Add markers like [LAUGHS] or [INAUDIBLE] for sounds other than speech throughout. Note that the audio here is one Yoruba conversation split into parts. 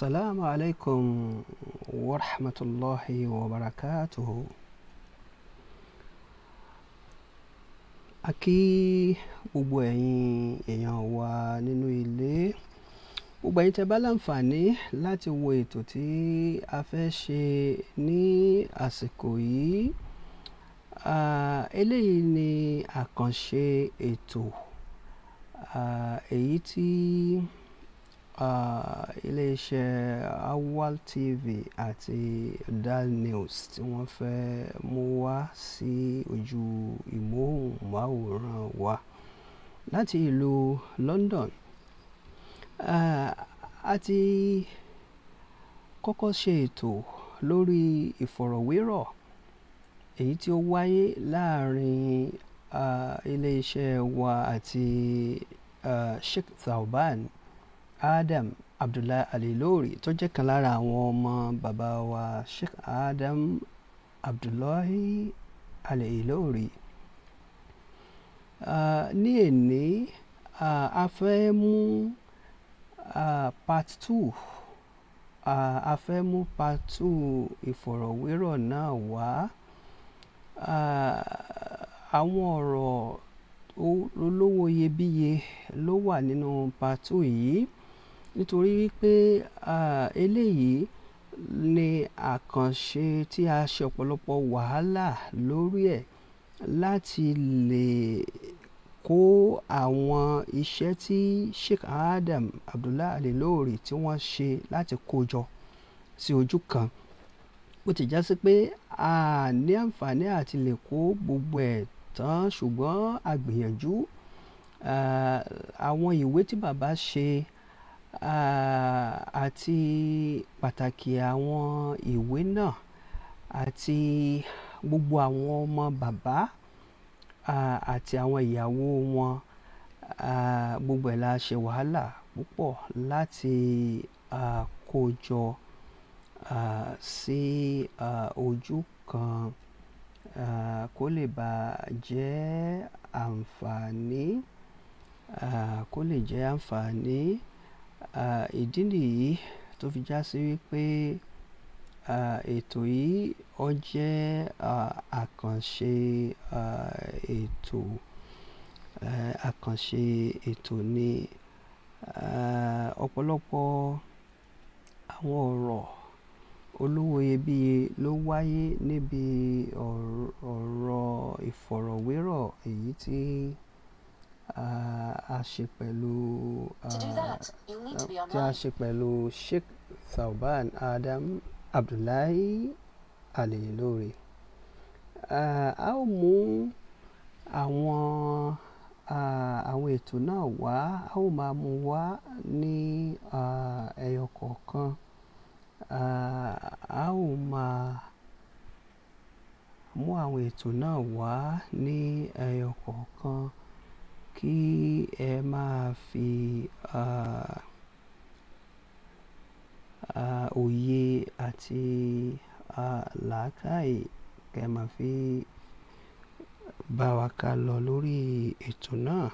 السلام عليكم ورحمة الله وبركاته a kí gbogbo ẹ̀yin èèyàn wa nínú ilé gbogbo ẹ̀yin tẹ́ bá láǹfààní láti wo ètò tí a fẹ́ ṣe ní àsìkò yìí eléyìí ni àkànṣe ètò èyí tí iléeṣẹ́ Awal TV àti DalNews tí wọ́n fẹ́ mú wá sí ojú ìmóhùnmáwòrán wa láti ìlú London a ti kọ́kọ́ ṣe ètò lórí ìfọ̀rọ̀wérọ̀ èyí tí ó wáyé láàrin iléeṣẹ́ wa àti Sheikh Thaoban adam abdullahi alilori tó jẹ́ kan lára àwọn ọmọ bàbá wa sheikh adam abdullahi alilori uh, ní èní uh, a fẹ́ mú uh, part two uh, a fẹ́ mú part two ìfọ̀rọ̀wérọ̀ náà wá àwọn ọ̀rọ̀ olówó iyebíye ló wà nínú part two yìí nítorí wípé eléyìí ni àkànṣe tí a ṣe ọ̀pọ̀lọpọ̀ wàhálà lórí ẹ̀ láti lè kó àwọn iṣẹ́ tí Sheikh Adam Abdullahi Al-Ilory tí wọ́n ṣe láti kó jọ sí ojú kan bó ti já sí pé a ní àǹfààní àti lè kó gbogbo ẹ̀ tán ṣùgbọ́n àgbìyànjú àwọn ìwé tí bàbá ṣe. Ah, àti pàtàkì àwọn ìwé náà àti gbogbo àwọn ọmọ bàbá ah, àti àwọn ìyàwó wọn ah, gbogbo ẹ̀ la ṣe wàhálà púpọ̀ láti kó jọ sí ojú kan kó lè bá jẹ́ àǹfààní kó lè jẹ́ àǹfààní ìdí nìyí tó fi já sí wípé ètò yìí ó jẹ́ àkànṣe ètò àkànṣe ètò ni ọ̀pọ̀lọpọ̀ àwọn ọ̀rọ̀ olówó iyebíye ló wáyé níbi ọ̀rọ̀ ìfọ̀rọ̀wérọ̀ èyí tí a ṣe pẹ̀lú tí a ṣe pẹ̀lú Sheikh Thauban Adam Abdullahi Al-Ilory a ó mú àwọn àwọn ètò náà wá a ó máa mú wá ní ẹyọ kọ̀ọ̀kan a ó máa mú àwọn ètò náà wá ní ẹyọ kọ̀ọ̀kan kí é máa fi a uh, òye a uh, làákàyè kẹ́ máa fi bá wa ká lọ lórí ètò náà.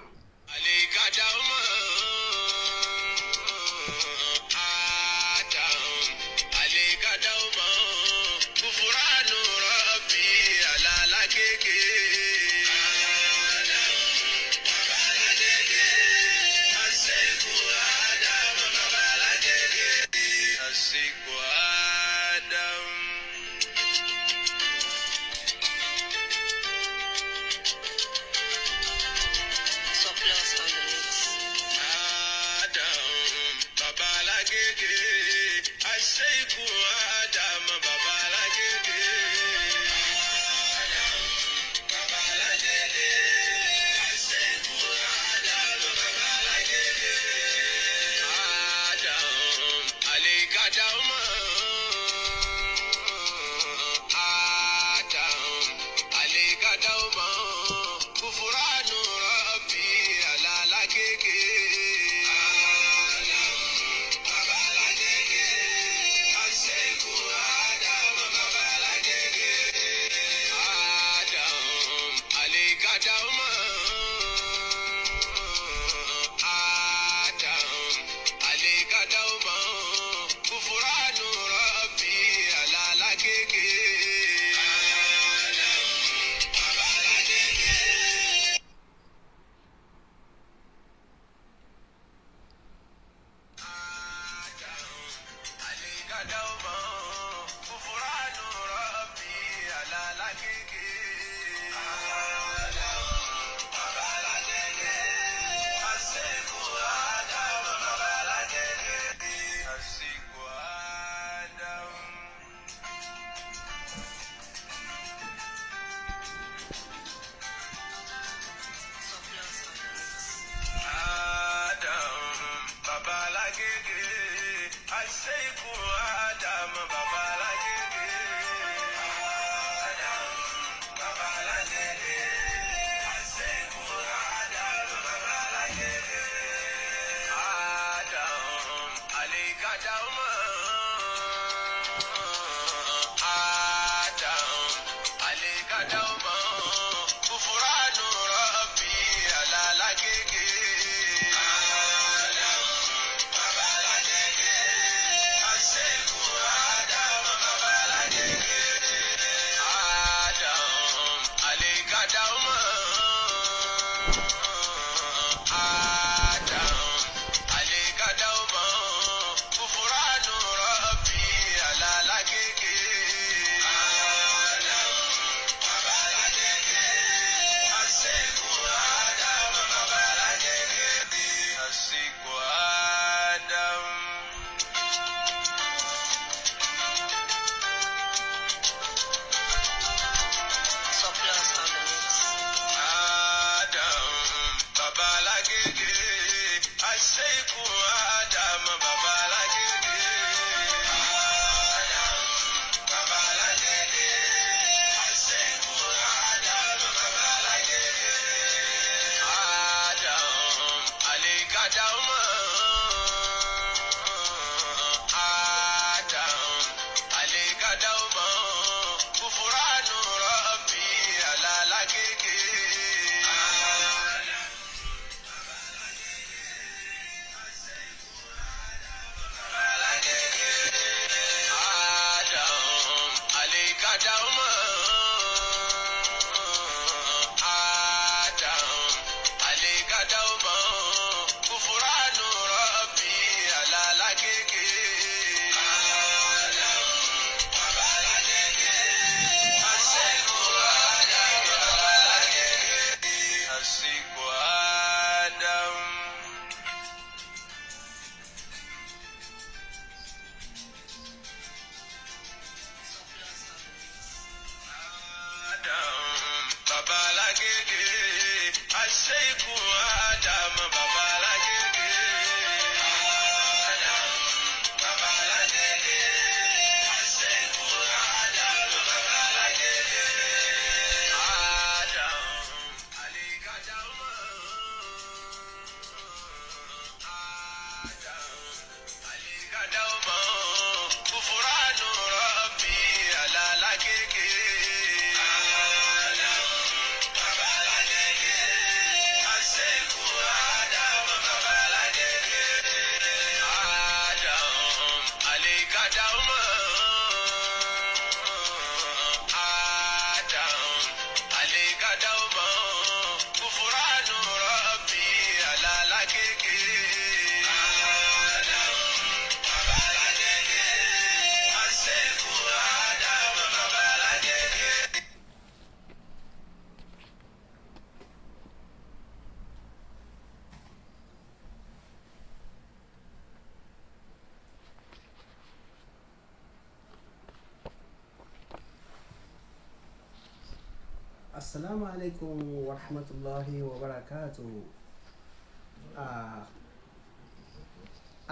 alaikum wa rahmatulahi wa barakatuhu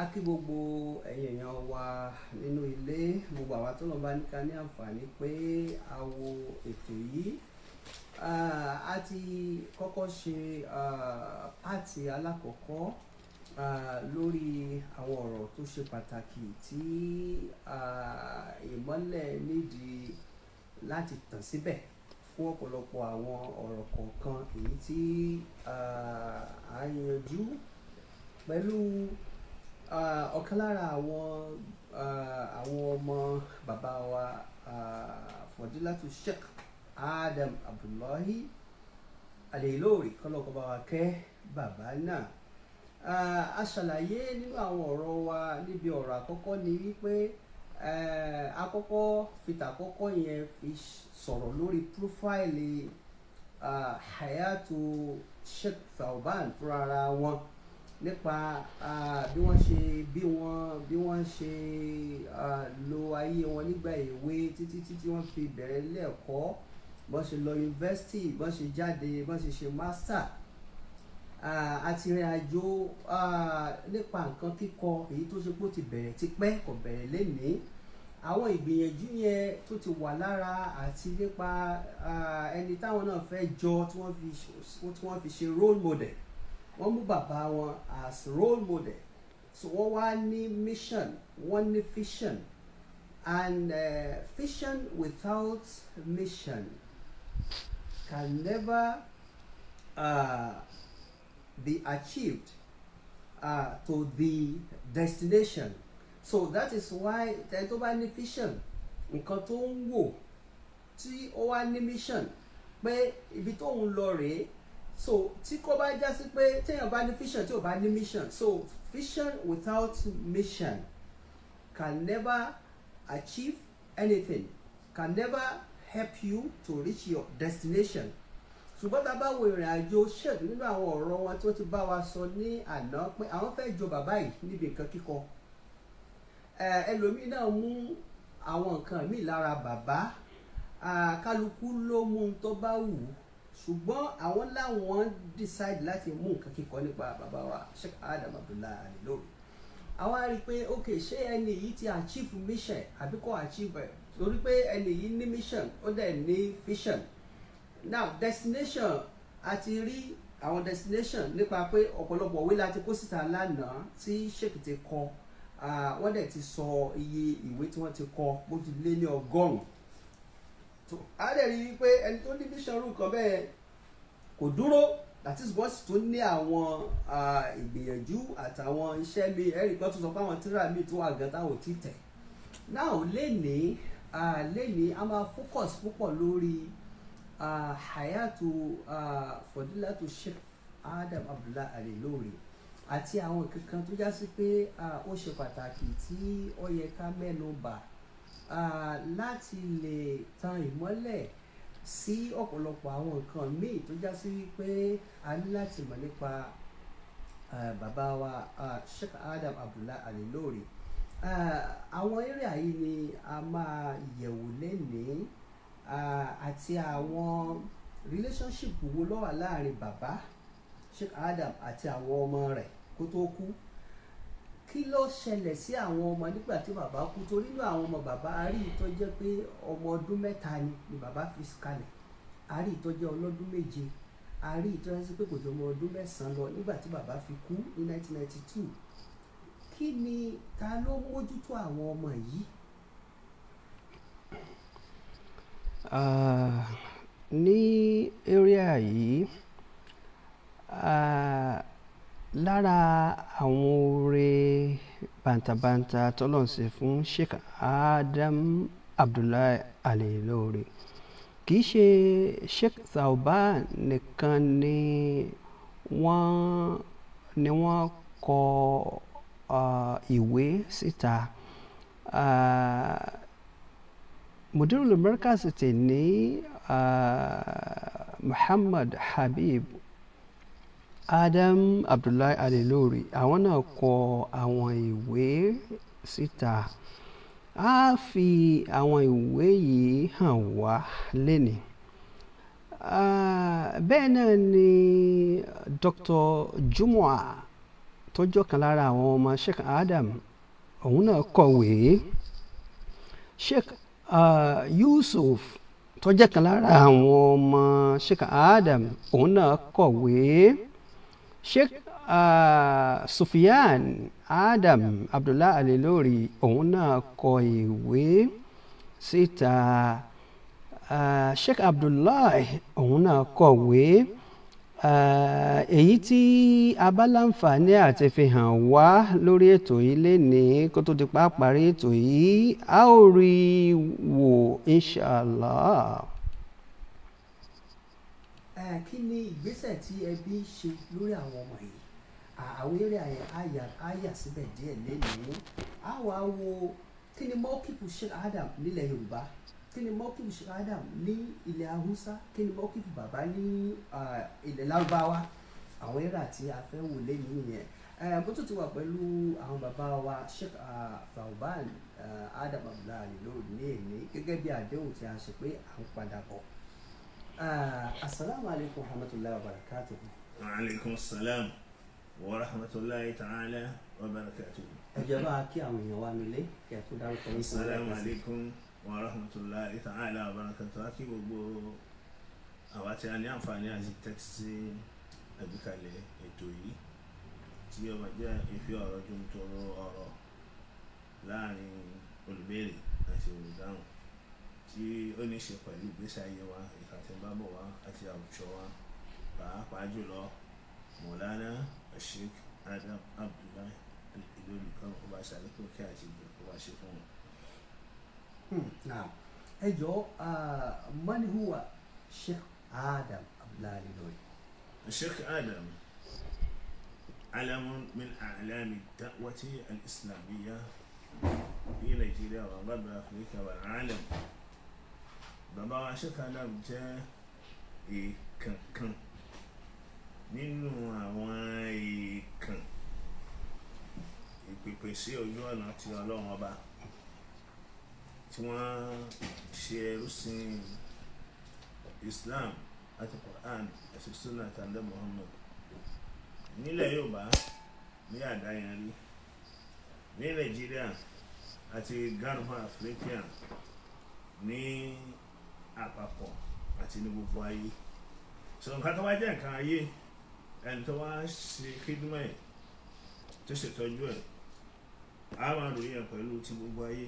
akí gbogbo ẹ̀yin èèyàn wa nínú ilé gbogbo àwa tó lọ́n bá ní ká ní àǹfààní pé a wo ètò yìí a ti kọ́kọ́ ṣe pààtì alákọ̀ọ́kọ́ lórí àwọn ọ̀rọ̀ tó ṣe pàtàkì tí ìmọ́lẹ̀ nídìí láti tàn síbẹ̀ fún ọ̀pọ̀lọpọ̀ àwọn ọ̀rọ̀ kọ̀ọ̀kan èyí tí à ń yanjú pẹ̀lú ọ̀kan lára àwọn àwọn ọmọ bàbá wa Fọdílátù Sheikh Adam Abdullahi Al-Ilory kọ́lọ́kọ́ bá wa kẹ́ bàbá náà a ṣàlàyé nínú àwọn ọ̀rọ̀ wa níbi ọ̀rọ̀ àkọ́kọ́ ni wípé àkọ́kọ́ fitakọ́kọ́ yẹn fi sọ̀rọ̀ lori prófáìlì hayatu sheikh Thawban fúnra ra wọn nípa bí wọ́n ṣe bí wọ́n bí wọ́n ṣe lo ayé wọn nígbà èwe títí títí wọ́n fi bẹ̀rẹ̀ ilé ẹ̀kọ́ bọ́n ṣe lọ yunifásitì bọ́n ṣe jáde bọ́n ṣe ṣe mástà àti ìrìn àjò nípa nǹkan kíkọ èyí tó ṣe pé ó ti bẹ̀rẹ̀ tipẹ́ kò bẹ̀rẹ̀ lénìí àwọn ìgbìyànjú yẹn tó ti wà lára àti nípa ẹni táwọn náà fẹ́ jọ tí wọ́n fi ṣe role model wọ́n mú bàbá wọn as role model so wọ́n wá ní mission wọ́n ní vision and uh, without mission can never. Uh, be achieved uh, to the destination so that is why ẹni tó bá ní vision nǹkan tó ń wò tí ó wá ní mission pé ibi tó ń lọ rèé so tí kò bá já sí pé téèyàn bá ní vision tí ò bá ní mission so vision without mission can never achieve anything can never help you to reach your destination ṣùgbọ́n tá a bá wo ìrìn àjò ṣèlú nínú àwọn ọ̀rọ̀ wọn tí wọ́n ti bá wa sọ ní àná pé àwọn fẹ́ jo bàbá yìí níbi nǹkan kíkọ ẹlòmíín náà mú àwọn nǹkan míì lára bàbá kálukú ló mú un tó bá wù ú ṣùgbọ́n àwọn láwọn decide láti mú nǹkan kíkọ nípa bàbá wa Sheikh Adam Abdullahi lórí àwọn á rí i pé ok ṣé ẹni yìí ti achieve mission àbí kò achieve ẹ̀ torí pé ẹni yìí ní mission ó dẹ̀ ní vision now destination àti rí àwọn destination nípa pé ọ̀pọ̀lọpọ̀ ìwé láti kó síta lánàá tí sheik ti kọ wọ́n dẹ̀ ti sọ iye ìwé tí wọ́n ti kọ bó ti lé ní ọgọ́rùn-ún a dẹ̀ rí i pé ẹni tó ní bíṣan rú bẹ́ẹ̀ kò dúró that is bọ́sì tó ní àwọn ìgbìyànjú àtàwọn iṣẹ́ mi ẹ̀rí kan tó sọ pé àwọn tíra mi tó wà gan táwọn ò tí tẹ̀ now lẹ́ni lẹ́ni a máa focus púpọ̀ lórí hayatu fọdúlàtò sheikh adam abdullahi alelore àti àwọn kankan tó já sí pé ó ṣe pàtàkì tí ó yẹ ká mẹ́nu bà láti lè tan ìmọ́lẹ̀ sí ọ̀pọ̀lọpọ̀ àwọn nǹkan míì tó já sí wípé a ní láti mọ̀ nípa bàbá wa sheikh adam abdullahi alelore àwọn eré àyè ni a máa yẹ̀wò lẹ́nìí àti àwọn relationship wo ló wà láàrin bàbá Sheikh Adam àti àwọn ọmọ rẹ̀ kó tó kú kí ló ṣẹlẹ̀ sí àwọn ọmọ nígbà tí bàbá kú torí nínú àwọn ọmọ bàbá àárí ìtọ́ jẹ́ pé ọmọ ọdún mẹ́ta ni ni bàbá fi kalẹ̀ àárí ìtọ́ jẹ́ ọlọ́dún méje àárí ìtọ́ jẹ́ pé kò jọ ọmọ ọdún mẹ́sàn-án lọ nígbà tí bàbá fi kú ní 1992 kí ni ta ló mójútó àwọn ọmọ yìí uh, ní area yìí uh, lára àwọn oore bàǹtàbàǹtà tọ́lọ́run ṣe fún Sheikh Adam Abdullahi Al-Ilory kì í ṣe Sheikh Thaoban nìkan ni wọ́n ni wọ́n kọ ìwé síta. Uh, مدير المركز تني Muhammad Habib Adam Abdullahi Alilori àwọn náà kọ àwọn ìwé síta a fi àwọn ìwé yìí hàn wá lẹ́nìí ah, bẹ́ẹ̀ náà ni Dr. Jumua tó jọ̀kan lára àwọn ọmọ Sheikh Adam òun náà kọ̀wé Sheikh Yusuf tó jẹ́ kan lára àwọn ọmọ Sheikh Adam òun náà kọ̀wé Sheikh uh, Sufyan Adam Abdullah Al-Ilory òun náà kọ ìwé síta uh, Sheikh Abdullah òun náà kọ̀wé. Eh, èyí tí a bá láǹfààní àti fi hàn wá lórí ètò yìí lénìí kó tó di pàápàá ètò yìí a ó rí i wò inshàlá. Eh, kí ni ìgbésẹ̀ tí ẹbí ń ṣe lórí àwọn ọmọ yìí àwérè àyà síbẹ̀ díẹ̀ lénìí a wá wo kí ni mọ́kìkù Sheikh Adam nílẹ̀ Yorùbá kí ni mọ́kìfù ṣáádà ní ilẹ̀ haúsá kí ni mọ́kìfù bàbá ní ilẹ̀ lárúbáwá àwọn eré àti afẹ́wò lẹ́yìn nìyẹn bó tó ti wà pẹ̀lú àwọn bàbá wa Sheikh Fawban Adam Abdullahi lónìí èmi gẹ́gẹ́ bí àdéhùn tí a ṣe pé à ń padà bọ̀ asalaamu alaykum wa rahmatulahi wa barakatuh. wa aleykum salaam wa rahmatulahi ta'ala wa barakatuh. ẹ jẹ́ bá a kí àwọn èèyàn wa nílé kí ẹ tó dárúkọ ní sàlámù alaykum wa rahmatulahi ta'ala wa barakatuh kí gbogbo àwa tí a ní àǹfààní àti tẹ́kisì àgbékalẹ̀ ètò yìí tí ó máa jẹ́ ìfi ọ̀rọ̀ ju tòrò ọ̀rọ̀ láàrin olùbéèrè àti olùdáhùn tí ó ní ṣe pẹ̀lú ìgbésí ayé wa ìkàtẹ́bábọ̀ wa àti àwùjọ wa pàápàá jùlọ mọ̀lánà sheikh adam abdullahi ìlú olùkọ́ ọba ṣàlékún kí àti ìgbẹ́ wá ṣe fún wọn. نعم اجو من هو الشيخ آدم أبلالي لوي الشيخ آدم علم من أعلام الدعوة الإسلامية في نيجيريا وغرب أفريقيا والعالم bàbá Sheikh Adam jẹ́ ìkànkan nínú àwọn ìkàn ìpèpè sí ojú ọ̀nà ti Ọlọ́run ọba tí wọ́n ṣe ẹrúsìn Islam àti Quran ẹ̀sìn sunnah tàǹdẹ̀ Muhammad nílẹ̀ Yorùbá ní àdáyanrí ní Nàìjíríà àti Ghanwa Africa ní àpapọ̀ àti ní gbogbo ayé sọ nǹkan tó wá jẹ́ nǹkan ayé ẹni tó wá ṣe kídùmọ̀ ẹ̀ tó ṣètọ́jú ẹ̀ á máa ròyìn ẹ̀ pẹ̀lú ti gbogbo ayé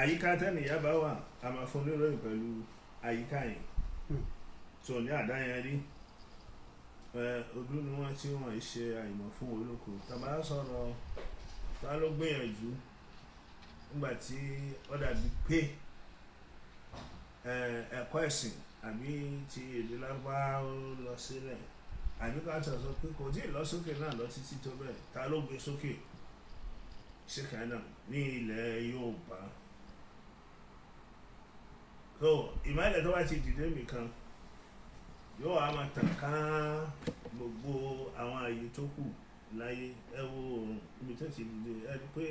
àyíká tẹ́nìyà bá wà a máa fún níròyìn pẹ̀lú àyíká yẹn tó hmm. ní àdáyẹnrí ojú ni wọ́n tí wọ́n ṣe àìmọ̀ fún olóko tàbá sọ̀rọ̀ ta ló gbìyànjú nígbà tí ó dàbí pé ẹ̀kọ́ ẹ̀sìn àbí ti èdè lágbára lọ sílẹ̀ àbí ká tẹ̀ sọ pé kò tí ì lọ sókè náà lọ títí tó bẹ́ẹ̀ ta ló gbé sókè ṣé kàánà ní ilẹ̀ Yorùbá so ìmọ̀lẹ̀ tó bá ti dìde nìkan yóò wá máa tàn kán gbogbo àwọn ààyè tó kù láyé ẹ wo oòrùn ibi tó ti dìde ẹ rí pé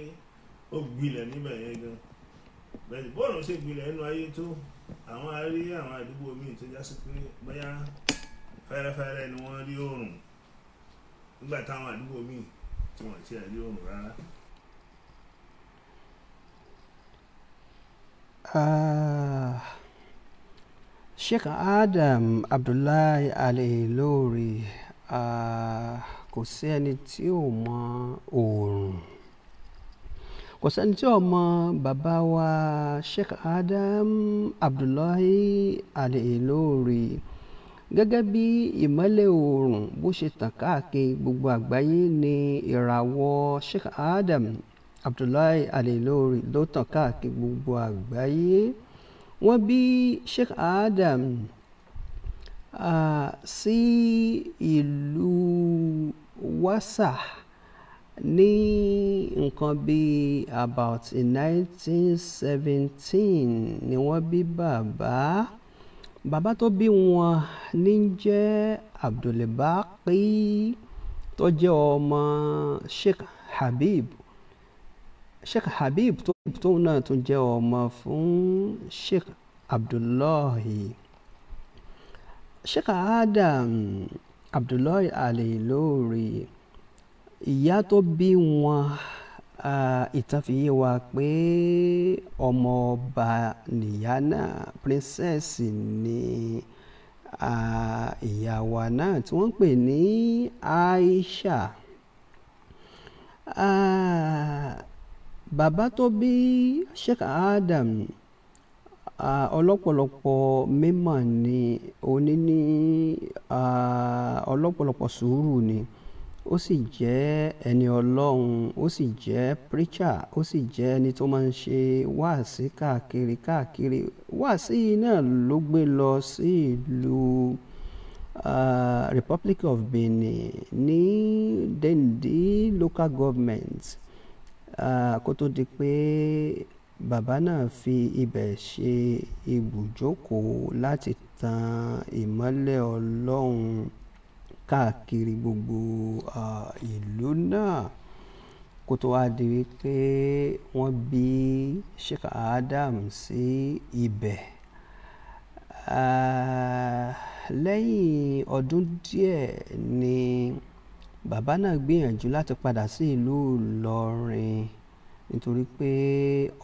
ó gbilẹ̀ níbẹ̀ yẹn gan bẹ́ẹ̀ni bóòrùn ṣe gbilẹ̀ nínú ayé tó àwọn arí àwọn àdúgbò míì tó já sí pé bóyá fẹ́rẹ́fẹ́rẹ́ ni wọ́n rí oòrùn nígbà táwọn àdúgbò míì tí wọ́n ti rí oòrùn rárá. Ah. Sheikh Adam Abdullahi Al-Ilory uh, kò sí ẹni tí ò mọ oòrùn kò sẹ́ni tí ò mọ bàbá wa Sheikh Adam Abdullahi Al-Ilory gẹ́gẹ́ bí ìmọ́lẹ̀ oòrùn bó ṣe tàn káàkiri gbogbo àgbáyé ni ìràwọ̀ Sheikh Adam Abdullahi Al-Ilory ló tàn káàkiri gbogbo àgbáyé wọ́n bí Sheikh Adam uh, sí ìlú Wasa ní nǹkan bíi about nineteen seventeen ni wọ́n bí bàbá bàbá tó bí wọn ní jẹ́ Abdulbaqi tó jẹ́ ọmọ Sheikh Habib sheikh habib tóun náà tún jẹ́ ọmọ fún sheikh abdullahi sheikh adam abdullahi al-Ilory ìyá tó bí wọn ìtàn fi yé wa pé ọmọ ọba nìyá náà pírínsẹ́sì ni ìyá wa náà tí wọ́n ń pè ní aisha. Uh, bàbá tó bí Sheikh Adam ọlọ́pọ̀lọpọ̀ mímọ̀ ni òní ní ọlọ́pọ̀lọpọ̀ sùúrù ni ó sì jẹ́ ẹni ọlọ́run ó sì jẹ́ preacher ó sì jẹ́ ẹni tó máa ń ṣe wáàsí káàkiri káàkiri wáàsí náà ló gbé lọ sí ìlú Republic of Benin ní Dendi local government kó tó di pé bàbá náà fi ibẹ̀ ṣe ibùjókòó láti tan ìmọ́lẹ̀ Ọlọ́run káàkiri gbogbo ìlú náà kó tó wá di wípé wọ́n bí Sheikh Adam sí ibẹ̀. lẹ́yìn ọdún díẹ̀ ni. Uh, bàbá náà gbìyànjú láti padà sí ìlú ìlọrin nítorí pé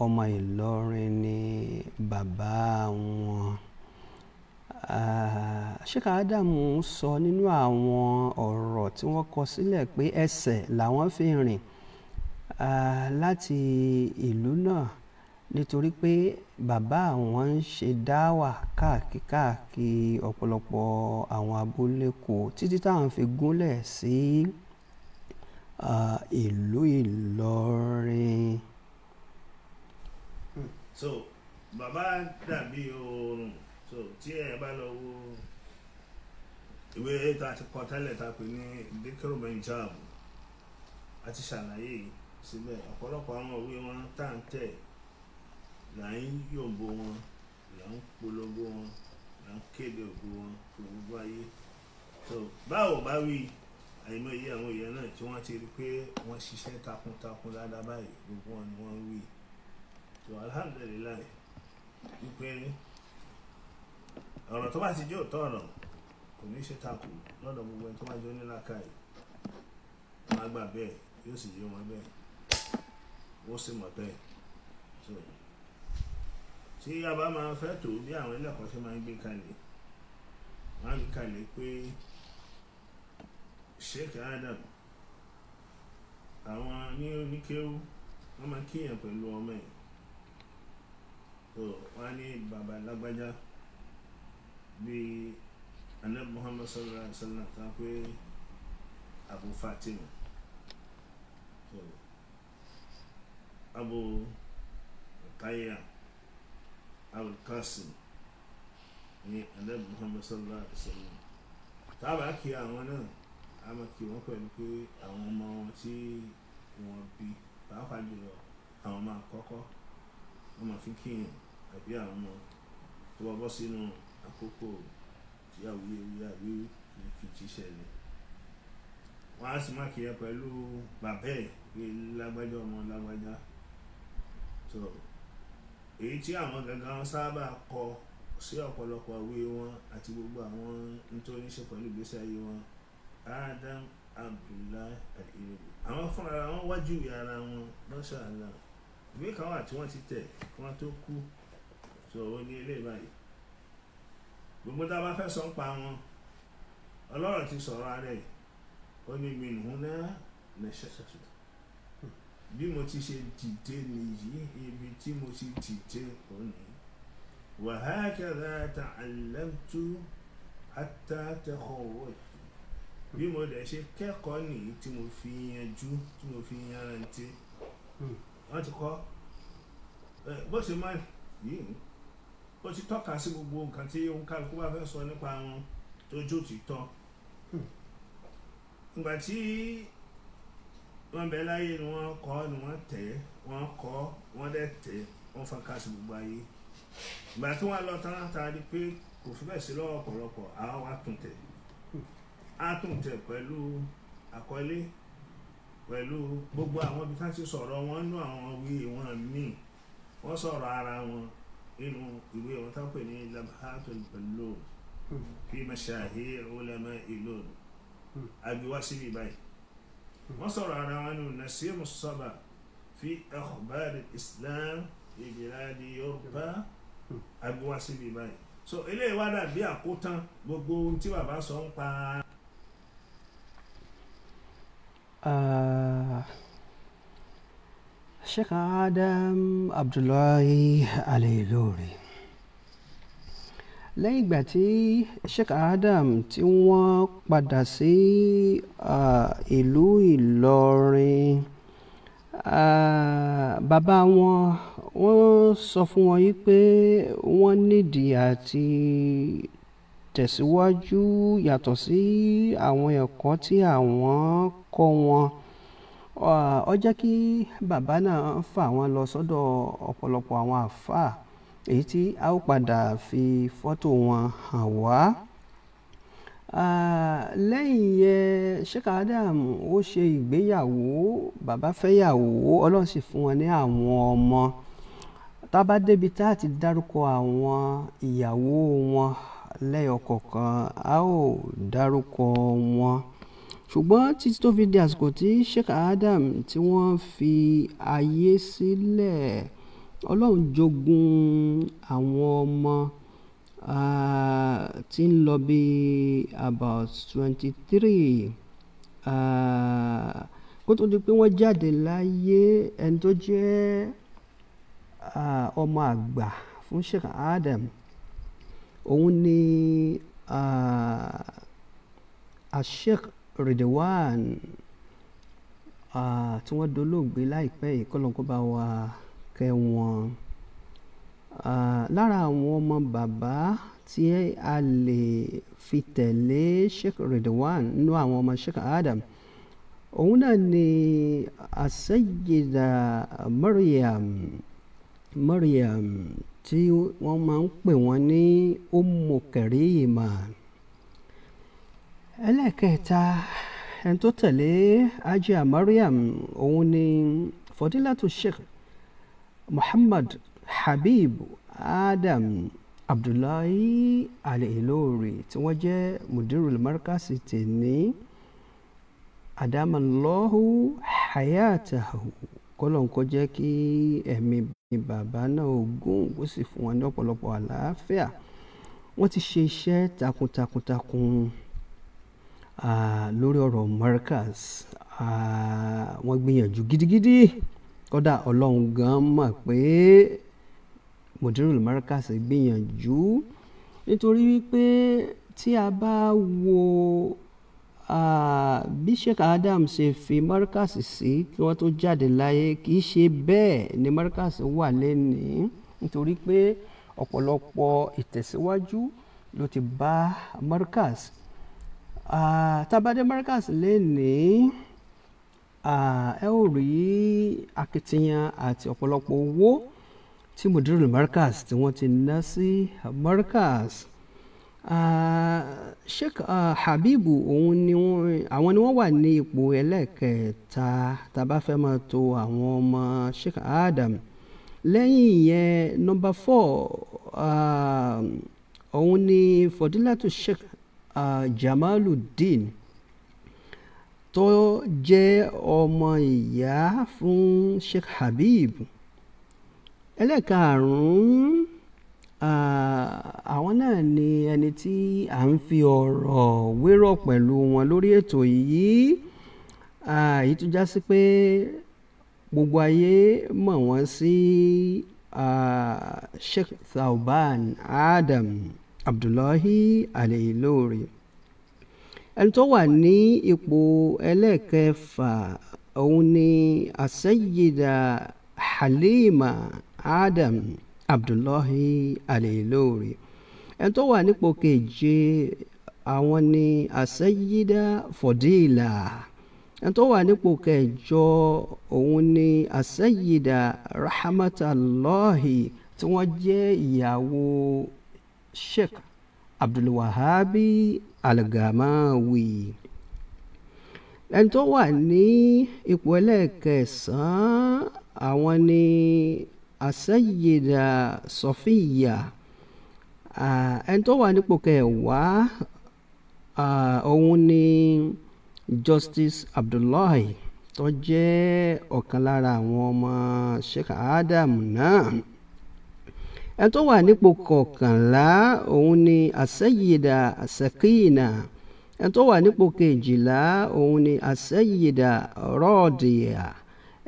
ọmọ ìlọrin ni bàbá wọn Sheikh Ádámù sọ nínú àwọn ọ̀rọ̀ tí wọ́n kọ sílẹ̀ pé ẹsẹ̀ làwọn fi rìn láti ìlú náà nítorí pé bàbá àwọn ń ṣe dáwà káàkiri káàkiri ọ̀pọ̀lọpọ̀ àwọn abúlé kò títí táwọn fi gúnlẹ̀ sí ìlú Ìlọrin. so bàbá dàbí oorun so tí ẹ bá lọ wo ìwé tá a ti kọ tẹ́lẹ̀ tá a pè ní dikiru benjabu a ti ṣàlàyé síbẹ̀ ọ̀pọ̀lọpọ̀ àwọn òwe wọn tá à ń tẹ̀ là ń yòǹbo wọn là ń polongo wọn là ń kéde ògo wọn fún gbogbo ayé tó báwo bá wí àìmọye àwọn èèyàn náà tí wọ́n ti rí pé wọ́n ṣiṣẹ́ takuntakun dáadáa báyìí gbogbo wọn ni wọ́n wí tó alhamdulilayi wípé ọ̀rọ̀ tó bá ti jẹ́ òótọ́ ọ̀rọ̀ kò ní ṣe takò lọ́dọ̀ gbogbo ẹni tó bá jẹ́ onílàkàyè wọ́n á gbà bẹ́ẹ̀ yóò sì yé wọn bẹ́ẹ̀ wọ́n sì mọ̀ bẹ́ẹ̀ so tí a bá máa fẹ́ tó bí àwọn ilé ẹ̀kọ́ ṣe máa ń gbé kalẹ̀ máa gbé kalẹ̀ pé Sheikh Adam àwọn ní oníkéwú wọ́n máa kíyàn pẹ̀lú ọmọ ẹ̀ tó wọ́n á ní bàbá lágbájá bíi anabi Muhammad sallallahu alaihi wa sallam ta pé Abu Fatima Abu Tayyan alkasim ní anabi muhammad sallallahu alaihi wa sallam tábà kí àwọn náà a máa kí wọn pẹ̀lú pé àwọn ọmọ wọn tí wọn bí pàápàá jùlọ àwọn ọmọ àkọ́kọ́ wọn máa fi kíyàn àbí àwọn ọmọ tó bá bọ́ sínú àkókò tí àwuyewuye àbí ìfìjì ṣẹlẹ̀ wọn á sì máa kí ẹ pẹ̀lú bàbá ẹ̀ pé lágbájá ọmọ lágbájá So, èyí tí àwọn gangan sábà kọ sí ọ̀pọ̀lọpọ̀ ìwé wọn àti gbogbo àwọn nítorí ṣe pẹ̀lú ìgbésí ayé wọn Adam Abdullah. Al-Irigwe àwọn fúnra wọn wájú ara wọn lọ́sàánà ìwé kan wà tí wọ́n ti tẹ̀ kí wọ́n tó kú sọ̀rọ̀ ní ilé báyìí gbogbo tá a bá fẹ́ sọ ń pa wọn ọlọ́run ti sọ̀rọ̀ ara ẹ̀ ó ní mi nù náà nà ṣẹ́ṣẹ́ tuntun bí mo ti ṣe dìde nìyí ibi tí mo ti dìde òní wàhákàrà ta'allamtu hatta takhawwajtu bí mo dẹ̀ ṣe kẹ́kọ̀ọ́ nìyí tí mo fi yanjú tí mo fi yanrantí hmm. wọ́n ti kọ́ bó ṣe máa yìí ó ti tọ́ka sí gbogbo nǹkan tí oníkálukú bá fẹ́ sọ nípa wọn tó ti tọ́ nígbà hmm. tí wọ́n bẹ láyé ni wọ́n kọ́ ni wọ́n tẹ̀ wọ́n kọ́ wọ́n dẹ̀ tẹ̀ wọ́n fọ́nkásì gbogbo ayé ìgbà tí wọ́n lọ tán ta di pé kò fi bẹ́ẹ̀ sí lọ́wọ́ ọ̀pọ̀lọpọ̀ àwa wa tún tẹ̀ á tún tẹ̀ pẹ̀lú àkọlé pẹ̀lú gbogbo àwọn ibi tá ti sọ̀rọ̀ wọn nú àwọn ìwé wọn míì wọ́n sọ̀rọ̀ ara wọn nínú ìwé wọn tá pè ní labahatul balloon fi mashahir ulama ìlú àbí wá síbi báyìí وصل على عنه نسير الصبا في أخبار الإسلام في بلاد يوروبا agbóhá síbi báyìí so eléyìí wá dàbí àkótán gbogbo ohun tí bàbá sọ ń pa. Ah, Sheikh Adam Abdullahi Alailori lẹ́yìn ìgbà tí Sheikh Adam tí wọ́n padà sí ìlú Ìlọrin bàbá wọn wọ́n sọ fún wọn yìí pé wọ́n nídìí àti tẹ̀síwájú yàtọ̀ sí àwọn ẹ̀kọ́ tí àwọn kọ́ wọn ó kí bàbá náà fà wọ́n lọ sọ́dọ̀ ọ̀pọ̀lọpọ̀ àwọn àfáà èyí tí a ó padà fi fọ́tò wọn hàn wá. lẹ́yìn yẹn Sheikh Adam ó ṣe ìgbéyàwó bàbá fẹ́yàwó ọlọ́run sì fún wọn ní àwọn ọmọ tá a bá débi tá a ti dárúkọ àwọn ìyàwó wọn lẹ́yọkọ̀ọ̀kan a ó dárúkọ wọn ṣùgbọ́n títí tó fi di àsìkò tí Sheikh Adam tí wọ́n fi ayé sílẹ̀. Si Ọlọ́run jogun àwọn ọmọ uh, ń lọ bí about twenty three kó tó di pé wọ́n jáde láyé ẹni tó jẹ́ ọmọ àgbà fún Sheikh Adam òun ni Sheikh Ridwan tí wọ́n dolóògbé láìpẹ́ yìí kọ́ ló kó bá wa fẹ́ wọn. lára àwọn ọmọ bàbá tí a lè fi tẹ̀lé Sheikh Ridwan nínú àwọn ọmọ Sheikh Adam òun náà ni Asayida Maryam Maryam tí wọ́n máa ń pè wọ́n ní Ummu Karima ẹlẹ́ẹ̀kẹta ẹni tó tẹ̀lé Hajiya Maryam òun ni Fadilatu Sheikh Muhammad Habib Adam Abdullahi Al-Ilory tí wọ́n jẹ́ mudirul markasi tèmi adamallahu hayatahu kọ́lọ́nkọ́ jẹ́ kí ẹ̀mí bàbá náà ogún ó sì fún wọn ní ọ̀pọ̀lọpọ̀ àlàáfíà wọ́n ti ṣe iṣẹ́ takuntakuntakun ah, lórí ọ̀rọ̀ markaz ah, wọ́n gbìyànjú gidigidi kódà ọlọ́run gan mọ̀ pé Mudirul Markaz gbìyànjú nítorí wípé tí a bá wo bí Sheikh Adam ṣe fi Markaz sí kí wọ́n tó jáde láyé kì í ṣe bẹ́ẹ̀ ni Markaz wà lẹ́nìí nítorí pé ọ̀pọ̀lọpọ̀ ìtẹ̀síwájú ló ti bá Markaz tá a bá dé Markaz lẹ́nìí ẹ ó rí akitiyan àti ọ̀pọ̀lọpọ̀ owó tí mudirul markaz tí wọ́n ti ná sí markaz sheikh habibu òun ni àwọn ni wọ́n wà ní ipò ẹlẹ́ẹ̀kẹta tàbá fẹ́ máa to àwọn ọmọ sheikh adam lẹ́yìn ìyẹn nọ́mbà four òun ni fọdílàtú sheikh Jamaludin. Uh, tó jẹ́ ọmọ ìyá fún Sheikh Habib ẹlẹ́karùn-ún àwọn náà ni ẹni tí à ń fi ọ̀rọ̀ wérọ̀ pẹ̀lú wọn lórí ètò yìí èyí tó já sí pé gbogbo ayé mọ̀ wọ́n sí Sheikh Thauban Adam Abdullahi al ẹni tó wà ní ipò ẹlẹ́ẹ̀kẹfà òun ni àṣẹyìdà Halima Adam Abdullahi Al-Ilory ẹni tó wà nípò keje àwọn ni àṣẹyìdà Fọdíìlà ẹni tó wà nípò kẹjọ òun ni àṣẹyìdà Rahmatulahi tí wọ́n jẹ́ ìyàwó Sheikh Abdulwahabi algamawi ẹni tó wà ní ipò ẹlẹ́ẹ̀kẹsàn-án àwọn ni asẹ́yẹ̀dà sọfíyà ẹni tó wà nípò kẹwàá òun ni justice abdullahi tó jẹ́ ọ̀kan lára àwọn ọmọ sheikh adam náà ẹni tó wà nípò kọkànlá òun ni àṣẹyìdà àṣẹkìnà ẹni tó wà nípò kejìlá òun ni àṣẹyìdà rọọdìyà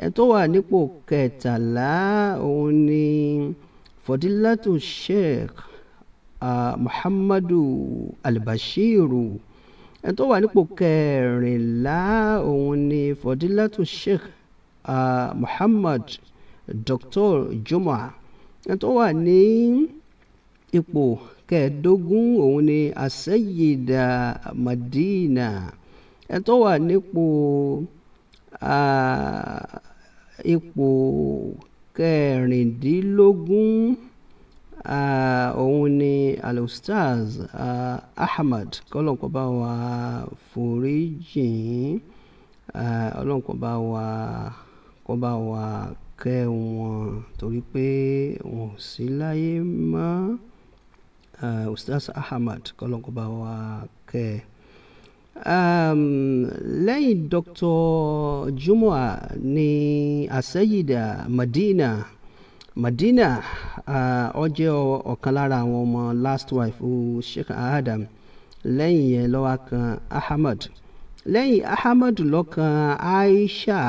ẹni tó wà nípò kẹtàlá òun ni fọdílátù sheikh uh, muhammadu albashiru ẹni tó wà nípò kẹrìnlá òun ni fọdílátù sheikh uh, muhammad dr jumah ẹni tó wà ní ipò kẹẹ̀ẹ́dógún òun ni àṣẹyìdà Madina ẹni tó wà nípò ipò kẹrìndínlógún òun ni alustaz Ahmad kọlọ́nkọ́ bá wa foríjìn ọlọ́nkọ́ bá wa kọ́ bá wa kẹ́ wọn torí pé wọn ò sí láyé mọ́ Ustaz Ahmad kọ́lọ́kọ́ba wa kẹ́ ẹ. Um, lẹ́yìn Dr. Jumua ní àṣẹyìdà Madina Madina ó jẹ́ ọ̀kan lára àwọn ọmọ last wife Sheikh Adam lẹ́yìn yẹn ló kan Ahmad lẹ́yìn Ahmadu lọ́kàn Aisha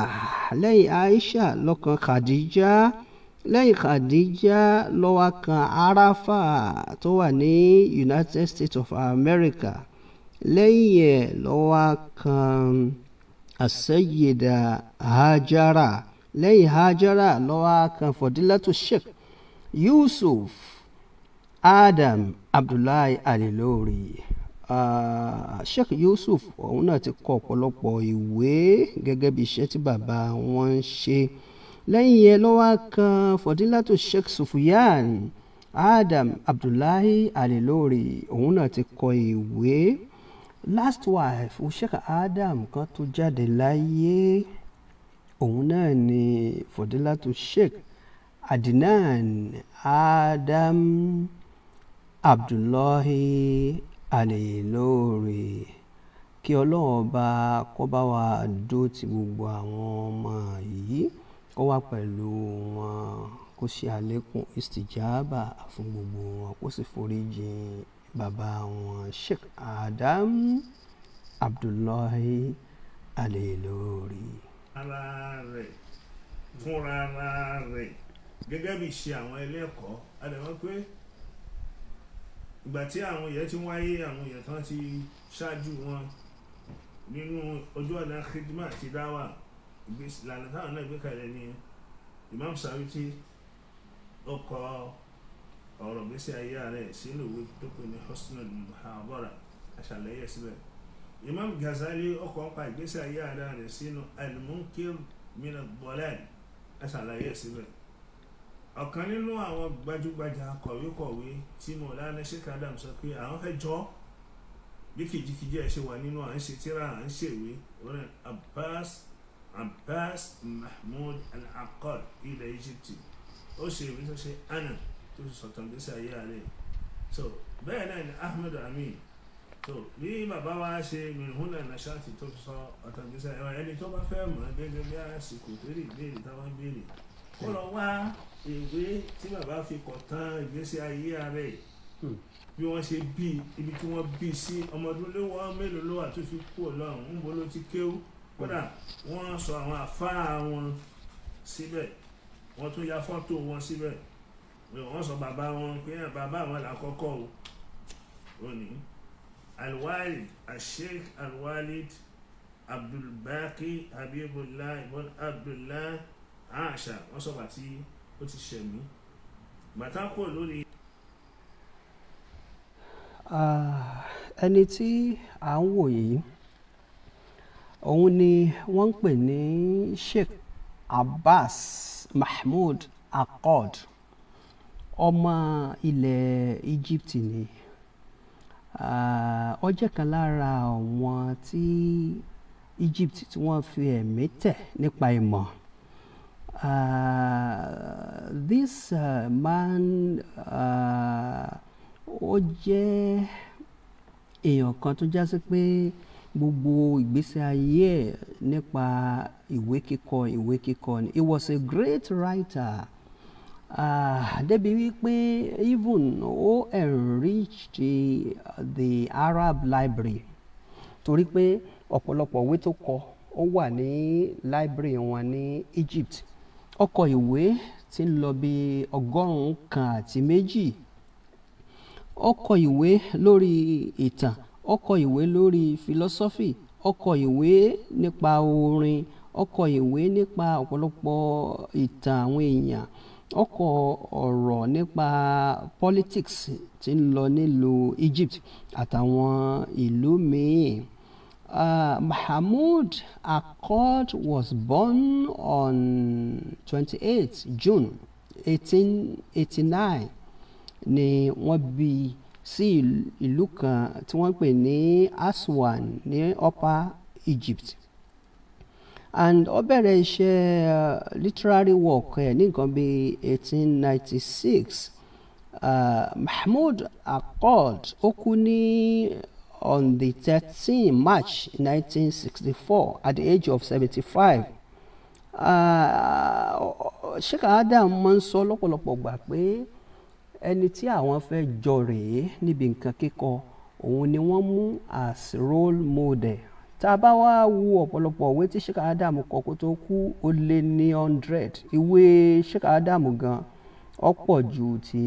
lẹ́yìn Aisha lọ́kàn Khadija lẹ́yìn Khadija ló wá kan Arafa tó wà ní United States of America lẹ́yìn ẹ̀ ló wá kan Asayida Hajara lẹ́yìn Hajara ló wá kan Fọdílátù Sheikh Yusuf Adam Abdullahi Alilori. Sheikh Yusuf òun náà ti kọ ọ̀pọ̀lọpọ̀ ìwé gẹ́gẹ́ bí iṣẹ́ tí bàbá wọn ń ṣe lẹ́yìn yẹn ló kan Fọdílátù Sheikh Sufuyan Adam Abdullahi Alilori òun náà ti kọ ìwé last wife Sheikh Adam kan tó jáde láyé òun náà ni Fọdílátù Sheikh Adnan Adam Abdullahi alẹ́ lóore kí ọlọ́run ọba kó bá wa dó ti gbogbo àwọn ọmọ yìí kó wà pẹ̀lú wọn kó ṣe àlékún istijaba fún gbogbo wọn kó sì foríjì bàbá wọn Sheikh Adam Abdullahi alẹ́ lóore. ara rẹ̀ fúnra rẹ̀ gẹ́gẹ́ bí ṣe àwọn ẹlẹ́kọ̀ọ́ adàmọ́ pé ìgbà tí àwọn èèyàn ti wáyé àwọn èèyàn kan ti ṣáájú wọn nínú ojú ọ̀nà khidma àti dáwà ìlànà táwọn náà gbé kalẹ̀ ni Imam Sawiti ó kọ ọ̀rọ̀ gbèsè ayé rẹ̀ sínú ìwé tó pè ní Husnul Muhabara aṣàlẹ́yẹ síbẹ̀ Imam Ghazali ó kọ pa ìgbésẹ̀ ayé rẹ̀ sínú Al-Munkir min aṣàlẹ́yẹ síbẹ̀ ọ̀kan nínú àwọn gbajúgbajà kọ̀wékọ̀wé tí Maulana Sheikh Adam sọ pé àwọn fẹ́ jọ́ bí kìjikìji ẹ̀ ṣe wà nínú à ń ṣe tíra à ń ṣèwé orin Abbas Abbas Mahmoud Al-Aqad ilẹ̀ Egypt ó ṣe ìwé tó ṣe ana tó ṣe sọ̀tàn gbèsè ayé rẹ̀ so bẹ́ẹ̀ náà ni Ahmed Amin so bí bàbá wa ṣe mìíràn nàṣàtì tó sọ ọ̀tàn gbèsè ayé rẹ̀ ẹni tó bá fẹ́ mọ̀ gẹ́gẹ́ bí àsìkò tó lè béèrè táwọn béèrè kó lọ wá ìwé tí bàbá fi kọ tán ìgbésí ayé ara ẹ̀ hmm. bí wọ́n ṣe bí ibi tí wọ́n bí sí ọmọdún léwọ́ mélòó ló wà tó fi kú ọlọ́run ń bo ló ti kéwú kódà wọ́n sọ àwọn àfáà wọn síbẹ̀ wọ́n tún ya fọ́tò wọn síbẹ̀ wọ́n sọ bàbá wọn pé bàbá àwọn làkọ́kọ́ o ò ní alwalid asheikh alwalid abdulbaki habibullah ibn abdullah aasha wọ́n sọ bàtí ó ti ṣẹ̀ mí bàtà kúrò lórí. ẹni tí à ń wò yìí òun ni wọ́n ń pè ní Sheikh Abbas Mahmood Akkad ọmọ ilẹ̀ Egypt ni ó jẹ́ kan lára àwọn tí Egypt tí wọ́n fi ẹ̀mí tẹ̀ nípa ìmọ̀. E Uh, this uh, man uh, ó jẹ́ èèyàn kan tó jásí pé gbogbo ìgbésí ayé ẹ̀ nípa ìwé kíkọ ìwé kíkọ ni he was a great writer débi wípé even ó enriched the Arab library torí pé ọ̀pọ̀lọpọ̀ ìwé tó kọ ó wà ní library wọn ní Egypt ọkọ̀ ìwé tí ń lọ bí ọgọ́rùn-ún kan àti méjì ọkọ̀ ìwé lórí ìtàn ọkọ̀ ìwé lórí philosophy ọkọ̀ ìwé nípa orin ọkọ̀ ìwé nípa ọ̀pọ̀lọpọ̀ ìtàn àwọn èèyàn ọkọ̀ ọ̀rọ̀ nípa politics tí ń lọ nílùú Egypt àtàwọn ìlú míì. Uh, Mahmoud Akkad was born on 28 June 1889 ni wọ́n bí sí ìlú kan tí wọ́n pè ní Aswan ní Upper Egypt and ó bẹ̀rẹ̀ iṣẹ́ uh, literary work ẹ̀ ní nǹkan bí 1896 uh, Mahmoud Akkad ó kú ní on the 13 th March 1964 at the age of 75. Ah, Sheikh Adam máa ń sọ lọ́pọ̀lọpọ̀ gbà pé ẹni tí àwọn fẹ́ jọ rèé níbi nǹkan kíkọ òun ni wọ́n mú as role model tá a bá wá wo ọ̀pọ̀lọpọ̀ ìwé tí Sheikh Adam kọ kó tó kú ó lé ní hundred ìwé Sheikh Adam gan ọ̀pọ̀ ju ti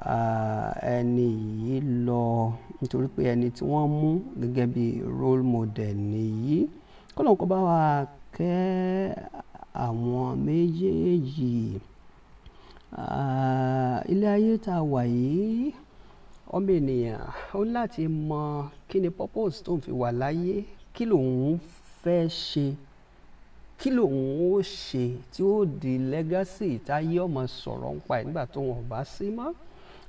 ẹni yìí lọ nítorí pé ẹni tí wọ́n mú gẹ́gẹ́ bí role model nìyí kọ́lọ́n kó bá wa kẹ́ àwọn méjèèjì ilé ayé tá a wà yìí ọmọ ènìyàn ó láti mọ kí ni purpose tó ń fi wà láyé kí lòun fẹ́ ṣe kí lòun ó ṣe tí ó di legacy táyé ọmọ sọ̀rọ̀ ń pa ẹ̀ nígbà tó wọn ò bá sí mọ́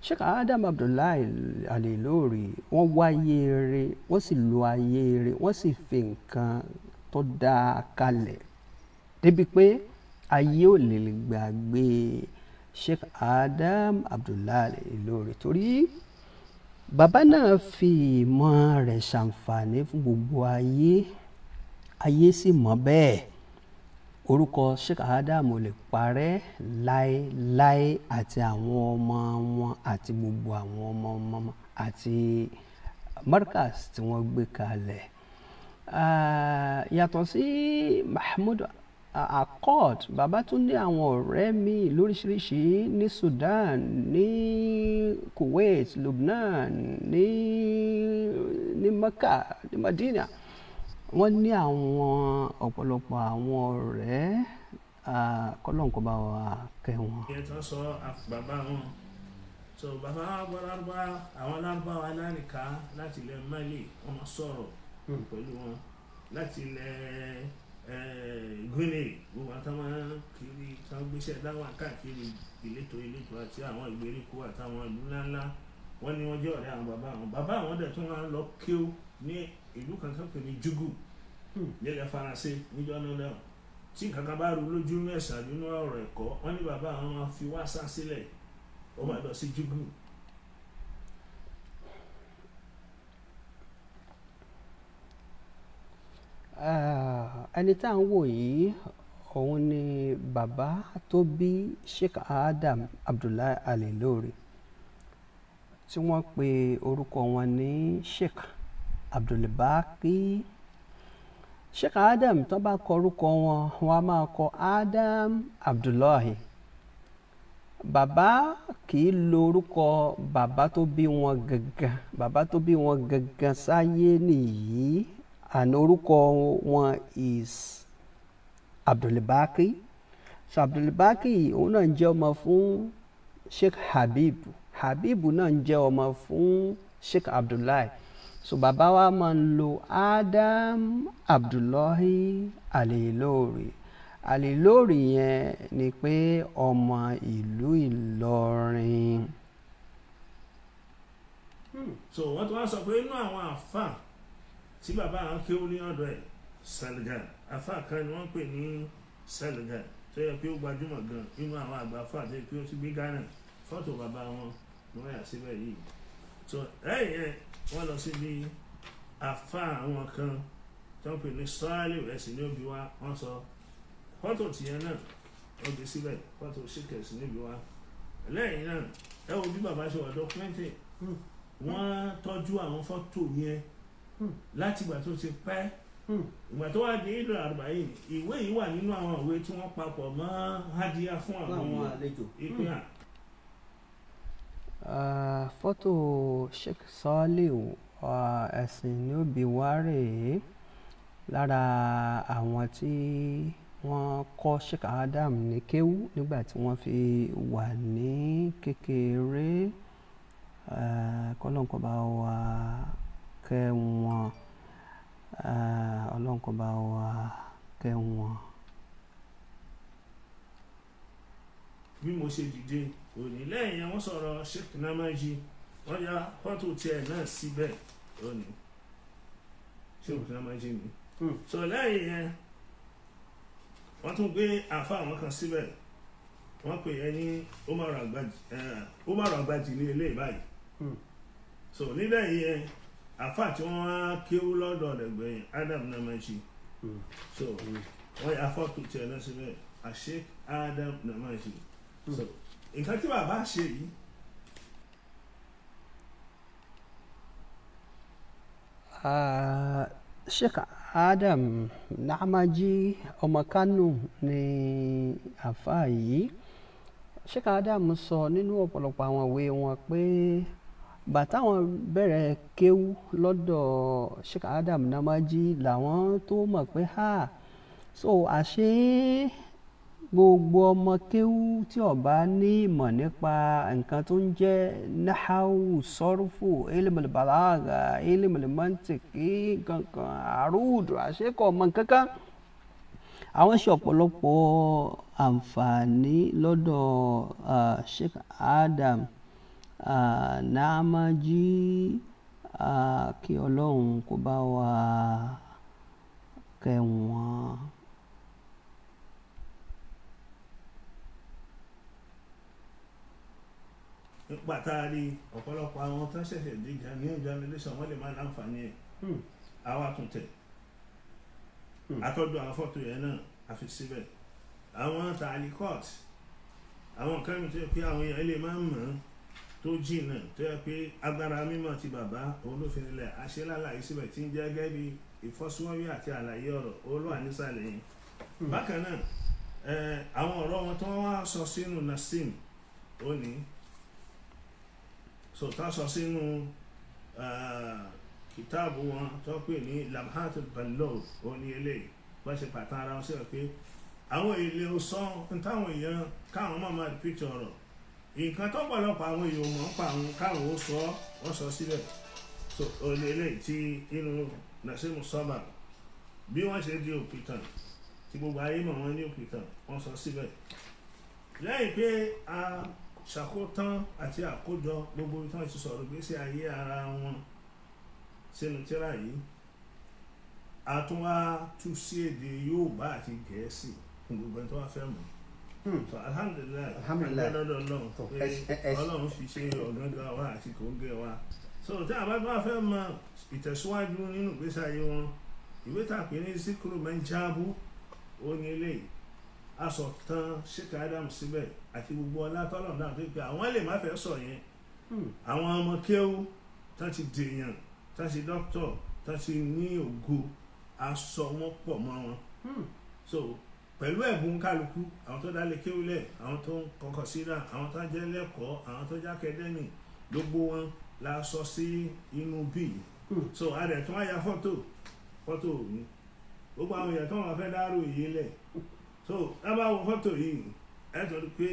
sheikh adam abdullahi alilori wọ́n wáyé eré wọ́n sì lo ayé eré wọ́n sì fi nǹkan tó dáa kalẹ̀ débi pé ayé ò lè gbàgbé sheikh adam abdullahi alilori torí bàbá náà fi ìmọ̀ rẹ̀ ṣàǹfààní fún gbogbo ayé ayé sì mọ̀ bẹ́ẹ̀ orúkọ Sheikh Adam ò lè parẹ́ láéláé àti àwọn ọmọ wọn àti gbogbo àwọn ọmọ ọmọ àti markaz tí wọ́n gbé kalẹ̀ ah, yàtọ̀ sí Mahmood Accord bàbá tún ní àwọn ọ̀rẹ́ mi lóríṣiríṣi ní Sudan ní Kuwait Lubnan ní ní Mecca ní Madina wọ́n ní àwọn ọ̀pọ̀lọpọ̀ àwọn ọ̀rẹ́ kọ́lọ́n kó bá wa kẹ́ wọn. ìyẹn tó ń sọ bàbá wọn so bàbá wa gbọ́ lárúbá àwọn lárúbá wa lánìka láti ilẹ̀ Mali wọ́n máa sọ̀rọ̀ hmm. pẹ̀lú wọn láti ilẹ̀ Guinea gbogbo àtàwọn kiri táwọn gbéṣẹ́ dáwà káàkiri ìletò ìletò àti àwọn ìgbèríko àtàwọn ìlú ńláńlá wọ́n ní wọ́n jẹ́ ọ̀rẹ́ àwọn bàbá wọn bàbá wọn dẹ̀ tún wọn lọ kéw ní ìlú kankan pè ní jugu hmm. nílẹ̀ faransé níjọ́ náà náà tí kankan bá ru lójú ní ẹ̀sà nínú ọ̀rọ̀ ẹ̀kọ́ wọ́n ní bàbá àwọn máa fi wá sá sílẹ̀ ó máa lọ sí jugu. Ah, ẹni tá à ń wò yìí òun ni bàbá tó bí Sheikh Adam Abdullahi Al-Ilory tí wọ́n pe orúkọ wọn ní Sheikh abdulbaki sheikh adam tó bá kọ orúkọ wọn wọn a máa kọ adam abdullahi bàbá kì í lo orúkọ bàbá tó bí wọn gangan bàbá tó bí wọn gangan sáyé nìyí àná orúkọ wọn is abdulbaki so abdulbaki òun náà jẹ́ ọmọ fún sheikh habib habib náà jẹ́ ọmọ fún sheikh abdullahi so bàbá wa máa ń lo Adam Abdullahi Al-Ilory al yẹn ni pé ọmọ ìlú Ìlọrin. Hmm, so wọ́n ti wá sọ pé inú àwọn àfà tí bàbá àwọn kéwú ní ọ̀dọ̀ ẹ̀ Salgan àfà kan ni wọ́n pè ní Salgan tó yẹ pé ó gbajúmọ̀ gan nínú àwọn àgbà àfà tó yẹ pé ó ti gbé Ghana fọ́tò bàbá wọn ni wọ́n yà síbẹ̀ yìí so hey, yẹn wọ́n lọ síbi àfa àwọn kan tó ń pè ní sọ́ọ́lì rẹ̀ sí ní òbí wa wọ́n sọ fọ́tò tìyẹn náà wọ́n gbé síbẹ̀ fọ́tò ṣìkẹ̀ sí níbi wa lẹ́yìn náà ẹ wo bí bàbá ṣe wà dọ́kúmẹ́ntì hmm. wọ́n tọ́jú àwọn fọ́tò yẹn hmm. láti ìgbà tó ti pẹ́ hmm. ìgbà tó wá di ìlú àrùbáyé ìwé yìí wà nínú àwọn ìwé tí wọ́n papọ̀ mọ́ hádìá fún àwọn àlejò ìpín fọ́tò Sheikh Saliu ẹ̀sìn ní òbí wa rèé lára àwọn tí wọ́n kọ́ Sheikh Adam ní kéwú nígbà tí wọ́n fi wà ní kékeré kọ́lọ́nkọ́ bá wa kẹ́ wọn ọlọ́nkọ́ bá wa kẹ́ bí mo ṣe dìde òní lẹ́yìn yẹn wọ́n sọ̀rọ̀ Sheikh Namaji wọ́n ya fọ́tò tiẹ̀ náà síbẹ̀ lónìí Sheikh Namaji ni hmm. so lẹ́yìn yẹn wọ́n tún gbé àfa àwọn kan síbẹ̀ wọ́n pè é ní Umaru Agbaji ní ilé báyìí hmm. so nílẹ̀ yẹn àfa tí wọ́n á kéwú lọ́dọ̀ rẹ̀ Adam Namaji hmm. so wọ́n ya fọ́tò tiẹ̀ náà síbẹ̀ Sheikh Adam Namaji so nǹkan tí bàbá ṣe yìí Sheikh Adam Namaji ọmọ Kano ni àfáà yìí Sheikh Adam sọ nínú ọ̀pọ̀lọpọ̀ àwọn ìwé wọn pé bàtà wọn bẹ̀rẹ̀ kéwú lọ́dọ̀ Sheikh Adam Namaji làwọn tó mọ̀ pé ha so àṣé gbogbo ọmọ kéwú tí ó bá ní ìmọ̀ nípa nǹkan tó ń jẹ́ nahawu sọ́rùfù ilimul balaga ilimul mantiki kankan àrùdù àṣekọ̀ ọmọ kankan àwọn ṣe ọ̀pọ̀lọpọ̀ àǹfààní lọ́dọ̀ Sheikh Adam uh, Namaji uh, kí Ọlọ́run kó bá wa kẹ́ nípa tá a rí ọ̀pọ̀lọpọ̀ àwọn tó ń ṣẹ̀ṣẹ̀ di new generation wọ́n lè má láǹfààní ẹ̀ hmm. àwa tún tẹ̀ àtọ́jú hmm. àwọn fọ́tò yẹn náà àfi síbẹ̀ àwọn tààlì court àwọn kan tó yẹ pé àwọn èèyàn lè máa ń mọ̀ ọ́n tó jìnnà tó yẹ pé agbára mímọ̀ ti bàbá olófinilẹ̀ aṣẹ́lálàyé síbẹ̀ tí ń jẹ́ gẹ́gẹ́ bí ìfọ́síwọ́wí àti àlàyé ọ̀rọ̀ olúwa nísàlẹ̀ yẹn hmm. bákan náà àwọn ọ̀rọ̀ wọn tí wá sọ sínú nasim ó ní so tá a sọ sínú kìtáàbù wọn tó pè ní lamhat balog òní eléyìí wọ́n ṣe pàtàn ara wọn síbẹ̀ pé àwọn èlé ọsán táwọn èèyàn káwọn máa máa pìtì ọ̀rọ̀ nǹkan tó pọ̀lọpọ̀ àwọn èèyàn mọ̀ ń pa àwọn káwọn ó sọ wọ́n sọ síbẹ̀ so òní eléyìí tí inú nasimu sọ́bà bí wọ́n ṣe di òpìtàn tí gbogbo ayé mọ̀ wọ́n ní òpìtàn wọ́n sọ síbẹ̀ lẹ́yìn pé a. Uh, ṣàkótán àti àkójọ gbogbo tí wọ́n ti sọ̀rọ̀ gbèsè ayé ara wọn sínú tírà yìí a tún wá tú sí èdè Yorùbá àti Gẹ̀ẹ́sì fún gbogbo ẹni tó wá fẹ́ mọ̀ alhamdulilayi alhamdulilayi Ọlọ́run Ọlọ́run fi ṣe ọ̀gángá wa àti kòńgẹ́ wa so tí a bá bá fẹ́ mọ̀ ìtẹ̀síwájú nínú ìgbésí ayé wọn ìwé tàpé ní zikiru mẹ́jáàbù ó ní eléyìí a sọ tán Sheikh Adam síbẹ̀ àti gbogbo ọlá tọ́lọ̀ náà tó pé àwọn lè má fẹ́ sọ yẹn hmm. àwọn ọmọ kéwú tán ti dèèyàn tán ti dókítọ̀ tán ti ní ògo aṣọ wọn pọ̀ mọ́ wọn hmm. so pẹ̀lú ẹ̀bùn kálukú àwọn tó dálé kéwú lẹ̀ àwọn tó ń kọkọ̀ síra àwọn tó jẹ́ lẹ́kọ̀ọ́ àwọn tó jẹ́ akẹ́dẹ́mì gbogbo wọn la sọ sí inú bí hmm. so a rẹ̀ tún àyà fọ́tò fọ́tò òní gbogbo àwọn èèyàn tó wọn fẹ́ dárò yìí lẹ̀ so lábàá wo fọ́tò yìí ẹ tọ́ pé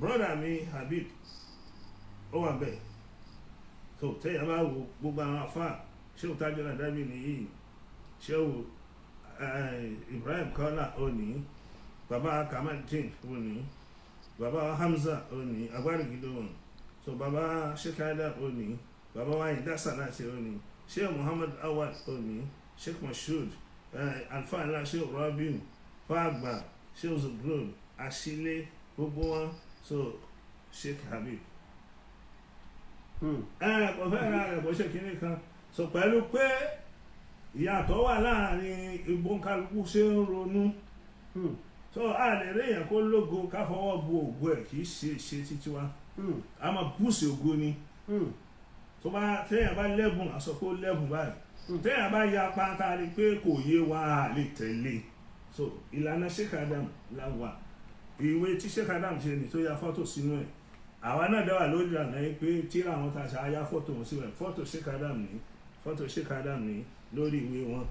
brọ́dà mi Habib ó wà bẹ́ẹ̀ tó tẹ́yà bá wo gbogbo àwọn afá ṣéwù tájọ́ náà dábì nìyí ṣéwù Ibrahim Kọ́lá òní bàbá Kamaldeen òní bàbá Hamza òní agbárigido òní tó bàbá Shekada òní bàbá wáyé dásàlá ṣe òní ṣéwù Muhammad Awad òní Sheikh Moshood eh, alfa ńlá ṣéwù Rabiu fáàgbà ṣéwù Zugrun àṣìlẹ gbogbo wọn so Sheikh Habib hmm. ẹ kò fẹ́ ra rẹ̀ bó ṣe kínní kan so pẹ̀lú pé ìyàtọ̀ wà láàrin ìgbónkálukú ṣe ń ronú hmm. so a lè rí èèyàn kó lógo ká fọwọ́ bu ògo ẹ̀ kì í ṣe ṣe títí wa hmm. a máa búùsì ògo ni tó bá téèyàn bá lẹ́bùn àsọ pé lẹ́bùn báyìí téèyàn bá ya pátá rí pé kò yé wa lè tẹ̀lé so ìlànà Sheikh Adam la wà ìwé tíṣẹ́ kadam ṣe ni tó ya fọ́tò sínú ẹ̀ àwa náà dáwà lórí àná yìí pé tíra àwọn ta ṣe aya fọ́tò wọn síbẹ̀ fọ́tò ṣe kadam ní fọ́tò ṣe kadam ní lórí ìwé wọn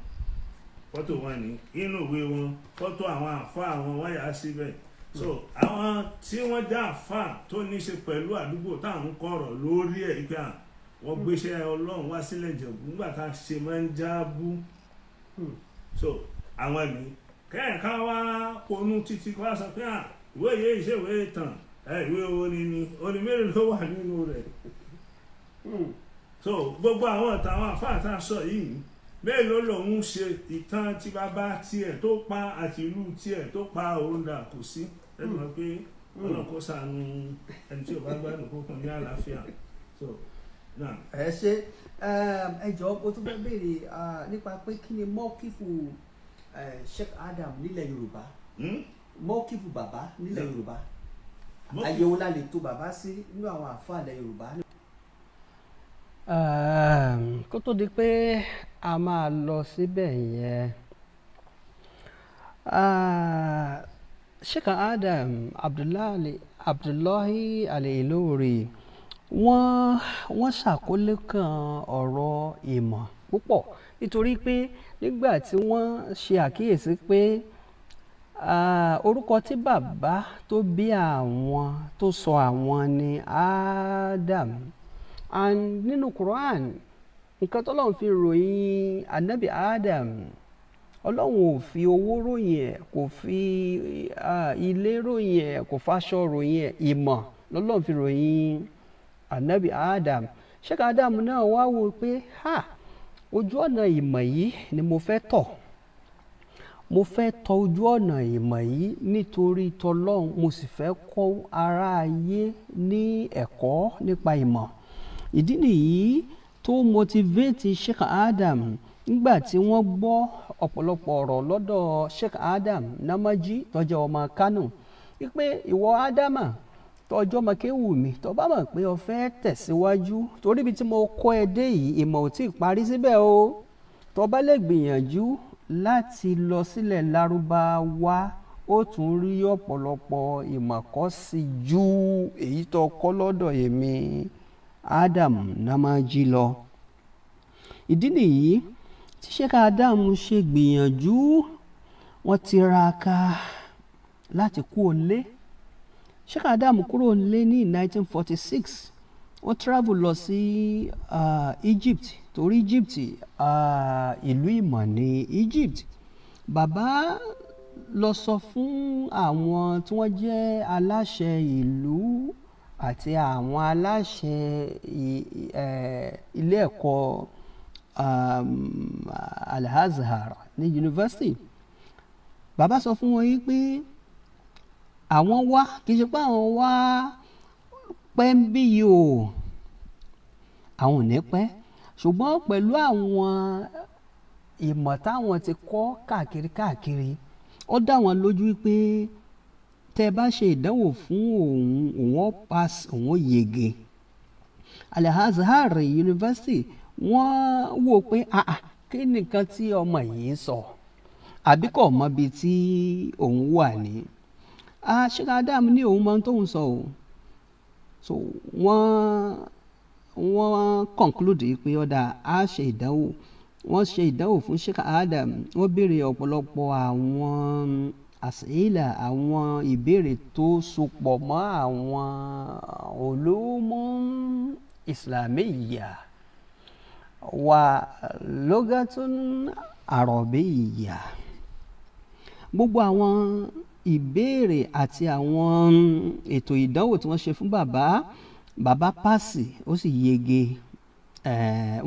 fọ́tò wọn ní inú ìwé wọn fọ́tò àwọn àfa àwọn wọ́n yà á síbẹ̀ so àwọn tí wọ́n já àfa tó ní ṣe pẹ̀lú àdúgbò táwọn kọ̀rọ̀ lórí ẹ̀ pé wọ́n gbéṣẹ́ ọlọ́run wá sílẹ̀ jẹ̀bú nígbà tá a ṣe máa ń já bú hmm. so àwọn ẹ̀mí kẹ́ẹ̀ká wá ponú títí wá sọ pé à ìwé yìí ìṣe ìwé ìtàn ìwé owó ni ni orin mélòó ló wà nínú rẹ̀ so gbogbo àwọn ìtàn àwọn sọ yìí mélòó lòun ṣe ìtàn tí bàbá tiẹ̀ tó pa àti ìlú tiẹ̀ tó pa òun dà kù sí ẹnu wọn hmm. pé hmm. ọlọ́run sànù ẹni tí ò bá gbádùn kó kàn ní àlàáfíà so now. ẹ ṣe ẹ jọ̀ọ́ mo tún fẹ́ béèrè nípa pé kí ni mọ́kìfù Sheikh Adam nílẹ̀ Yorùbá. Hmm? mọ́kìfù bàbá nílẹ̀ hmm. yorùbá àyẹ̀wò la lè to bàbá sí nínú àwọn àfáà ilẹ̀ yorùbá. Ehm, kó tó di pé a máa lọ síbẹ̀ yẹn ah, sheikh adam abdullahi abdullahi al-Ilori wọ́n wọ́n ṣàkólé kan ọ̀rọ̀ ìmọ̀ púpọ̀ nítorí pé nígbà tí wọ́n ṣe àkíyèsí pé. pe orúkọ tí bàbá tó bí àwọn tó sọ àwọn ni Adam and nínú Quran nǹkan tọ́lọ́run fi ròyìn anabi Adam ọlọ́run ò fi owó ròyìn ẹ̀ kò fi ilé ròyìn ẹ̀ kò faṣọ ròyìn ẹ̀ ìmọ̀ lọ́lọ́run fi ròyìn anabi Adam sheikh Adam náà wá wò pé ha ojú ọ̀nà ìmọ̀ yìí ni mo fẹ́ tọ̀ mo fẹ́ tọ ojú ọ̀nà ìmọ̀ yìí nítorí tọlọ́run mo sì fẹ́ kọ́ ara ayé ní ẹ̀kọ́ nípa ìmọ̀ ìdí nìyí tó motivate Sheikh Adam nígbà tí wọ́n gbọ́ ọ̀pọ̀lọpọ̀ ọ̀rọ̀ lọ́dọ̀ Sheikh Adam Namaji tó jẹ́ ọmọ Kano wípé ìwọ Adama tọjọ́ mọ kéwù mi tó bá mọ̀ pé o fẹ́ tẹ̀síwájú torí ibi tí mo kọ́ ẹ dé yìí ìmọ̀ ò tí ì parí síbẹ̀ o tó bá lè gbìyànjú láti lọ sílẹ̀ lárúbáwá ó tún rí ọ̀pọ̀lọpọ̀ ìmọ̀kọ́ sí ju èyí tó kọ́ lọ́dọ̀ èmi Adam Namaji lọ. ìdí nìyí tí Sheikh Adam ṣe gbìyànjú wọ́n tiraka láti kú òǹlé Sheikh Adam kúrò òǹlé ní 1946 wọ́n travel lọ sí uh, Egypt torí Egypt ìlú ìmọ̀ ní Egypt bàbá lọ sọ fún àwọn tí wọ́n jẹ́ aláṣẹ ìlú àti àwọn aláṣẹ ilé ẹ̀kọ́ Al-Azhar ní yunifásitì bàbá sọ fún wọn yìí pé àwọn wá kì í ṣe pé àwọn wá pẹ́ ń bí yìí o àwọn ò ní pẹ́. Okay ṣùgbọ́n pẹ̀lú àwọn ìmọ̀ táwọn ti kọ́ káàkiri káàkiri ó dá wọn lójú pé tẹ́ bá ṣe ìdánwò fún òun òun pass òun yege al University wọ́n wò pé kí nìkan tí ọmọ yìí sọ àbí kò mọ ibi tí òun wà ní aṣíkà Adam ní òun mọ tóun sọ o so wọ́n conclude pé ọ̀dà á ṣe ìdánwò wọ́n ṣe ìdánwò fún Sheikh Adam wọ́n béèrè ọ̀pọ̀lọpọ̀ àwọn àsìlà àwọn ìbéèrè tó sopọ̀ mọ́ àwọn olómú islamiyya wà lọ́gàtún àrọ̀bíyà gbogbo àwọn ìbéèrè àti àwọn ètò ìdánwò tí wọ́n ṣe fún bàbá. Mm -hmm bàbá páàsì ó sì yege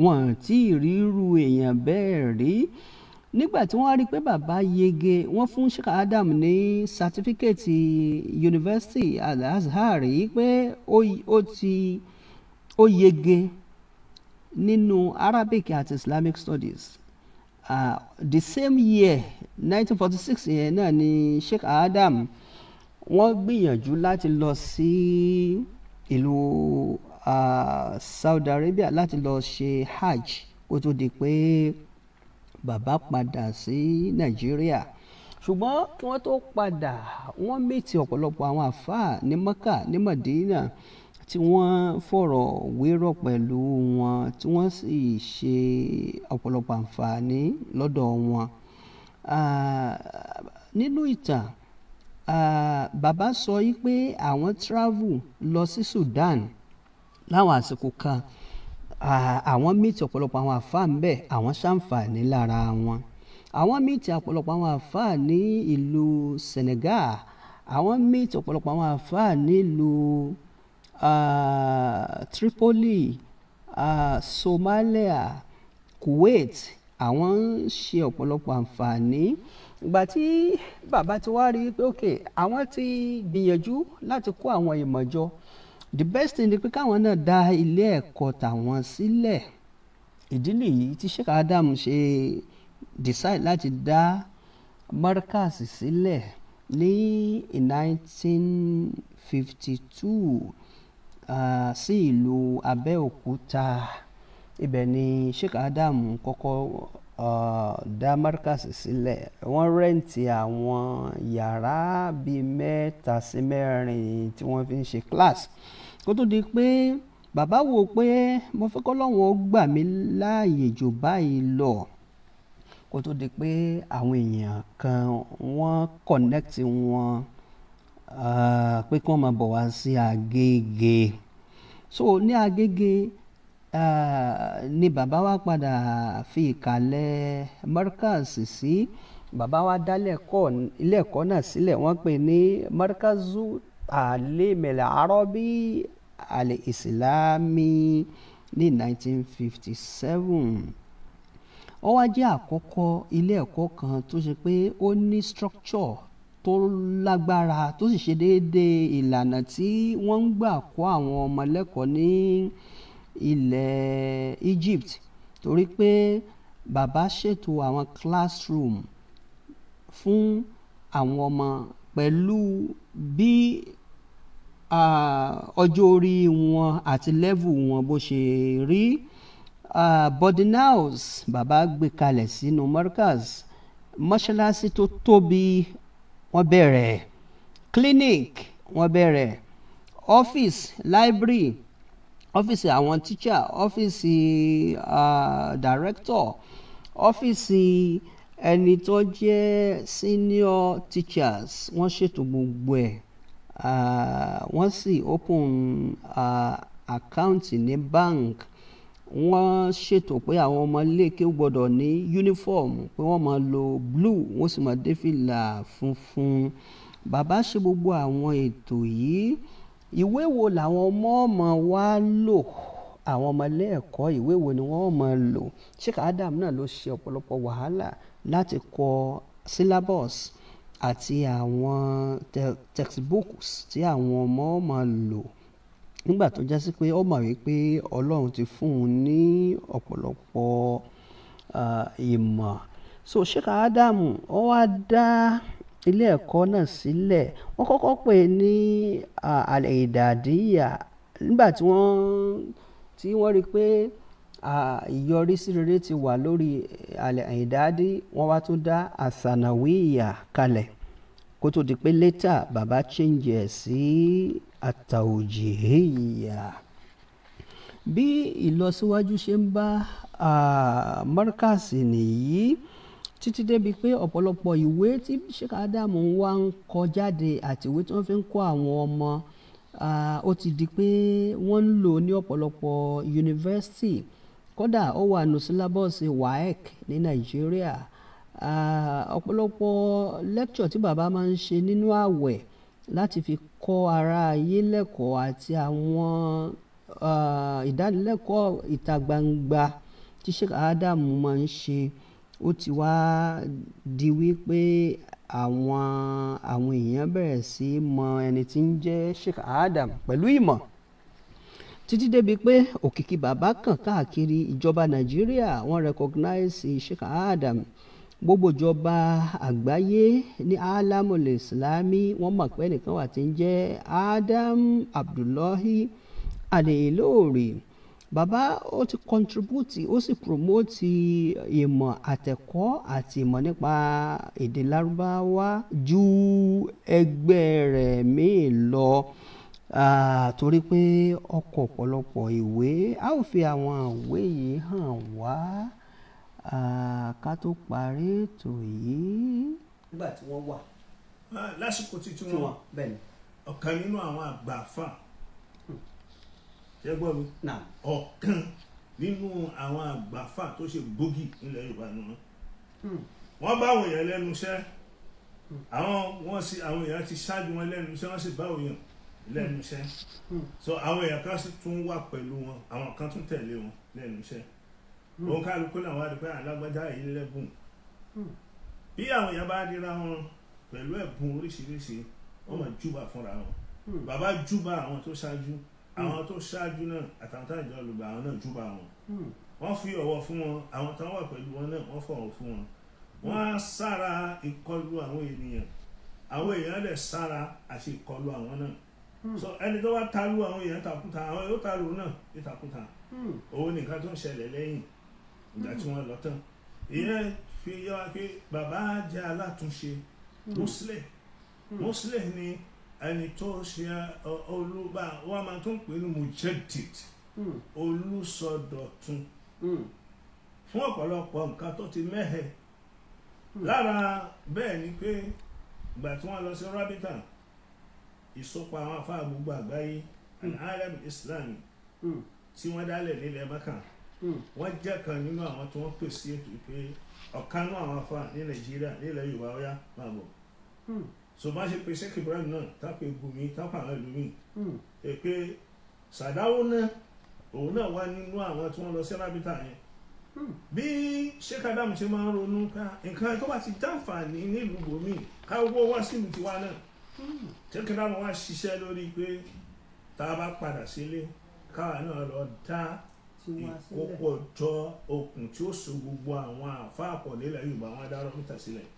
wọn tí ì ríru èèyàn bẹ́ẹ̀ rí nígbà tí wọ́n rí pé bàbá yege wọ́n fún Sheikh Adam ní sátífíkẹ́ẹ̀tì yunifásitì Al-Azhar yìí pé ó ti ó yege nínú Arabic àti Islamic Studies uh, the same year 1946 yẹn náà ni Sheikh Adam wọ́n gbìyànjú láti lọ sí. Si, ìlú Saudi Arabia láti lọ ṣe hajj kó tó di pé bàbá padà sí Nàìjíríà ṣùgbọ́n kí wọ́n tó padà wọ́n mìtì ọ̀pọ̀lọpọ̀ àwọn àfáà ní Mẹ́kà ní Madina tí wọ́n fọ̀rọ̀ wérọ̀ pẹ̀lú wọn tí wọ́n sì ṣe ọ̀pọ̀lọpọ̀ àǹfààní lọ́dọ̀ wọn nínú ìtàn bàbá sọ yìí pé àwọn travel lọ sí Sudan láwọn àsìkò kan àwọn míìtì ọ̀pọ̀lọpọ̀ àwọn àfáà ń bẹ̀ àwọn ṣàǹfààní lára wọn àwọn míìtì ọ̀pọ̀lọpọ̀ àwọn àfáà ní ìlú Senegal àwọn míìtì ọ̀pọ̀lọpọ̀ àwọn àfáà nílùú Tripoli Somalia Kuwait àwọn ń ṣe ọ̀pọ̀lọpọ̀ àǹfààní ìgbà tí bàbá ti wá rí i pé ok àwọn ti gbìyànjú láti kó àwọn ìmọ̀ jọ the best thing ni pé káwọn náà dá ilé ẹ̀kọ́ tàwọn sílẹ̀ ìdí nìyí tí Sheikh Adam ṣe decide láti dá Markaz sílẹ̀ ní nineteen fifty two sí ìlú Abẹ́òkúta ibẹ̀ ni Sheikh Adam kọ́kọ́ Uh, dá Markaz sílẹ̀ wọ́n rẹ́ǹtì àwọn yàrá bíi mẹ́ta sí mẹ́rin tí wọ́n fi ń ṣe class kó tó di pé bàbá wo pé mo fẹ́ kọ́ lọ́wọ́ gbà mí láàyè jù báyìí lọ kó tó di pé àwọn èèyàn kan wọ́n connect wọn uh, pé kí wọ́n máa bọ̀ wá sí Agége so ní Agége Ah, ni bàbá wa padà fi ìkàlẹ̀ Markaz sí si, bàbá wa dá ilé ẹ̀kọ́ náà sílẹ̀ wọ́n pè ní Markazu Alimil Arabi Al-Islami ní 1957 ó wá jẹ́ àkọ́kọ́ ilé ẹ̀kọ́ kan tó ṣe pé ó ní structure tó lágbára tó sì ṣe déédéé ìlànà tí wọ́n ń gbà kọ́ àwọn ọmọ lẹ́kọ̀ọ́ ní. Ni ilẹ̀ Egypt torí pé bàbá ṣètò àwọn classroom fún àwọn ọmọ pẹ̀lú bí ọjọ́ orí wọn àti level wọn bó ṣe rí Bodinals bàbá gbé kalẹ̀ sínú Markaz mọ́ṣáláṣí tó tóbi wọ́n bẹ̀rẹ̀ clinic wọ́n bẹ̀rẹ̀ office library ọ́fíìsì àwọn tíṣà ọ́fíìsì dàrẹ́kítọ̀ ọ́fíìsì ẹni tó jẹ́ senior teachers wọ́n ṣètò gbogbo ẹ̀ wọ́n sì open uh, account ní bank wọ́n ṣètò pé àwọn ọmọ iléèké gbọ́dọ̀ ní uniform pé wọ́n máa lo blue wọ́n sì máa dé fìlà funfun bàbá ṣe gbogbo àwọn ètò yìí ìwé wo làwọn ọmọ ọmọ wa lò àwọn ọmọ ẹlẹ́ẹ̀kọ́ ìwé wo ni wọ́n mọ̀ lò Sheikh Adam náà ló ṣe ọ̀pọ̀lọpọ̀ wàhálà láti kọ syllabus àti àwọn textbooks tí àwọn ọmọ ọmọ lò nígbà tó jẹ́ sí pé ó mọ̀ wípé Ọlọ́run ti fún un ní ọ̀pọ̀lọpọ̀ ìmọ̀ so Sheikh Adam ó wá dá ilé ẹ̀kọ́ náà sílẹ̀ wọ́n kọ́kọ́ pè é ní al-Idadiya nígbà tí wọ́n tí wọ́n rí i pé ìyọrísí rere ti wà lórí al-Idadi wọ́n wá tún dá asanawiya kalẹ̀ kó tó di pé létà bàbá change ẹ̀ sí atawjihiya bí ìlọsíwájú ṣe ń bá markaz nìyí títí débi pé ọ̀pọ̀lọpọ̀ ìwé tí Sheikh Adam wá ń kọ jáde àti ìwé tí wọ́n fi ń kọ́ àwọn ọmọ ó ti di pé wọ́n ń lò ní ọ̀pọ̀lọpọ̀ yunifásitì kódà ó wà nù sílábọ̀sì WAEC ní Nàìjíríà ọ̀pọ̀lọpọ̀ lẹ́kṣọ̀ tí bàbá máa ń ṣe nínú àwẹ̀ láti fi kọ́ ara ayé lẹ́kọ̀ọ́ àti àwọn ìdánilẹ́kọ̀ọ́ ìta gbangba tí Sheikh Adam máa ń ṣe ó ti wá di wípé àwọn àwọn èèyàn bẹ̀rẹ̀ sí mọ ẹni tí ń jẹ́ Sheikh Adam pẹ̀lú ìmọ̀ títí débi pé òkìkí bàbá kàn káàkiri ìjọba Nàìjíríà wọ́n recognize Sheikh Adam gbogbo ìjọba àgbáyé ní alamul islami wọ́n mọ̀ pé ẹnìkan wà tí ń jẹ́ Adam Abdullahi Al-Ilory bàbá ó ti contribute ó sì promote ìmọ̀ àtẹ̀kọ́ àti ìmọ̀ nípa èdè lárúbáwá ju ẹgbẹ́ rẹ̀ míì lọ torí pé ọkọ̀ ọ̀pọ̀lọpọ̀ ìwé a ó fi àwọn ìwé yìí hàn wá ká tó parí ètò yìí. nígbà tí wọ́n wà. lásìkò títí wọn ọ̀kan nínú àwọn àgbà fáà ṣé gbọ́ mi ọ̀kan nínú àwọn àgbàfà tó ṣe gbòógì nílẹ̀ Yorùbá nù hmm. wọ́n bá àwọn èèyàn lẹ́nu iṣẹ́ hmm. àwọn wọ́n sì àwọn èèyàn ti ṣáájú wọn lẹ́nu iṣẹ́ wọ́n sì bá òyìn lẹ́nu hmm. iṣẹ́ so àwọn èèyàn kan sì tún wà pẹ̀lú wọn àwọn kan tún tẹ̀lé wọn lẹ́nu iṣẹ́ òun kálukú làwọn àdìpẹ́ alágbájá yìí lẹ́bùn bí àwọn èèyàn bá dira wọn pẹ̀lú ẹ̀bùn oríṣiríṣi wọ́n máa júbà fúnra wọn bàbá júbà àwọn tó ṣáájú Hmm. àwọn tó ṣáájú náà àtàwọn táwọn ìjọ olùgbà àwọn náà júbà wọn hmm. wọ́n fi ọ̀wọ̀ fún wọn àwọn táwọn wà pẹ̀lú wọn náà wọ́n fọ̀wọ̀ fún wọn wọ́n á sára ìkọlù àwọn ènìyàn àwọn èèyàn lè sára àti ìkọlù àwọn náà hmm. so ẹni tó wá taru àwọn èèyàn takuta àwọn yóò taru náà yóò takuta òun nìkan tó ń ṣẹlẹ̀ lẹ́yìn ìgbà tí wọ́n lọ tán ìyẹn fi yọ wá pé bàbá jẹ́ alátúnṣe mùsùlẹ̀ mùsùlẹ̀ ni. Mm ẹni tó ṣe olúbà wọn máa tún pè ní mujedit hmm. olùsọdọ̀tun hmm. fún ọ̀pọ̀lọpọ̀ nǹkan tó ti mẹ́hẹ̀ hmm. lára bẹ́ẹ̀ ni pé ìgbà tí wọ́n lọ sí rábítà ìsopọ̀ àwọn afáà gbogbo àgbáyé arab islam tí wọ́n dálẹ̀ nílẹ̀ mẹ́kà wọ́n jẹ́ kan nínú àwọn tí wọ́n pèsè ètò pé ọ̀kanú àwọn afáà ní nàìjíríà nílẹ̀ yorùbá ọ̀yá máa bọ̀ so bá ṣe pe Sheikh Ibrahim náà tápẹ Gumi tápẹ àwọn ìlú mi hmm. ẹ pé Sàdáwó náà òun náà wá nínú àwọn tí wọ́n lọ sí rábítà yẹn hmm. bí Sheikh Adam ṣe máa ń ronú ká nǹkan tó bá ti dáǹfààní nílùú Gumi ká owó wá sílùú tiwa náà hmm. Sheikh Adam wá ṣiṣẹ́ lórí pé tá a bá padà sílé káwa náà lọ dá ìkópọ̀ jọ okùn tí ó so gbogbo àwọn àfa àpọ̀ nílẹ̀ Yorùbá wọn dá rọ́mítà sílẹ̀.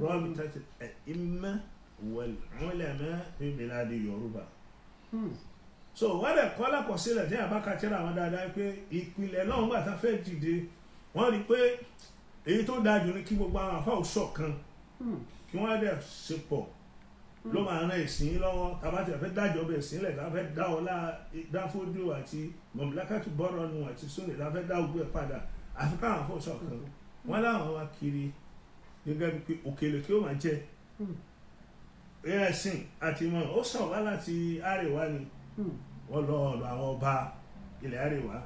رابطة الأئمة والعلماء في بلاد Yorùbá. so wọ́n dẹ̀ kọ́ lákọsílẹ̀ tí àbákàtìrà àwọn dáadáa pé ìpìlẹ̀ náà ńgbà tá a fẹ́ dìde wọ́n rí i pé èyí tó dáa jù ní kí gbogbo àwọn àfa òṣọ kan hmm. kí wọ́n dẹ̀ ṣe pọ̀ hmm. ló máa rán ìsìn lọ́wọ́ tàbátì àfẹ́ dájọ́ bẹ̀ sílẹ̀ tàfẹ́ dá ọlá dáfódù àti mọ̀mílákàtì bọ́rọ̀ nù àti sóòlè tàfẹ́ dá ògbó ẹ̀ padà àfikà àwọn àfọ̀ṣọ kan hmm. láwọn wá kiri gẹ́gẹ́ bí pé òkèlè kí ó máa jẹ hmm. ẹ̀sìn àti ìmọ̀ ó sàn wá láti àríwá ni hmm. wọ́n lọ ọ̀dọ̀ àwọn ọba ilẹ̀ àríwá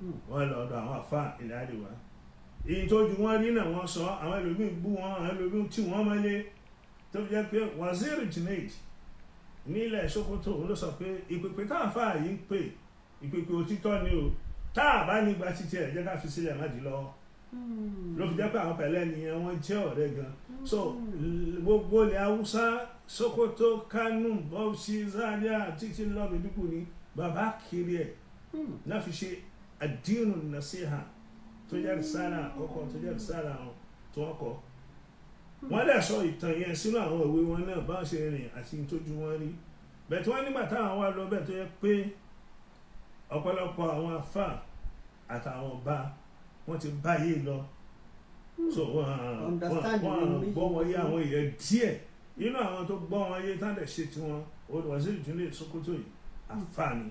hmm. wọ́n lọ ọ̀dọ̀ àwọn àfa ilẹ̀ àríwá èyí tó ju wọn rí náà wọ́n sọ àwọn ẹlòmíín bú wọn àwọn ẹlòmíín tí wọ́n mọ́lé tó fi jẹ́ pé Waziri Junaid nílẹ̀ Sokoto ló sọ pé ìpèpè káàfà yìí ń pè ìpèpè òtítọ́ ni o tá a bá nígbà títí ẹ̀ jẹ́ ká fi sílẹ̀ má dì lọ́wọ́ ló fi jẹ́ pé àwọn pẹ̀lẹ́ nìyẹn wọ́n jẹ́ ọ̀rẹ́ gan so gbogbo ilẹ̀ haúsá sokoto kánò bọ́ọ̀sì zaria títí lọ́ọ̀bì dúkù ni bàbá kiri ẹ̀ náà fi ṣe àdínù nàṣíhà tó jẹ́ sára àkọ́kọ́ tó jẹ́ sára tó ọkọ̀ wọ́n dẹ̀ sọ ìtàn yẹn sínú àwọn ìwé wọn náà bá ṣe rìn àti tójú wọn rí bẹ́ẹ̀ tí wọ́n nígbà táwọn wá lọ bẹ́ẹ̀ tó yẹ pé ọ̀pọ̀lọpọ̀ àwọn afá àtàwọn ọba wọ́n ti báyé lọ hmm. so wọ́n gbọ́ wọn yé àwọn èèyàn díẹ̀ inú àwọn tó gbọ́ wọn yé tán lè ṣe tiwọn olùwàsílù tún lè Sókótó yìí hmm. àǹfààní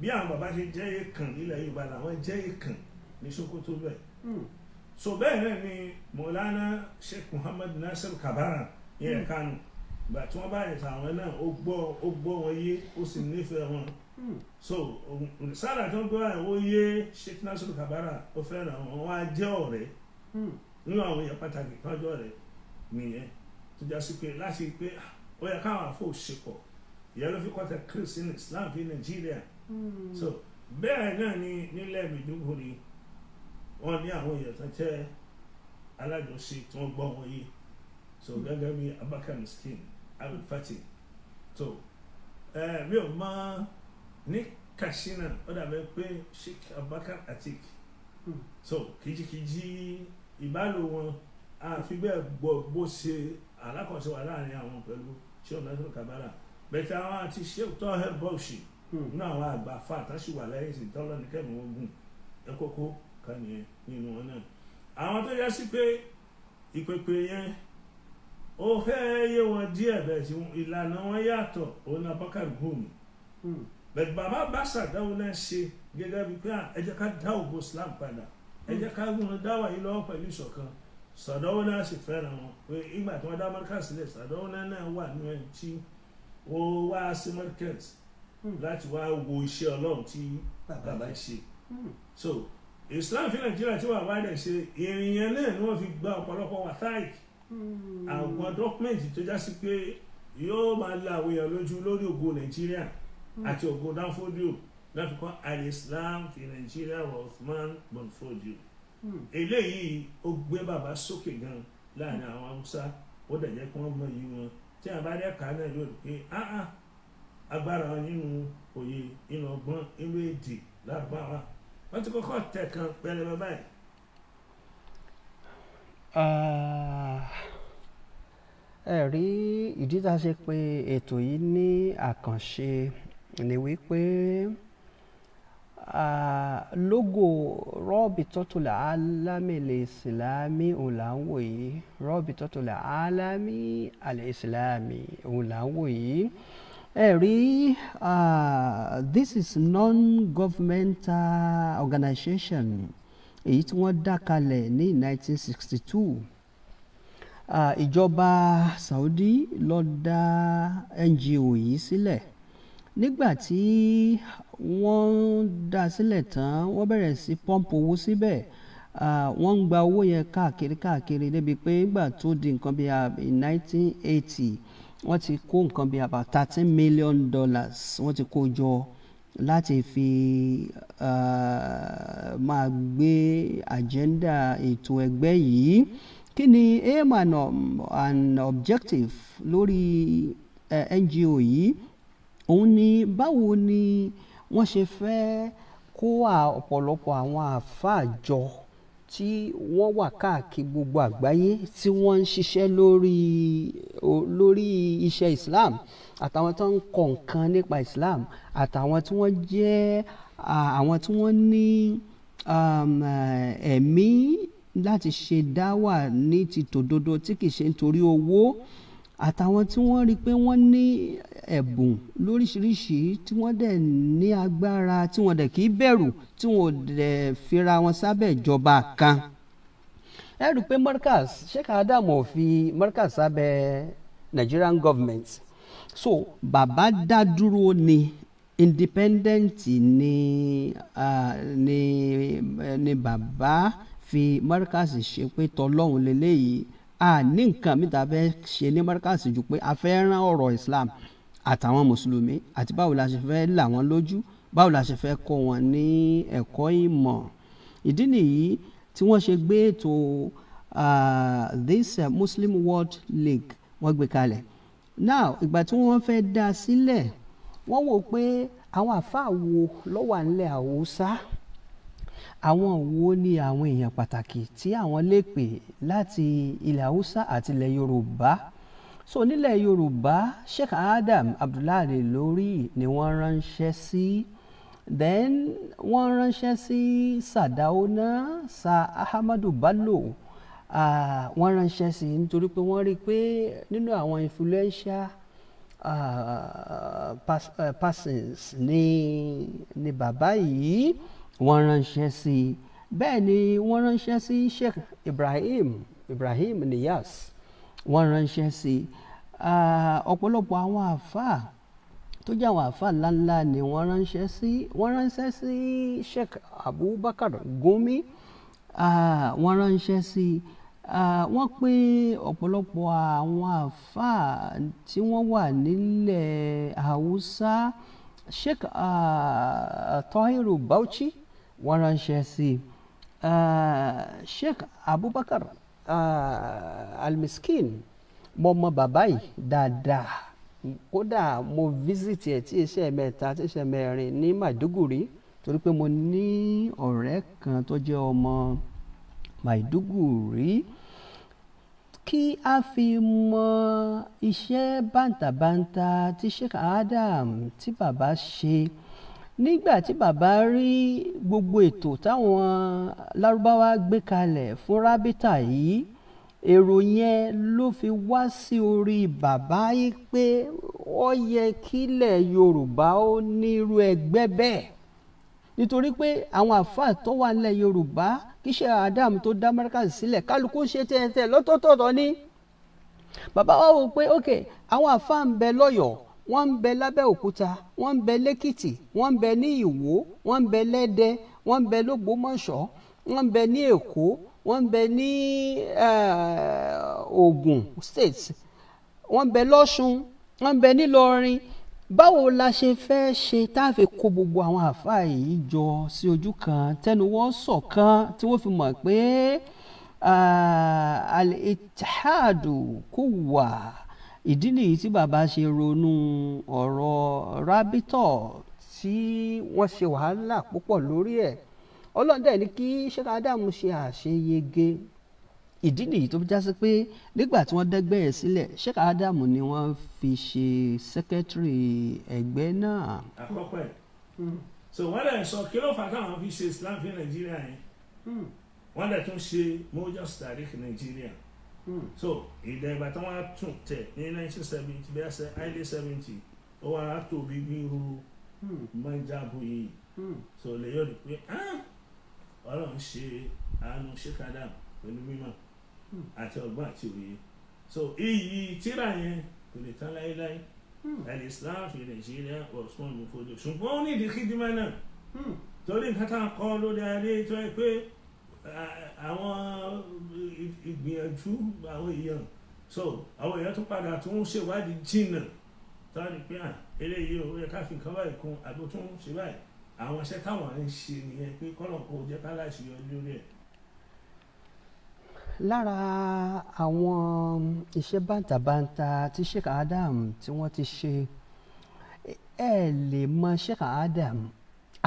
bí àwọn bàbá ṣe jẹ́ èèkàn nílẹ̀ Yorùbá làwọn jẹ́ èèkàn ní Sókótó bẹ́ẹ̀ hmm. so bẹ́ẹ̀ náà ni Mọ̀lánà Sheikh Muhammad Nasir Kabara yẹn kánú. Mm ìgbà tí wọ́n bá ẹ̀sà àwọn náà ó gbọ́ ó gbọ́ wọn yé ó sì nífẹ̀ẹ́ wọn hmm. so sára tó ń gbọ́ àwọn ó yé Sheikh Nasiru Kabara ó fẹ́ràn wọn wọ́n á jẹ́ ọ̀rẹ́ hmm. nínú àwọn èèyàn pàtàkì tọ́jú ọ̀rẹ́ nìyẹn tó já sí pé láti pé ah, ó yẹ káwọn àfọ òṣèpọ̀ ìyá ló fi kọ́tà Christ in Islam fi Nàìjíríà hmm. so bẹ́ẹ̀ náà ni nílẹ̀ Maiduguri wọ́n ní àwọn èèyàn tó jẹ́ alájọṣe tí wọ́n gbọ́ wọn yé so gẹ́gẹ́ bí Abubakar Miskin I'm 30 so ẹ eh, mi ò mọ ní Katsina ó dàbẹ pé Sheikh Abubakar Atiq hmm. so kìjikìji ìbálò wọn àfi bẹ́ẹ̀ gbọ́ bó ṣe alákọ̀ọ́sẹ̀ wà láàrin àwọn pẹ̀lú Sheikh Nasiru Kabara bẹ̀tẹ̀ àwọn àti Sheikh Toher Bauchi hmm. nínú àwọn àgbà fa àtàṣì wà lẹ́yìn sí tọ́lọ́ ní kẹ́mi ogun ẹ kókó kan nìyẹn nínú wọn náà àwọn tó yẹ sí pé ìpèpè yẹn ó fẹ́ yé wọn díẹ̀ bẹ́ẹ̀ tí ìlànà wọn yàtọ̀ òun náà Bakar Gumi hmm. bẹ́ẹ̀ bàbá Abacha dáwọn náà ṣe gẹ́gẹ́ bíi pé ẹ jẹ́ ká dá ògbó Islam padà ẹ hmm. jẹ́ ká gún dáwà yìí lọ́wọ́ pẹ̀lú ìṣọ̀kan Sàdáwò náà sì fẹ́ràn wọn pé ìgbà tí wọ́n dá Markaz sílẹ̀ Sàdáwò náà náà wà ní ẹ̀ tí ó wá sí Markaz hmm. láti wá wo iṣẹ́ Ọlọ́run tí bàbá ṣe so Islam fi Nàìjíríà tí wàá wá dẹ̀ ṣe ìrìn yẹn náà ni wọ́n fi gba ọ̀pọ̀lọpọ̀ wàtáìkì Hmm. àwọn dọ́kúmẹ̀ntì tó já sí pé yóò máa la àwọn èèyàn lójú lórí ògo nàìjíríà hmm. àti ògo danfodio láfikún alislam ti nàìjíríà wa Usman bonfodio hmm. eléyìí ó gbé bàbá sókè gan láàrin àwọn haúsá ó dẹ̀ jẹ́ kí wọ́n mọ iye wọn tí a bá rí ẹ̀ka náà yóò rí pé áhàn agbára nínú òye nínú ọgbọ́n nínú èdè lárúbáwá wọ́n ti kọ́kọ́ tẹ̀ kan pẹ́ẹ́lẹ́ báyìí Ah, ẹ rí ìdí tá a ṣe pé ètò yìí ní àkànṣe ni wípé lógo rọ́ọ̀bì tọ́tùlà álámì lè ìsìlámì òun là ń wò yìí rọ́ọ̀bì tọ́tùlà álámì àlè ìsìlámì òun yìí ẹ ah, this is non-governmental organization èyí tí wọ́n dá kalẹ̀ ní 1962 ìjọba Saudi ló dá NGO yìí sílẹ̀ nígbà tí wọ́n dá sílẹ̀ tán wọ́n bẹ̀rẹ̀ sí pọ́ǹpù owó síbẹ̀ wọ́n ń gba owó yẹn káàkiri káàkiri débi pé nígbà tó di nǹkan bíi 1980 wọ́n ti kó nǹkan bíi about thirteen million dollars wọ́n ti kó jọ láti fi uh, máa gbé agenda ètò ẹgbẹ́ yìí kí ni aim and, um, and objective lórí uh, NGO yìí òun ni báwo ni wọ́n ṣe fẹ́ kó ọ̀pọ̀lọpọ̀ àwọn àáfàá jọ tí wọ́n wà káàkiri gbogbo àgbáyé tí wọ́n ń ṣiṣẹ́ lórí iṣẹ́ Islam àtàwọn tó ń kọ nǹkan nípa Islam àtàwọn tí wọ́n jẹ́ àwọn tí wọ́n ní um, eh, ẹ̀mí láti ṣe dáwà ní ti tòdodo tí kì í ṣe nítorí owó àtàwọn tí wọ́n rí i pé wọ́n ní ẹ̀bùn lóríṣiríṣi tí wọ́n dẹ̀ ní agbára tí wọ́n dẹ̀ kì í bẹ̀rù tí wọ́n dẹ̀ fira wọn sábẹ́ ìjọba kan ẹ rí i pé Markaz Sheikh Adam ò fi Markaz sábẹ́ Nigerian government so Baba dá dúró ni independent ni uh, ni ni bàbá fi mọ́ríkàsì ṣe pé tọlọ́hun lélẹ́yìí a ní nǹkan mi ta fẹ́ ṣe ní mọ́ríkàsì ju pé a fẹ́ rán ọ̀rọ̀ Islam àtàwọn mùsùlùmí àti báwo la ṣe fẹ́ là wọ́n lójú báwo la ṣe fẹ́ kọ́ wọn ní ẹ̀kọ́ ìmọ̀ ìdí nìyí tí wọ́n ṣe gbé ètò this uh, Muslim World League wọ́n gbé kalẹ̀ now ìgbà tí wọ́n fẹ́ dá sílẹ̀ wọ́n wò pé àwọn àfáà wo ló wà nílẹ̀ Haúsá àwọn wo ni àwọn èèyàn pàtàkì tí àwọn lè pè láti ilẹ̀ Haúsá àti ilẹ̀ Yorùbá so nílẹ̀ Yorùbá Sheikh Adam Abdullahi lórí ni wọ́n ránṣẹ́ sí. then wọ́n ránṣẹ́ sí Sardauna Sir Ahmadu Bello wọ́n ránṣẹ́ sí i nítorí pé wọ́n rí i pé nínú àwọn influential persons ni ni bàbá yìí wọ́n ránṣẹ́ sí i bẹ́ẹ̀ ni wọ́n ránṣẹ́ sí Sheikh Ibrahim Ibrahim Niyas wọ́n ránṣẹ́ sí i ọ̀pọ̀lọpọ̀ àwọn àfáà tó jẹ́ àwọn àfáà ńláńlá ni wọ́n ránṣẹ́ sí wọ́n ránṣẹ́ sí Sheikh Abubakar Gumi wọ́n ránṣẹ́ sí wọ́n pín ọ̀pọ̀lọpọ̀ àwọn àáfàá tí wọ́n wà nílẹ̀ haúsá Sheikh Tahiru Bauchi wọ́n ránṣẹ́ sí Sheikh Abubakar Al-Miskin mo mọ bàbá yìí dáadáa kódà mo visit ẹ̀ tí iṣẹ́ mẹ́ta tí iṣẹ́ mẹ́rin ní Maiduguri torí pé mo ní ọ̀rẹ́ kan tó jẹ́ ọmọ. Maiduguri kí a fi mọ iṣẹ́ bàǹtàbanta tí Sheikh Adam tí bàbá ṣe nígbà tí bàbá rí gbogbo ètò táwọn lárúbáwá gbé kalẹ̀ fún rábítà yìí èrò yẹn ló fi wá sí orí bàbá yìí pé ó yẹ kílẹ̀ Yorùbá ó ní ẹgbẹ́ bẹ́ẹ̀ nítorí pé àwọn àfáà tó wà nílẹ̀ yorùbá kíṣẹ́ adam tó dá Markaz sílẹ̀ kálukú ṣe tẹ́tẹ́ lọ́tọ̀ọ̀tọ̀ ni bàbá wa wò pé ok àwọn àfáà ń bẹ lọ́yọ̀ọ́ wọ́n ń bẹ lábẹ́òkúta wọ́n ń bẹ lẹ́kìtì wọ́n ń bẹ ní ìwó wọ́n ń bẹ lẹ́dẹ wọ́n ń bẹ lógbómọ̀ṣọ́ wọ́n ń bẹ ní èkó wọ́n ń bẹ ní Ògùn state wọ́n ń bẹ lọ́ṣun wọ́n ń bẹ nílọrin báwo la ṣe fẹ́ ṣe tá a fi kó gbogbo àwọn àáfàá yìí jọ sí ojú kan tẹnu wọn ṣọ̀kan tí wọ́n fi mọ̀ pé al-ittihadu quwwa ìdí nìyí tí bàbá ṣe ronú ọ̀rọ̀ rábítọ̀ tí wọ́n ṣe wàhálà púpọ̀ lórí ẹ̀ ọlọ́dẹ ní kí Sheikh Adam ṣe àṣeyege ìdí nìyí tó já sí pé nígbà tí wọ́n dẹ́gbẹ́ ẹ̀ sílẹ̀ Sheikh Adam ni wọ́n fi ṣe sẹ́kẹ́tìrì ẹgbẹ́ náà. àkọ́kọ́ ẹ̀ so wọ́n dẹ̀ sọ kí ló fà káwọn fi ṣe Islam fi Nàìjíríà yẹn wọ́n dẹ̀ tún ṣe mojus tariq Nàìjíríà so ìdẹ̀ ìgbà tí wọ́n tún tẹ̀ ní nineteen seventy bẹ́ẹ̀ sẹ́ early seventy ó wà á tóbi bí irú mọ́jábù yìí so lè yọ̀ rí pé ah! ọlọ́run ṣe àánú Sheikh Adam pẹ̀lú mímọ́. Hmm. àti ọgbọ́n àti òye so iyì tíra yẹn kò lè tán láéláé hmm. Al-Islam fi Nàìjíríà Usman Muf'odo ṣùgbọ́n ó ní ìdí kídìmá náà hmm. torí nǹkan tá a kọ́ lórí adé tó yẹ pé àwọn ìgbìyànjú àwọn èèyàn so àwọn èèyàn tó padà tó ń ṣèwádìí jìnnà táwọn pé à eléyìí ó yẹ ká fi nǹkan báyìí kún àbótún ṣe báyìí àwọn iṣẹ́ táwọn ń ṣe nìyẹn pé kọ́nà kò jẹ́ ká láṣeyọrí lórí ẹ̀ lára àwọn iṣẹ́ bàǹtàbàǹtà tí Sheikh Adam tí wọ́n ti ṣe ẹ lè mọ Sheikh Adam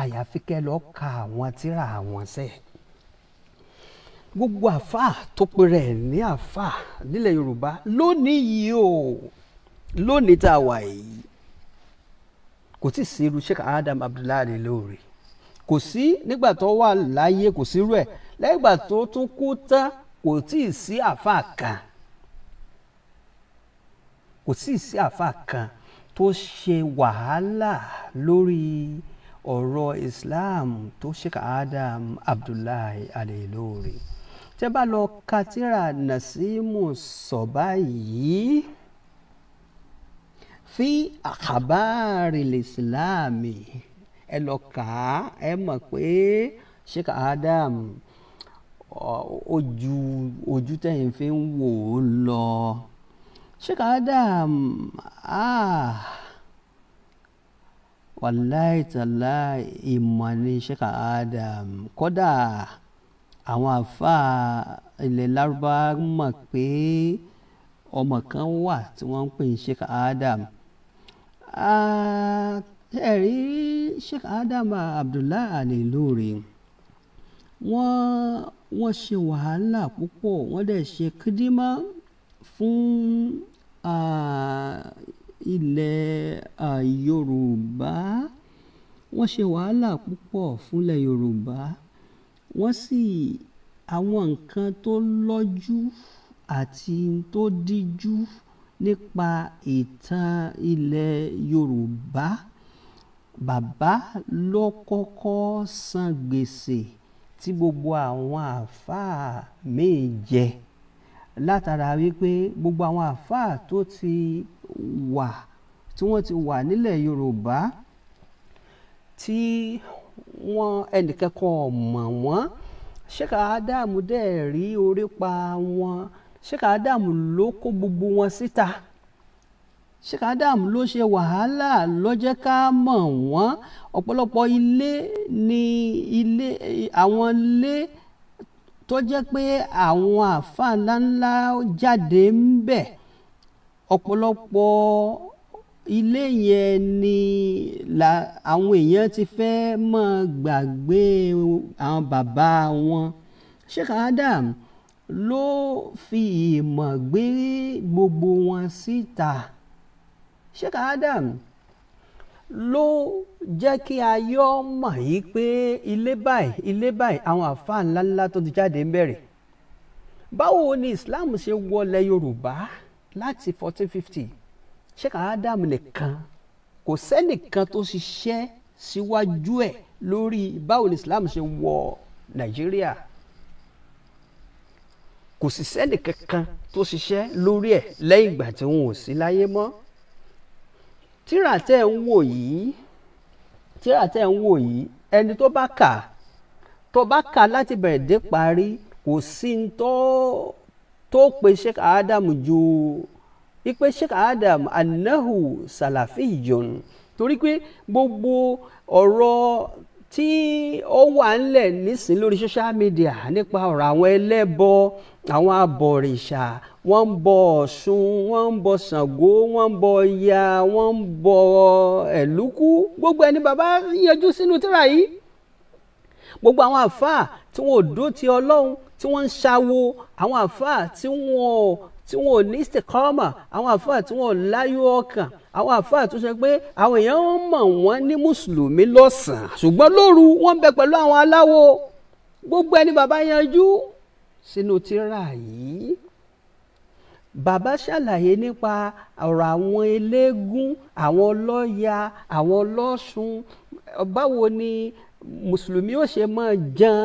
àyàfi kẹ́ lọ́ọ́ ka àwọn tíra àwọn sẹ́ẹ̀ gbogbo àfáà tó pe rẹ̀ ní àfáà nílẹ̀ Yorùbá lónìí yìí o lónìí tá a wà yìí kò tí ì sí irú Sheikh Adam Abdullahi Al-Ilory kò sí nígbà tó wà láyé kò sí irú ẹ̀ lẹ́yìn ìgbà tó tún kú tán kò tí ì sí àáfàá kan kò tí ì sí àáfàá kan tó ṣe wàhálà lórí ọ̀rọ̀ Islam tó Sheikh Adam Abdullahi Al-Ilory tẹ́ bá lọ ka tírà Nasimu Sabayi fi akhbari l-Islami ẹ lọ kà á ẹ mọ̀ pé Sheikh Adam ojú ojú tẹ̀yìn fi ń wò ó lọ Sheikh Adam ah wàláì tàlá ìmọ̀ ni Sheikh Adam kódà àwọn àfáà ilẹ̀ lárúbá mọ̀ pé ọmọ kan wà tí wọ́n ń pè ní Sheikh Adam ẹ̀rí Sheikh Adam Abdullahi Al-Ilory wọ́n wọ́n ṣe wàhálà púpọ̀ wọ́n dẹ̀ ṣe kídímà fún ilẹ̀ Yorùbá wọ́n ṣe wàhálà púpọ̀ fúnlẹ̀ Yorùbá wọ́n sì àwọn nǹkan tó lọ́jú àti tó díjú nípa ìtàn ilẹ̀ Yorùbá bàbá ló kọ́kọ́ san gbèsè tí gbogbo àwọn àáfàá míì jẹ látara wípé gbogbo àwọn àáfàá tó ti wà tí wọ́n ti wà nílẹ̀ Yorùbá tí wọ́n ẹnìkẹ́kọ̀ọ́ mọ̀ wọ́n ṣéka Ádámù dẹ̀ rí orí pa wọn ṣéka Ádámù ló kó gbogbo wọn síta. Si Sheikh Adam ló ṣe wàhálà ló jẹ́ ká mọ̀ wọ́n ọ̀pọ̀lọpọ̀ ilé ni ilé àwọn ilé tó jẹ́ pé àwọn àáfàá ńláńlá jáde ń bẹ̀ ọ̀pọ̀lọpọ̀ ilé yẹn ni la àwọn èèyàn ti fẹ́ máa gbàgbé àwọn bàbá wọn Sheikh Adam ló fi ìmọ̀ gbé gbogbo wọn síta. Si Sheikh Adam ló jẹ́ kí ayé mọ̀ yìí pé ilé báyìí ilé báyìí àwọn àfáà ńláńlá tó ti jáde ń bẹ̀rẹ̀ báwo ni Islam ṣe wọlé Yorùbá láti fourteen fifty Sheikh Adam nìkan kò sẹ́nìkan tó ṣiṣẹ́ síwájú ẹ̀ lórí báwo ni Islam ṣe wọ Nàìjíríà kò sì sẹ́nìkankan tó ṣiṣẹ́ lórí ẹ̀ lẹ́yìn ìgbà tí wọn ò sí láyé mọ́ tíra tẹ́ ń wò yìí tíra tẹ́ ń wò yìí ẹni tó bá kà tó bá kà láti bẹ̀rẹ̀ dé parí kò sí ní tó tó pe Sheikh Adam ju ipe Sheikh Adam anahu salafiyun torí pé gbogbo ọ̀rọ̀ tí ó wà ńlẹ̀ nísìnyí lórí social media nípa ọ̀rọ̀ àwọn ẹlẹ́bọ àwọn abọ̀rìṣà wọ́n ń bọ Ọ̀ṣun wọ́n ń bọ Ṣàngó wọ́n ń bọ Ọya wọ́n ń bọ Ẹ̀lúkú gbogbo ẹni bàbá yanjú sínú tírà yìí gbogbo àwọn àfáà tí wọn ò dó ti Ọlọ́run tí wọ́n ń ṣawo àwọn àfáà tí wọn tí wọn ò ní istikọ́mà àwọn àfáà tí wọn ò láyọ̀ ọkàn àwọn àfáà tó ṣe pé àwọn èèyàn ń mọ̀ wọ́n ní mùsùlùmí lọ́sàn-án ṣùgbọ́n lóru wọ́n ń bẹ pẹ̀lú àwọn aláwo gbogbo ẹni bàbá yanjú sínú tírà yìí bàbá ṣàlàyé nípa ọ̀rọ̀ àwọn eléégún àwọn ọlọ́ya àwọn ọlọ́ṣun báwo ni mùsùlùmí ó ṣe máa jan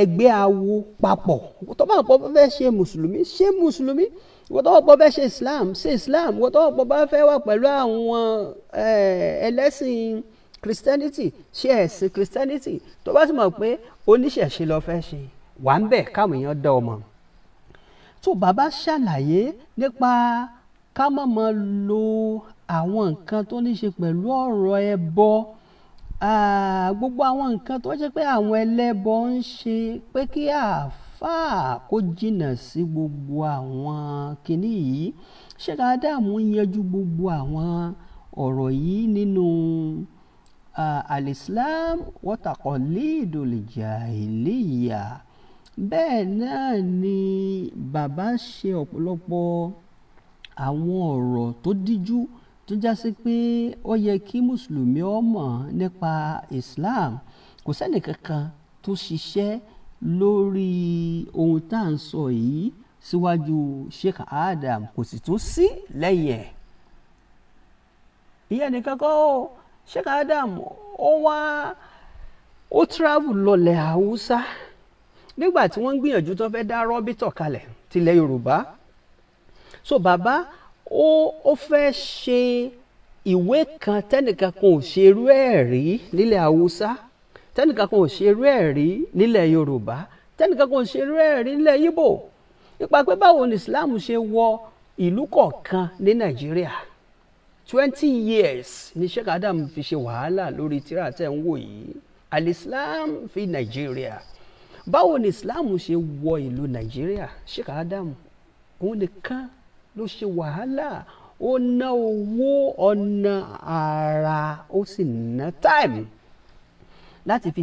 ẹgbẹ́ awo papọ̀ wọ́n tọ́ bá pọ̀ fẹ́ ṣe mùsùlùmí ṣe mùsùlùmí wọ́n tọ́ pọ̀ fẹ́ ṣe islam ṣe islam wọ́n tọ́ pọ̀ bá fẹ́ wà pẹ̀lú àwọn ẹlẹ́sìn christianity ṣe ẹ̀sìn christianity tó bá sì mọ̀ pé oníṣẹ̀ṣe lọ fẹ́ ṣe wà ń bẹ̀ káwọn èèyàn dá ọmọ. tó bàbá ṣàlàyé nípa ká má máa lo àwọn nǹkan tó ní ṣe pẹ̀lú ọ̀rọ̀ ẹbọ. E gbogbo àwọn nǹkan tó jẹ́ pé àwọn ẹlẹ́bọ ń ṣe pé kí àáfàá kó jìnnà sí gbogbo àwọn kinní yìí ṣé dáadáa mú yanjú gbogbo àwọn ọ̀rọ̀ yìí nínú alislam wọ́tàkọ̀lẹ́ẹ̀dọ̀ lè jà ìléyà bẹ́ẹ̀ náà ni bàbá ṣe ọ̀pọ̀lọpọ̀ àwọn ọ̀rọ̀ tó díjú tó já sí pé ó yẹ kí mùsùlùmí ó mọ̀ nípa Islam kò sẹ́nì kankan tó ṣiṣẹ́ lórí ohun tá à ń sọ yìí síwájú Sheikh Adam kò sì tún sí lẹ́yìn ẹ̀ ìyẹn nìkan kọ́ ó Sheikh Adam ó wá ó travel lọlẹ̀ haúsá nígbà tí wọ́n ń gbìyànjú tó fẹ́ dá rọ́bìtọ̀ kalẹ̀ tilẹ̀ Yorùbá so bàbá ó ó fẹ́ ṣe ìwé kan tẹ́nìkan kan ò ṣe irú ẹ̀ rí nílẹ̀ haúsá tẹ́nìkan kan ò ṣe irú ẹ̀ rí nílẹ̀ yorùbá tẹ́nìkan kan ò ṣe irú ẹ̀ rí nílẹ̀ yíbò nípa pé báwo ni islam ṣe wọ ìlú kọ̀ọ̀kan ní nàìjíríà twenty years ni sheikh adam fi ṣe wàhálà lórí tíra tẹ́ ń wò yìí alislam fi nàìjíríà báwo ni islam ṣe wọ ìlú nàìjíríà sheikh adam òun nìkan ló ṣe wàhálà ó ná owó ọ̀nà ara ó sì ná táìmù láti fi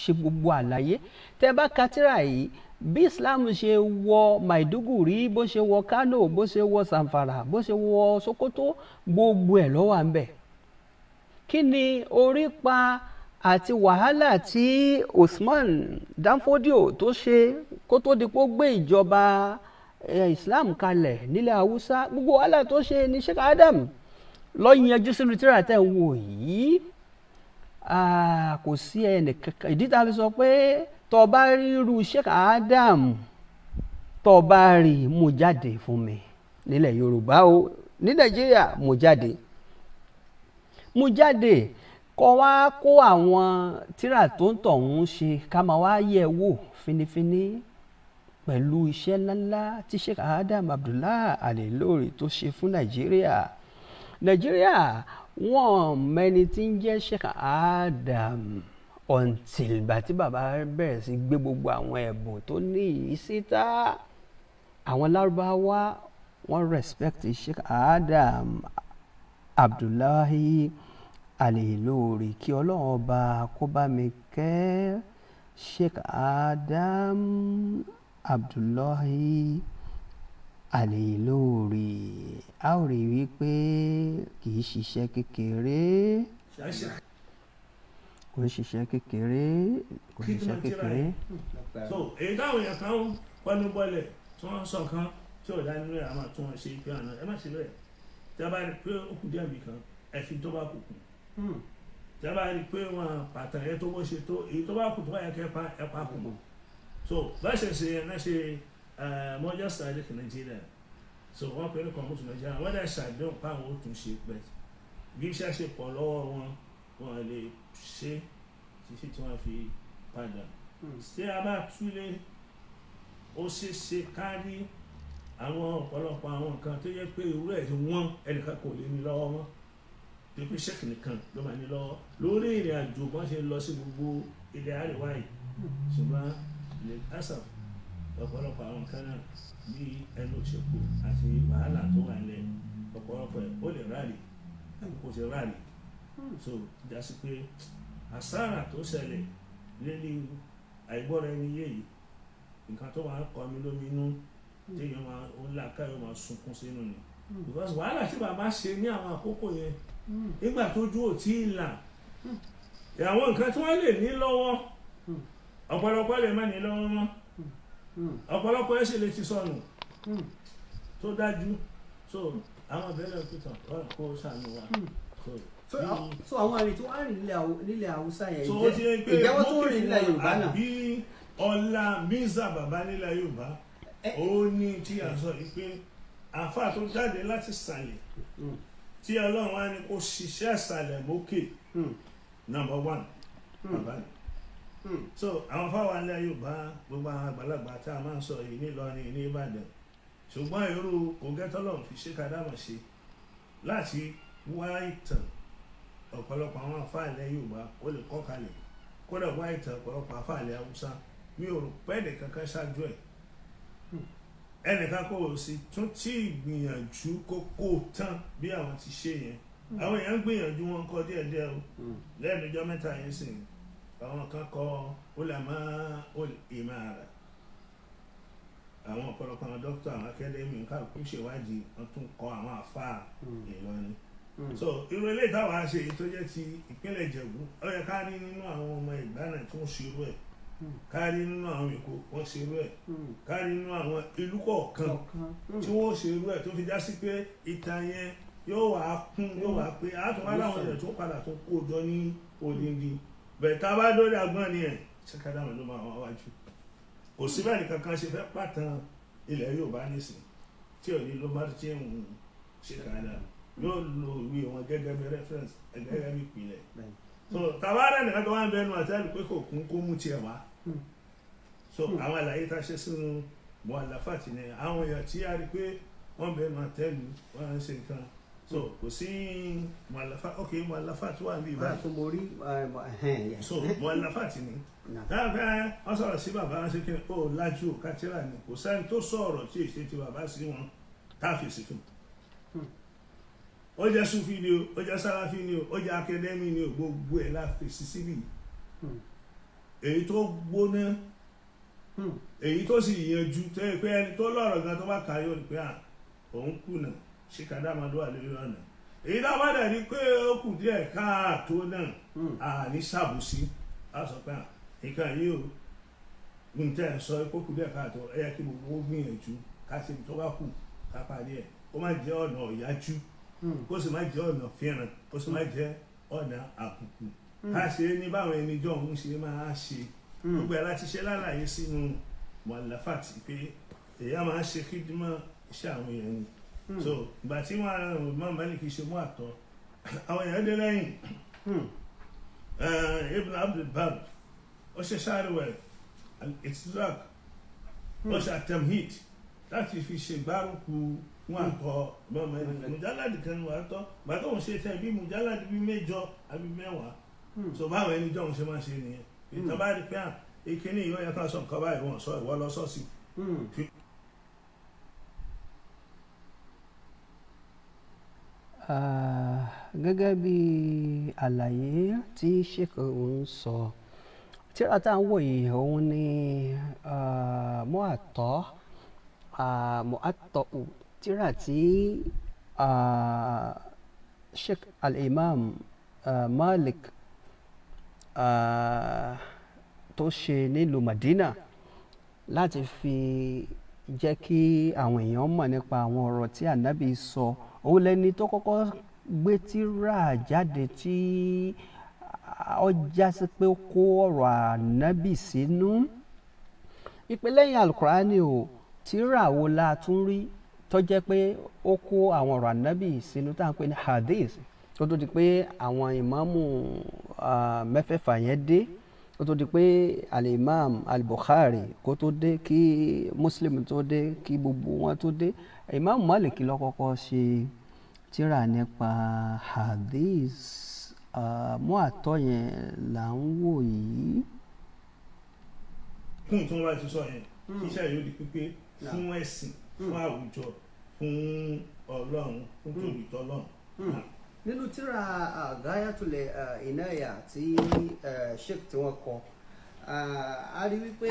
ṣe gbogbo àlàyé tẹ bá ka yìí bí Islam ṣe wọ Maiduguri bó ṣe wọ Kano bó ṣe wọ Zamfara bó ṣe wọ Sokoto gbogbo ẹ̀ ló wà kí ni orípa àti wàhálà tí Usman Danfodio tó ṣe kó tó di pé gbé ìjọba islam kalẹ̀ nílẹ̀ haúsá gbogbo wàhálà tó ṣe ní sheikh adam lọ yanjú sínú tíra tẹ̀ ń wò yìí kò sí ẹnìkankan ìdí tá a fi sọ pé tó bá sheikh adam tó bá rí mú jáde fún mi nílẹ̀ yorùbá o ní nàìjíríà mú jáde mú jáde kọ́ wá kó àwọn tíra tó ń tọ̀hún ṣe ká máa wá yẹ̀ wò finifini. Fini pẹ̀lú iṣẹ́ ńláńlá tí Sheikh Adam Abdullah, Al-Ilory tó ṣe fún Nàìjíríà Nàìjíríà wọ́n mẹ́ni tí ń jẹ́ Sheikh Adam until ìgbà tí bàbá bẹ̀rẹ̀ sí gbé gbogbo àwọn ẹ̀bùn tó ní yìí síta àwọn lárúbáwá wọ́n respect Sheikh Adam Abdullahi Al-Ilory kí ọlọ́run ọba kó bá mi kẹ́ Sheikh Adam. Abdullahi Al-Ilory a ó rí i wípé kì í ṣiṣẹ́ kékeré kò ń ṣiṣẹ́ kékeré kò ń ṣiṣẹ́ kékeré. so èyí táwọn èèyàn kan ń pẹnu bọlẹ̀ tí wọ́n sọ kan tí ò dá nínú ẹ̀ àmọ́ tí wọ́n ṣe pé àná ẹ má ṣe bẹ́ẹ̀ tí a bá rí i pé ó kù díẹ̀ nìkan ẹ fi tó bá kù kù hmm. tí a bá rí pé wọn pàtàkì tó bó ṣe tó èyí tó bá kù tó bá yẹ kẹ́ ẹ pa kù kù so license yẹn na ṣe mọjá sáré kì nàìjíríà so wọn pẹ̀lú kan mọtò nàìjíríà wọn náà ṣàdéhùn pa àwọn òtún ṣe pẹ bí iṣẹ́ ṣe pọ̀ lọ́wọ́ wọn wọn lè ṣe ṣiṣẹ́ tí wọn fi padà hmm. ṣé a bá túlé ó ṣe ṣe kárí àwọn ọ̀pọ̀lọpọ̀ àwọn nǹkan tó yẹ pé irú ẹ̀ wọn ẹnìkan kò lè ní lọ́wọ́ wọn pípín ṣẹ́kì nìkan ló máa ní lọ́wọ́ lórí ìrìn àjò wọn ṣe lọ sí gbogbo ilẹ̀ àríwá yìí hmm. ṣùgbọ́n ní asaf ọ̀pọ̀lọpọ̀ àwọn kan náà bí ẹnu òṣèkú àti wàhálà tó wà lẹ̀ ọ̀pọ̀lọpọ̀ ẹ̀ ó lè ráàlì kò sì ráàlì so jásí pé àsára tó ṣẹlẹ̀ lórí àìgbọ́ra ẹni yé yìí nǹkan tó wàá kọ́ mi lómi inú téèyàn máa ń là káyọ̀ máa sunkún sínú ni because wàhálà tí bàbá ṣe ní àwọn àkókò yẹn nígbà tó dúró tí ì là àwọn nǹkan tí wọ́n lè ní lọ́wọ́ ọ̀pọ̀lọpọ̀ lè má ní lọ́wọ́ mọ́ hmm. ọ̀pọ̀lọpọ̀ ẹ̀sìn lè ti sọnù hmm. tó dájú so àwọn ìbẹ̀rẹ̀ òkúta kó sànù wa hmm. so àwọn àrètí wà nílẹ̀ haúsá yẹn jẹ́ ìjẹ́wọ́ tó rìn nílẹ̀ yorùbá náà. àbí ọlá mísà bàbá nílẹ̀ yorùbá ó ní tí a sọ yìí pé àáfàá tó jáde láti sàlẹ̀ tí ọlọ́run á ní kó ṣiṣẹ́ sàlẹ̀ mókè number one bàbá ni so àwọn fáwọn alẹ́ Yorùbá gbogbo àwọn àgbàlagbà tá a máa ń sọ yìí nílọrin ní Ìbàdàn ṣùgbọ́n irú kògẹ́tọ́lọ̀ fi ṣe kàdámọ̀ ṣe láti wá ìtàn ọ̀pọ̀lọpọ̀ àwọn afáàlẹ̀ Yorùbá ó lè kọ́ kalẹ̀ kódà wá ìtàn ọ̀pọ̀lọpọ̀ afáàlẹ̀ Haúsá mi ò rò pé ẹnìkan kan ṣáájú ẹ̀ ẹnìkan kò sì tún tí ìgbìyànjú kókó tán bí àwọn ti ṣe yẹn àwọn èèyàn ń gbìyànjú wọn kọ díẹ̀díẹ̀ o hmm. lẹ́nu ọjọ́ mẹ́ta yẹn sì ń àwọn kan kọ ulama ul imara àwọn ọ̀pọ̀lọpọ̀ àwọn dókítà àwọn akẹ́dẹ́mì kálukú ṣèwádìí wọ́n tún kọ àwọn àfáà hmm. Ìlọrin hmm. so irú eléyìí táwọn àṣe èyí tó jẹ́ ti ìpínlẹ̀ Ìjẹ̀bú ó yẹ ká ní nínú àwọn ọmọ ìgbàanà tó ń ṣerú ẹ̀ hmm. ká rí nínú àwọn Èkó wọ́n ṣerú ẹ̀ ká rí nínú àwọn ìlú kọ̀ọ̀kan tí wọ́n ṣerú ẹ̀ tó fi já sí pé ìtàn yẹn yóò wá kún yóò wá pé àtúnwá láwọn ẹ̀ tó padà tó kó jọ ní odindi bẹ̀tà bá lórí agbọ́n ni ẹ̀ ṣẹ́kádàmù ló máa wọ́n wájú kò sí bẹ́ẹ̀ nìkan kan ṣe fẹ́ pàtàn ilẹ̀ Yorùbá nísìn tí ò ní ló má ṣe ń ṣẹ́kádàmù yóò lo ìwé wọn gẹ́gẹ́ bí reference gẹ́gẹ́ bí ìpìlẹ̀ so tàbárẹ̀ nìkan tó wà ń bẹnu àtẹ́lù pé kò kún kó mú tiẹ̀ wá so àwọn àlàyé tá a ṣe sínú mọ́ àlàfàtì ni àwọn èèyàn tí a rí pé wọ́n bẹnu àtẹ́lù wọ́n ń ṣe nǹkan so kò sí mualafa ok mualafa tó wà ní ibà ah, yìí. mo rí ah, eh, so mualafa ti ní. dáadáa wọ́n sọ̀rọ̀ sí bàbá wọn ṣe kí ni ó oh, lájú ò kátírà ni kò sẹ́ni tó sọ̀rọ̀ tí èsì ti bàbá sí wọn táfèsì fún hmm. ó jẹ́ sufi ni o ó jẹ́ sàláfì ni o ó jẹ́ akadẹ́mì ni o gbogbo ẹ̀ láfèsì síbì hmm. èyí tó gbóná hmm. èyí tó sì yanjú tẹ́ pé ẹni tó lọ́rọ̀ gan tó bá kárí òní pé à ah, òun kùnà ṣìkàdá máa dúrà lórí ọ̀nà èyí tá a bá dẹ̀ ni pé ó kù díẹ̀ káàtó náà àní hmm. ṣàbùsí á sọ pé nǹkan yìí o ní tẹ́ ẹ sọ ó kù díẹ̀ káàtó ẹ yẹ kí gbogbo ó gbìyànjú ká ṣe tó bá kù ká parí ẹ̀ ó má jẹ́ ọ̀nà ọ̀yájú hmm. kó sì má jẹ́ ọ̀nà fẹ́ràn kó sì má hmm. jẹ́ ọ̀nà àkùkù ká ṣe ní báwọn ẹni jọ òun ṣe máa ṣe gbogbo ẹ̀ láti ṣe lálàyé sínú mọ̀láfàtì pé èyí máa ṣe kídímọ̀ iṣẹ́ àwọn èèyàn Hmm. so ìgbà tí wọn ara rò mọ Málíkì ṣe mú àtọ àwọn èèyàn dé lẹ́yìn hmm. Ibn Abdul Barr ó ṣe sáré wẹrẹ al-istidraq hmm. ó ṣe at-tamhid láti fi ṣe gbárùkù wọn àtọ mọmọ ẹni mujalladi kan wà tọ bàtà òun ṣe tẹ bí mujalladi bí mẹ́jọ àbí mẹ́wàá so báwọn ẹni jọ òun ṣe máa ṣe nìyẹn ìtàn bá rí pé à ìkíní ìwé yẹn kan sọ nǹkan báyìí wọn sọ ìwọ lọ sọ sí gẹ́gẹ́ bí àlàyé tí sheik ń sọ tíra tá à ń wò yìí òun ni mu'attah mu'attah tíra tí sheik al-imam malik tó ṣe nílùú madina láti fi jẹ́ kí àwọn èèyàn mọ̀ nípa àwọn ọ̀rọ̀ tí ànábì sọ. So, òun lẹni tó kọ́kọ́ gbé tírà jáde tí ó já sí pé ó kó ọ̀rọ̀ ànábì sínú ìpè lẹ́yìn alukurani o tírà wo la tún rí tó pé ó kó àwọn ọ̀rọ̀ ànábì sínú tá à ń pè ní hadith tó tó di pé àwọn ìmáàmù mẹ́fẹ̀ẹ̀fà yẹn dé kó tó di pé alimam al-Bukhari kó tó dé kí Muslim tó dé kí gbogbo wọn tó dé. Imam Malik ló kọ́kọ́ ṣe tírà nípa hadith mú àtọ́ yẹn là ń wò yìí. kún tí wọ́n bá ti sọ yẹn hmm. iṣẹ́ yóò di pípé fún ẹ̀sìn fún hmm. àwùjọ fún ọlọ́run fún hmm. tòlùtọ́ ọlọ́run. nínú tírà Ghayatul Inaya tí sheikh tí wọ́n kọ a rí wípé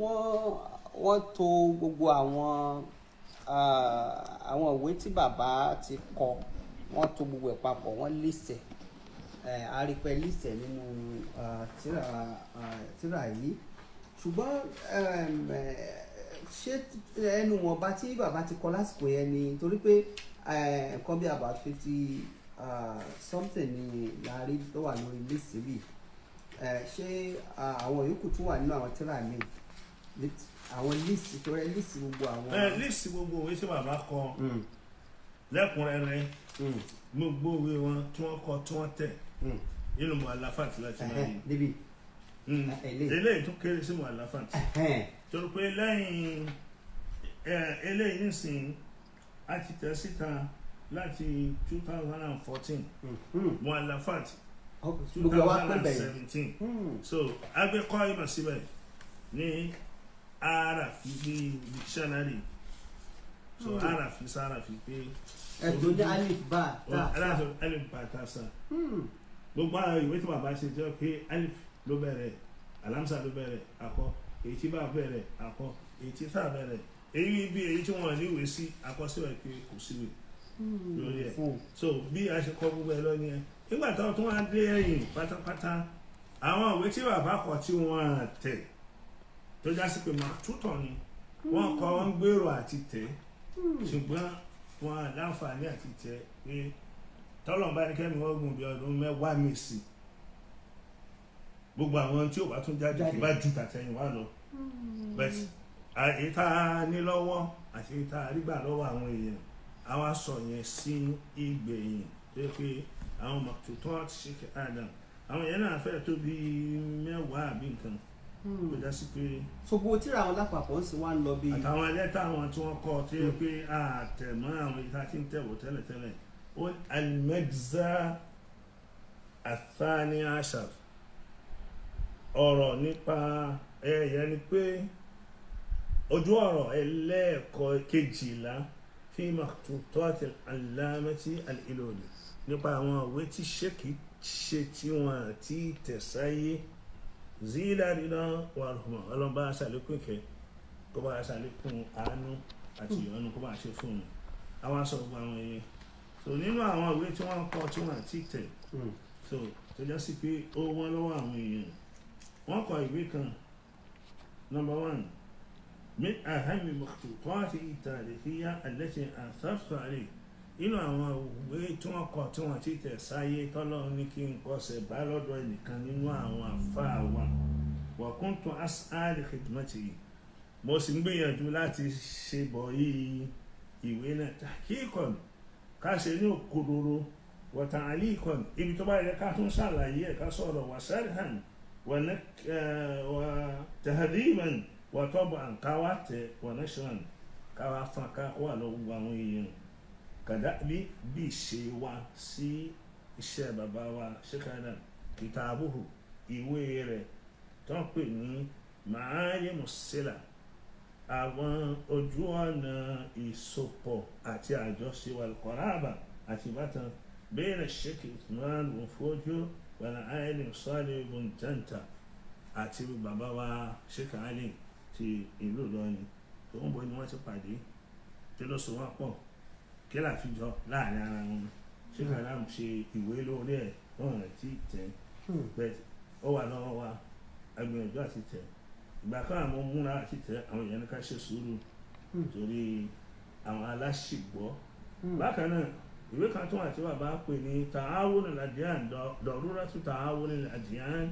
wọ́n to gbogbo àwọn àwọn ìwé tí bàbá ti kọ wọ́n to gbogbo ẹ̀ papọ̀ wọ́n lìsẹ̀ àrípẹ́ lìsẹ̀ nínú tírà yìí ṣùgbọ́n ṣé ẹnu wọn bá tí bàbá ti kọ lásìkò yẹn ni torí pé nǹkan bí about fifty something ni láàrin tó wà lórí lìsẹ̀ bíi ṣé àwọn yòókù tún wà nínú àwọn tírà míì àwọn líìsì tó rẹ líìsì gbogbo àwọn. ẹ eh, líìsì gbogbo òwe tí bàbá kọ hmm. lẹ́kùnrẹ́rẹ́ hmm. gbogbo òwe wọn tí wọ́n kọ tí wọ́n tẹ̀ hmm. nínú mu aláfàtì láti máa yìí ah, eléyìí tó kéré sí mu aláfàtì torí pé lẹ́yìn eh, eléyìí nísìnyí a ti tẹ̀ síta láti two thousand and fourteen mu aláfàtì two thousand and seventeen so agbẹ́kọ́ ìmọ̀ síbẹ̀ ní arafi gbé dictionary so hmm. arafi sarafi pé. ẹ̀dùn ní alif bá oh, ta sa alif bá ta sa gbogbo àwọn ìwé tí bàbá ṣe jẹ́ pé alif ló bẹ̀rẹ̀ alamsa ló bẹ̀rẹ̀ akọ èyí tí bá bẹ̀rẹ̀ akọ èyí tí tá bẹ̀rẹ̀ èyí bí èyí tí wọ́n níwèé sí akọsíwẹ̀ pé kò síwèé hmm. lórí ẹ̀ so bí a ṣe kọ́ gbogbo ẹ lọ nìyẹn nígbà táwọn tó wá dé ẹ̀yìn pátápátá àwọn ìwé tí bàbá kọ tí wọ́n tẹ̀ tó já sí pé máa tútọ̀ ni wọ́n kọ́ wọ́n ń gbèrò àti tẹ̀ hmm. ṣùgbọ́n wọn láǹfààní àti tẹ̀ pé tọ́lọ̀ bá ní kẹ́mi wọ́n gùn bí ọdún mẹ́wàá mi sí gbogbo àwọn tí ò bá tún jáde kì bá ju tàtẹ̀yìn wá lọ hmm. But èyí tá a ní lọ́wọ́ àti èyí tá a rí gbà lọ́wọ́ àwọn èèyàn àwọn aṣọ yẹn sí ìgbẹ̀yìn pé pé àwọn mọ̀tòtò ṣe kí adam àwọn yẹn náà fẹ́ tó bí mẹ́wàá àbí nǹkan ló hmm. já sí pé. gbogbo tíra àwọn lápapọ̀ ń sì wá ń lọ bí. àtàwọn ẹlẹ́tà àwọn tí wọ́n kọ́ tí ó pé àtẹ̀mọ́ àwọn ìta tí ń tẹ̀wọ̀ tẹ́lẹ̀tẹ́lẹ̀ ó alimẹ́gza àtàní àṣà ọ̀rọ̀ nípa ẹ̀yẹ ni pé ojú ọ̀rọ̀ ẹlẹ́ẹ̀kọ́ kejìlá fi maktutat al-allamati al nípa àwọn ìwé tí ṣèkì ṣe tí wọ́n ti tẹ̀sáyé zila ridan wa rahma ọlọ́run bá aṣàlékún ìkẹ́ kó bá aṣàlékún àánú àti ìyọ́nú kó bá ṣe fún un àwọn aṣọ gbogbo àwọn yẹn so nínú àwọn ìwé tí wọ́n kọ tí wọ́n àti tẹ̀ hmm. so tó jẹ́ sí pé ó wọ́n lọ́wọ́ àwọn èèyàn wọ́n kọ ìwé kan number one min ahami mọ̀kùtù kọ́ àti ìtàlẹ́fíyà alẹ́sìn àtàfàlẹ́ nínú àwọn òwe tí wọ́n kọ tí wọ́n ti tẹ̀ sáyé tọ́lọ́run ní kí n kọsẹ̀ bá lọ́dọ̀ ẹnìkan nínú àwọn àfáà wa wọ̀kúntún as'ali khidmati yìí mo sì ń gbìyànjú láti ṣe bọ̀ yìí ìwé náà tahqiqan ká ṣe ní òkodoro wa ta'liqan ibi tó bá yẹ ká tún ṣàlàyé ẹ̀ ká sọ̀rọ̀ wa sarhan wa eh, tahdiman wa tab'an ká wá tẹ̀ wa nashran ká wá fọn àwọn èèyàn kàdáàbí bí ṣe wá sí iṣẹ́ bàbá wa ṣẹ́kàdà kìtàbùhù ìwé rẹ̀ tó ń pè ní màálí mùsílà àwọn ojú ọ̀nà ìsopọ̀ àti àjọṣe wal qaraba àti ìbátan bayna Sheikh Uthman Fodio wal Alim Salih ibn Janta àti bàbá wa Sheikh Ali ti ìlú Ìlọrin tó ń bọ̀ ni wọ́n ti pàdé tí ló so wá pọ̀ kí là fi jọ láàrin ara wọn ṣé madam ṣe ìwé lórí ẹ̀ wọn rẹ̀ tí tẹ̀ hmm. bẹ́ẹ̀ ó wà lọ́wọ́ wa agbẹ̀yànjú àti tẹ̀ ìgbà kan àwọn múra àti tẹ̀ àwọn èèyàn ní ká ṣe sùúrù hmm. torí àwọn aláṣìgbọ́ hmm. bákan náà ìwé kan tó wà tí bàbá pè ní tààwọn nàìjíríàn dọ̀rúra tún tààwọn nàìjíríàn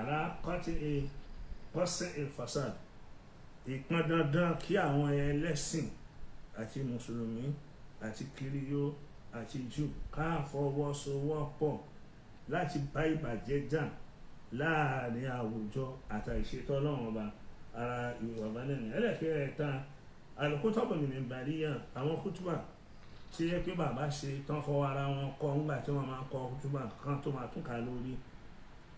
àrà kọ́tí pọ́sẹ̀ ìfọ̀sà ìpọn dandan kí àwọn ẹlẹ́sìn àti mùsùlùmí àti kiriyó àti jù ká láti bá ìbàjẹ́ jà láàrin àwùjọ àtàìṣetọ́ ọlọ́run ọba ara ìwà balẹ̀nì ẹlẹ́kẹ̀ẹ́ta alùkútọ́bù nìyẹn bàríyà àwọn kútùbà tí yẹ pé bàbá ṣe tán fọwọ́ ara wọn kọ ńgbà tí wọ́n máa kọ kútùbà kan tó máa tún ká lórí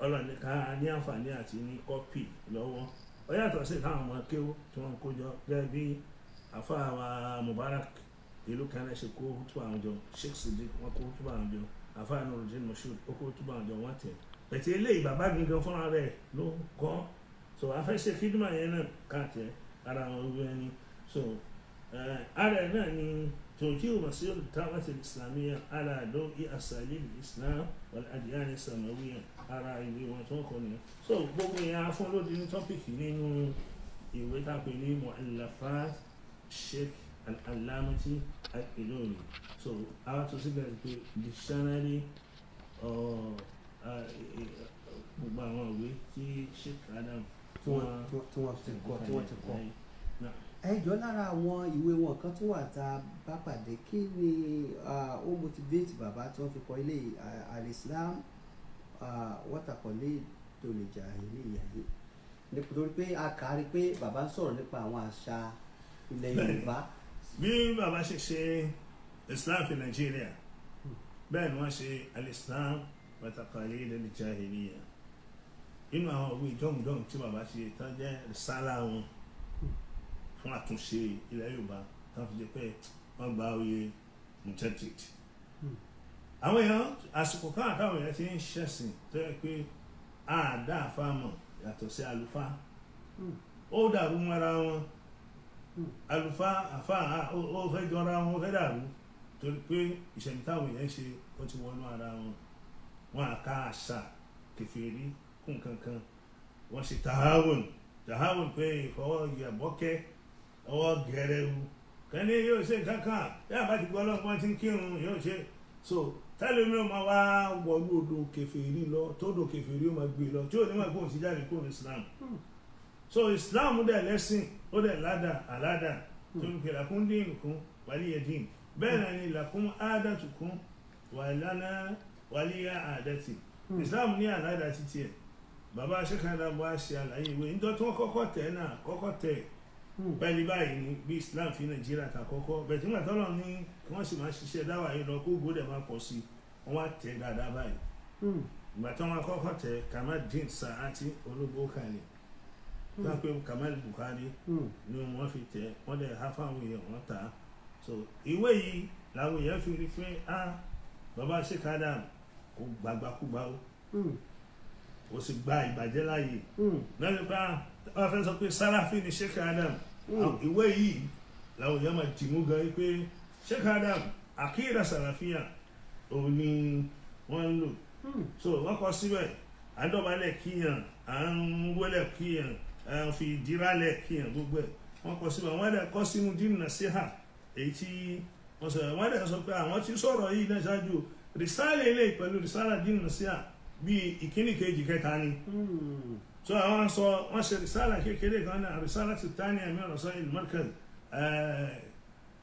ọlọ́ni ní àǹfààní àti ní kọ́pì lọ́wọ́ ó yàtọ̀ sí táwọn ọmọ kéwú tí wọ́n kó jọ gẹ́gẹ́ bí àfa àwọn Mubarak ìlú kan náà ṣe kó hútùbà àwọn jọ Sheikh Sidi wọn kó hútùbà àwọn jọ àfa Nurudeen Mashood ó kó hútùbà àwọn jọ wọn tẹ pẹ̀tẹ́ eléyìí bàbá gangan fúnra rẹ̀ ló kọ́ so afẹ́ṣe fídímà yẹn náà káàtẹ́ ara àwọn orí ẹni so eh, ara ẹ̀ náà ni tòjú masir dawati islamiyya ala dọ́ i asalib islam wal adiyani samawiyya ara ìwé wọn tó kọ nìyẹn so gbogbo yẹn afún lóde ní tọ́pìkì nínú ìwé tàpé ní mu'allafat Sheikh Al-Allamati Al-Ilori. So our to see that the dictionary or uh, gbogbo àwọn ìwé tí Sheikh Adam tí wọ́n ti kọ tí wọ́n ti kọ. ẹjọ́ lára àwọn ìwé wọn kan tó wà tá a bá pàdé kí ni uh, ó motivate bàbá tí wọ́n fi kọ ilé uh, Al-Islam wọ́tàkọ́lé tó lè jà ilé ìyá yìí nítorí pé a kà á rí i pé bàbá ń sọ̀rọ̀ nípa àwọn àṣà ilẹ̀ [LAUGHS] yorùbá. bí bàbá ṣe ṣe islam fi nàìjíríà hmm. bẹ́ẹ̀ ni wọ́n ṣe alislam pàtàkì lẹ́nu jahiliya nínú àwọn òwe jọ̀ǹjọ̀ǹ tí bàbá ṣe tán jẹ́ sálà wọn hmm. fún àtúnṣe ilẹ̀ yorùbá tán fi jẹ́ pé wọ́n gba oyè mutantit hmm. àwọn èèyàn àsìkò kan àtàwọn èèyàn ti ń ṣẹ̀sìn tó yẹ pé àádáa yàtọ̀ sí àlùfáà ó dàrú mọ́ra wọn àlùfáà o ó fẹ́ jọra wọn fẹ́ dàrú torí pé ìṣẹ̀lẹ̀ táwọn èèyàn ṣe ó ti wọnú ara wọn wọn àka àṣà kẹfìrí kún kankan wọn ṣe tahawun tahawun pé ìfọwọ́ ìyàbọ́kẹ́ ọwọ́ gẹrẹwu kẹ́ni yóò ṣe kankan yóò bá ti gbọ́ ọlọ́pàá ti ń kírun yóò ṣe so tẹ́lẹ̀ mi ò máa wá wọlú odò kẹfìrí lọ tó odò kẹfìrí ó máa gbé lọ tí ò ní máa gbóhùn sí jáde kúrò ní Islam. Hmm so islam dẹ̀ lẹ́sìn ó dẹ̀ ládà àládà torí pé làkún dín nìkún wàlíyẹ dín bẹ́ẹ̀ náà ni làkún àádàtù kún wàlánà wàlíyà àádàtì islam ní àládà títí ẹ̀ bàbá sẹ́kàndà bọ́ àṣẹ àlàyé ìwé níjọ́ tí wọ́n kọ́kọ́ tẹ̀ náà kọ́kọ́ tẹ̀ hmm. pẹ́ẹ́lí báyìí ni bí islam fi nàìjíríà ta kọ́kọ́ bẹ̀tí nígbà tọ́lọ́ ní kí wọ́n sì máa ṣiṣẹ́ dáwà yìí lọ kó gbódẹ̀ máa pọ̀ sí wọ́n wá tẹ̀ dáadáa báyìí hmm. ìgbà tí wọ́n kọ́kọ́ tẹ̀ kàmá dín sàá àti ológbó kan ni lápẹ́ hmm. Kamal Buhari hmm. ni wọ́n fi tẹ̀ wọ́n dẹ̀ há fáwọn èèyàn wọ́n ta so ìwé yìí làwọn èèyàn fi rí pé a bàbá Sheikh Adam kò gbàgbàkúgbà o kò hmm. sì gba ìbàjẹ́ láàyè lọ́dún pé wọ́n fẹ́ sọ pé Salafi ni Sheikh Adam ìwé yìí làwọn èèyàn máa tì mú gan yìí pé Sheikh Adam àkíyèdà Salafiya òun ni wọ́n ń lò so wọ́n kọ síbẹ̀ àdọ́balẹ̀ kíyàn à ń wọlé kíyàn fi ìdíralẹ̀ fi hàn gbogbo ẹ̀ wọ́n kọ síbẹ̀ wọ́n dẹ̀ kọ́ sínú dínà sí hà èyí tí wọ́n sọ wọ́n dẹ̀ sọ pé àwọn tí sọ̀rọ̀ yìí náà ṣáájú rìsáàlì ilé pẹ̀lú rìsáàlì dínà sí hà bíi ìkíní kejì kẹta ni so àwọn sọ wọ́n ṣe rìsáàlì kékeré kan náà rìsáàlì ti tání àmì ọ̀rọ̀ sọ ìlú markaz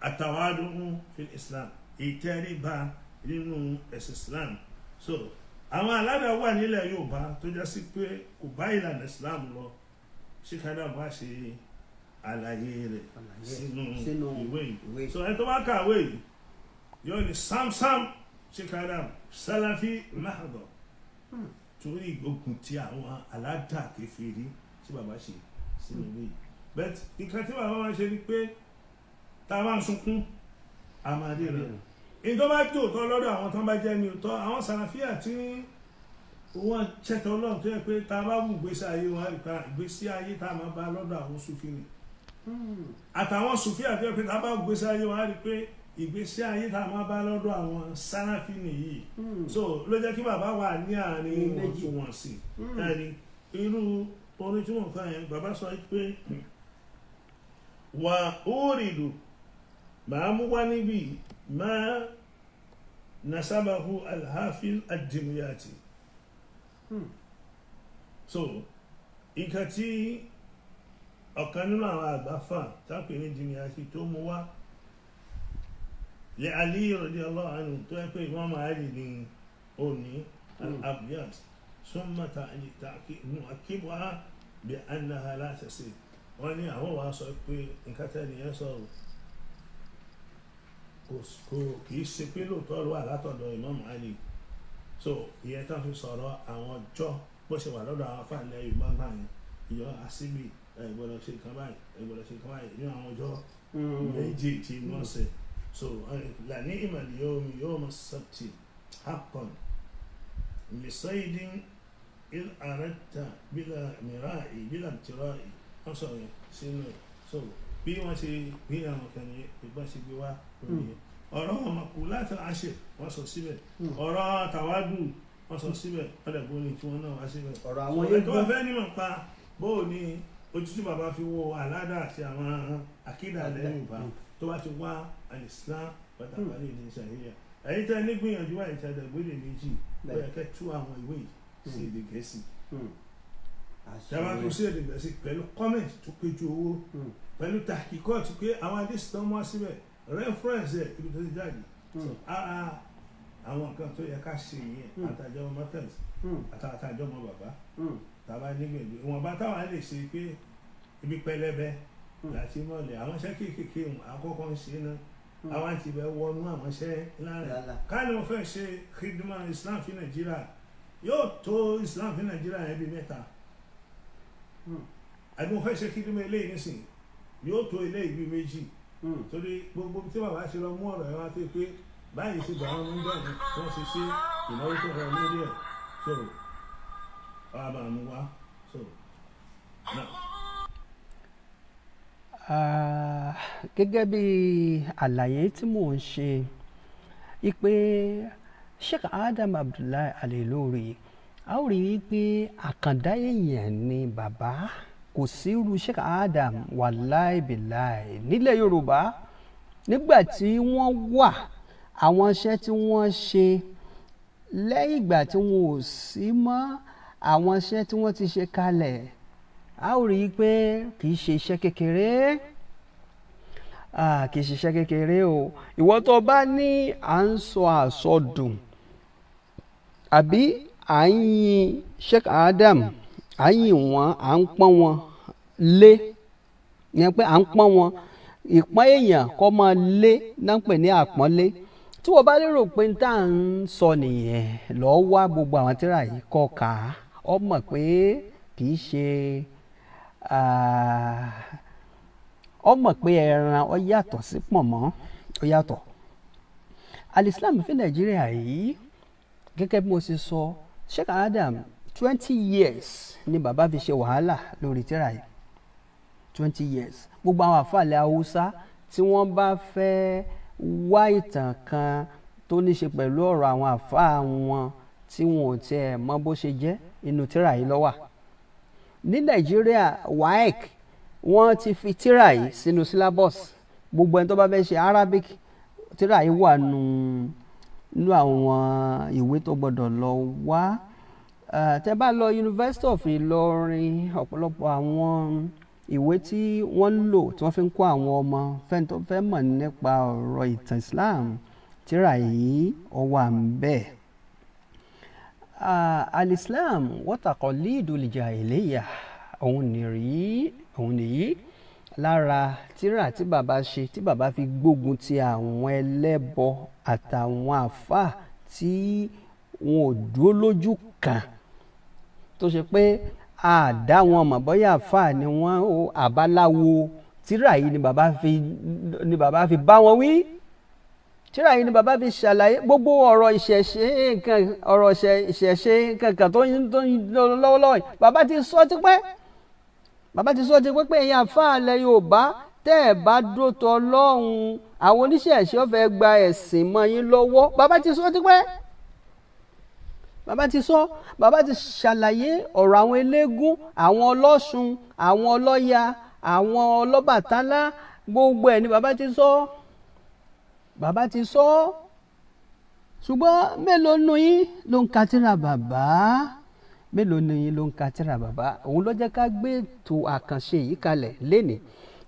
àtàwádùn fi islam ìtẹríba nínú ẹ̀sìn islam so àwọn aládàá wà nílẹ̀ Yorùbá tó já sí pé kò bá ìlànà islam lọ ṣíkànnà má ṣe àlàyé rẹ̀ sínú ìwé yìí so ẹni tó bá kàwé yìí yóò ní samsam ṣíkànnà sálàfí mahadum hmm. torí ìgbógun ti àwọn aládàkèfèrí tí bàbá ṣe sínú ìwé yìí bẹ́ẹ̀ nǹkan tí bàbá wọn ṣe ni pé tá a bá ń sunkún a máa rí rẹ̀ ìjọba jòótọ́ lọ́dọ̀ àwọn tó ń bá jẹ́ ní òótọ́ àwọn sàràfíà tí ń wọ́n check ọlọ́run tó yẹ pé tá a bá mú ìgbésí ayé wọn àríkà ìgbésí ayé tá a máa bá lọ́dọ̀ àwọn sufi ni hmm. àtàwọn sufi àti ẹ̀pẹ́ tá a bá mú ìgbésí ayé wọn àrí pé ìgbésí ayé tá a máa bá lọ́dọ̀ àwọn sánáfì nìyí hmm. so ló jẹ́ kí bàbá wà ní àárín ìwọ̀ntúnwọ̀nsì hmm. ẹni irú orin tí wọ́n kọ́ yẹn bàbá sọ pé wà ó màá mú wá níbí máa nasabahu alhafi adimuyati. Hmm. So nǹkan tí ọ̀kan nínú àwọn àgbáfà tápè ní jìnnìyàsí tó mú wá lè Àlí radiyallahu anhu tó yẹ pé ìwọ́n máa al bi annaha la tasih wọ́n ní àwọn wàá sọ pé nǹkan ni ya sọ̀rọ̀ kò kì í ṣe pé lóòótọ́ ló wà látọ̀dọ̀ so ìyẹn tá a fi sọ̀rọ̀ àwọn ọjọ́ bó ṣe wà lọ́dọ̀ àwọn afáàlẹ́ yorùbá báyìí ìyọ́ àṣìbì ẹ̀gbọ́dọ̀ ṣe nǹkan báyìí ẹ̀gbọ́dọ̀ ṣe nǹkan báyìí ní àwọn ọjọ́ mm. méjèèjì wọ́n ṣe so lànà ìmọ̀lẹ̀ yóò mi yóò mọ sọ́ọ̀tì hakan mìsọ́ìdín il arẹ́tà bílà mìíràn bílà tìrọ̀ wọ́n sọ̀rọ̀ sínú so bí wọ́n ṣe gbé àwọn kan ní ṣe gbé wá lórí ọ̀rọ̀ ọmọkù láti hmm. àṣẹ wọ́n sọ síbẹ̀ ọ̀rọ̀ tàwádù wọ́n sọ síbẹ̀ ọ̀dẹ̀ bó ni tiwọn náà wá síbẹ̀ ọ̀rọ̀ àwọn yẹn tó fẹ́ nímọ̀ pa bó o ní ojútùú bàbá fi wo aládà àti àwọn àkídà lẹ́yìn ìbá tó bá ti wá àlìsílá pàtàkì hmm. ní sàríyà ẹ̀yin tẹ́ ní gbìyànjú wà ìtajà gbélé méjì ó yẹ kẹ́ tú àwọn ìwé sí hmm. sí èdè gẹ̀ẹ́sì ọ̀rẹ́ fúnra ṣe ibi tó ti jáde ara hmm. àwọn nǹkan tó yẹ ká ṣe yẹn hmm. àtàjọ ọmọ mọ́tẹ́ǹsì hmm. àtàjọ ọmọ bàbá tàbá nígbèdè ìwọ̀nba táwọn lè ṣe pé ibi pẹlẹbẹ láti mọ̀lẹ̀ àwọn iṣẹ́ kéékèèké àkọ́kọ́ ń ṣe náà àwọn ti bẹ wọnú àwọn iṣẹ́ lára káàlì wọn fẹ́ ṣe khidma Islam fi Nàìjíríà yóò tó Islam fi Nàìjíríà yẹn bí mẹ́ta àbí wọn fẹ́ ṣe khidma eléyìí nísìnyí yóò tó eléyìí bí méjì. Hmm. torí gbogbo tí bàbá ṣe lọ mú ọ̀rọ̀ ẹ̀ wá pé pé báyìí ṣe gbà wọn ń dọ̀ ní wọ́n ṣe ṣe ìnáwó tó rọ lórí ẹ̀ so wàá bá mi wá so now. gẹ́gẹ́ bí àlàyé tí mò ń ṣe ipe Sheikh Adam Abdullahi Al-Ilory a ó rí i pé àkàndá èèyàn ni bàbá kò sí irú Sheikh Adam wàláì bìláì nílẹ̀ Yorùbá nígbà tí wọ́n wà àwọn iṣẹ́ tí wọ́n ṣe lẹ́yìn ìgbà tí wọn ò sí mọ́ àwọn iṣẹ́ tí wọ́n ti ṣe kalẹ̀ a ó rí i pé kì í ṣe iṣẹ́ kékeré kì í ṣe iṣẹ́ kékeré o ìwọ tó bá ní à ń sọ àsọdùn àbí à ń yin Sheikh Adam. Yeah. à ń yìn wọ́n à ń pọ́n wọn lé yẹn pé à ń pọ́n wọn ìpọ́n èèyàn kọ́ máa lé náà ń pè ní àpọ́nlé tí wọ́n bá lérò pé tá à ń sọ nìyẹn lọ́ọ́ wá gbogbo àwọn tíra yìí kọ́ kà ọ mọ̀ pé kì í ṣe ọ mọ̀ pé ẹran ọ yàtọ̀ sí pọ̀nmọ́ ọ yàtọ̀ alislam fi nàìjíríà yìí gẹ́gẹ́ bí mo ṣe sọ sheikh adam twenty years ni baba fi ṣe wàhálà lórí tírà yìí twenty years gbogbo àwọn àfàlẹ́ haúsá tí wọ́n bá fẹ́ wá ìtàn kan tó ní ṣe pẹ̀lú ọ̀rọ̀ àwọn àfà wọn tí wọn ò tiẹ̀ mọ bó ṣe jẹ́ inú tírà yìí ló ní nàìjíríà waec wọ́n ti fi tírà yìí sínú syllabus gbogbo ẹni tó bá fẹ́ ṣe arabic tírà yìí wà nù nínú àwọn ìwé tó gbọ́dọ̀ lọ wá. Eh, tẹ́ bá lọ University of Ìlọrin ọ̀pọ̀lọpọ̀ àwọn ìwé tí wọ́n ń lò tí wọ́n fi ń kó àwọn ọmọ fẹ́ni tó fẹ́ mọ̀ nípa ọ̀rọ̀ ìtàn Islam tíra yìí ó wà ńbẹ̀. Ah, Al-Islam wa taqalidul jahiliyyah òun nìyí òun nìyí lára tíra tí bàbá ṣe tí bàbá fi gbógun ti àwọn ẹlẹ́bọ àtàwọn àfáà tí wọn ò dúró lójú kan tó ṣe pé àdá wọn mọ̀ bóyá àfà ni wọ́n ó àbáláwo tíra yìí ni bàbá fi ni bàbá fi bá wọn wí tíra yìí ni bàbá fi ṣàlàyé gbogbo ọ̀rọ̀ ìṣẹ̀ṣe nǹkan ọ̀rọ̀ ìṣẹ̀ṣe kankan tó ń lọ́wọ́lọ́wọ́ bàbá ti sọ tipẹ́ bàbá ti sọ tipẹ́ pé ẹ̀yin àfà ilẹ̀ Yorùbá tẹ́ ẹ̀ bá dúró tọ́ Ọlọ́run àwọn oníṣẹ̀ṣe fẹ́ gba ẹ̀sìn mọ́ yín lọ́wọ́ bàbá ti sọ tipẹ́ bàbá ti sọ bàbá ti ṣàlàyé ọ̀rọ̀ àwọn eléégún àwọn ọlọ́ṣun àwọn ọlọ́ya àwọn ọlọ́bàtálá gbogbo ẹ̀ ni bàbá ti sọ bàbá ti sọ ṣùgbọ́n mélòó nu yín ló ń ka tírà bàbá mélòó nu yín ló ń ka tírà bàbá òun ló jẹ́ ká gbé ètò àkànṣe yìí kalẹ̀ lénìí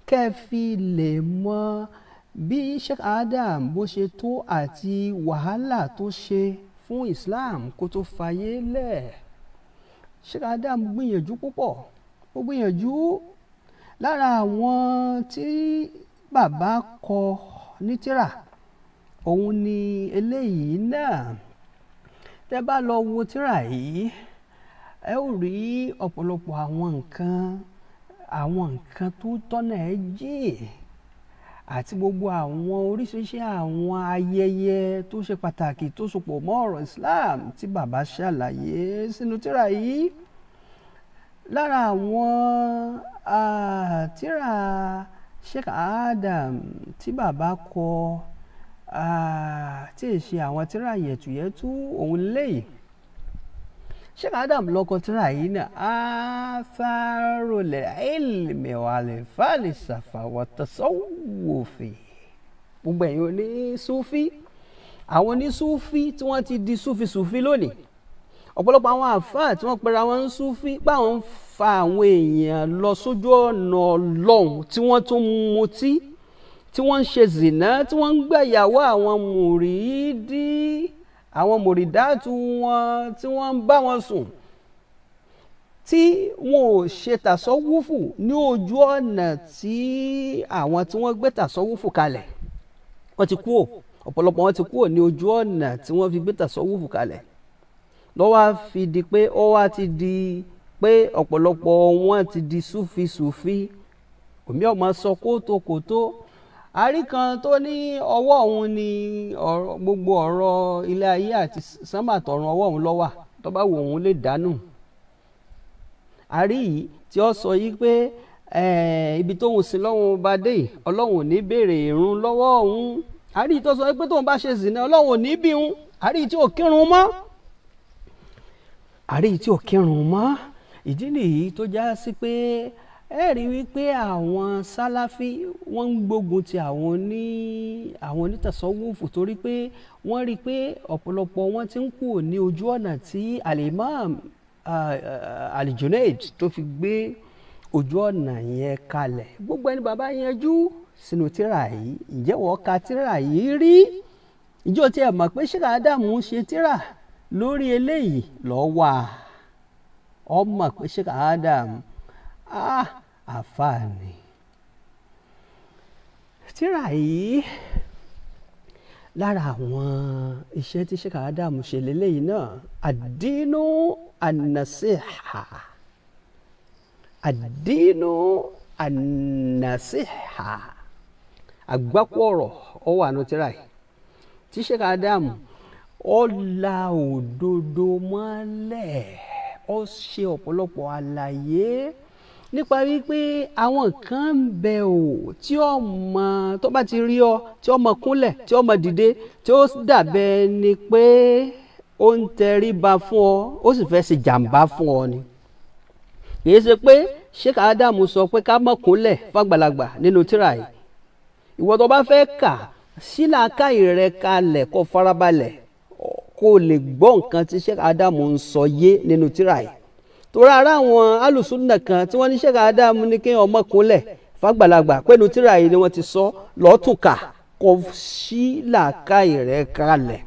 kẹ́ lè mọ bí Sheikh Adam bó ṣe tó àti wàhálà tó ṣe fún Islam kó tó fayé lẹ̀ Sheikh Adam gbìyànjú púpọ̀ ó gbìyànjú lára àwọn tí bàbá kọ ní tírà òun ni eléyìí náà tẹ́ bá lọ wo tírà yìí ẹ ó rí ọ̀pọ̀lọpọ̀ àwọn nǹkan àwọn nǹkan tó tọ́nà ẹ jíì àti gbogbo àwọn oríṣiríṣi àwọn ayẹyẹ tó ṣe pàtàkì tó sopọ̀ mọ́ ọ̀rọ̀ Islam tí bàbá ṣàlàyé sínú tírà yìí lára àwọn tírà Sheikh Adam tí bàbá kọ tí èsì àwọn tírà yẹ̀tùyẹ̀tù òun léyìí sheikh adam lọkọ tíra yìí náà atharul ilmi wal falsafa wa tasawwufi gbogbo ẹ̀yin oní sufi àwọn oní sufi tí wọ́n ti di sufi sufi lónìí ọ̀pọ̀lọpọ̀ àwọn àfáà tí wọ́n pera wọn sufi báwọn fa àwọn èèyàn lọ sójú ọ̀nà ọlọ́run tí wọ́n tún mutí tí wọ́n ń ṣe zìnà tí wọ́n ń gbẹ̀yàwó àwọn mùrídìí àwọn mòrídàtú wọn tí wọ́n ń bá wọn sùn tí wọn ò ṣe tàsọ́wúfù ní ojú ọ̀nà tí àwọn tí wọ́n gbé tàsọ́wúfù kalẹ̀ wọ́n ti kúò ọ̀pọ̀lọpọ̀ wọn ti kúò ní ojú ọ̀nà tí wọ́n fi gbé tàsọ́wúfù kalẹ̀ lọ́wọ́ fi di pé ó wá ti di pé ọ̀pọ̀lọpọ̀ wọn ti di súfisùfi omi ọ̀ma sọ kótókótó. Koto, koto àrí kan tó ní ọwọ́ òun ni gbogbo ọ̀rọ̀ ilé ayé àti sánmà tọ̀run ọwọ́ òun lọ́wà tó bá wù òun lè dánù àrí yìí tí ó sọ yìí pé ibi tóun sin lọ́wọ́n bá dé ọlọ́run ò ní béèrè ìrun lọ́wọ́ òun àrí tó sọ pé tóun bá ṣe zìnà ọlọ́run ò ní bí òun àrí tí ò kírun mọ́ àrí tí ò kírun mọ́ ìdí nìyí tó já sí pé ẹ rí wípé àwọn sálàfí wọ́n ń gbógun ti àwọn oní àwọn onítàsọ́wọ́fù torí pé wọ́n rí i pé ọ̀pọ̀lọpọ̀ wọn ti ń kú ní ojú ọ̀nà tí alimam alijunaid tó fi gbé ojú ọ̀nà yẹn kalẹ̀ gbogbo ẹni bàbá yanjú sínú tíra yìí ǹjẹ́ wọ́n ka tíra yìí rí ìjọ tí ẹ mọ̀ pé ṣé àdàmú ṣe tíra lórí eléyìí lọ́ọ́ ọmọ pé ṣé àdàmú ah àfáà ni tírà yìí lára àwọn iṣẹ́ tí Sheikh Adam ṣe lélẹ́yìí náà àdínú ànàṣìhà àdínú ànàṣìhà àgbákọ̀rọ̀ ó wà nù tírà yìí tí Sheikh Adam ó la òdodo mọ́lẹ̀ ó ṣe ọ̀pọ̀lọpọ̀ àlàyé nípa wípé àwọn kan ń bẹ ò tí ó mọ tó bá ti rí ọ tí ó mọ kúnlẹ̀ tí ó mọ dìde tí ó dàbẹ ni pé ó ń tẹríba fún ọ ó sì fẹ́ ṣe jàǹbá fún ọ ni kìí ṣe pé Sheikh Adam sọ pé ká mọ̀ kúnlẹ̀ fàgbàlagbà nínú tíra yìí ìwọ tó bá fẹ́ kà sílàkà ìrẹ kalẹ̀ kó farabalẹ̀ kó lè gbọ́ nǹkan tí Sheikh Adam ń sọ yé nínú tíra yìí torí ara àwọn alùsùnà kan tí wọ́n ní Sheikh Adam ní kí ọmọ kúnlẹ̀ fàgbàlagbà pẹ̀lú tíra yìí ni wọ́n ti sọ lọ́tùkà kò sí làákàyè rẹ̀ kalẹ̀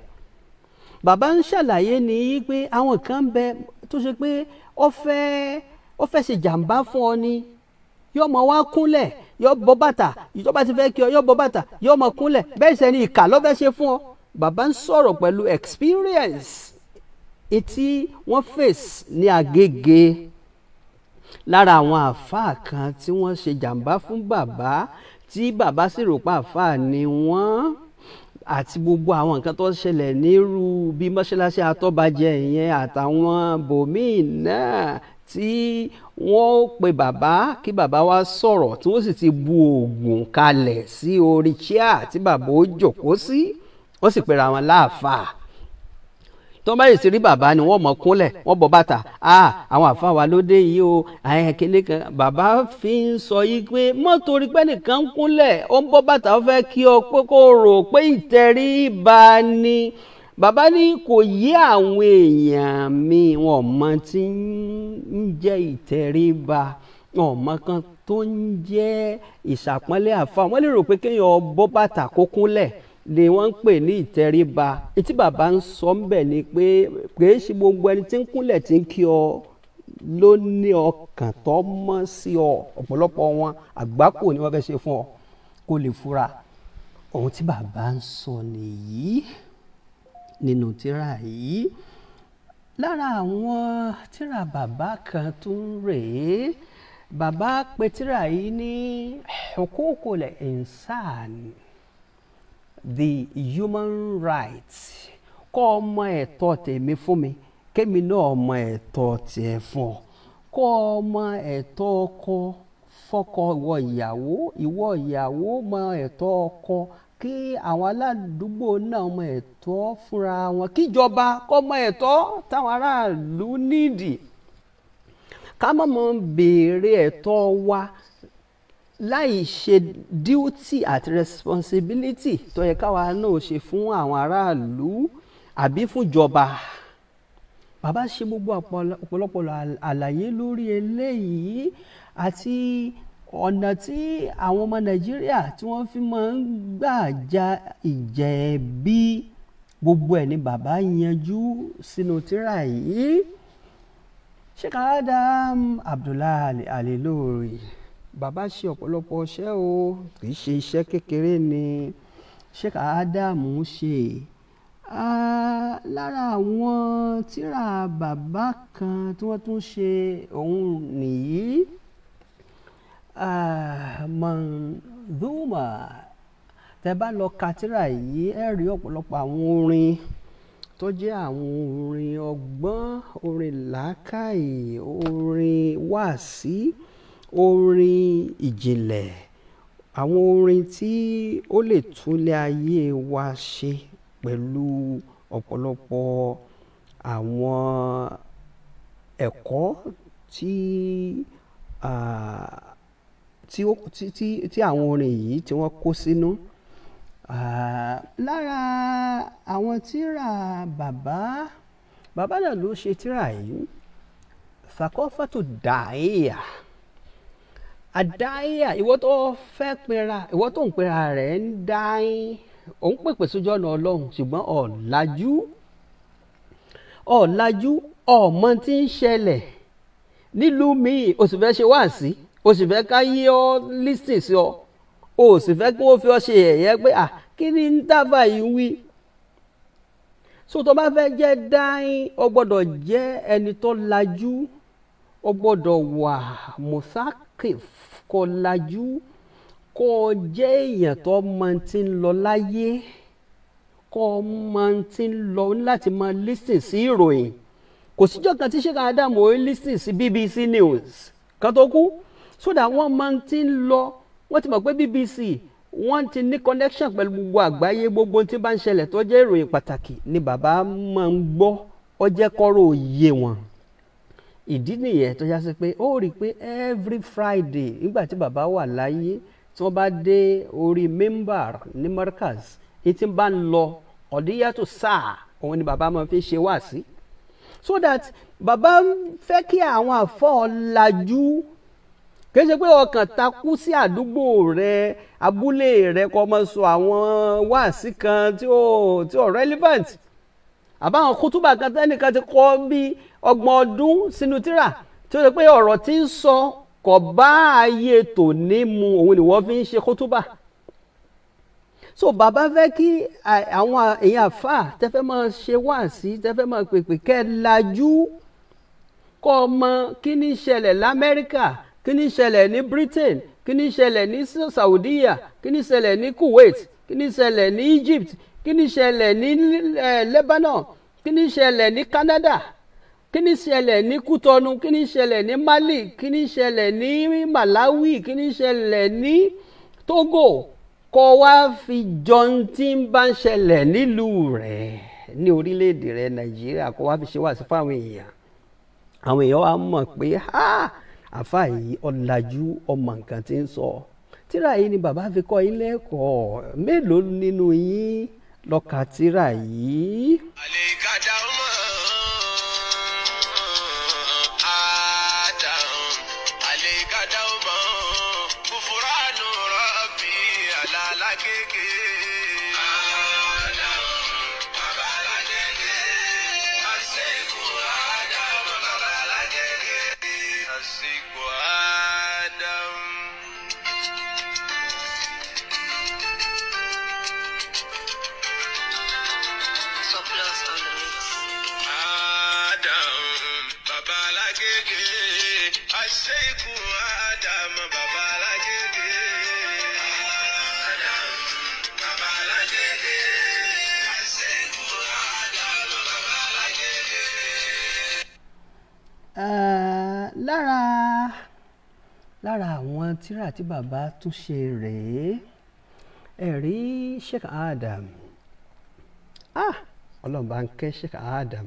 bàbá ń ṣàlàyé ní pé àwọn kan bẹ tó ṣe pé ó fẹ́ ó fẹ́ ṣe jàǹbá fún ọ ni yóò mọ wá kúnlẹ̀ yóò bọ́ bàtà tó ti fẹ́ kí ọ yóò bọ́ bàtà yóò mọ kúnlẹ̀ bẹ́ẹ̀ ṣe ìkà ló ṣe fún ọ bàbá ń sọ̀rọ̀ pẹ̀lú experience etí wọ́n fèsì ní Agége lára àwọn àáfàá kan tí wọ́n ṣe jàǹbá fún bàbá tí bàbá sì rò pa àáfàá ni wọ́n àti gbogbo àwọn nǹkan tó ṣẹlẹ̀ nírú bí mọ́ṣáláṣí atọ́bajẹ yẹn àtàwọn bòmíì náà tí wọ́n pe bàbá kí bàbá wá sọ̀rọ̀ tí wọ́n sì ti bu oògùn kalẹ̀ sí orí chair tí bàbá ó jòkó sí wọ́n sì pera wọn láàfáà tó bá yìí sí rí bàbá ni wọ́n mọ̀ kúnlẹ̀ wọ́n bọ̀ bàtà àwọn àfa wa ló dé yìí o àyẹ̀kẹ́lẹ́ kan bàbá fi ń sọ yìí pé mọ́tò orí pẹ́ nìkan ń kúnlẹ̀ ó ń bọ́ bàtà ó fẹ́ kí ọ pé kó rò pé ìtẹríba ni bàbá ní kò yí àwọn èèyàn mi wọn mọ tí ń jẹ́ ìtẹríba wọn mọ kan tó ń jẹ́ ìṣàpọ́nlé àfa wọn lè rò pé kéèyàn bọ́ bàtà kó kúnlẹ̀ ni wọ́n ń pè ní ìtẹríba etí bàbá ń sọ ń bẹ̀ ni pé kì í ṣe gbogbo ẹni tí ń kúnlẹ̀ tí ń kí ọ ló ní ọkàn tó mọ́ sí ọ ọ̀pọ̀lọpọ̀ wọn àgbákò ni wọ́n fẹ́ ṣe fún ọ kó lè fura ohun tí bàbá ń sọ nìyí nínú tíra yìí lára àwọn tíra bàbá kan tó ń rèé bàbá pe tíra yìí ní hukukul insani the human rights kọ́ ọmọ ẹ̀tọ́ tèmi fún mi kémi náà ọmọ ẹ̀tọ́ tiẹ̀ fún ọ kọ́ ọmọ ẹ̀tọ́ ọkọ fọ́kọ ìwọ ìyàwó ìwọ ìyàwó mọ ẹ̀tọ́ ọkọ kí àwọn aládùúgbò náà ọmọ ẹ̀tọ́ fúnra wọn kíjọba kọ́ ọmọ ẹ̀tọ́ táwọn aráàlú nídìí ká má béèrè ẹ̀tọ́ wa láì ṣe duty àti responsibility tó yẹ káwa náà ṣe fún àwọn aráàlú àbí fúnjọba bàbá ṣe gbogbo ọ̀pọ̀lọpọ̀ àlàyé lórí eléyìí àti ọ̀nà tí àwọn ọmọ nàìjíríà tí wọ́n fi máa ń gbà ja ìjẹ̀bi gbogbo ẹ̀ ni bàbá yanjú sínú tírà yìí Sheikh Adam Abdullahi Al-Ilory. Al bàbá ṣe ọ̀pọ̀lọpọ̀ iṣẹ́ o kì í ṣe iṣẹ́ kékeré ni Sheikh Ádámù ṣe lára àwọn tíra bàbá kan tí wọ́n tún ṣe òun nìyí Manzuma tẹ bá lọ ka tíra yìí ẹ rí ọ̀pọ̀lọpọ̀ àwọn orin tó jẹ́ àwọn orin ọgbọ́n orin làákàyè orin wáàsí. Si orin ìjìnlẹ̀ àwọn orin tí ó lè túnlé ayé wa ṣe pẹ̀lú ọ̀pọ̀lọpọ̀ àwọn ẹ̀kọ́ tí tí ó tí tí tí àwọn orin yìí tí wọ́n kó sínú. lára àwọn tírà bàbá bàbá náà ló ṣe tírà yìí Thaqafatu Da'iyya àdáyà ìwọ tó fẹ́ pera ìwọ tó ń pera rẹ̀ ń dáín òun pèpè sójú ọ̀nà ọlọ́run ṣùgbọ́n ọ̀làjú ọ̀làjú ọ̀mọ tí ń ṣẹlẹ̀ nílùú míì o sì fẹ́ ṣe wá sí o sì fẹ́ ká yí ọ lísìn sí ọ o sì fẹ́ kí fi ọ ṣe ẹ̀yẹ́ pé à kí ni ń dábàá yìí wí so tó bá fẹ́ jẹ́ dáín o gbọ́dọ̀ jẹ́ ẹni tó làjú o gbọ́dọ̀ wà mùsákà kò lajú kó o jẹ́ èèyàn tó mọ ti ń lọ láyé kó o mọ ti ń lọ láti máa lísìn sí ìròyìn kò síjọ́ kan tí Sheikh Adam ò lísìn sí BBC News kan tó kú sódà wọ́n mọ ti ń lọ wọ́n ti mọ̀ pé BBC wọ́n ti ní connection pẹ̀lú gbogbo àgbáyé gbogbo tí bá ń ṣẹlẹ̀ tó jẹ́ ìròyìn pàtàkì ni bàbá máa ń gbọ́ ọ jẹ́ kọ́rọ̀ òye wọn ìdí nìyẹn tó yá sí pé ó rí i pé every Friday nígbà tí bàbá wà láyé tí wọ́n bá dé orí member ní Markaz etí ń bá ń lọ ọ̀díyàtò sáà òun ni bàbá máa fi ṣe wá sí so that bàbá fẹ́ kí àwọn àfọ́ ọ̀làjú kì í ṣe pé ọkàn takú sí àdúgbò rẹ abúlé rẹ kọ́ máa sọ àwọn wáàsí kan tí ò tí ò relevant àbáwọn kútúbà kan tẹ́nìkan ti kọ́ bí ọgbọ̀n ọdún sínú tíra tí ó lè pé ọ̀rọ̀ tí ń sọ kò bá ayé tòní mu òun ni wọ́n fi ń ṣe kútúbà so bàbá fẹ́ kí àwọn èèyàn àfà tẹ́fẹ́ máa ṣe wáàsí tẹ́fẹ́ máa pèpè kẹ́ lajú kọ́ ọmọ kí ní ṣẹlẹ̀ lamẹ́ríkà kí ní ṣẹlẹ̀ ní Britain kí ní ṣẹlẹ̀ ní Saudiya kí ní ṣẹlẹ̀ ní Kuwait kí ní ṣẹlẹ̀ ní Egypt kí ni ṣẹlẹ̀ ní Lebanon kí ni ṣẹlẹ̀ ní Canada kí ni ṣẹlẹ̀ ní Kútọ́nù kí ni ṣẹlẹ̀ ní Mali kí ni ṣẹlẹ̀ ní Malawi kí ni ṣẹlẹ̀ ní Togo kọ́ wá fi jọun tí ń bá ń ṣẹlẹ̀ nílùú rẹ̀ ní orílẹ̀-èdè rẹ̀ Nàìjíríà kọ́ wá fi ṣe wá sí fáwọn èèyàn àwọn èèyàn wa mọ̀ pé àfa yìí ọ̀làjú ọmọ nǹkan tí ń sọ tíra yìí ni bàbá fi kọ́ ilé ẹ̀kọ́ mélòó nínú yín lọ́ka tírà yìí. àlè ìkàdá ọmọ. àṣekù àdàmà bàbá alágége. bàbá alágége. àṣekù àdàmà bàbá lára lára àwọn tírà tí bàbá tún ṣe rèé ẹ̀rí Sheikh Adam ah ọlọ́run bá ń kẹ́ Sheikh Adam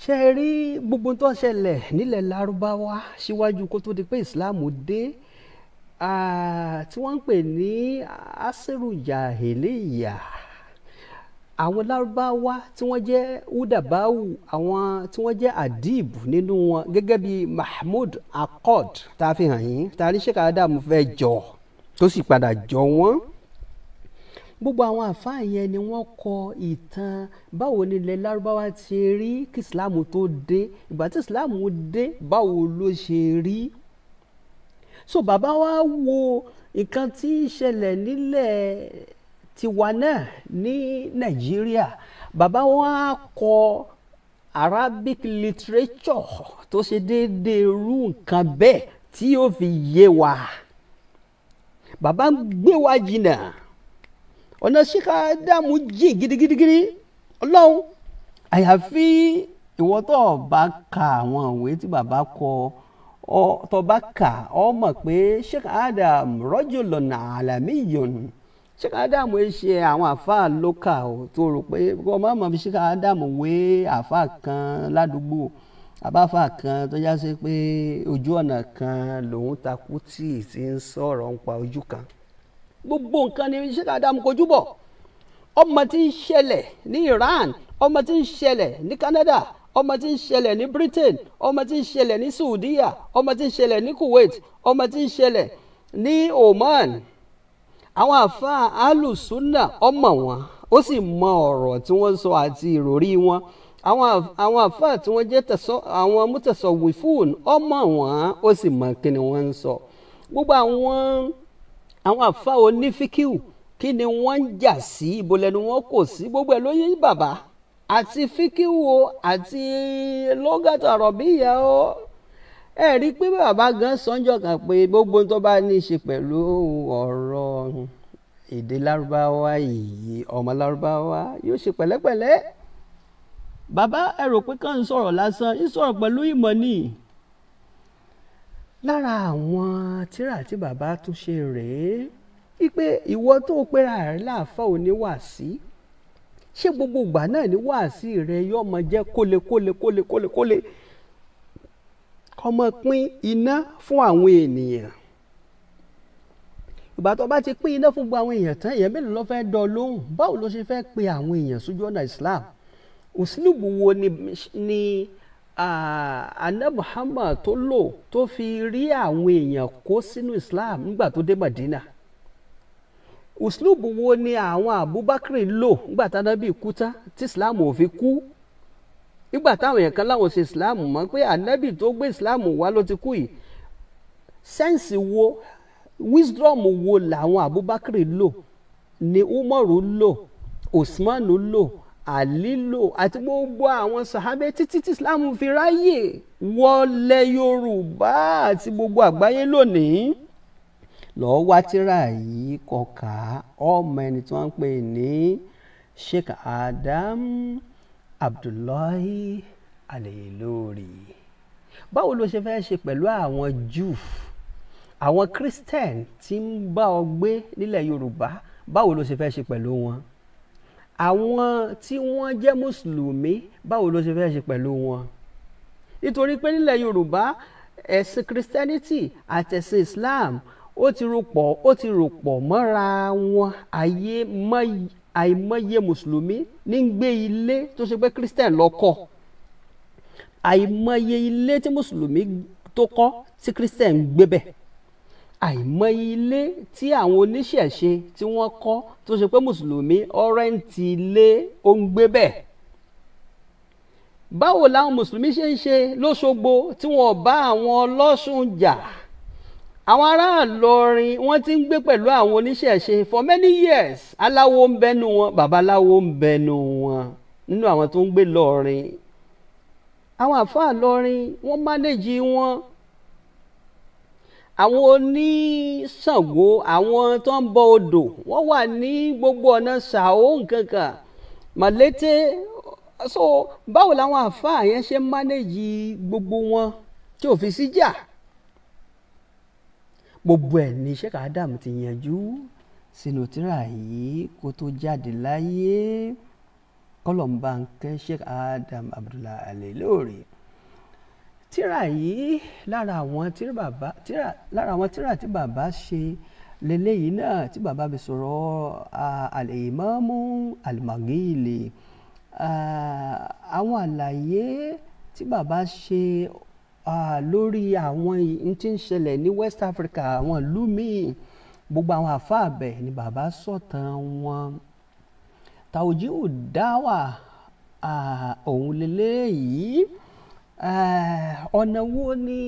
ṣe é rí gbogbo tó ṣẹlẹ̀ nílẹ̀ lárúbáwá síwájú kó tó di pé islam dé tí wọ́n ń pè ní asiru jahiliya àwọn lárúbáwá tí wọ́n jẹ́ udabawu àwọn tí wọ́n jẹ́ adib nínú wọn gẹ́gẹ́ bí mahmud akod tá a fi hàn yín tá a ní ṣèkà adamu fẹ́ jọ tó sì padà jọ wọ́n gbogbo àwọn àfáà yẹn ni wọ́n kọ ìtàn báwo ni ilẹ̀ lárúbáwá ṣe rí kí islam tó dé ìgbà tí islam dé báwo ló ṣe rí so bàbá wa wo nǹkan tí ń ṣẹlẹ̀ nílẹ̀ tiwa náà ní nàìjíríà bàbá wa kọ arabic literature tó ṣe déédéé irú nǹkan bẹ́ẹ̀ tí yóò fi yé wa bàbá ń gbé wa jìnnà ọ̀nà ṣíkà dáàmú jì gidigidigidi ọlọ́run àyàfi ìwọ tó bá ka àwọn ìwé tí bàbá kọ ọ tó bá kà ọ mọ̀ pé ṣíkà Adam rajulun alamiyyun ṣíkà Adam ẹ ṣe àwọn àfáà lókà ò tó rò pé kò má mọ̀ fi ṣíkà Adam wé àfáà kan ládùúgbò àbáfà kan tó já sí pé ojú ọ̀nà kan lòun takú tí ì ti ń sọ̀rọ̀ nípa ojú kan gbogbo nǹkan ni ṣé dáadáa mo kojú bọ̀ ọmọ tí ń ṣẹlẹ̀ ní Iran ọmọ tí ń ṣẹlẹ̀ ní Canada ọmọ tí ń ṣẹlẹ̀ ní Britain ọmọ tí ń ṣẹlẹ̀ ní Saudiya ọmọ tí ń ṣẹlẹ̀ ní Kuwait ọmọ tí ń ṣẹlẹ̀ ní Oman àwọn àfáà alùsùnà ọmọ wọn ó sì mọ ọ̀rọ̀ tí wọ́n sọ àti ìròrí wọn àwọn àfáà tí wọ́n jẹ́ àwọn mútẹ̀sọ̀ wìfún ọmọ wọn ó sì mọ kí ni wọ́n ń sọ gbogbo àwọn àwọn àfa onífíkìú kí ni wọ́n ń jà sí ibo lẹ́nu wọn kò sí gbogbo ẹ̀ ló yí bàbá àti fíkìú o àti lọ́gàtà àrọ̀bíyà o ẹ rí i pé bàbá gan sanjọ kan pé gbogbo tó bá ní í ṣe pẹ̀lú ọ̀rọ̀ èdè lárúbáwá yìí ọmọ lárúbáwá yóò ṣe pẹ̀lẹ́pẹ̀lẹ́ bàbá ẹ rò pé kàn ń sọ̀rọ̀ lásán ń sọ̀rọ̀ pẹ̀lú ìmọ̀ nìyí lára àwọn tírà tí bàbá tún ṣe rèé wípé ìwọ tó pera rẹ láàfáà oníwàásí ṣé gbogbo ìgbà náà ni wàásí rẹ yóò máa jẹ́ kólekóle kólekóle kóle kọmọ pín iná fún àwọn ènìyàn ìgbà tó bá ti pín iná fún gbogbo àwọn èèyàn tán èèyàn mélòó ló fẹ́ẹ́ dán lóhùn báwo ló ṣe fẹ́ẹ́ pe àwọn èèyàn sójú ọ̀nà Islam òsínlùbù wo ni, ni àná Muhammad tó lò tó fi rí àwọn èèyàn kó sínú Islam nígbà tó dé Madina uslubu wo ni àwọn Abubakar lò nígbà tánábì kú tán tí Islam ò fi kú nígbà táwọn èèyàn kan láwọn ṣe Islam mọ̀ pé ànábì tó gbé Islam wá ló ti kú yìí sẹ́ǹsì wo wisdom wo làwọn Abubakar lò ni Umaru lò Usman lò àlílò àti gbogbo àwọn sàhábẹ títí tí islam fi ráyè wọlé yorùbá àti gbogbo àgbáyé lónìí lọ́ọ́ wá tírà yìí kọ̀ọ̀ká ọmọ ẹni tí wọ́n ń pè ní Sheikh Adam Abdullahi Al-Ilory báwo ló ṣe fẹ́ ṣe pẹ̀lú àwọn Jew àwọn Christian tí ń bá ọ gbé nílẹ̀ yorùbá báwo ló ṣe fẹ́ ṣe pẹ̀lú wọn àwọn tí wọ́n jẹ́ mùsùlùmí báwo ló ṣe fẹ́ ṣe pẹ̀lú wọn nítorí pé nílẹ̀ Yorùbá ẹ̀sìn Christianity àtẹ̀sìn Islam ó ti ròpọ̀ ó ti ròpọ̀ mọ́ra wọn ayé àìmọye mùsùlùmí ní gbé ilé tó ṣe pé Christian lọ́kọ àìmọye ilé tí mùsùlùmí tó kọ́ tí Christian gbé bẹ́ẹ̀ àìmọye ilé tí àwọn oníṣẹ̀ṣe tí wọ́n kọ́ tó ṣe pé mùsùlùmí ọ̀rẹ́ǹtì ilé ó ń gbé bẹ́ẹ̀ báwo làwọn mùsùlùmí ṣe ń ṣe lóṣogbo tí wọ́n bá àwọn ọlọ́sùn jà àwọn aráàlú ọrin wọ́n ti ń gbé pẹ̀lú àwọn oníṣẹ̀ṣe for many years aláwo ń bẹnu wọn babaláwo ń bẹnu wọn nínú àwọn tó ń gbé lọ́rin àwọn àfáà lọ́rin wọ́n mánéjì wọn àwọn oníṣàngó àwọn tó ń bọ odò wọ́n wà ní gbogbo ọ̀nà ṣàó nǹkan kan màlété so báwo làwọn àáfàá yẹn ṣe ń mánéjì gbogbo wọn tí ò fi sí jà gbogbo ẹ̀ ní Sheikh Adam ti yanjú sínú tírà yìí kó tó jáde láyé kọlọmbà ń Adam Abdullahi Al-Ilory tíra yìí lára àwọn tíra bàbá tíra lára àwọn tíra tí bàbá ṣe leléyìí náà tí bàbá fi sọ̀rọ̀ al-Imamu al-Maghili àwọn àlàyé tí bàbá ṣe lórí àwọn tí ń ṣẹlẹ̀ ní West Africa àwọn ìlú míì gbogbo àwọn àfáà ni bàbá sọ̀tàn wọn Tawjihu Dawa òun leléyìí. Eh, ọ̀nà wo ni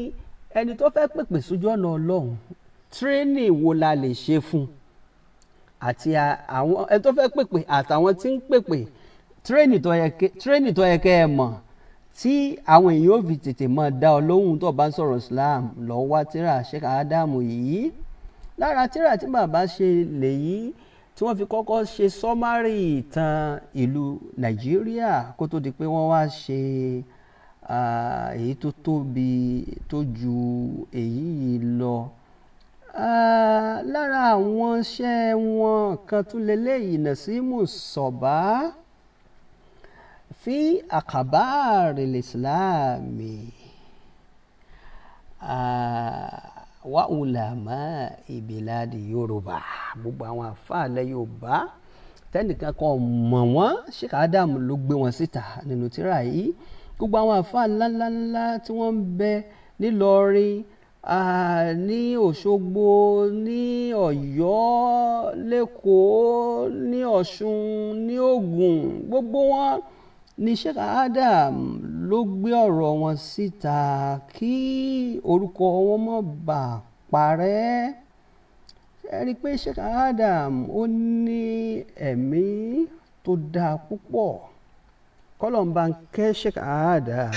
ẹni tó fẹ́ pèpè sójú ọ̀nà ọlọ́run tírénì wo la lè ṣe fún àti àwọn ẹni tó fẹ́ pèpè àtàwọn tí ń pèpè tírénì tó yẹ kẹ́ ẹ mọ̀ tí àwọn èèyàn ò fi tètè máa dá ọ tó bá sọ̀rọ̀ Islam lọ wá tíra Sheikh adamu yìí lára tíra tí bàbá ṣe lèyí tí wọ́n fi kọ́kọ́ ṣe sọ́márì ìtàn ìlú Nàìjíríà kó tó di pé wọ́n wá ṣe. Se èyí tó tóbi tó ju èyí yìí lọ lára àwọn iṣẹ́ wọn kan tún leléyìí Nasimu Sọ̀bá fi akhbar al-islami wa ulama ibiladi Yorùbá gbogbo àwọn àfàlẹ́ Yorùbá tẹ́nìkan kan mọ̀ wọ́n Sheikh Adam ló gbé wọn síta nínú tírà yìí gbogbo àwọn àfáà ńláńláńlá tí wọ́n ń bẹ nílọrin ní òṣogbo ní ọ̀yọ́ lẹ́kọ̀ọ́ ní ọ̀ṣun ní ògùn gbogbo wọn ni Sheikh Adam ló gbé ọ̀rọ̀ wọn síta kí orúkọ wọn má bàa parẹ́ ẹ pé Sheikh Adam ó ní ẹ̀mí tó dáa púpọ̀ kọ́lọ̀ ń bá ń kẹ́ ṣèkà àádáa.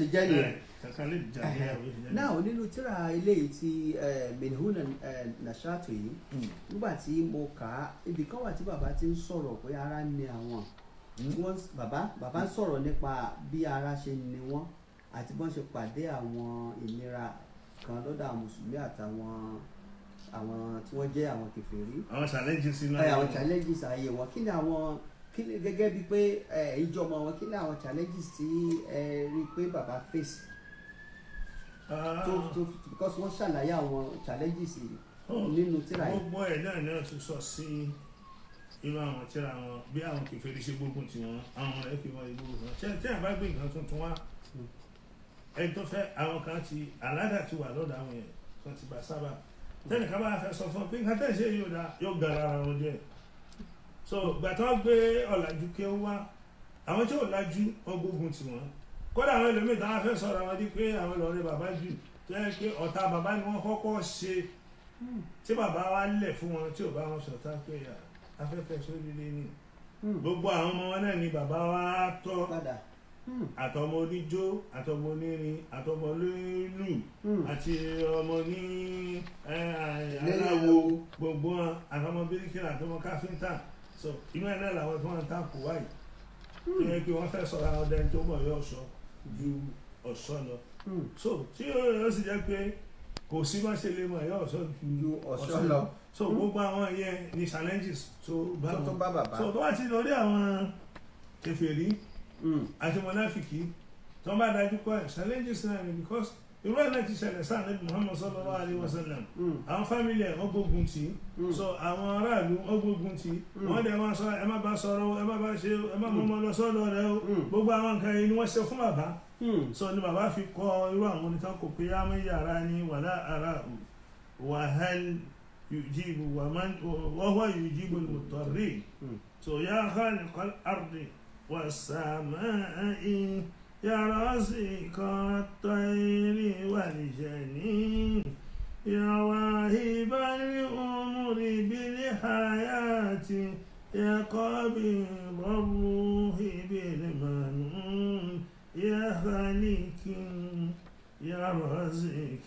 ṣe jẹ́ nìyẹn náà nínú tíra eléyìí ti eh, minhuna eh, nashato yìí hmm. nígbà tí mo kà á ibì kan wà tí bàbá ti ń sọ̀rọ̀ pé ara ni àwọn hmm. wọ́n bàbá bàbá ń hmm. sọ̀rọ̀ nípa bí ara ṣe ni wọ́n àti bọ́n ṣe pàdé àwọn ìnira kan lọ́dọ̀ àwọn mùsùlùmí àtàwọn àwọn tí wọ́n jẹ́ àwọn kèfèrí. àwọn challenges eh, ayé wọn kí ni àwọn gẹ́gẹ́ bíi pé ìjọmọ wọn kí àwọn challenges tí ẹ rí pé bàbá face ah. tó tó because wọ́n ṣàlàyé àwọn challenges oh, nínú tíra yìí. gbogbo ẹ̀ náà náà tún sọ sí irú àwọn tíra wọn bí àwọn kèfèrí ṣe gbógun tiwọn àwọn ọmọ fi wọn gbógun tiwọn tí tí àbá gbé nǹkan tuntun wá hmm. ẹni tó fẹ́ àwọn kan ti aládà ti wà lọ́dọ̀ àwọn yẹn tó ti bá sábà tẹ́nìkan bá fẹ́ sọ fún pé nǹkan tẹ̀ yóò dáa yóò gara ara díẹ̀ so ìgbà tí wọ́n gbé ọ̀làjú kí ó wá àwọn tí ò lajú wọn gbógun tì wọ́n kódà àwọn ẹlòmíì tí wọ́n fẹ́ sọ̀rọ̀ àwọn di pé àwọn lọ́ọ̀rẹ́ bàbá jù tó yẹ pé ọ̀tá bàbá ni wọ́n kọ́kọ́ ṣe hmm. tí bàbá wa lẹ̀ fún wọn tí ò bá wọn sọ̀tá pé afẹ́fẹ́ sóríire ni hmm. gbogbo àwọn ọmọ wọn náà ni bàbá wa tọ́ hmm. àtọmọ oníjó àtọmọ onírin àtọmọ olóyìnlù àti ọmọ ní aláwo gbogbo àtọmọ bíríkìlà àtọmọ káfíńtà so inú ẹ̀ náà làwọn tí wọ́n ń tàkù wáyìí tó yẹ kí wọ́n fẹ́ sọ̀rọ̀ àwọn ọdẹ tó mọ̀ yọ ọ̀ṣọ́ ju ọ̀ṣọ́ lọ hmm. so tí yóò sì jẹ́ pé kò sí má ṣe lè mọ̀ yọ ọ̀ṣọ́ ju ọ̀ṣọ́ lọ so hmm. gbogbo àwọn yẹn ni challenges tó bá wọn so tó wá sí lórí àwọn kèfèrí hmm. àti mọ̀náfìkì tó bá dájú kọ́ ẹ̀ challenges náà ni because irú ẹ̀ náà ti ṣẹlẹ̀ sáà níbi Muhammad sallallahu alayhi wa sallam hmm. àwọn fámìlì ẹ̀ ọgbógun tí hmm. so àwọn aráàlú ọgbógun tí hmm. wọ́n dẹ̀ máa sọ ẹ má bá sọ̀rọ̀ ẹ má bá ṣe ẹ má mọ́mọ́ lọ sọ́dọ̀ rẹ o gbogbo àwọn nǹkan yìí ni wọ́n ṣe fún bàbá so ni bàbá fi kọ irú àwọn onítàn kò pé yá mọ́ yàrá ni wàlá ara wàhálì yujibu wàhálì yujibu so yá hàn kọ́ يراسي كالطير والجنين يا واهب الأمور بالحياة يا قبيب الروح بالمنون يا خليك يا رزق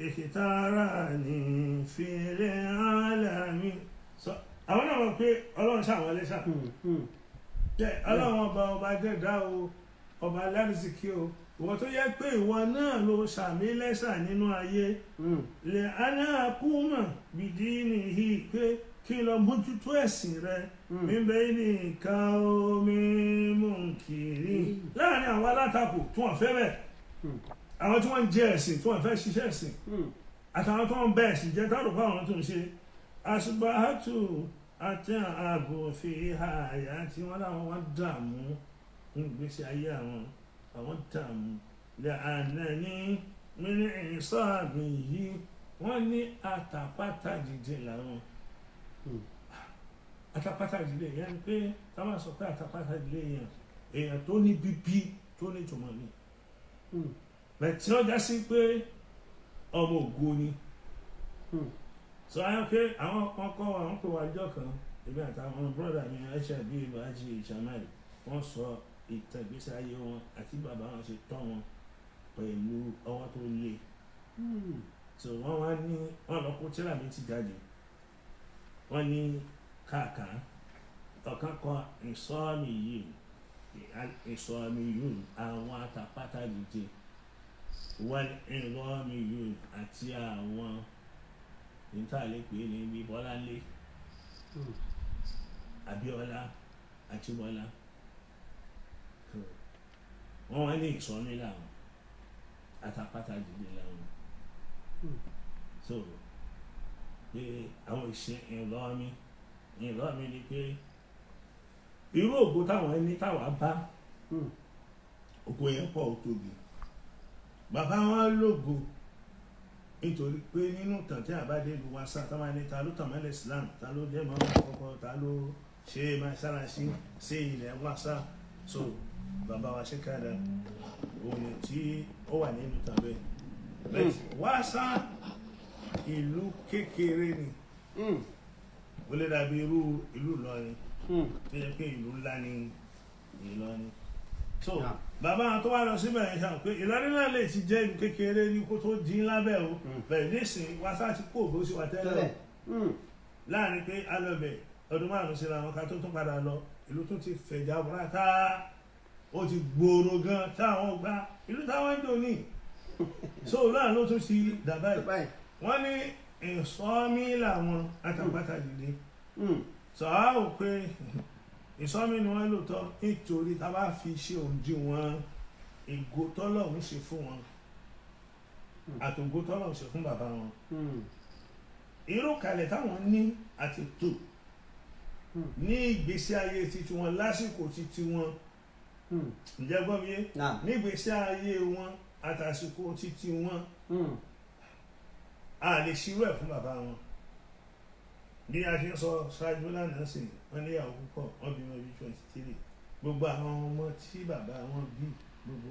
اختارني في العالم àwọn náà wọ pé ọlọ́run ṣàwọn ẹlẹ́ṣà ọlọ́run ọba ọba dẹ́dá o ọba alárìsíkí o ìwọ tó yẹ pé ìwọ náà ló ṣàmì lẹ́sà nínú ayé hmm. lè anáàkúmọ̀ bìdí nìyí pé kí lọ mójútó ẹ̀sìn rẹ hmm. níbẹ̀ nìkan omi mú kiri hmm. láàrin àwọn alátakò tí wọ́n fẹ́ bẹ̀ àwọn tí wọ́n ń jẹ ẹ̀sìn tí wọ́n fẹ́ ṣiṣẹ́ ẹ̀sìn àtàwọn tó ń bẹ ẹ̀sìn jẹ́ táwọn bá àwọn tó ń ṣe àṣùbà àti ààbò àyà tí wọ́n láwọn wá dààmú nígbésí ayé àwọn àwọn dààmú lẹ àná ní mílíọ̀nù sọ́ọ̀bù yìí wọ́n ní àtàpátá dìde làwọn hmm. àtàpátá dìde yẹn pé ká má sọ pé àtàpátá dìde yẹn èèyàn tó ní bíbí tó ní jùmọ̀ ni hmm. bẹ̀tí ọjà sí pé ọmọ ògo ni hmm. sọ ayọ pé àwọn kan kọ́ àwọn kò wá ọjọ́ kan èmi àtàwọn brọ́dà mi ẹ̀ṣẹ̀ bíi ìbájú ìṣàmáì wọ́n sọ ìtàn ìgbésí ayé wọn àti bàbá wọn ṣe tọ́ wọn pẹ̀lú ọwọ́ tó le hmm. so wọ́n wá ní wọ́n lọ kó tíra mi ti jáde wọ́n ní kàkà ọ̀kan kọ ìsọ́ọ̀mì yìí ìsọ́ọ̀mì yìí àwọn atàpátá dìde wọ́n ìrọ́ọ̀mì yìí àti àwọn ìtàlẹ́pẹ́ ní bíbọ́láńlé hmm. Abíọ́lá àti bọ́lá wọn wá ní ìsọ̀rí làwọn àtàpátá dìde làwọn hmm. so pé àwọn ìṣe ìlọ́ọ̀mí ìlọ́ọ̀mí ni pé irú ògo táwọn ẹni táwa bá hmm. ògo yẹn pọ̀ ó tóbi bàbá wọn lògo nítorí pé nínú tàǹtí àbádé lu wa sá táwọn ẹni ta ló tàn mẹ́lẹ̀ Islam ta ló jẹ́ mọ́ àkọ́kọ́ ta ló ṣe máa ṣára sí sí ilẹ̀ wa sá so. Mm bàbá wa ṣẹ́kàdá òun tí ó wà ní ìlú tàbẹ́ wá sá ìlú kékeré ni hmm. ó lè dàbí irú ìlú Ìlọrin hmm. tó yẹ pé ìlú ńlá ni Ìlọrin so ah. bàbá tó wá lọ síbẹ̀ yẹn sàn pé Ìlọrin náà lè ti jẹ́ ìlú kékeré ní kó tó dín lábẹ́ o hmm. bẹ̀rẹ̀ nísìnyí wá sá ti kó òbó sí wa tẹ́lẹ̀ láàrin pé alọ́bẹ̀ ọdún márùn-ún síra wọn ká tó tún padà lọ ìlú tún ti fẹ̀jà bùrátá ó ti gbòòrò gan táwọn gba ìlú táwọn ń dòní so náà ló tún ti dàbá yìí wọ́n ní ìsọmí làwọn àtàbàtà dìde hmm. sọ̀rọ̀ ò pé ìsọmí ni wọ́n lò tọ́ nítorí tá a bá fi ṣe òǹdí wọn ìgò tọ́lọ́hún ṣe fún wọn hmm. àtòǹgò tọ́lọ́hún ṣe fún bàbá wọn hmm. irú kalẹ̀ táwọn ní àti tò ní ìgbésí ayé titi wọn lásìkò titi wọn. Hmm. ǹjẹ́ gbọ́ mi yé nígbèsí ayé wọn àtàsìkò títí wọn hmm. a lè ṣírò ẹ̀ fún bàbá wọn bí a ṣáájú lánàá sí wọn níyàwó púpọ̀ wọn bímọ twenty three gbogbo àwọn ọmọ tí bàbá wọn bí gbogbo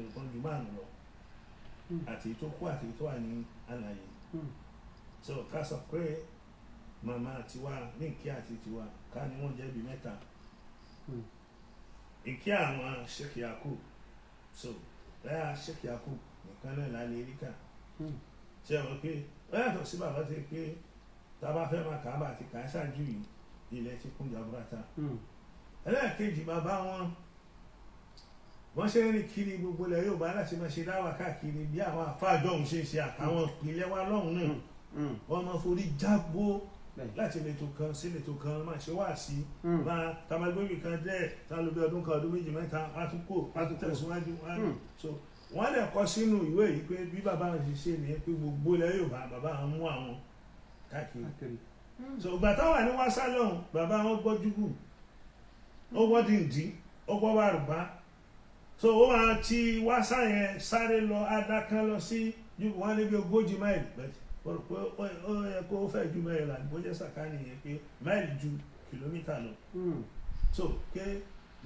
nǹkan jù máa ń lọ hmm. àti tó kú àti tó wà ní àlàyé so ká sọ pé màmá tiwa ní ìkí àti tiwa ká ní wọn jẹ̀bi mẹ́ta. Mm ìkí àwọn Sheikh Yakub so bẹ́ẹ̀ Sheikh Yakub nìkan náà la lè rí kà hmm. ṣe wọn pé wọ́n yàtọ̀ sí bàbá ti pé tábà fẹ́ máa kà á bá ti kà á ṣáájú yìí ilẹ̀ ti kún jaburata hmm. ẹlẹ́ẹ̀kejì bàbá wọn wọ́n ṣe ń rìn kiri gbogbo ilẹ̀ yóò bá láti máa ṣe dáwà káàkiri bí àwọn àfáàjọ òun ṣe ṣe àtàwọn ìpínlẹ̀ wa lọ́hùn-ún náà hmm. wọ́n máa forí jágbó láti ìletò kan sí ìletò kan máa ṣe wá sí hmm. máa tamagbébi kan dẹ́ tálóbi ọdún kan ọdún méjì mẹ́ta wá tún kó wá tún tẹ̀síwájú wá hmm. so wọ́n lè kọ sínú ìwé yìí pé bí bàbá wọn ṣe ṣe nìyẹn pé gbogbo ilẹ̀ Yorùbá bàbá wọn mú àwọn káàkiri hmm. so ìgbà táwọn ní wáṣá lọ́hùn bàbá wọn gbọ́ júgù ó gbọ́ dìndín ó gbọ́ bàrùbá so ó máa ti wáṣá yẹn sáré lọ adákan lọ sí júgù wọn níbi ó rò pé ó yẹ kó fẹ́ ju mẹ́rin lànà bó jẹ́ sàká nìyẹn pé máìlì ju kìlómítà lọ hmm. so ké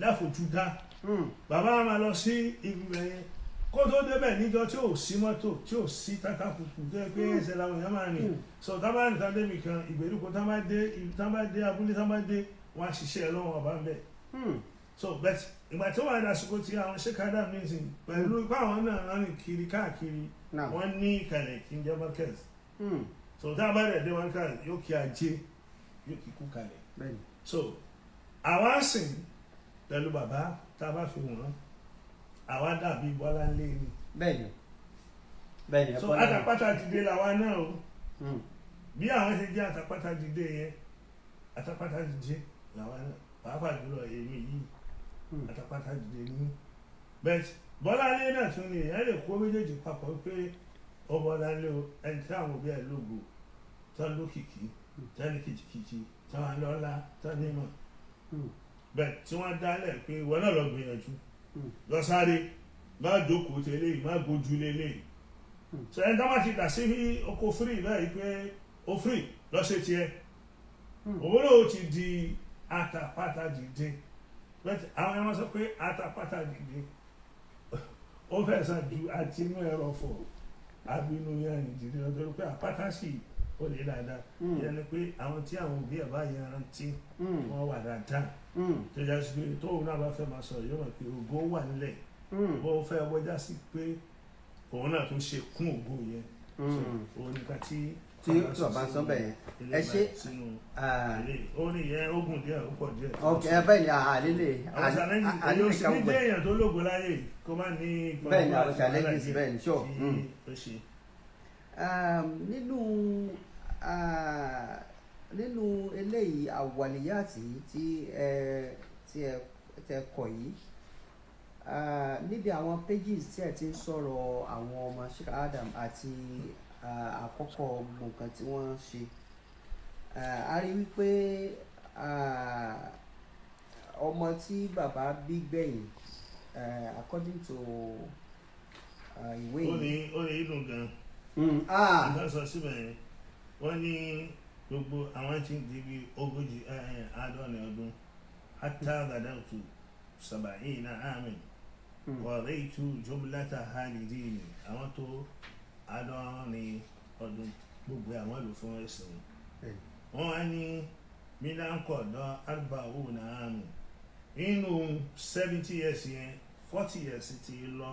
láfojúdá hmm. bàbá máa lọ sí ibi bẹ̀yẹn kó tó débẹ̀ níjọ́ tí ò sí mọ́tò tí ò sí tákà kùkù tó yẹ pé hmm. ẹsẹ̀ làwọn èèyàn máa rìn sọ tá bá rìn tá kan ìgbèríko tá bá dé tá bá dé abúlé tá bá dé wọn á ṣiṣẹ́ lọ́wọ́ ọba ń so but ìgbà tí wọn àdásùkò tí àwọn ṣèkádà mìíràn pẹ̀lú ipá àwọn náà rìn kiri káàkiri wọn ní ìkàlẹ̀ kí n jẹ́ markets Hmm. sọ̀tàn abáyọ̀ dé wọn kan yóò kí ajé yóò kí kú kalẹ̀ so àwa sìn pẹ̀lú bàbá tá a bá fi wọ́n àwa dàbí bọ́lá ńlẹ́ ni. so àtàpátá dìde làwa náà o hmm. bí àwọn ṣe jẹ́ àtàpátá dìde yẹn àtàpátá dìde làwa náà pàápàá jùlọ èmi yìí hmm. àtàpátá dìde ní bẹ́ẹ̀ bọ́lá ńlẹ́ náà tún ni ẹ̀ lè kó méjèèjì papọ̀ pé ọmọláńlé o ẹni tí àwọn òbí ẹ lógo tán lókìkí tán ní kìjìkìjì tán lọ́lá tán nímọ̀ hmm. bẹ́ẹ̀ tí wọ́n dálẹ̀ pé ìwọ náà lọ gbìyànjú hmm. lọ sáré má jókòó tẹ̀lé má gbójú lélẹ̀ sọ hmm. ẹni tó má ti dà sí oko firi náà pé o firi lọ ṣe tiẹ̀ òun náà ó ti di atapata dìde bẹ́ẹ̀ àwọn ẹ̀rọ sọ pé atapata dìde ó fẹ́ ju àtinú ẹ̀rọ fọ̀ abínú yẹn ìdílé ọjọ́ pé àpáta sì ó lè dáadáa hmm. yẹn ni pé àwọn tí àwọn òbí ẹ̀ bá yanrantí hmm. wọ́n wà dáadáa hmm. tó yà sí pé tóun náà bá fẹ́ máa sọ̀rọ̀ yóò mọ̀ pé ògo wà nílẹ̀ bó fẹ́ wọ́jà sí pé òun náà tún ṣe kún ògo yẹn òun nìkan tí tí tí ọba sọ bẹ́ẹ̀ ẹ ṣe. Ah. ó ní ìyẹn ogun díẹ̀ ó pọ̀ díẹ̀. ok bẹ́ẹ̀ ni àlele àlele kan ní déèyàn tó lógo láyè kó má ní. bẹ́ẹ̀ ni àwọn challenges bẹ́ẹ̀ ni sọ. Mm. Um, nínú ah, nínú eléyìí àwàlíyàtì tí ẹ tẹ kọ yìí ah, níbi àwọn pages tí ẹ ti ń sọ̀rọ̀ àwọn ọmọ Sheikh Adam àti àkọ́kọ́ gbogbo nǹkan tí wọ́n ṣe a rí wípé ọmọ tí bàbá bí gbẹ̀yìn according to ìwé yìí. ó ní ó ní inú gan. nǹkan hmm. sọ síbẹ̀ yẹn wọ́n ní gbogbo àwọn tí ń di bí ogójì àádọ́rin ọdún hátà gàdáàtù sàbàyìn náà àmì wọ̀rẹ́ ìtú jọ́bùlátà hàlì dìínì àwọn tó àádọ́rùn ní ọdún gbogbo àwọn ìlú fún ẹ̀sìn wọn wá ní mílíọ̀nkọ̀dọ̀ àgbà òun náà nù nínú seventy years yẹn forty years ti lọ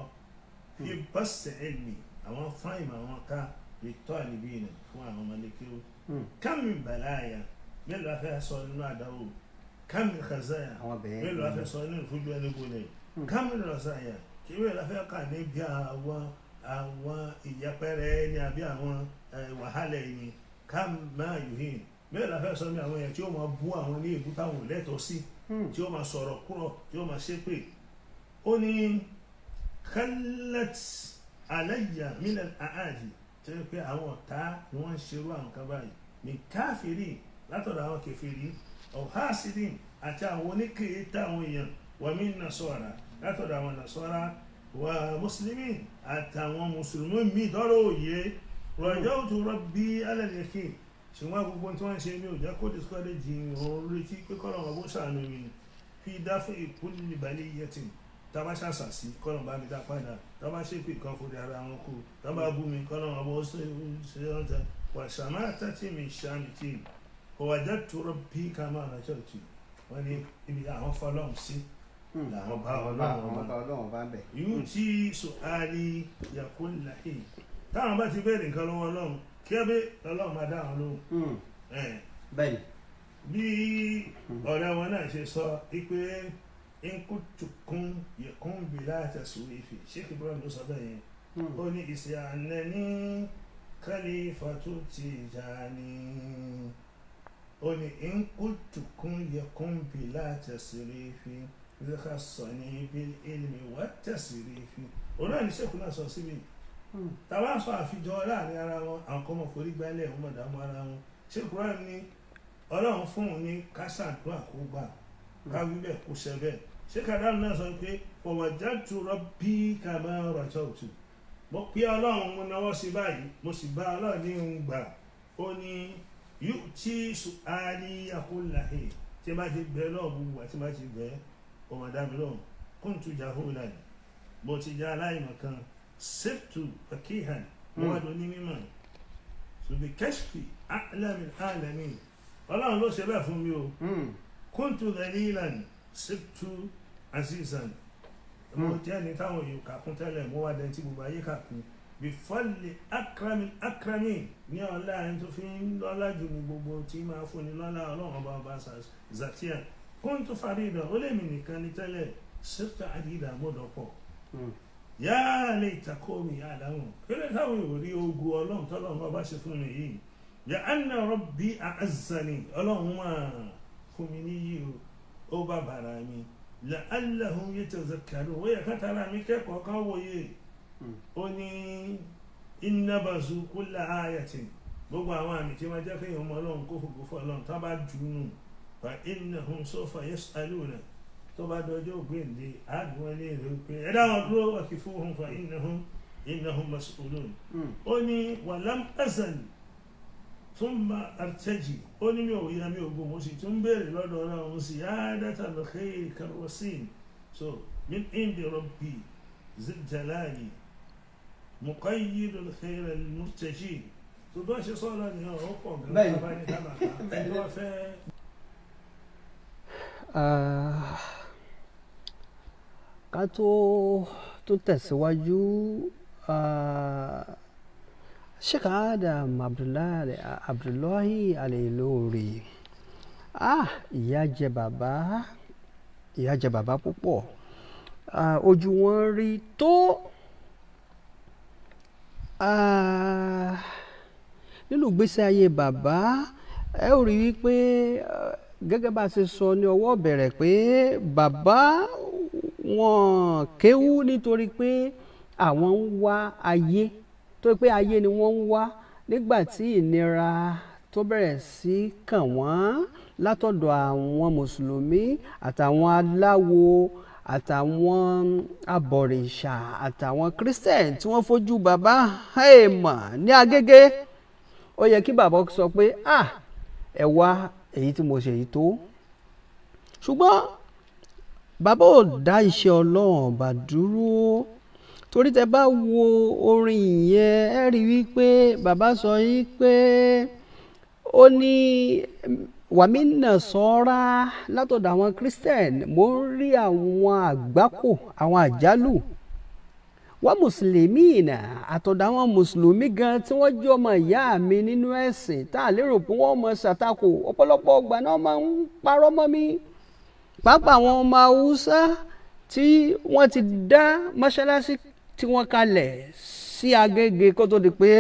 fi hmm. bọ́sẹ̀ ẹ̀mí àwọn fáìmù àwọn ká lè tọ́ àlebí nù fún àwọn ọmọlẹ́kẹ́ o kámi bàláyà mélòó afẹ́ sọ nínú àdáwò kámi kazaya mélòó afẹ́ sọ nínú ìfújú ẹni gbọ́dẹ̀ kámi lọ́sàyà kí wẹ́ẹ́ lọ́fẹ́ kà ní bí àwọn àwọn ìyẹpẹrẹ ẹni àbí àwọn wàhálà ẹ̀yìn ká máa yòóhìn mẹ́rin láfẹ́ sọ ní àwọn èèyàn tí ó máa bú àwọn ní ìbú táwọn lẹ́tọ̀ọ́ sí hmm. tí ó máa sọ̀rọ̀ kúrọ̀ tí ó máa ṣépè ó ní khallat alayya minal aadi tí ó pé àwọn ọ̀tá ni wọ́n ń ṣerú àwọn kan báyìí ní káfíìrì látọ̀dọ̀ àwọn kẹfìrì ọ̀hásídìn àti àwọn oníkèé táwọn èèyàn wàmí nasọ́ra látọ̀dọ̀ àwọn nasọ́ra wà mùsùlùmí àtàwọn mùsùlùmí mi dọ́rọ̀ òye rọ̀jọ́ tó rọ́bí alẹ́lẹ́kì ṣùgbọ́n gbogbo tí wọ́n ń ṣe mi ò jẹ́ kó discourage ìhàn retí pé kọ́nà ọ̀gbọ́n sàánú mi fi dáfẹ́ ìkúlù ìbàlẹ̀ yẹtì tábà ṣàṣà sí kọ́nà bá mi dá padà tábà ṣépè kan fòdì ara wọn kú tábà bú mi kọ́nà ọ̀gbọ́n ṣe ń tẹ wàṣàmá tàtí mi ṣàmì tì wàjà tó rọ́bí kàmá àràjọ́ tì wọ́n ní ibi àwọn fọlọ́ọ̀ sí làwọn hmm. bá ah, ọlọ́run bá bẹ̀. yóò hmm. tí sùhálì yàkó nàì táwọn bá ti bẹ̀rẹ̀ nǹkan lọ́wọ́ ọlọ́run kí ẹ bẹ́ ọlọ́run máa dá àwọn lóhùn. Hmm. bẹ́ẹ̀ni. bí ọ̀rẹ́ wọn náà ṣe sọ pé nkutukun yẹkun bìlá àtàsù ìfì ṣéèkì bọ́ọ̀lù ló sọ bẹ́ẹ̀ yẹn ó ní ìsì ànẹ́ní kálífàtú Tìjàní ó ní nkutukun yẹkun bìlá àtàsù ìfì. ذخصني بالعلم والتصريف òun náà ní sẹ́kù náà sọ síbi hmm. tàbá sọ àfijọ láàrin ara wọn àwọn kan mọ̀ forí gbálẹ̀ òun mọ̀ dààmú ara wọn sẹ́kù náà ní ọlọ́run fún òun ní kásàdúrà kó gbà ká hmm. wí bẹ́ẹ̀ kó ṣẹ bẹ́ẹ̀ sẹ́kù adáàlú náà sọ pé fawajadtu rabbi kama rajawtu mo pé ọlọ́run mo náwó sí báyìí mo sì bá ọlọ́run ní òun gbà ó ní yóò tí sùn á ní tí ẹ bá ti bẹ́ẹ̀ náà gbogbo àti má ti bẹ́ẹ̀ ọmọ dámi lóhùn kóńtù jahóòlà ni mo ti jẹ́ aláìmọ̀ kan sèptù pàkíhàn wọ́n ló ní mímọ̀ ṣùgbì kẹ́sìkì alẹ́mi alẹ́mi ọlọ́run ló ṣe bẹ́ẹ̀ fún mi o hmm. kóńtù dalilan sèptù azizan mo hmm. jẹ́ ẹni táwọn yòó kàkún tẹ́lẹ̀ mo wá dẹ́ntì gbogbo ayé kàkún bifọ́lì akrami akrami ní ọlá ẹni tó fi ń lọ́lá ju gbogbo tí máa fún ni lọ́lá ọlọ́run ọba ọba zatia kóńtù farida ó lèmi nìkan ní tẹ́lẹ̀ sírta àdìdà gbọ́dọ̀ pọ̀ yáa lè takómi àdáhùn kílẹ̀ táwọn ìwòrí ogun ọlọ́run tọ́lọ́run ọba ṣe fún mi yìí yà á nà rọ́bì àzàní ọlọ́run wà fún mi níyì ó bá bàrà mi là á làhùn yìí tẹ̀ zakaru ó yẹ kátàrà kẹ́kọ̀ọ́ kan wòye ó ní ìnàbàzù kúlà áyàtì gbogbo àwọn àmì tí wọ́n jẹ́ kéèyàn mọ́ ọlọ́run kó fògbó ọlọ́run tó bá jù ú fa innahum sawfa yas'aluna tó bá dọjọ́ gbèǹde àdùnwọ̀n lè rè pé ẹ dáwọn dúró waqifuhum fa innahum innahum mas'ulun hmm. ó ní walam azal thumma artaji ó ní mi ò yá mi ò gbó mo sì tún béèrè lọ́dọ̀ ọ̀rọ̀ àwọn sì yá dátà lọ́kẹ́ karwasin so min indi rabbi zil jalali مقيد الخير المرتجين تباشر صلاة نهار وقوم بين Ah, ká tó tó tẹ̀síwájú ah, Sheikh Adam Abdullahi Abdullahi Al-Ilory ah ìyà jẹ bàbá ìyà jẹ bàbá púpọ̀ ah, ojú wọn rí tó nínú ìgbésí ayé bàbá ẹ ó rí wípé. Uh, gẹ́gẹ́ bá a ṣe sọ ní ọwọ́ bẹ̀rẹ̀ pé bàbá wọn kéwú nítorí pé àwọn ń wá ayé tó pé ayé ni wọ́n ń wá nígbà tí ìnira tó bẹ̀rẹ̀ sí kàn wọ́n látọ̀dọ̀ àwọn mùsùlùmí àtàwọn aláwo àtàwọn abọ̀rìṣà àtàwọn christian tí wọ́n fojú bàbá èèmọ̀ ní Agége ó yẹ kí bàbá sọ pé ah ẹ wá èyí tí mo ṣe yìí tó ṣùgbọ́n bàbá ò dá iṣẹ́ ọlọ́run ọba dúró torí tẹ bá wo orin yẹn ẹ rí wípé bàbá sọ yìí pé ó ní wàmínà sọ́ra látọ̀dọ̀ àwọn christian mo ń rí àwọn àgbákò àwọn àjálù wọ́n mùsùlùmí ìnà àtọ̀dáwọn mùsùlùmí gan tí wọ́n jẹ́ ọmọ ìyá mi nínú ẹ̀sìn tá a lérò pé wọ́n mọ ṣàtakò ọ̀pọ̀lọpọ̀ ọgbà náà máa ń parọ́ mọ́ mi pàápàá àwọn ọmọ haúsá tí wọ́n ti dá mọ́ṣáláṣí tí wọ́n kalẹ̀ sí agége kó tó di pé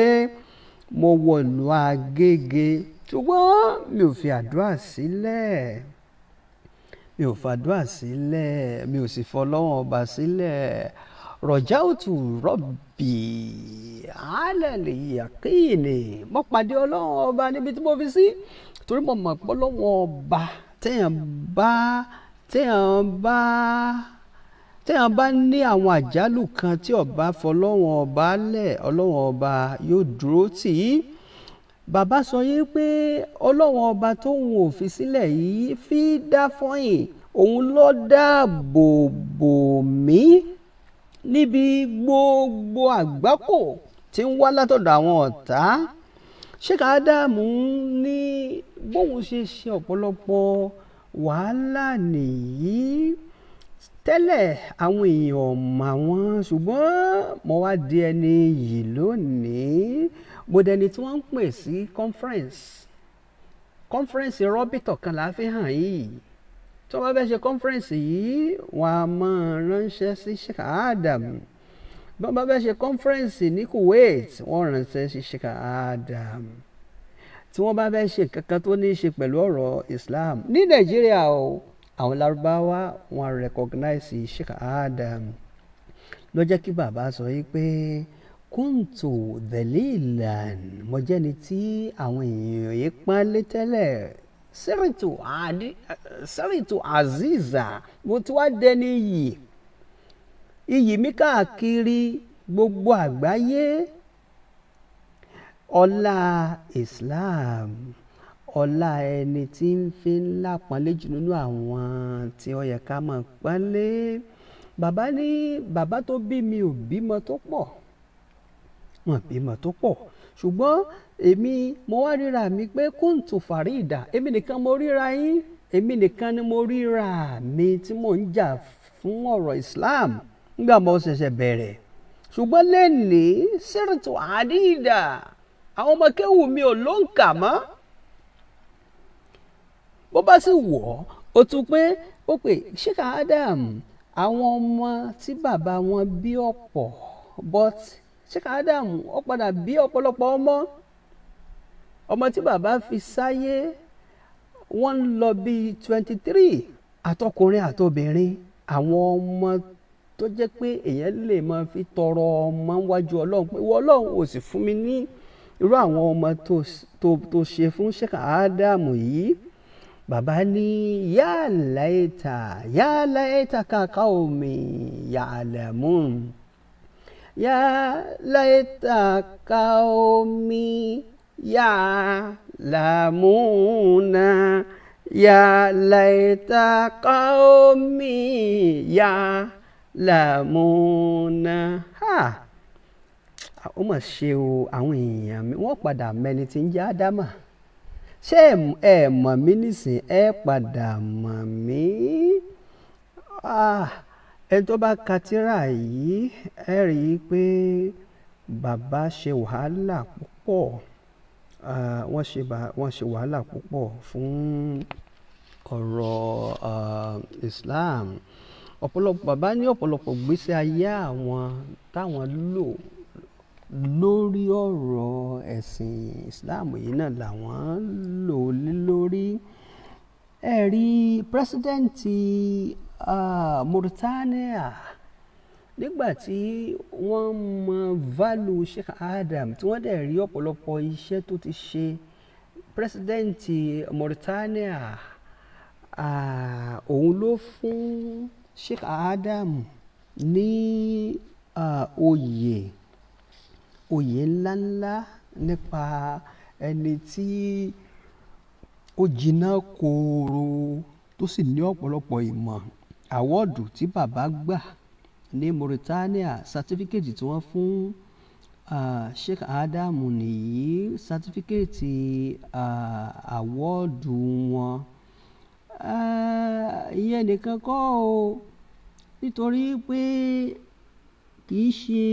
mo wọ̀lú agége ṣùgbọ́n mi ò fi àdúrà sílẹ̀ mi ò fàdúrà sílẹ̀ mi ò sì fọlọ́wọ́n ọba sílẹ̀. Si rọ̀jáùtù rọ̀bì alẹ́lẹ̀ yàkínì mo pàdé ọlọ́run ọba níbi tí mo fi sí torí mo mọ̀ pé ọlọ́run ọba téèyàn bá téèyàn bá téèyàn bá ní àwọn àjálù kan tí ọba fọlọ́run ọba lẹ̀ ọlọ́run ọba yóò dúró tì í bàbá sọ yìí pé ọlọ́run ọba tó ń wò fi sílẹ̀ yìí fi dá fọ́yìn òun ló dáàbò bò mí níbi gbogbo àgbákò tí ń wá látọ̀dọ̀ àwọn ọ̀tá Sheikh Adamu ní bóun ṣe ṣe ọ̀pọ̀lọpọ̀ wàhálà nìyí tẹ́lẹ̀ àwọn èèyàn mà wọ́n ṣùgbọ́n mo wá di ẹni yìí lónìí mo dẹni tí wọ́n ń pè sí conference conference rọ́bìtọ̀ kan la yìí tó bá fẹ́ ṣe conference yìí wọ́n á máa ránṣẹ́ sí Sheikh Adam bí wọ́n bá fẹ́ ṣe conference ní Kuwait wọ́n ránṣẹ́ sí Sheikh Adam tí wọ́n bá fẹ́ ṣe kankan tó ní í ṣe pẹ̀lú ọ̀rọ̀ Islam ní Nàìjíríà o àwọn Lárúbáwá wọ́n recognize Sheikh Adam ló jẹ́ kí bàbá sọ yìí pé kóńtò dẹ̀lí ìlànà mo jẹ́ni tí àwọn èèyàn yìí pọ́n lé sẹ́rìntù aziza mo ti wá dẹni iyì iyì mi káàkiri gbogbo àgbáyé ọlá islam ọlá ẹni tí ń fi ńlá pọ́nlé jù nínú àwọn tí ó yẹ ká máa pọ́nlé bàbá ní bàbá tó bí mi ò bímọ tó pọ̀ wọn bímọ tó pọ̀ ṣùgbọ́n èmi mo wá ríra mi pé kóńtù fàrídà èmi nìkan mo ríra yín èmi nìkan ni mo ríra mi tí mò ń jà fún ọ̀rọ̀ Islam nígbà mo ṣẹ̀ṣẹ̀ bẹ̀rẹ̀ ṣùgbọ́n lẹ́ni sírìtù àdìdà àwọn ọmọ kéwù mi ò ló ń kà mọ́ bó bá sì wọ̀ ọ́ ó tún pé ó pè Sheikh Adam àwọn ọmọ tí bàbá wọn bí ọ̀pọ̀ but Sheikh Adam ó padà bí ọ̀pọ̀lọpọ̀ ọmọ ọmọ tí bàbá fi sáyé wọ́n ń lọ bíi twenty three àtọkùnrin àtobìnrin àwọn ọmọ tó jẹ́ pé èèyàn lè máa fi tọrọ ọmọ wájú ọlọ́run pé wọ́n ọlọ́run ò sì fún mi ní irú àwọn ọmọ tó ṣe fún Sheikh Adam yìí bàbá ní yàlá ẹ̀ta yàlá ẹ̀ta kàkà omi ya'lamun. يا ليت قومي ya يا ليت قومي يعلمون ha ó mà ṣe o àwọn èèyàn mi wọ́n padà mẹni tí ń jẹ́ ádámà ṣé ẹ mọ̀ mí nísìn ẹ padà mọ̀ mí. Ah ẹni tó bá ka tírà yìí ẹ rí i pé bàbá ṣe wàhálà púpọ̀ wọ́n ṣe wọ́n ṣe wàhálà púpọ̀ fún ọ̀rọ̀ Islam ọ̀pọ̀lọpọ̀ bàbá ní ọ̀pọ̀lọpọ̀ gbésí ayé àwọn táwọn lò lórí ọ̀rọ̀ ẹ̀sìn Islam yìí náà làwọn lò lórí ẹ̀rí pírẹsidẹ́ǹtì uh, Mauritania nígbà tí wọ́n mọ value Sheikh Adam tí wọ́n dẹ̀ rí ọ̀pọ̀lọpọ̀ iṣẹ́ tó ti ṣe pírẹsidẹ́ǹtì Mauritania òun ló fún Sheikh Adam ní oyè oyè ńláńlá nípa ẹni tí ó jiná kooro tó sì ní ọ̀pọ̀lọpọ̀ ìmọ̀ àwọ́ọ̀dù tí bàbá gbà ní Mauritania sátífíkẹ́ẹ̀tì tí wọ́n fún Sheikh Adamu nìyí sátífíkẹ́ẹ̀tì àwọ́ọ̀dù wọn ìyẹn nìkan kọ́ o nítorí pé kì í ṣe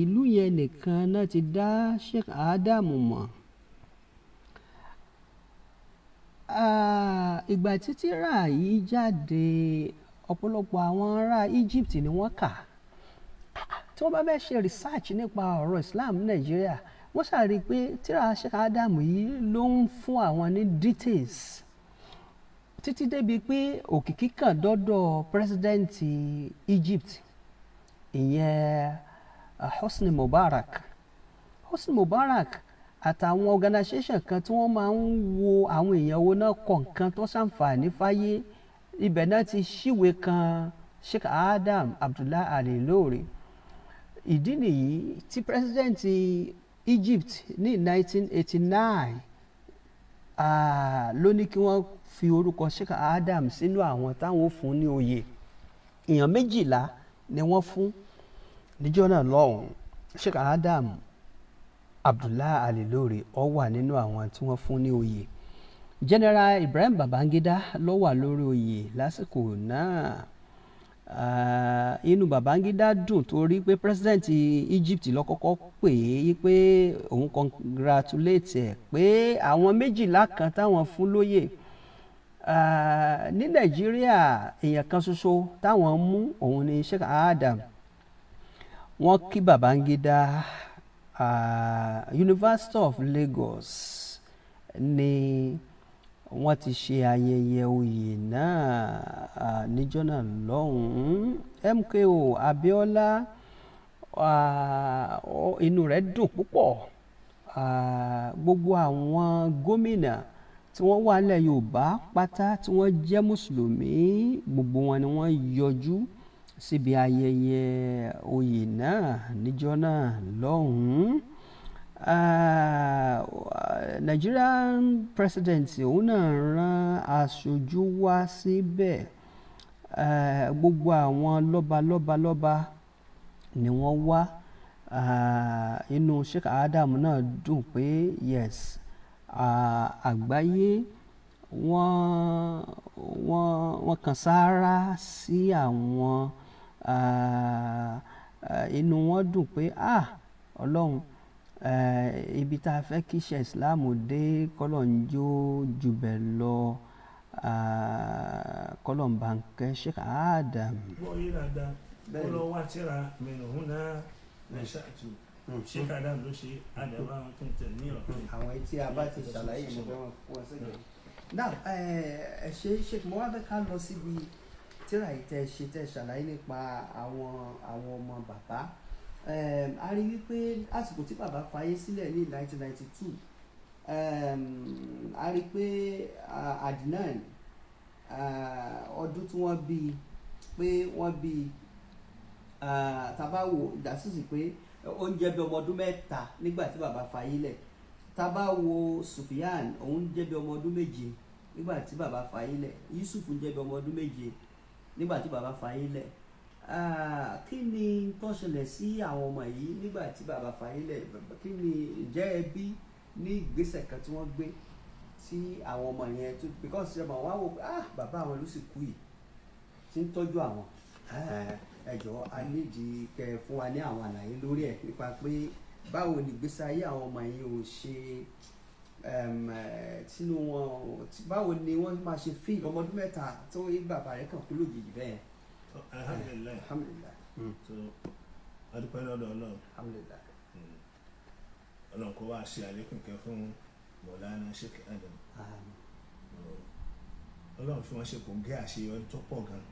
ìlú yẹn nìkan náà ti dá Sheikh Adamu mọ̀ ìgbà tí tírà yìí jáde ọ̀pọ̀lọpọ̀ àwọn ará Egypt ni wọ́n kà tí wọ́n bá bẹ́ẹ̀ ṣe research nípa ọ̀rọ̀ Islam Nàìjíríà wọ́n ṣàrí pé tíra Sheikh Adam yìí ló ń fún àwọn ní details títí débi pé òkìkí kan dọ́dọ̀ president Egypt ìyẹn uh, Hosni Mubarak Hosni Mubarak àtàwọn organization kan tí wọ́n máa ń wo àwọn èèyàn wo náà kọ̀ọ̀kan tó ṣàǹfààní fáyé ibẹ̀ náà ti ṣíwèé kan Sheikh Adam Abdullahi Ali Lóore ìdí nìyí tí president Egypt ní 1989 ló ní kí wọ́n fi orúkọ Sheikh Adam sínú àwọn táwọn ò fún ní oyè èèyàn méjìlá ni wọ́n fún níjọ́ náà lọ́hùn-ún Adam Abdullahi Ali Lóore ó wà nínú àwọn tí wọ́n fún ní oyè general Ibrahim Babangida ló wà lórí oyè lásìkò náà inú Babangida dùn torí pé president Egypt ló kọ́kọ́ pè é pé òun congratulate ẹ̀ pé àwọn méjìlá kan táwọn fún lóyè ní Nàìjíríà èèyàn kan ṣoṣo táwọn mú òun ni Sheikh Adam wọ́n kí Babangida University of Lagos ní wọ́n ti ṣe ayẹyẹ oyè náà níjọ́ náà lọ́hùn-ún MKO Abiola inú rẹ̀ dùn púpọ̀ gbogbo àwọn gómìnà tí wọ́n wà lẹ̀ Yorùbá pátá tí wọ́n jẹ́ mùsùlùmí gbogbo wọn ni wọ́n yọjú síbi ayẹyẹ oyè náà níjọ́ náà lọ́hùn-ún. Eh, Nigerian president òun náà rán aṣojú wá síbẹ̀ eh, gbogbo àwọn lọ́balọ́balọ́ba ni wọ́n wá eh, inú Sheikh Adam náà dùn pé yes àgbáyé wọ́n wọ́n wọ́n kan sáárá sí àwọn inú wọn dùn pé ah Ọlọ́run ibi tá a fẹ́ kí iṣẹ́ Islam dé kọ́lọ̀njó jùbẹ̀ lọ kọ́lọ̀nbankẹ́ Sheikh Adam. wọ́n yí dáadáa wọ́n lọ wá tíra mẹ́rùn-ún náà lẹ́sàtú hmm. Sheikh Adam ló ṣe àdàbà àwọn tó ń tẹ̀ ní ọ̀tún. àwọn etí a bá ti ṣàlàyé mo fẹ́ wọn fún now ẹ ṣe Sheikh mo wá fẹ́ ká lọ síbi tíra ìtẹ̀ ṣe tẹ̀ ṣàlàyé nípa àwọn ọmọ bàbá a rí wípé àsìkò tí bàbá fayé sílẹ̀ ní 1992 a rí pé Adnan ọdún tí wọ́n bí pé wọ́n bí tabawo ìdásísì pé oúnjẹ bí ọmọ ọdún mẹ́ta nígbà tí bàbá fayé lẹ̀ tabawo Sufyan òun jẹ́ bí ọmọ ọdún méje nígbà tí bàbá fayé lẹ̀ Yusuf ń jẹ́ bí ọmọ ọdún méje nígbà tí bàbá fayé lẹ̀ kí ni nǹkan ṣẹlẹ̀ sí àwọn ọmọ yìí nígbà tí bàbá fayilẹ̀ kí ni ìjẹ́ ẹbí ní ìgbésẹ̀ kan tí wọ́n gbé tí àwọn ọmọ yẹn tó because ṣe mọ̀ wá wò pé ah bàbá àwọn ló sì kú yìí tí ń tọ́jú àwọn ẹ jọ̀ọ́ a nídìí kẹ fún wa ní àwọn àlàyé lórí ẹ̀ nípa pé báwo ni ìgbésí ayé àwọn ọmọ yìí ò ṣe sínú wọn báwo ni wọ́n máa ṣe fíìl ọmọ ọdún mẹ́ta tó bàbá rẹ̀ kàn kú lójijì bẹ́ẹ̀ alhamdulilayi alhamdulilayi hmm. so adúpẹ́ lọ́dọ̀ ọlọ́run alhamdulilayi hmm. ọlọ́run kó wá ṣe àlékún kẹ fún mọ̀lánà ṣèkè adam hmm. ọlọ́run fún wọn ṣe kò ń gé àṣeyọrí tó pọ̀ gan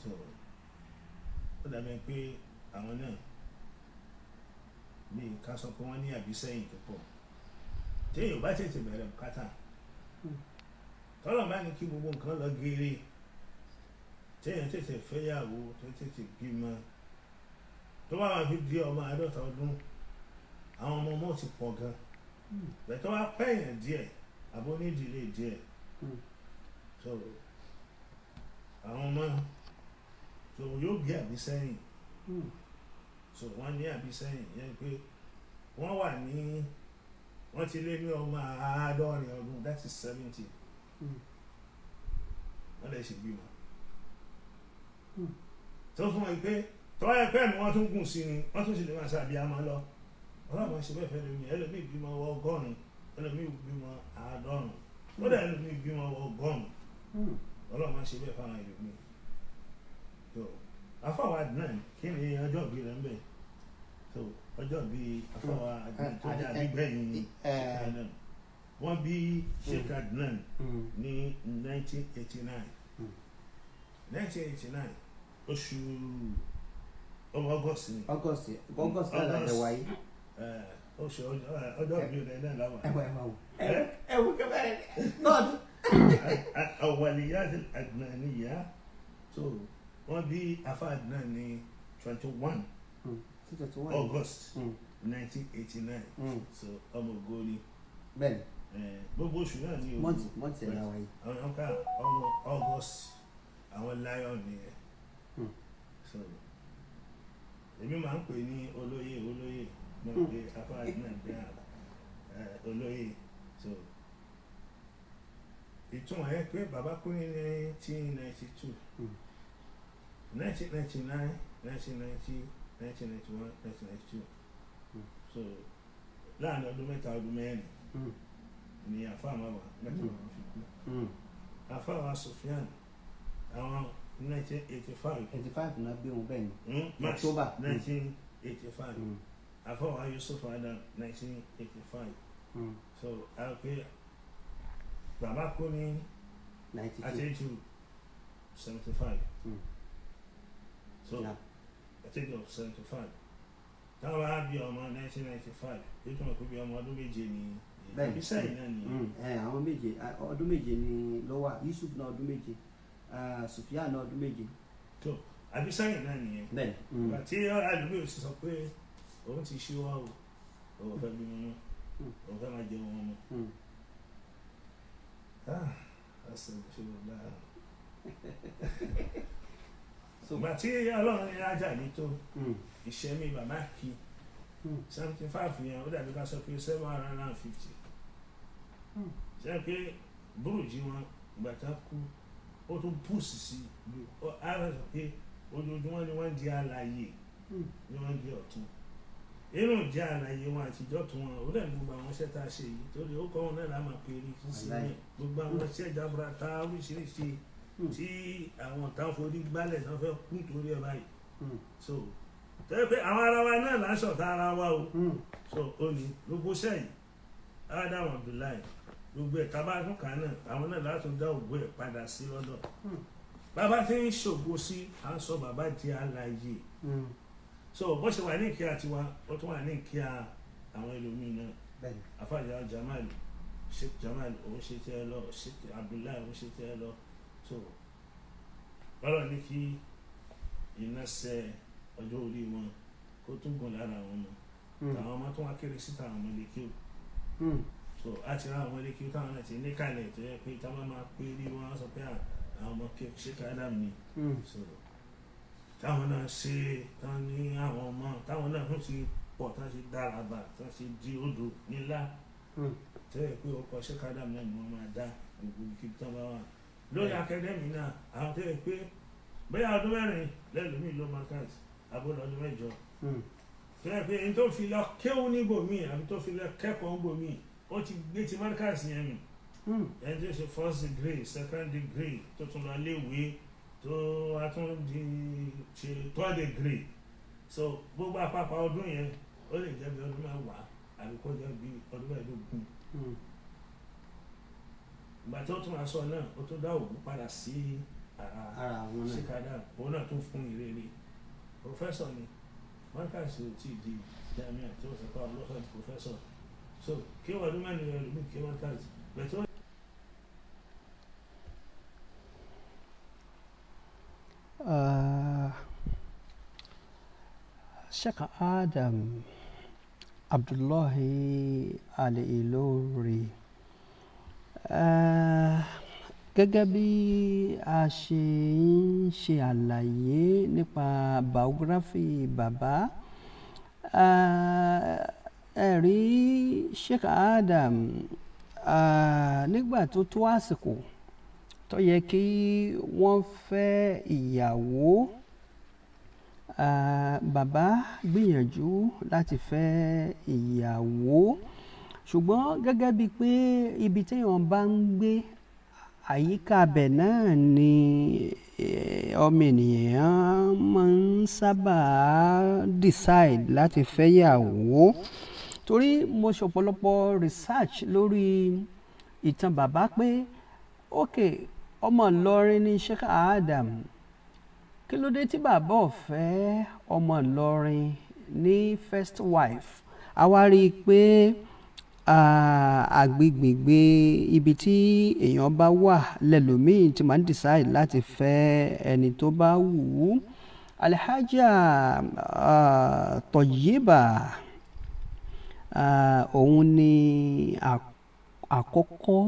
so ó dàbí pé àwọn náà mi ká sọ pé wọ́n ní àbísẹ́yìn tó pọ̀ téèyàn bá tètè bẹ̀rẹ̀ bùkátà tọ́lọ̀ bá ní kí gbogbo nǹkan lọ geere téèyàn tètè fẹ́yàwó tó tètè bímọ tó bá wà fi di ọmọ àádọ́ta ọdún àwọn ọmọ ọmọ ti pọ̀ gan bẹ̀tọ́ wá pẹ̀yàn díẹ̀ àbó nídìílé díẹ̀ tó àwọn ọmọ tó yóò gbé àbí sẹ́yìn tó wọ́n ní àbí sẹ́yìn yẹn pé wọ́n wà ní wọ́n ti lé ní ọmọ àádọ́rin ọdún that is seventy wọ́n lè ṣe bímọ tó fún wọn pé tọ́wọ́ yẹ pẹ́ẹ́nù wọn tún gùn sí ni wọ́n tún sì lè máa ṣàbí àmọ́ lọ ọlọ́mọ ṣe bẹ́ẹ̀ fẹ́ lómi ẹlòmíì bímọ wọ ọgọ́rùn-ún ẹlòmíì bímọ àádọ́rùn-ún kódà ẹlòmíì bímọ wọ ọgọ́rùn-ún hmm. ọlọ́mọ ṣe bẹ́ẹ̀ fáwọn ẹlòmíì tó afọwọ́ adnan kí ni ọjọ́ òbí rẹ̀ ń bẹ̀ tó ọjọ́ bí afọwọ́ adnan tó dà bí hmm. gbẹ̀yìn hmm. wọ́n bí sheikh adnan ní nineteen eighty nine. 1989 oṣù ọmọ august ni august mm, august náà làjẹ wáyé oṣù ọjọ́ ìbí rẹ̀ náà làwọn. ẹ wọ ẹ máa wò ẹ wò kẹfẹ rẹ god. àwàlíyá àdìnnàníyá so wọ́n bí afa àdìnnà ní twenty one hmm, august hmm. nineteen eighty nine hmm. so ọmọ ògo ni. bẹ́ẹ̀ni gbogbo oṣù náà ni ògo mọtì mọtì ẹ la wáyé. ọmọ august àwọn lion nìyẹn hmm. so èmi máa ń pè ní olóyè olóyè mo hmm. pè afáàdì náà gbé olóyè so ìtumọ̀ yẹn pé Baba kú ní nineteen ninety two hmm. nineteen ninety nine nineteen ninety nineteen ninety one nineteen ninety two so láàrin ọdún mẹ́ta ọdún mẹ́rin ni àfáà máa wà mẹ́ta ọdún fi kú àfáà wa àwọn nineteen eighty five. eighty five náà bí wọn bẹ́ẹ̀ ni. Hmm, march hmm. nineteen eighty five afọwọ́ hmm. yusuf adam nineteen eighty five so àpè bàbá kú ní àti two seventy five so àti two seventy five táwọn á bí ọmọ nineteen ninety five yóò tún ọkọ bí ọmọ ọdún méje ni bẹ́ẹ̀ bí sẹ́yìn náà ni. Eh, àwọn méje ọdún méje ni ló wà yusuf náà ọdún méje. Ah, sofia náà ọdún méje. tó àbí sáyẹn náà nìyẹn bẹ́ẹ̀ mm. àti àdúgbò yóò sọ pé òun ti ṣíwá o òun fẹ́ bímọ mọ́ mm. òun fẹ́ máa jẹ wọn mọ́. Mm. Ah, [LAUGHS] ìgbà tí ọlọ́run ní ajá ní tó iṣẹ́ mi bàbá kí seventy five yẹn ó dàbí ká sọ pé seven hundred and fifty ṣe pé burújí wọn ìgbà tá kú ó tún pùsì sí àwọn sọ pé ojoojúmọ́ ni wọ́n di àlàyé hmm. ni wọ́n di ọ̀tún inú ìjà àlàyé wọn àtijọ́ tún wọn ó lẹ́nu gbogbo àwọn iṣẹ́ tá a ṣe yìí torí ó kọ́ wọn náà láàmà pé eré sísè ní gbogbo àwọn iṣẹ́ ìjàmbá ta oríṣiríṣi hmm. tí àwọn táwọn forí gbálẹ̀ náà fẹ́ kú torí ẹ̀ báyìí hmm. so tẹ́lẹ̀ pé àwọn ara wa náà láṣọ̀ tá ara wa o so ó gbogbo sẹ́yìn Adam Abdullahi gbogbo ẹ̀ tá a bá tún kàn náà àwọn náà láti dá ògbó ẹ̀ padà sí lọ́dọ̀ hmm. bàbá tí ń ṣògo sí à ń sọ bàbá di alààyè hmm. so bó ṣe wà ní ìkíyà tiwa ó tún wà ní ìkíyà àwọn ẹlòmíín náà afáàjà Jamal Sheikh Jamal òun ṣe tẹ́ ẹ lọ Sheikh Abdullahi òun ṣe tẹ́ ẹ lọ so bọ́lá ní kí iná sẹ ọjọ́ orí wọn kó tún gùn lára wọn náà hmm. àwọn ọmọ tó wá kéré síta àwọn ọmọ ilé kí o so a ti rán àwọn ilé kí táwọn náà ti ní kàlẹ̀ tó yẹ pé táwọn máa pé bí wọ́n sọ pé àwọn ọmọ pé ṣéka adam ni hmm. so táwọn náà ṣe táwọn ní àwọn ọmọ táwọn náà tún ti pọ̀ tán ṣe dára bà tán ṣe di odò nílá hmm. tó yẹ pé ọkọ̀ ṣéka adam náà ni wọ́n máa dá gbogbo kí táwọn bá wà lórí hmm. akadẹ́mì náà àwọn tó yẹ pé bóyá ọdún mẹ́rin lẹ́lòmíì ló máa kàn abúlé ọdún mẹ́jọ tó yẹ pé n tó fi lọ kéwú níbòmíì àbí tó fi lọ kẹ́kọ̀ọ́ níbòmíì ó ti gbé ti markers yẹn mi hmm. ẹni tó ṣe first degree second degree tó tún lọ léwé tó a tún ṣe third degree so gbogbo àpapọ̀ ọdún yẹn ó lè jẹ́ bí ọdún mẹ́wàá àbí kó jẹ́ bí ọdún mẹ́ẹ̀ẹ́dógún hmm. ìgbà tó tún aṣọ náà ó tó dá òògùn padà sí ara síkádà òun náà tó fún ìrere professor ni markers ò tí ì di jamiu tó sọ pé ọlọ́sọ̀ professor so kí wọ́n ọdún mẹ́rin rẹ̀ lómi kí wọ́n Sheikh Adam Abdullahi Ali Ilori uh, gẹ́gẹ́ bí a ṣe ń ṣe àlàyé nípa biography bàbá. Uh, ẹ̀rí Sheikh Adam nígbà tó tó àsìkò tó yẹ kí wọ́n fẹ́ ìyàwó bàbá gbìyànjú láti fẹ́ ìyàwó ṣùgbọ́n gẹ́gẹ́ bíi pé ibi téèyàn bá ń gbé àyíká abẹ náà ni e, ọmọ ènìyàn máa ń sábà decide láti fẹ́yàwó. Mm torí mo ṣe ọ̀pọ̀lọpọ̀ research lórí ìtàn bàbá pé ok ọmọ Ìlọrin ni Sheikh Adam kí ló dé tí bàbá ò fẹ́ ọmọ Ìlọrin ní first wife a wá rí i pé àgbègbè ibi tí èèyàn bá wà lẹ́lòmíì tí màá decide láti fẹ́ ẹni tó bá wù ú Alhaja uh, Toyiba. Eh, òun ni àkọ́kọ́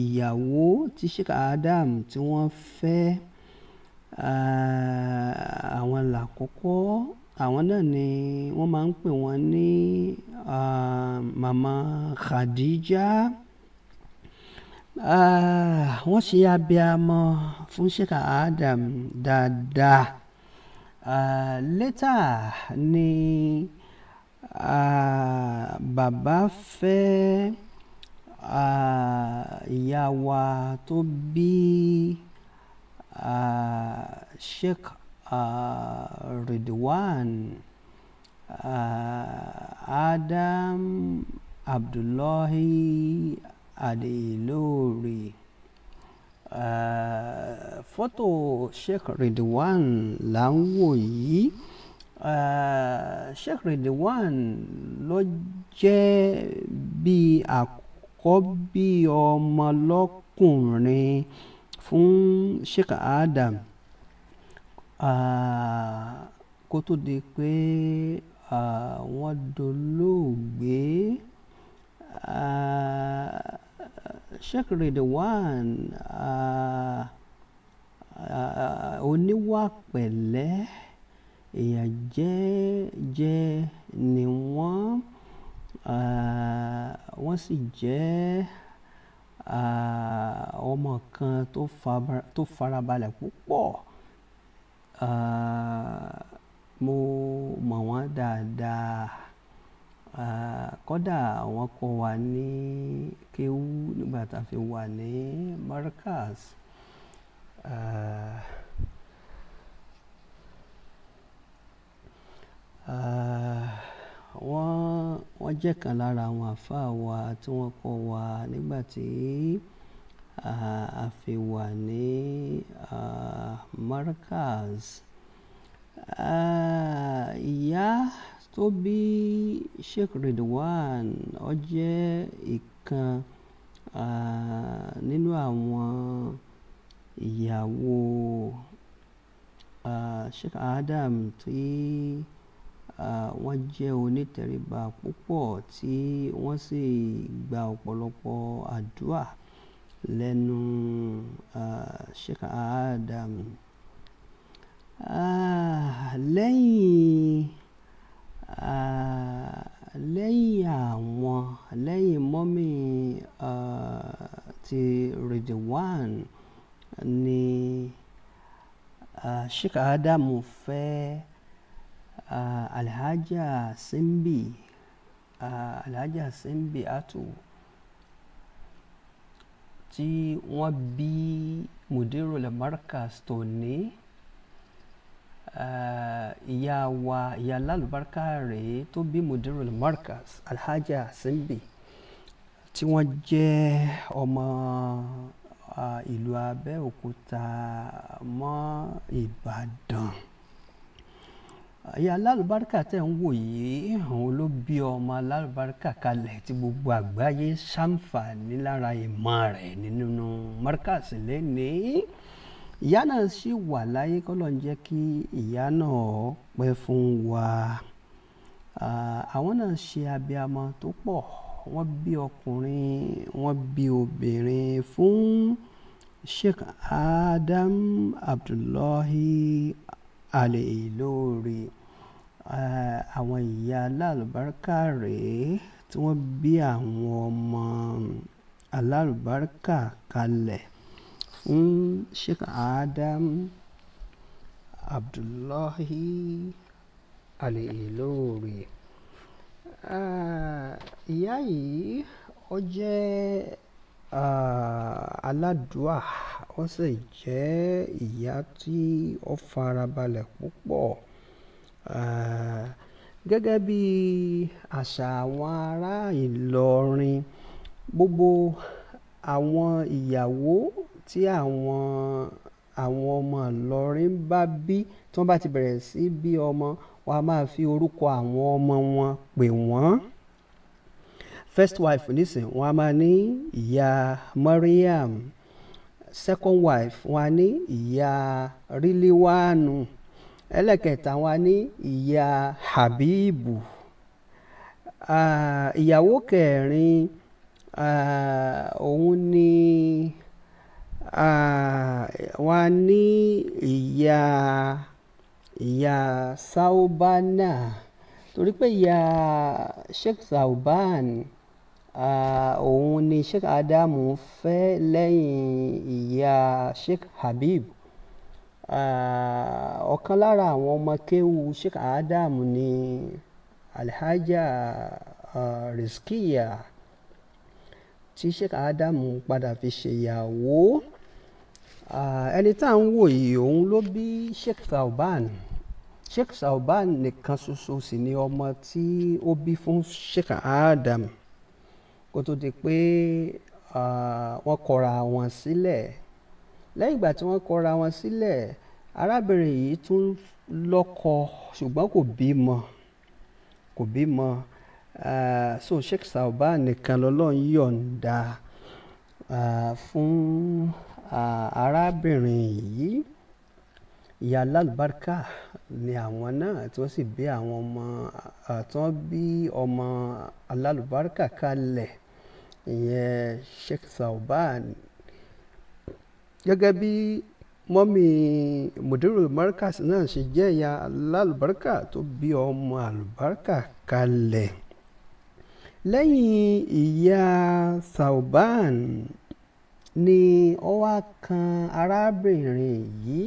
ìyàwó tí Sheikh Adam tí wọ́n fẹ́ eh, àwọn làkọ́kọ́ àwọn náà ni wọ́n máa ń pè wọ́n ní eh, mama Khadija wọ́n ṣe abiyamọ fún Sheikh Adam dáadáa later ni. Uh, bàbá fẹ́ ìyá wa tó bí Sheikh Ridwan Adam Abdullahi Adelori fọ́tò Sheikh Ridwan là ń wò yìí. Eh, Sheikh Ridwan ló jẹ́ bíi àkọ́bí ọmọ lọ́kùnrin fún Sheikh Adam eh, kó tó di pé eh, wọ́n dolóògbé Sheikh Ridwan oníwà pẹ̀lẹ́. Uh, uh, ìyà jẹ́ẹ́jẹ́ ni wọ́n um wọ́n sì jẹ́ um ọmọ kan tó fabara tó farabalẹ̀ púpọ̀ um mo mọ̀ wọ́n dáadáa um kódà àwọn kọ́ wa ní kéwú nígbà tá a fi wà ní Markaz. Uh, Ah, wọ́n wọ́n jẹ́ kan lára àwọn àfáà wa tí wọ́n kọ́ wa nígbà tí a fi wà ní Markaz ìyá tó bí Sheikh Ridwan ó jẹ́ ìkan nínú àwọn ìyàwó Sheikh Adam tí. Uh, wọ́n jẹ́ onítẹríba púpọ̀ tí wọ́n sì gba ọ̀pọ̀lọpọ̀ àdúà lẹ́nu Sheikh Adam. lẹ́yìn lẹ́yìn àwọn lẹ́yìn mọ́mì ti Ridwan ni Sheikh Adam fẹ́ẹ́ alhaja simbi uh, alhaja simbi atu, tí wọ́n bí mudiru lamarkas tó ní ìyá wa ìyá lálùbáríkà rèé tó bí mudiru lamarkas alhaja simbi tí wọ́n jẹ́ ọmọ ìlú abẹ́òkúta mọ́ ìbàdàn ìyá alálùbáríkà tẹ̀ ń wò yìí òun ló bí ọmọ alálùbáríkà kalẹ̀ tí gbogbo àgbáyé ṣàǹfààní lára ìmọ̀ rẹ̀ nínú Markaz lẹ́nìí ìyá náà ṣì wà láyé kọ́lọ̀ ń jẹ́ kí ìyá náà pẹ́ fún wa àwọn náà ṣe abiyamọ tó pọ̀ wọ́n bí ọkùnrin wọ́n bí obìnrin fún Sheikh Adam Abdullahi al Eh, àwọn ìyá alálùbáríkà rèé tí wọ́n bí àwọn ọmọ mm, alálùbáríkà kalẹ̀ fún Sheikh Adam Abdullahi Al-Ilory eh, ìyá yìí ó jẹ́ ah, aládùá ó sì jẹ́ ìyá tí ó farabalẹ̀ púpọ̀. Eh, gẹ́gẹ́ bí àṣà àwọn ará Ìlọrin gbogbo àwọn ìyàwó tí àwọn àwọn ọmọ Ìlọrin bá bí tí wọ́n bá ti bẹ̀rẹ̀ sí bí ọmọ wọn a máa fi orúkọ àwọn ọmọ wọn pè wọ́n first wife nísìn wọn a máa ní ìyá Mariam second wife wọn a ní ìyá Rílíwáànù. Really ẹlẹ́kẹta wa ní ìyá Habibu ìyàwó kẹrin òun ni wa ní ìyá ìyá Saubana torí pé ìyá Sheikh Sauban òun ni Sheikh Adamu fẹ́ lẹ́yìn ìyá Sheikh Habib Ah, ọ̀kan lára àwọn ọmọ kéwu Sheikh Adam ni Alhaja ah, Rizkiya tí Sheikh Adam padà fi ṣèyàwó ah, ẹni tá à ń wò yìí òun ló bí Sheikh Thaoban Sheikh Thaoban nìkan ṣoṣo sì ni ọmọ tí ó bí fún Sheikh Adam kó tó di pé wọ́n kọra wọn sílẹ̀. Si lẹ́yìn ìgbà tí wọ́n kọra wọn sílẹ̀ arábìnrin yìí tún lọ́kọ ṣùgbọ́n kò bímọ kò bímọ so Sheikh Saoba nìkan lọ́lọ́run yọ̀ǹda fún arábìnrin yìí ìyá lálùbáríkà ni àwọn náà tí wọ́n sì bí àwọn ọmọ tí wọ́n bí ọmọ alálùbáríkà kalẹ̀ ìyẹn Sheikh Saoba gẹ́gẹ́ bí mọ́mì mùdírù markas náà ṣe jẹ́ ìyá alálùbáríkà tó bí ọmọ àlùbáríkà kalẹ̀ lẹ́yìn ìyá sauban ni ó wá kan arábìnrin yìí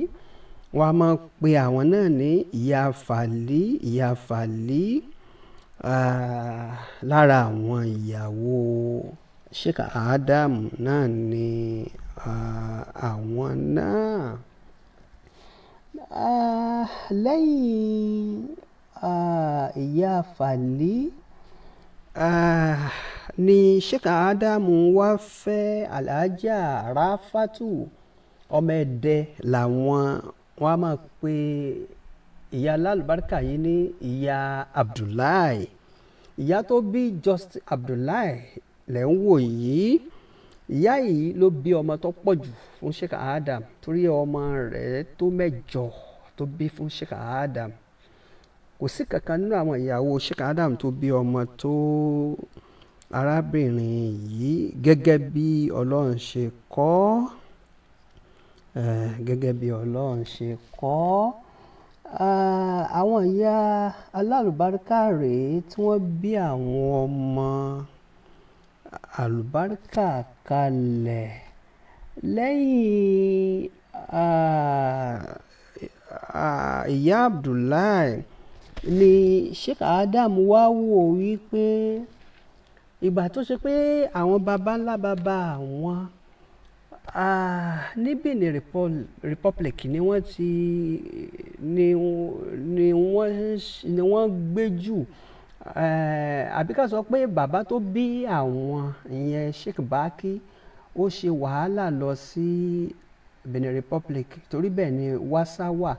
wọ́n a máa pe àwọn náà ní ìyá fàlí ìyá fàlí lára àwọn ìyàwó sheikh adam náà ni àwọn náà lẹ́yìn ìyá fàlí ni sheikh ádámù wá fẹ́ aláàjà ráfátù ọmọ ẹ̀dẹ làwọn wọn a máa pe ìyá lálùbáríkà yìí ní ìyá abdullahi ìyá tó bí just abdullahi lẹ́ ń wò yìí ìyá yìí ló bí ọmọ tó pọ̀ jù fún Sheikh Adam torí ọmọ rẹ̀ tó mẹ́jọ tó bí fún Sheikh Adam kò sí kankan nínú àwọn ìyàwó Sheikh Adam tó bí ọmọ tó arábìnrin yìí gẹ́gẹ́ bí Ọlọ́run ṣe kọ́ gẹ́gẹ́ bí Ọlọ́run ṣe kọ́ àwọn ìyá alálùbáríkà rèé tí wọ́n bí àwọn ọmọ àlùbáríkà kalẹ̀ lẹ́yìn ìyá abdullahi ni sheikh adam wá wò wípé ìgbà tó ṣe pé àwọn baba ńlá baba àwọn ní Benin Republic ni wọ́n ti ni wọ́n gbé jù. Eh, àbí ká sọ pé bàbá tó bí àwọn ìyẹn Sheikh Baki ó ṣe wàhálà lọ sí Benin Republic torí bẹ́ẹ̀ ni wàsá wà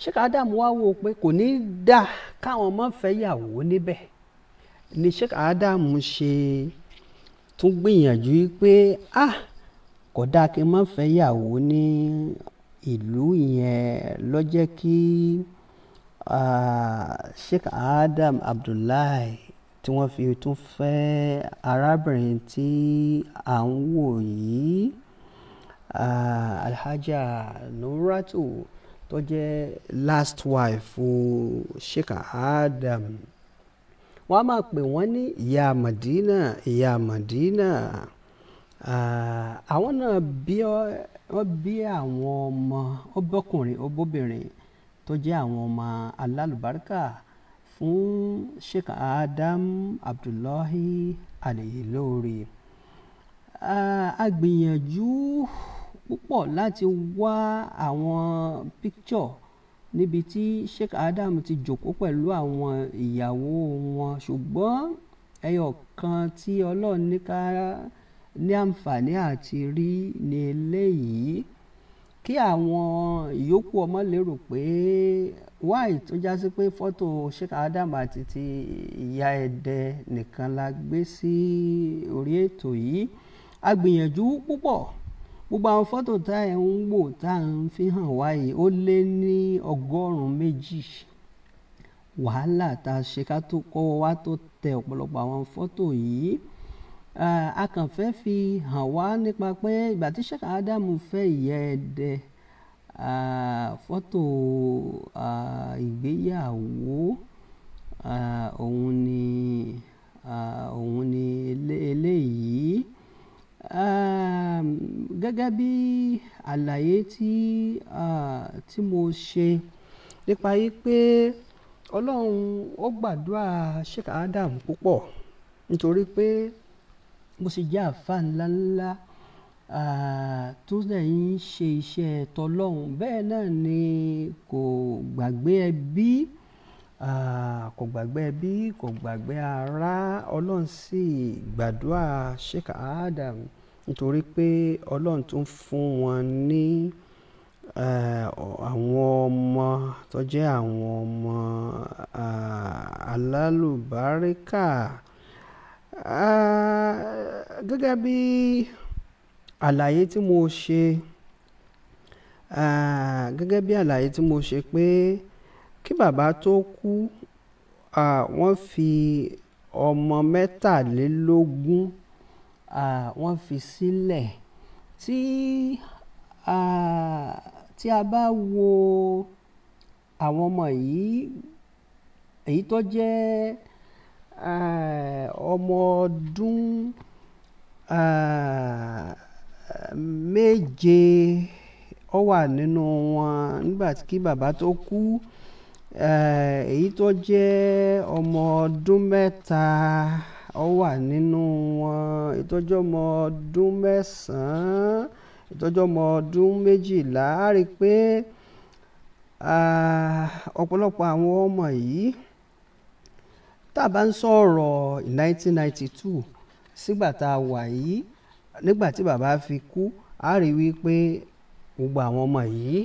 Sheikh Adam wá wò pé kò ní dà káwọn má fẹ́ yàwó níbẹ̀ ni Sheikh Adam ṣe tún gbìyànjú pé ah kò dáa kí n má fẹ́ yàwó ní ìlú yẹn ló kí. Ki Sheikh Adam Abdullahi tí wọ́n fi tún fẹ́ arábìnrin tí à ń wò yìí Alhaja Nuratu tó jẹ́ last wife Sheikh Adam wọ́n á máa pè wọ́n ní ìyá Madina ìyá Madina àwọn náà bí àwọn ọmọ ọbọkùnrin ọbọbìnrin tó jẹ́ àwọn ọmọ alálùbáríkà fún Sheikh Adam Abdullahi Al-Ilory a gbìyànjú púpọ̀ láti wá àwọn picture níbi tí Sheikh Adam ti jòkó pẹ̀lú àwọn ìyàwó wọn ṣùgbọ́n ẹyọ kan tí Ọlọ́run ní ká ní àǹfààní àti rí ní eléyìí kí àwọn ìyókù ọmọ lérò pé wáì tó já sí pé fọ́tò Sheikh Adam àti ti ìyá ẹ̀dẹ nìkan la gbé sí orí ètò yìí a gbìyànjú púpọ̀ gbogbo àwọn fọ́tò tá ẹ̀ ń wò tá à ń fi hàn wáyé ó lé ní ọgọ́rùn-ún méjì wàhálà tá a ṣe ká tó kọ́ wa tó tẹ ọ̀pọ̀lọpọ̀ àwọn fọ́tò yìí a kàn fẹ́ fi hàn wá nípa pé ìgbà tí Sheikh Ádámù fẹ́ ìyá ẹdẹ fọ́tò ìgbéyàwó òun ni òun ni eléyìí gẹ́gẹ́ bí àlàyé tí tí mo ṣe nípa yí pé ọlọ́run ó gbàdúrà Sheikh Ádámù púpọ̀ nítorí pé bó ṣe jẹ́ àáfàá ńláńlá tó dẹ̀ ń ṣe iṣẹ́ tọlọ́hun bẹ́ẹ̀ náà ni kò gbàgbé ẹbí kò gbàgbé ẹbí kò gbàgbé ará ọlọ́run sì gbàdúrà Sheikh Adam nítorí pé ọlọ́run tó ń fún wọn ní àwọn ọmọ tó jẹ́ àwọn ọmọ alálùbáríkà. Uh, gẹ́gẹ́ bí àlàyé tí mo ṣe gẹ́gẹ́ bí àlàyé tí mo ṣe pé kí bàbá tó kú wọ́n fi ọmọ mẹ́tàlélógún wọ́n fi sílẹ̀ tí tí a bá wo àwọn ọmọ yìí èyí tó jẹ́ Eh, ọmọ ọdún eh, méje ó wà nínú wọn nígbà tí kí bàbá tó kú eh, èyí tó jẹ́ ọmọ ọdún mẹ́ta ó wà nínú wọn èyí ọmọ ọdún mẹ́sàn-án èyí ọmọ ọdún méjìlá rí i pé ọ̀pọ̀lọpọ̀ àwọn ọmọ yìí tá a bá ń sọ̀rọ̀ 1992 sígbà tá a wà yìí nígbà tí bàbá fi kú a rí wípé gbogbo àwọn ọmọ yìí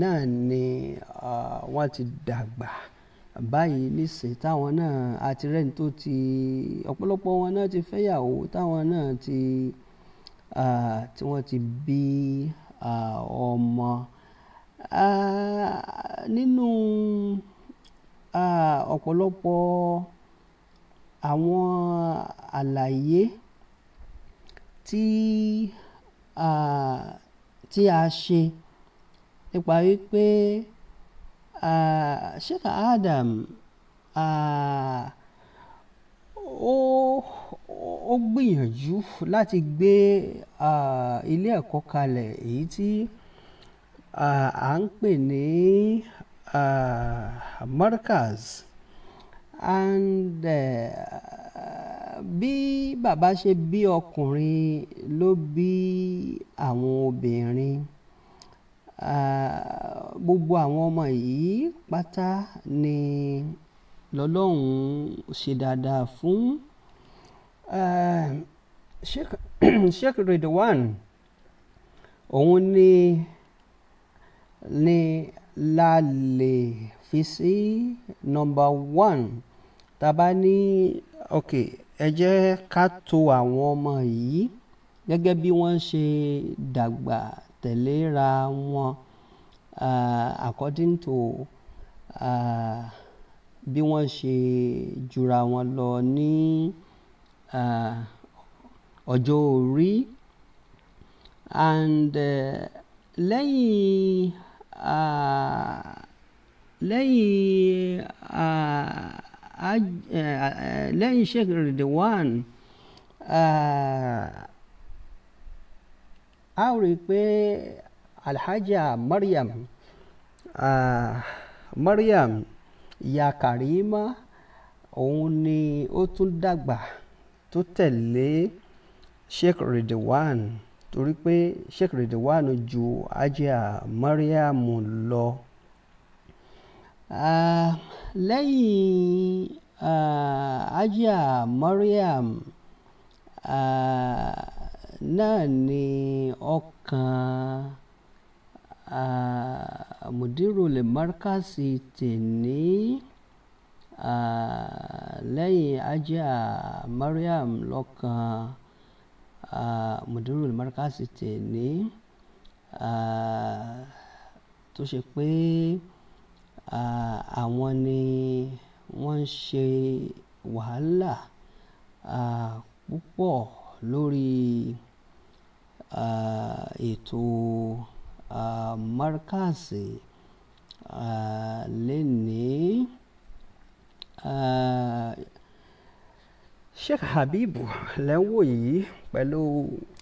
náà ni wọ́n ti dàgbà báyìí níṣẹ́ táwọn náà àti rẹ́ni tó ti ọ̀pọ̀lọpọ̀ wọn náà ti fẹ́yàwó táwọn náà ti tí wọ́n ti bí ọmọ nínú ọ̀pọ̀lọpọ̀ àwọn àlàyé tí um tí a ṣe nípa wípé um Adam um ó ó gbìyànjú láti gbé um ilé ẹ̀kọ́ kalẹ̀ èyí tí à ń pè ní Uh, Markers and uh, bí bàbá ṣe bí ọkùnrin ló bí àwọn obìnrin uh, gbogbo àwọn ọmọ yìí pátá ni lọ́lọ́run ṣe dáadáa fún [CLEARS THROAT] Sheikh Ridwan òun ni ni la lè fi sí number one tá a bá ní ok ẹ jẹ́ ká tò àwọn ọmọ yìí gẹ́gẹ́ bí wọ́n ṣe dàgbà tẹ̀léra wọn uh, according to uh, bí wọ́n ṣe jura wọn lọ ní uh, ọjọ́ orí and uh, lẹ́yìn lẹ́yìn lẹ́yìn Sheikh Ridwan a rí i pé alhaja Maryam Maryam ìyá Karima òun ni ó tún dàgbà tó tẹ̀lé Sheikh Ridwan torí pé Sheikh Ridwan ju Hajiya Mariam lọ. Uh, lẹ́yìn uh, Hajiya Mariam uh, náà ni ọkàn uh, mudirule markasi tèní uh, lẹ́yìn Hajiya Mariam lọ́kàn. Uh, mùdírù markazi tèní tó ṣe pé àwọn ni wọ́n ń ṣe wàhálà púpọ̀ lórí ètò markazi lénìí. Sheikh Habibu lẹ́wọ̀ yìí pẹ̀lú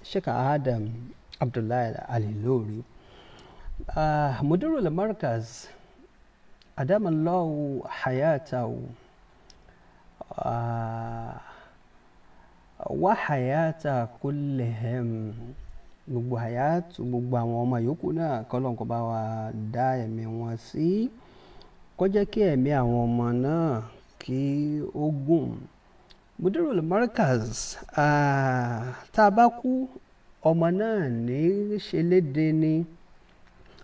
Sheikh Adam Abdullahi Alilori. ilory uh, ah, mudiru al-markaz adama Allahu wa hayata kullihim gbogbo hayat gbogbo àwọn ọmọ yòókù náà kọ́lọ́n kó bá wa dá ẹ̀mí wọn sí kó kí ẹ̀mí àwọn ọmọ náà kí ó gùn mudirul markaz tá a bá kú ọmọ náà ní ṣe léde ni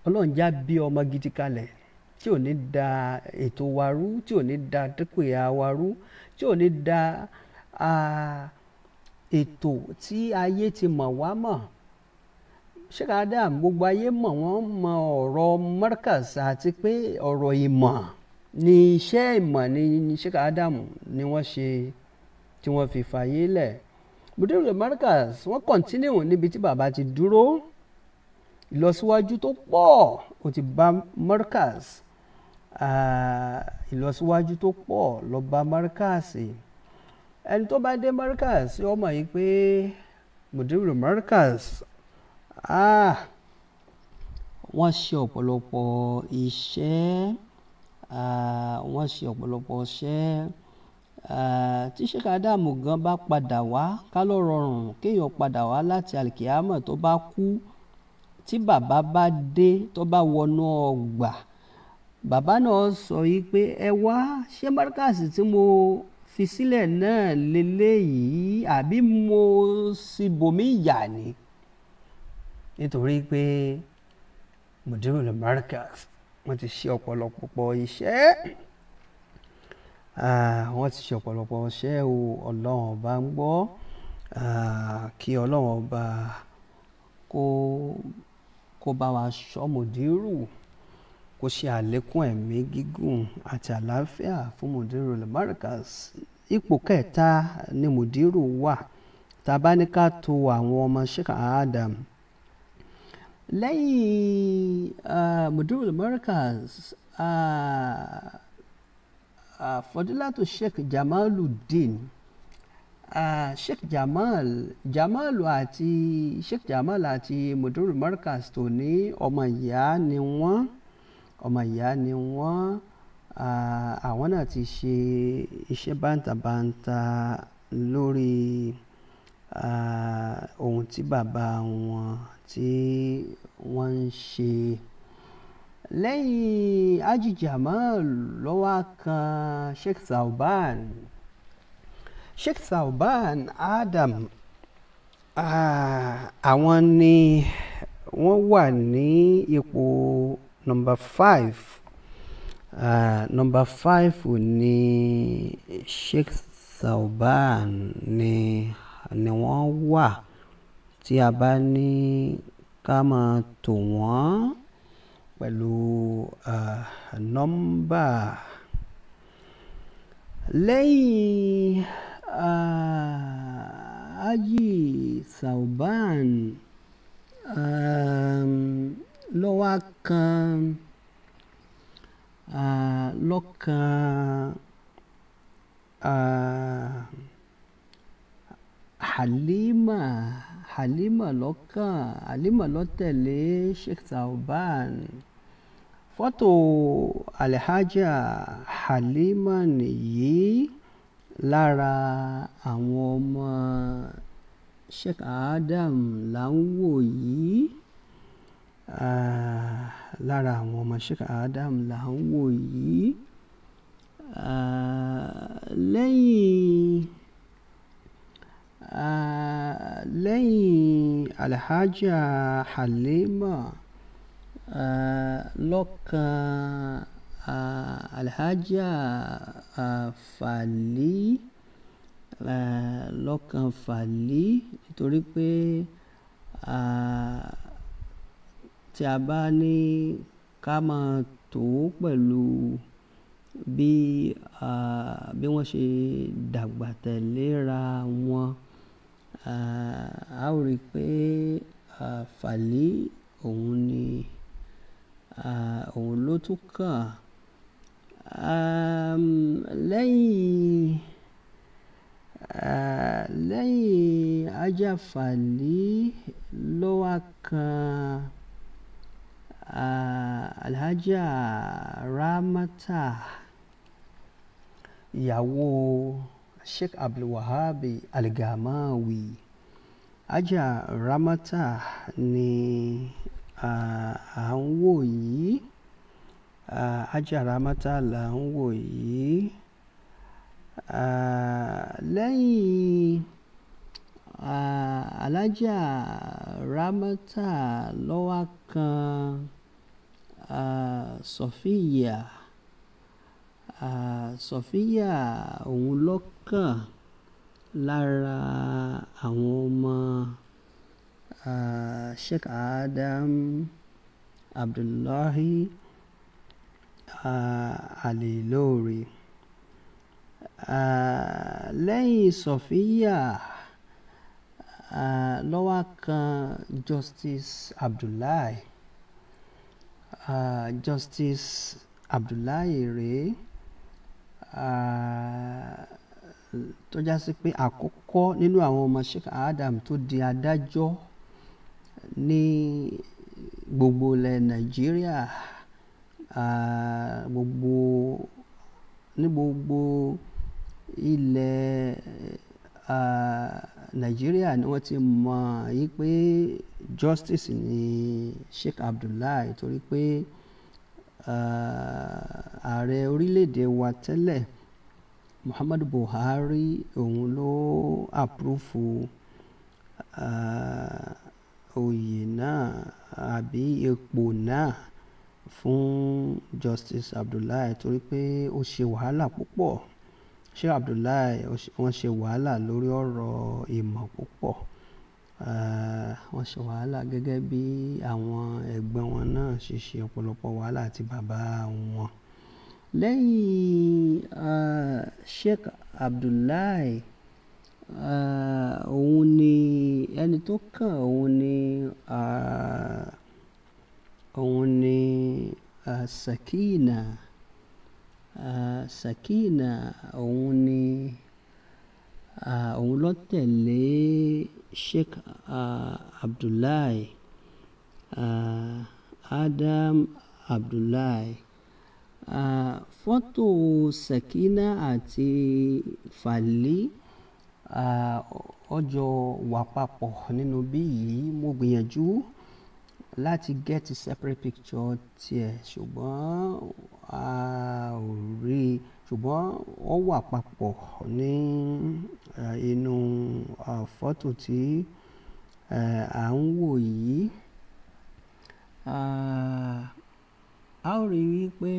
ọlọ́run bí ọmọ gidi kalẹ̀ tí ò ní da ètò wa rú tí ò ní da dúkìá wa rú tí ò ní da ètò tí ayé ti mọ̀ wá mọ̀ Sheikh Adam gbogbo ayé mọ̀ wọ́n mọ ọ̀rọ̀ markaz àti pé ọ̀rọ̀ ìmọ̀ ni iṣẹ́ ìmọ̀ ni Sheikh Adam ni wọ́n ṣe tí wọ́n fi fàyè lẹ̀ Mudiru Markaz wọ́n kọ̀ntínìù níbi tí bàbá ti dúró ìlọsíwájú tó pọ̀ ó ti bá Markaz ìlọsíwájú tó pọ̀ lọ bá Markaz ẹni tó bá dé Markaz ó mọ̀ yìí pé Mudiru Markaz wọ́n ṣe ọ̀pọ̀lọpọ̀ iṣẹ́ wọ́n ṣe ọ̀pọ̀lọpọ̀ iṣẹ́. Eh, tíṣẹ́ka Ádámù gan bá padà wá ká ló rọrùn kéèyàn padà wá láti alikiyama tó bá kú tí bàbá bá dé tó bá wọnú ọgbà bàbá náà sọ yìí pé ẹ wá ṣé márkàsì tí mo fi sílẹ̀ náà leléyìí àbí mo sì bòmí yà ni nítorí pé mùdírù lè márkàsì wọ́n ti ṣe ọ̀pọ̀lọpọ̀ iṣẹ́ wọ́n ti ṣe ọ̀pọ̀lọpọ̀ ṣẹ́ o ọlọ́run ọba ń gbọ́ kí ọlọ́run ọba kó kó bá wa ṣọ́ mòdírù kó ṣe àlékún ẹ̀mí gígùn àti àlàáfíà fún mòdírù lamarcus ipò kẹta ni mòdírù wà tá a bá ní ká to àwọn ọmọ sheikh adam lẹ́yìn mòdírù lamarcus uh, ah, fọdúlàtò sheikh jamaludeen uh, ah, sheikh jamal jamalu àti sheikh jamal àti mudur markaz tó ní ọmọ ìyá ni wọ́n ọmọ ìyá ni wọ́n ah, àwọn náà ti ṣe iṣẹ́ bántabanta lórí ohun tí bàbá wọn tí wọ́n ń ṣe. Uh, lẹ́yìn Haji Jamal kan Sheikh Sauban, Sheikh Sauban, Adam àwọn ni wọ́n wà ní ipò nọmba five uh, nọmba five ni Sheikh Sauban ni ni wọ́n wà tí a bá ní ká máa tò wọ́n pẹ̀lú nọ́mbà lẹ́yìn Haji Sauban lọ́wọ́ kan lọ́kàn Halima Halima lọ́kàn Halima ló tẹ̀lé Sheikh Sauban fọ́tò alhaja halima nìyí lára àwọn ọmọ sheikh adam là ń wò yìí lára àwọn ọmọ sheikh adam là yìí lẹ́yìn lẹ́yìn alhaja halima lọ́kàn eh, alhaja eh, fàlí eh, lọ́kàn Fali nítorí pé tí a bá ní ká máa tò ó pẹ̀lú bí bí wọ́n ṣe dàgbà tẹ̀léra wọn a ó rí i pé fàlí òun ni. Ah, òun ló tún kàn lẹ́yìn ah, lẹ́yìn ajáfàlì ló wá kan ah, alhaja ramata ìyàwó sheikh abdulwahabi algamawi aja ramata ni à ń wò yìí Hajara Mata là ń wò yìí lẹ́yìn Alhaja Ramata ló kan Sofia Sofia òun ló kàn lára àwọn ọmọ uh, Sheikh Adam Abdullahi uh, ah, Ali Lori uh, ah, lẹ́yìn Sofiya uh, lọ́wọ́ kan Justice Abdullahi uh, Justice Abdullahi rèé tó já sí pé àkọ́kọ́ nínú àwọn ọmọ Sheikh Adam tó di adájọ́ ní gbogbo ilẹ̀ Nàìjíríà, à, gbogbo, ní gbogbo ilẹ̀, à, Nàìjíríà ni wọ́n ti mọ̀ wípé justice ni Sheikh Abdullahi torí pé, à, ààrẹ orílẹ̀ èdè wa tẹ́lẹ̀ Muhammadu Buhari òun ló approve, oyè náà àbí ipò náà fún Justice Abdullahi torí pé ó ṣe wàhálà púpọ̀ ṣé Abdullahi wọ́n ṣe wàhálà lórí ọ̀rọ̀ ìmọ̀ púpọ̀ wọ́n ṣe wàhálà gẹ́gẹ́ bí àwọn ẹ̀gbọ́n wọn náà ṣe ṣe ọ̀pọ̀lọpọ̀ wàhálà àti bàbá wọn lẹ́yìn Sheikh Abdullahi. Eh, òun ni ẹni tó kàn òun ni eh, òun ni eh, Sakina Sakina òun ni òun ló tẹ̀lé Sheikh Abdullahi Adam Abdullahi fọ́tò Sakina àti Fali ọjọ́ wà papọ̀ nínú bí yìí mo gbìyànjú láti get a separate picture tiẹ̀ ṣùgbọ́n a ò rí i ṣùgbọ́n ó wà papọ̀ ní inú fọ́tò tí à ń wò yìí a ó rí i pé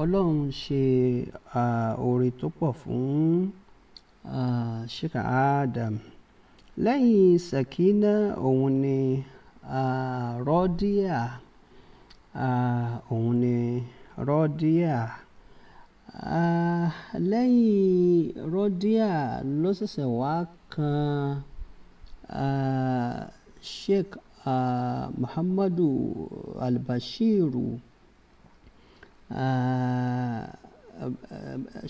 ọlọ́run ṣe oore tó pọ̀ fún. shika Adam lẹ́yìn Sakina òun ni Rọ́díà òun ni Rọ́díà lẹ́yìn Rọ́díà ló ṣẹ̀ṣẹ̀ wá kan Sheikh Muhammadu Albashiru. Uh,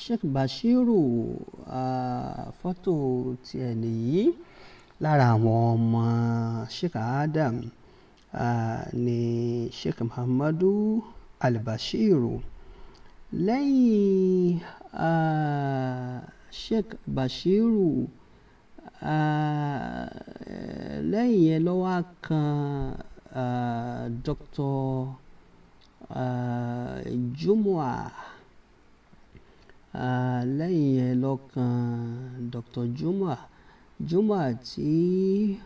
Sheikh Bashiru fọ́tò tiẹ̀ nìyí lára àwọn ọmọ Sheikh Adam ni Sheikh Muhammadu Al-Bashiru lẹ́yìn Sheikh Bashiru lẹ́yìn yẹn ló kan Dr. Jumua lẹ́yìn yẹn ló Dr. Juma Juma tí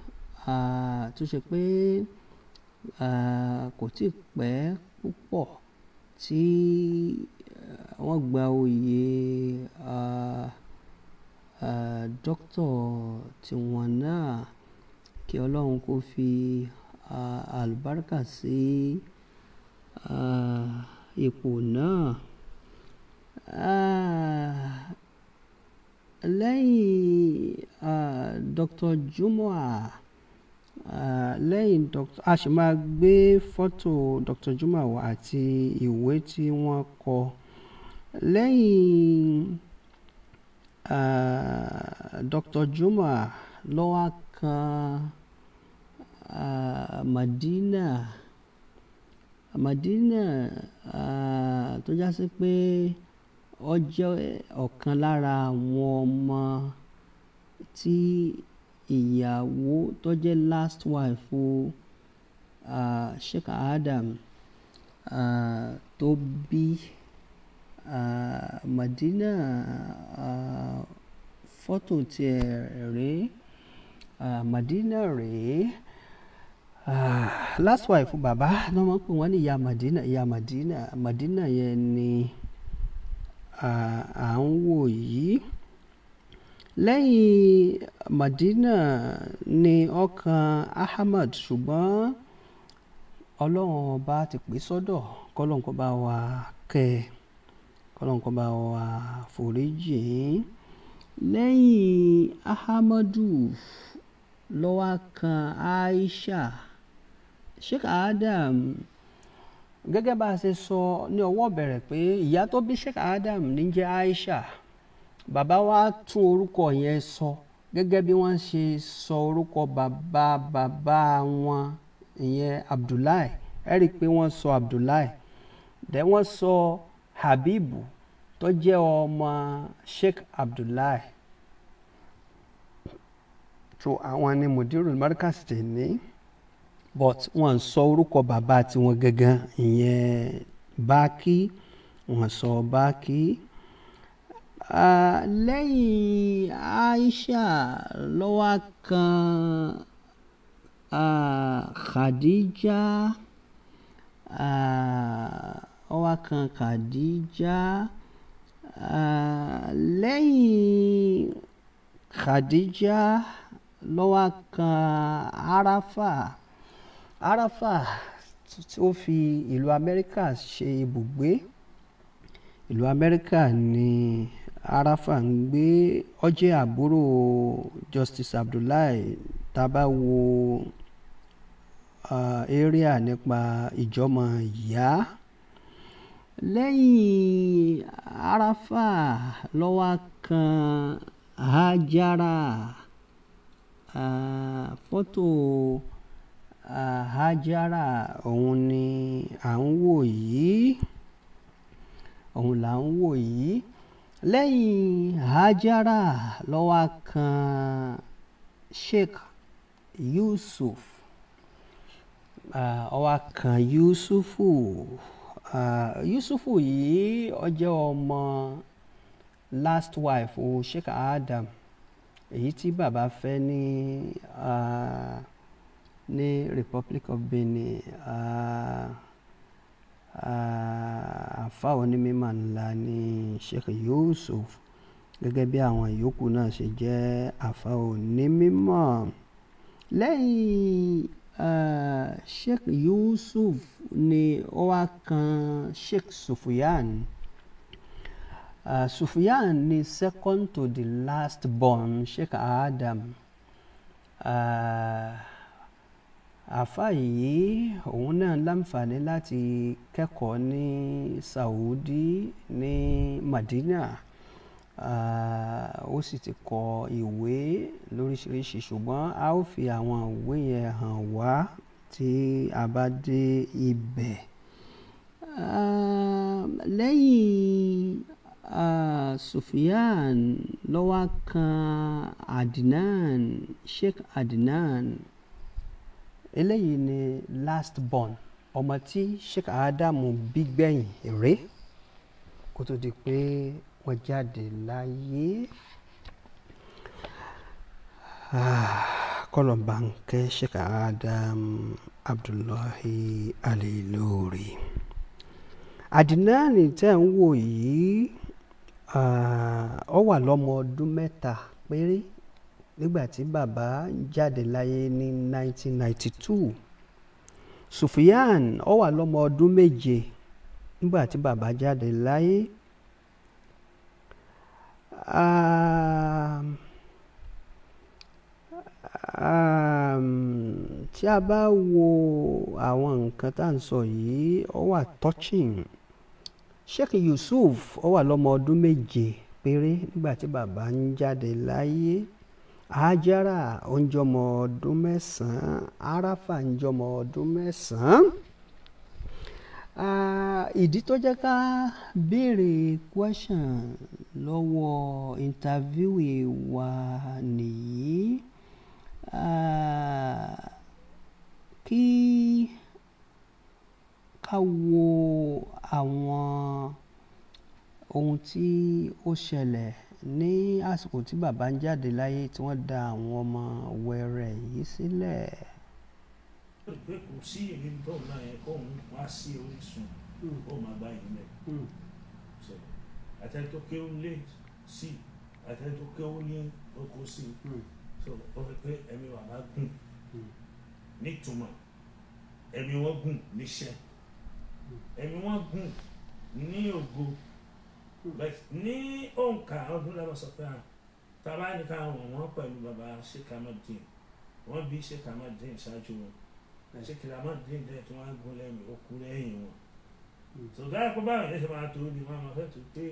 tó ṣe pé kò tí pẹ́ púpọ̀ tí wọ́n gba oyè dókítọ̀ tiwọn náà kí Ọlọ́run kó fi àlùbáríkà sí ipò náà. Ah, lẹ́yìn ah, Dr. Jumua ah, lẹ́yìn Dr. a sì máa gbé fọ́tò Dr. Jumua wá àti ìwé tí wọ́n kọ lẹ́yìn Dr. Jumua lọ́wọ́ kan Madina Madina tó já pé ó jẹ́ ọ̀kan lára àwọn ọmọ tí ìyàwó tó jẹ́ last wife o uh, Adam uh, tó bí uh, Madina fọ́tò tiẹ̀ rèé Madina rèé last wife bàbá ló máa ń pè wọ́n ní ìyá Madina ìyá Madina Madina yẹn ni à ń wò yìí lẹ́yìn Madina ni ọkàn Ahmad ṣùgbọ́n ọlọ́run ọba ti pè sọ́dọ̀ kọ́lọ́n kó bá wa kẹ́ ẹ kọ́lọ́n kó bá wa foríjì lẹ́yìn Ahmadu ló kan Aisha Sheikh Adam gẹ́gẹ́ bá a ṣe sọ ní ọwọ́ bẹ̀rẹ̀ pé ìyá tó bí Sheikh Adam ní jẹ́ Aisha bàbá wa tún orúkọ yẹn sọ gẹ́gẹ́ bí wọ́n ṣe sọ orúkọ bàbá bàbá wọn ìyẹn Abdullahi ẹ rí i pé wọ́n sọ Abdullahi dẹ́ wọ́n sọ Habibu tó jẹ́ ọmọ Sheikh Abdullahi tó àwọn ni mudirul markaz tè ní but wọ́n sọ orúkọ bàbá tiwọn gangan ìyẹn báàkì wọ́n sọ báàkì. lẹ́yìn Aisha lọ́wọ́ kan Khadija ọwọ́ kan Khadija lẹ́yìn Khadija lọ́wọ́ kan Arafa. Arafa tí ó fi ìlú Amẹ́ríkà ṣe ibùgbé ìlú Amẹ́ríkà ni Arafa ń gbé ó àbúrò Justice Abdullahi tá a bá wo uh, area nípa ìjọ́mọ ìyá lẹ́yìn Arafa ló wá kan Hajara uh, fọ́tò. Hajara òun ni à ń wò yìí òun là ń wò yìí lẹ́yìn Hajara ló kan Sheikh Yusuf ó wá kan Yusufu Yusufu yìí ó jẹ́ ọmọ last wife o Sheikh Adam èyí tí bàbá fẹ́ ní. Uh, ní Republic of Benin àfa onímọ̀ ńlá ní Sheikh Yusuf gẹ́gẹ́ bí àwọn yòókù náà ṣe jẹ́ àfa onímọ̀ lẹ́yìn uh, Sheikh Yusuf ni ó wá kan Sheikh Sufiyan uh, Sufiyan ni second to the last born Sheikh Adam. Uh, àáfàá yìí òun náà láǹfààní láti kẹ́kọ̀ọ́ ní Saudi ní Madina ó sì ti kọ ìwé lóríṣiríṣi ṣùgbọ́n a ó fi àwọn ìwé yẹn hàn wá tí a bá dé ibẹ̀. lẹ́yìn Sufyan ló kan Adnan Sheikh Adnan eléyìí ni last born ọmọ tí Sheikh Adamu bí gbẹ̀yìn rè kó tó di pé wọ́n jáde láyé ah, kọlọ̀bànkẹ́ Sheikh Adam Abdullahi Al-Ilory Àdìnáàní tẹ́ ń wò yìí ọ ah, wà lọ́mọ ọdún mẹ́ta péré nígbà tí bàbá jáde láyé ní two. Sufyan ó wà lọ́mọ ọdún méje nígbà tí bàbá jáde láyé um, um, tí a bá wo àwọn nǹkan tá à ń sọ yìí ó wà touching Sheikh Yusuf ó wà lọ́mọ ọdún méje péré nígbà tí bàbá ń jáde láyé. Ajara ó ń jọmọ ọdún mẹ́sàn arafa ń jọmọ ọdún mẹ́sàn-án ìdí tó jẹ́ ká béèrè question lọ́wọ́ interviewe wa nìyí kí ká wo àwọn ohun tí ó ṣẹlẹ̀ ní àsìkò tí bàbá ń jáde láyé tí wọ́n da àwọn ọmọ wẹrẹ yìí sílẹ̀. kò sí èmi tó ń náà yẹn kó òun wá sí Orísun kó hmm. máa bá yín lẹ̀ hmm. àtẹ́tọ́ kéwú lé sí àtẹ́tọ́ kéwú ní oko sí hmm. ó fi pé ẹ̀mí bàbá gùn nítumọ̀ ẹ̀mí wọn gùn níṣẹ́ ẹ̀mí wọn gùn ní ògo ní òǹkà ọdún lẹ́wọ̀n sọ pé ah, tàbá nìkan àwọn wọn pẹ̀lú baba Sheikh ahmad wọn bí Sheikh ahmad ṣáájú wọn Sheikh Ahmad-Din tí hmm. wọ́n á gún lẹ́yìn ó lẹ́yìn wọn. tògá ẹ̀kọ́ báyọ̀ ẹ̀ máa tó ní wọn máa fẹ́ tó pé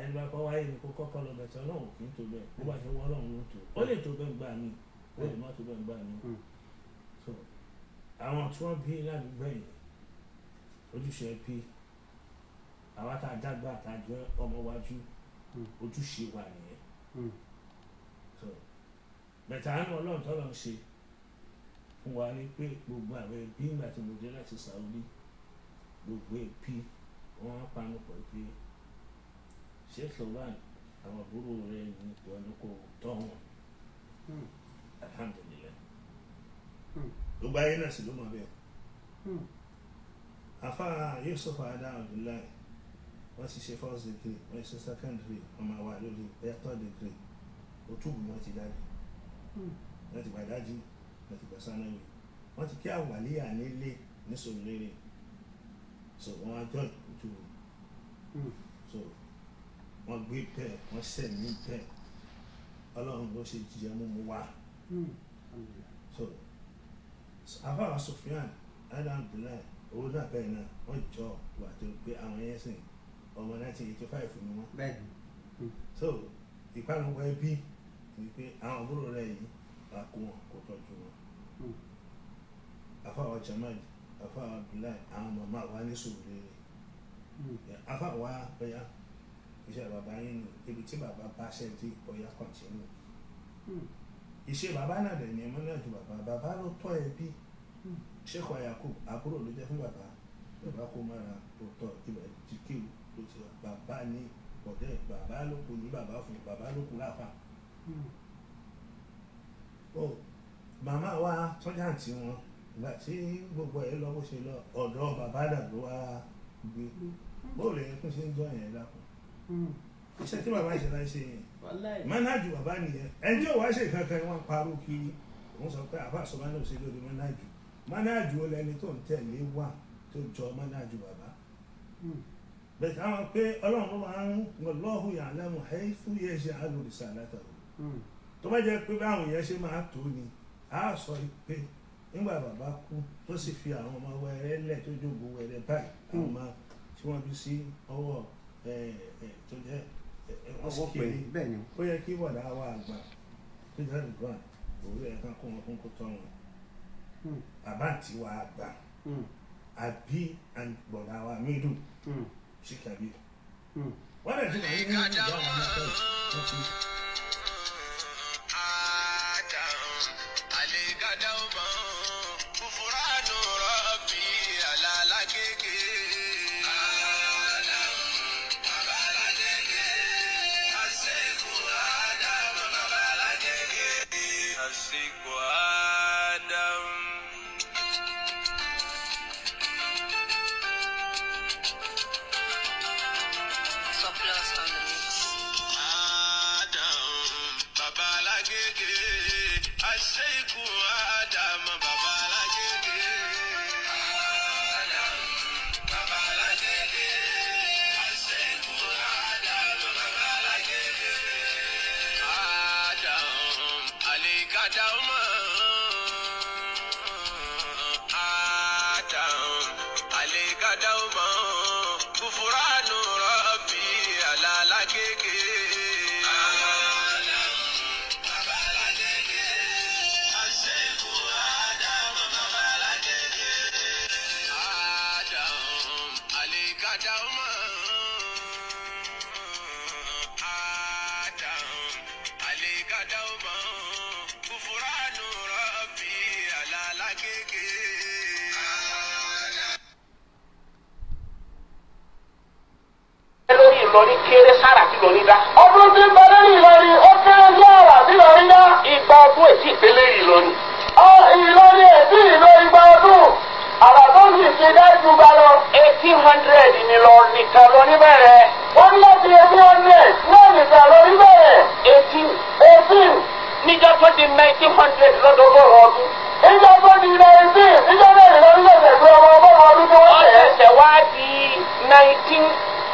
ẹni bá kọ́ wáyé ni kó kọ́kọ́ lọ bẹ̀tẹ̀ ọlọ́run kì í tó bẹ́ẹ̀ bó bá ṣe wọ́n ọlọ́run tó ó lè tó bẹ́ẹ̀ gbà mí ó lè má tó bẹ́ẹ̀ gbà mí. Hmm. àwọn tí wọ́n bí ládùúgbò yìí ojúṣe ẹbí àwa tá a dàgbà tá a jẹ́ ọmọ wájú hmm. ojúṣe wa nìyẹn hmm. bẹ̀tà àánú ọlọ́run tọ́lọ́ ń ṣe fún wa ni pé gbogbo àwọn ẹbí ńgbà tí mo dé láti Saudi gbogbo ẹbí wọn panu pọ̀ pé Sheikh Lawan àwọn àbúrò rẹ ní ìwọ́nù kò tọ́ wọn hmm. alhamdulilayi gbogbo ayé náà sì ló mọ̀ bẹ́ẹ̀ afa Yusuf Adam Abdullahi wọ́n ti ṣe first degree wọ́n ti ṣe second degree wọ́n máa wà lórí ẹ̀yà third degree òtúbù wọ́n ti jáde hmm. wọ́n ti gbàdájì wọ́n ti gbàsánà ìwé wọ́n ti kí àwàlíyà nílé nísòmìnira so wọ́n á jọ òtúbù hmm. so wọ́n gbé bẹ́ẹ̀ wọ́n sẹ̀mí bẹ́ẹ̀ ọlọ́run ló ṣe jíjẹ mú mu wá hmm. so àfàwọn Sufyan adam abdullahi owó náà bẹ́ẹ̀ náà wọ́n jọ wà tó gbé àwọn yẹn ọmọ nineteen ni wọn. bẹ́ẹ̀ni. so ìpalọwọ ẹbí ni pé àwọn àbúrò rẹ yìí wà wọn kó tọ́jú wọn. afáwọn hmm. jamaj afáwọn abdullahi àwọn màmá wa ní sùúrù rere. Hmm. afáwa ọya iṣẹ́ bàbá yín ni ibi tí bàbá bá ṣẹ́ntì ọya kọ̀tínú. ìṣe bàbá náà dẹ̀ ni ẹ mọ́ ju bàbá bàbá ló tọ́ ẹbí. Hmm. Sheikh Yakub àbúrò ló jẹ́ fún bàbá bàbá kó mára tó tọ́ ibà jíkìrì ló ti bàbá ní ọ̀dẹ́ bàbá ló kù ní bàbá fún bàbá ló kù lápá. ó hmm. oh, màmá wa tọ́jà àǹtí wọn ìgbà tí gbogbo ẹ̀ lọ bó ṣe lọ ọ̀dọ́ bàbá dà ló gbé hmm. bóòlù yẹn kún ṣe ń jọ yẹn lápọ̀ hmm. iṣẹ́ tí bàbá ìṣẹ̀lá ṣe yẹn mọ́nájù bàbá nìyẹn ẹni ò ṣe kankan wọn parọ́ kiri òun sọ pé àbá àsọ̀bá náà ṣe lórí mọ́nájù mọ́nájù ó lẹni tó ń tẹ̀lé wà tó jọ mọ́nájù bàbá bẹ̀tẹ̀ àwọn pé ọlọ́run ló máa ń wallahu ya'lamu haythu yaj'alu risalatahu tó bá jẹ́ pé báwọn yẹn ṣe máa tó ni a sọ pé nígbà bàbá kú tó sì fi àwọn ọmọ wẹrẹ lẹ̀ tó jogbo wẹrẹ báyìí àwọn ọmọ tí wọ́n bí sí ọwọ́ tó jẹ́ ọwọ́ pé bẹ́ẹ̀ ni ó yẹ kí wọ̀dà wa àgbà tó jẹ́ rìdwan òwúrọ̀ ẹ̀ka kó wọn kó tọ́ wọn hmm. bàbá àti wa àgbà hmm. àbí bọ̀dà wa mídùn shi kyabe wannan jin ayi Ìlọrin kéré sára tí Ìlọrin dá. ọdún tí bẹ̀rẹ̀ Ìlọrin ó kéré sí àrà tí Ìlọrin dá. ìgbà ọdún ètí ìpínlẹ̀ Ìlọrin. ọ Ìlọrin ètí ìlò ìgbà ọdún àrà tó sì ti dá ju ba lọ. eighteen hundred ni lọ nìkan lọ níbẹ̀rẹ̀. ó ní láti eighteen hundred náà nìkan lọ níbẹ̀rẹ̀. eighteen. eighteen. níjọ́ tó di nineteen hundred lọ́dọ̀ọ́dọ̀ ọdún ìjọ tó di nineteen ìjọ náà ìlọrin lọ́sẹ̀ tó ọmọ ọdún tó wọ́n tẹ̀. ọ̀sẹ̀ wá di nineteen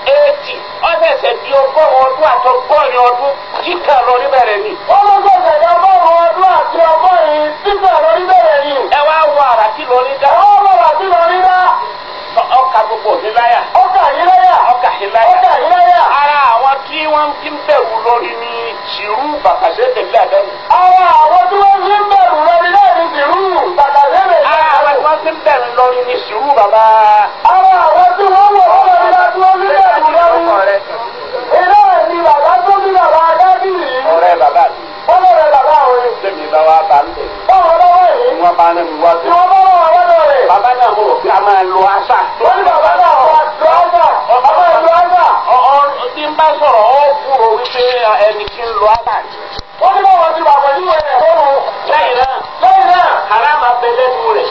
eighty ọ̀sẹ̀sẹ̀ di ọgọ́rùn ọdún àtọgọ́rin ọdún kíkà lórí bẹ̀rẹ̀ ni. ọlọ́sẹ̀sẹ̀ di ọgọ́rùn ọdún àti ọgọ́rin kíkà lórí bẹ̀rẹ̀ ni. ẹ wá wọ àràtí lórí dá. ẹ wá wọ àràtí lórí dá. ọkà gbogbo mi láyà. ọkà yìí láyà. ọkà yìí láyà. ọkà yìí láyà. ara àwọn tí wọ́n ti ń bẹ̀rù lórí ni tìrú bàbá tẹ̀lé àdánù. ara àwọn tí wọ́n ti ń bẹ̀rù lórí náà ni tìrú ti bẹ̀rẹ̀ lọ́rin ní sùúrù bàbá. àwọn àwọn tí wọ́n wọ̀ wọ́n lọ́ọ́ nígbà tí wọ́n ní ẹ̀rù lọ́rin. iná ẹ̀ ni bàbá tó ní bàbá adájú yìí. ọ̀rẹ́ bàbá mi. wọ́n lọ́ọ̀rẹ́ bàbá àwọn ni. sẹ́mi bá wa bá ń bẹ̀. báwo lọ́wọ́ yìí. wọ́n bá ní mi wá sí. wọ́n bá wà lọ́dọ̀ rẹ̀. bàbá náà mo rò máa lo àṣà. wọ́n ní bàbá náà wà lo àṣà. bàbá lo àṣà. ọ̀ wọ́n ní báwọn ti wà pẹ̀lú ẹ̀ lẹ́yìn náà. lẹ́yìn náà. àrà máa bẹ lẹ́nu rẹ̀.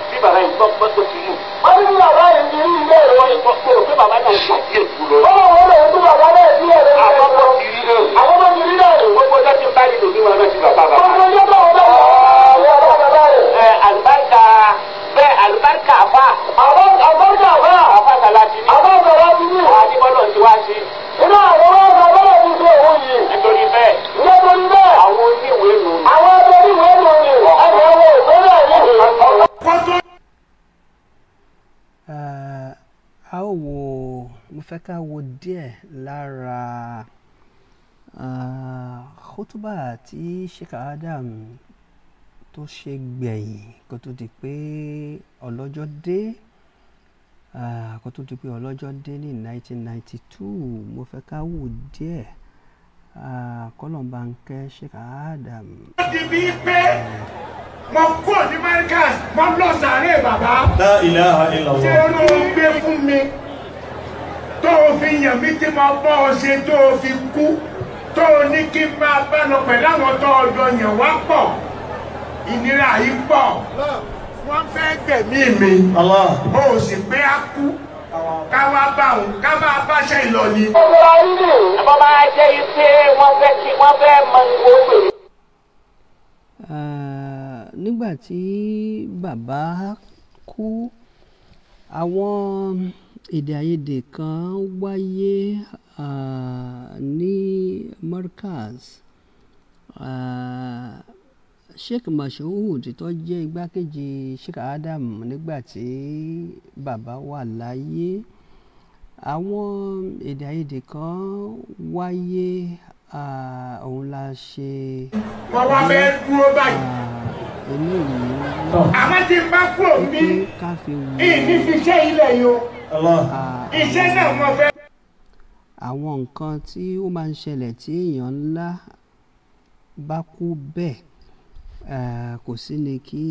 bàbá yìí gbọ́ gbọ́ tó ti mú. wọ́n ní bàbá yìí ti rí ilé ẹ̀rọ ẹ̀kọ́ pé òfin bàbá náà ṣe àti èkú lọ. wọ́n wọ́n lè tún bàbá náà sí ẹ̀rọ ẹ̀rọ. àkọ́kọ́ ti rí náà. àkọ́kọ́ ti rí náà. gbogbo ọjọ́ ti bá nínú bí wọn náà ti bàbá bàbá. gbogbo ọjọ́ bá wọn bá Iná àwọn ọmọ bàbá mi ṣe òun yìí. Nítorí bẹ́ẹ̀. Nítorí bẹ́ẹ̀. Àwọn oníwèé nù. Àwọn a ó wo mo fẹ́ ká wo díẹ̀ lára khutuba tí Sheikh Adam tó ṣe gbẹ̀yìn kó tó di pé ọlọ́jọ́ dé kó tó di pé ọlọ́jọ́ dé ní 1992 mo fẹ́ ká wò díẹ̀ kọ́lọ̀ bá ń kẹ́ Sheikh Adam mo kú ní marikas mo lọ sàárè bàbá. La ilaha illallah. ṣé ló gbé fún mi tó o fi yàn mí tí mo bọ́ ọ ṣe tó o fi kú tó o ní kí n máa bá lọ pẹ̀lú àwọn tó o jọ yàn wá pọ̀ ìnira yìí pọ̀ wọ́n fẹ́ gbẹ̀mí mi o sì pé a kú ká wá bá òun ká máa báṣẹ ìlọni. ọmọ ìlú ọmọ máa jẹ́ ife wọ́n fẹ́ kí wọ́n fẹ́ mọ ìwé òwe nígbà tí bàbá kú àwọn èdè àìyedè kan wáyé ní Markaz Sheikh Mashood tó jẹ́ igbákejì Sheikh Adam nígbà tí bàbá wà láyé àwọn èdè àìyedè kan wáyé Ah, òun la ṣe. wọ́n wá fẹ́ dúró báyìí. Ah, eléyìí. àmọ́ tí n bá kúrò ní ìní fi ṣe ilẹ̀ yìí o ah, iṣẹ́ náà mo fẹ́. àwọn nǹkan tí ó máa ń ṣẹlẹ̀ tí èèyàn ńlá bá kú bẹ́ẹ̀ eh, kò sí ni kí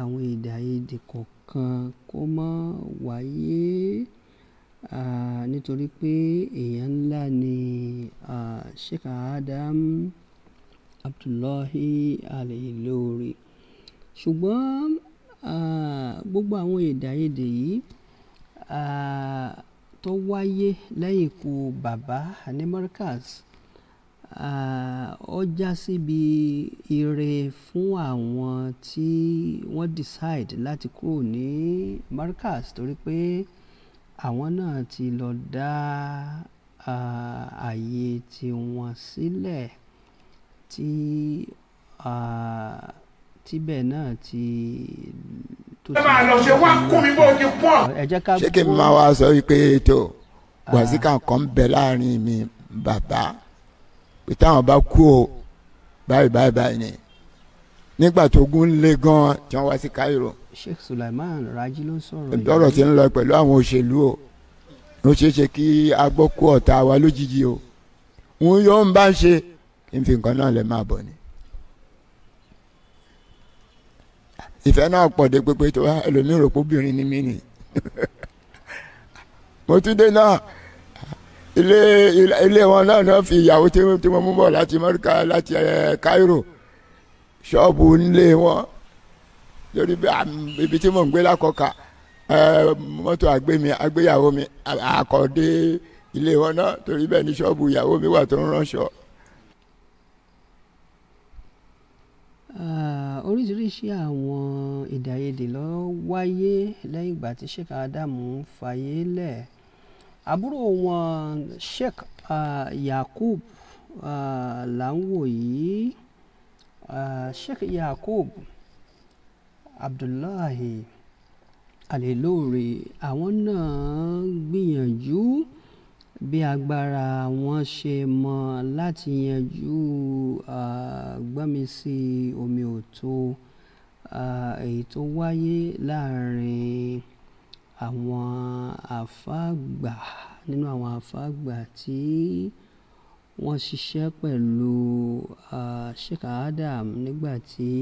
àwọn èdè àìyedè kọ̀ọ̀kan kó má wáyé um nítorí pé èèyàn ńlá ni Sheikh Adam Abdullahi Al-Ilory ṣùgbọ́n um gbogbo àwọn èdèàìyedè yìí um tó wáyé lẹ́yìn ikú bàbá ní Markaz ó já síbi ire fún àwọn tí wọ́n decide láti kúrò ní Markaz torí pé àwọn náà ti lọ dá ààyè tiwọn sílẹ̀ tí tíbẹ̀ náà ti. ẹ máa ṣe wá kó mi bó ti pọ̀. ṣé kí n máa wá sọ wípé tó wàsíkà kan ń bẹ láàrin mi bàbá pé táwọn bá kú o báyìí báyìí báyìí ni nígbà tó gún lé gan tí wọ́n wá sí Cairo. Sheikh Sulaiman Raji ló sọ̀rọ̀ yìí. lọ́rọ̀ tí ń lọ pẹ̀lú àwọn òṣèlú o ó ṣeé ṣe kí agbọ́kú ọ̀tá wa lójijì o òun yóò ń bá ń ṣe kí n fi nǹkan náà lè máa bọ̀ ni. ìfẹ́ náà pọ̀ dé pépé tó wá ẹlòmíì rò pé obìnrin ni mí ni [LAUGHS] mo tún dé náà ilé ilé wọn náà náà fi ìyàwó tí mo mú bọ̀ láti mọ́ríkà láti eh, Cairo ṣọ́ọ̀bù ńlé wọn lórí ibi tí mò ń gbé lákọ̀ọ́kà mọ́tò àgbémi àgbéyàwó mi àkọ́dé ilé wọn náà torí bẹ́ẹ̀ ni ṣọ́ọ̀bù ìyàwó mi wà tó ń ránṣọ. oríṣiríṣi àwọn èdèàìyedè ló wáyé lẹ́yìn ìgbà tí Sheikh Adamu fàyè lẹ̀ àbúrò wọn Sheikh Yakub là ń wò yìí uh, sheikh yakub abdullahi alelóore àwọn náà gbìyànjú bí agbára wọn ṣe mọ láti yanjú uh, eh, gbọ́nmisí omi òtó eh, èyí tó wáyé láàrin àwọn àfáàgbà nínú àwọn àfáàgbà tí. Uh, Wọ́n ṣiṣẹ́ pẹ̀lú uh, Sheikh Adam nígbà tí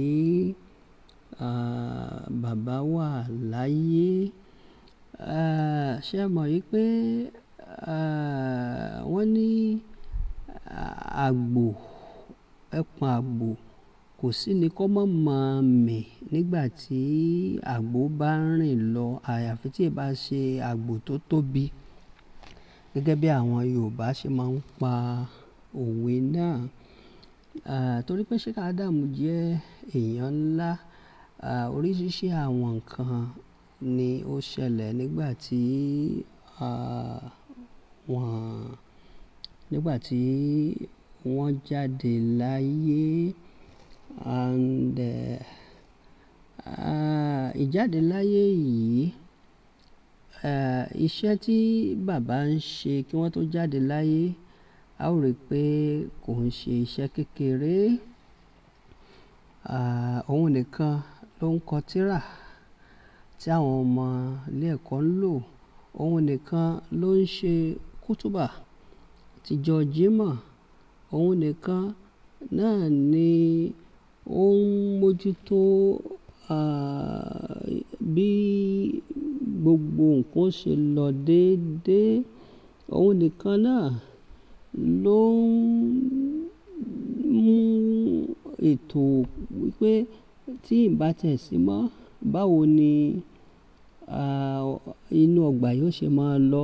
uh, bàbá wà láyé. Uh, ṣe mọ̀ yí pé uh, wọ́n ní àgbò ẹpọ̀n àgbò kò sí ni kọ́ mọ́ mọ́ mì nígbà tí àgbò bá rìn lọ àyàfi tí ì bá ṣe àgbò tó tóbi gẹ́gẹ́ bí àwọn Yorùbá ṣe máa ń pa òwe náà torí pé Sheikh Adam jẹ́ èèyàn ńlá oríṣiríṣi àwọn nǹkan ni ó ṣẹlẹ̀ nígbà tí wọ́n nígbà tí wọ́n jáde láyé and ìjáde láyé yìí iṣẹ́ tí bàbá ń ṣe kí wọ́n tó jáde láyé a ó rí i pé kò ń ṣe iṣẹ́ kékeré òun nìkan ló ń kọ tírà tí àwọn ọmọ ilé ẹ̀kọ́ ń lò òun nìkan ló ń ṣe kútùbà tíjọ jímọ̀ òun nìkan náà ni ó ń mójútó bí gbogbo nǹkan ṣe lọ déédéé òun nìkan náà ló ń mú ètò wípé tí ì bá mọ́, báwo ni, ah, inú ọgbà yóò ṣe máa lọ?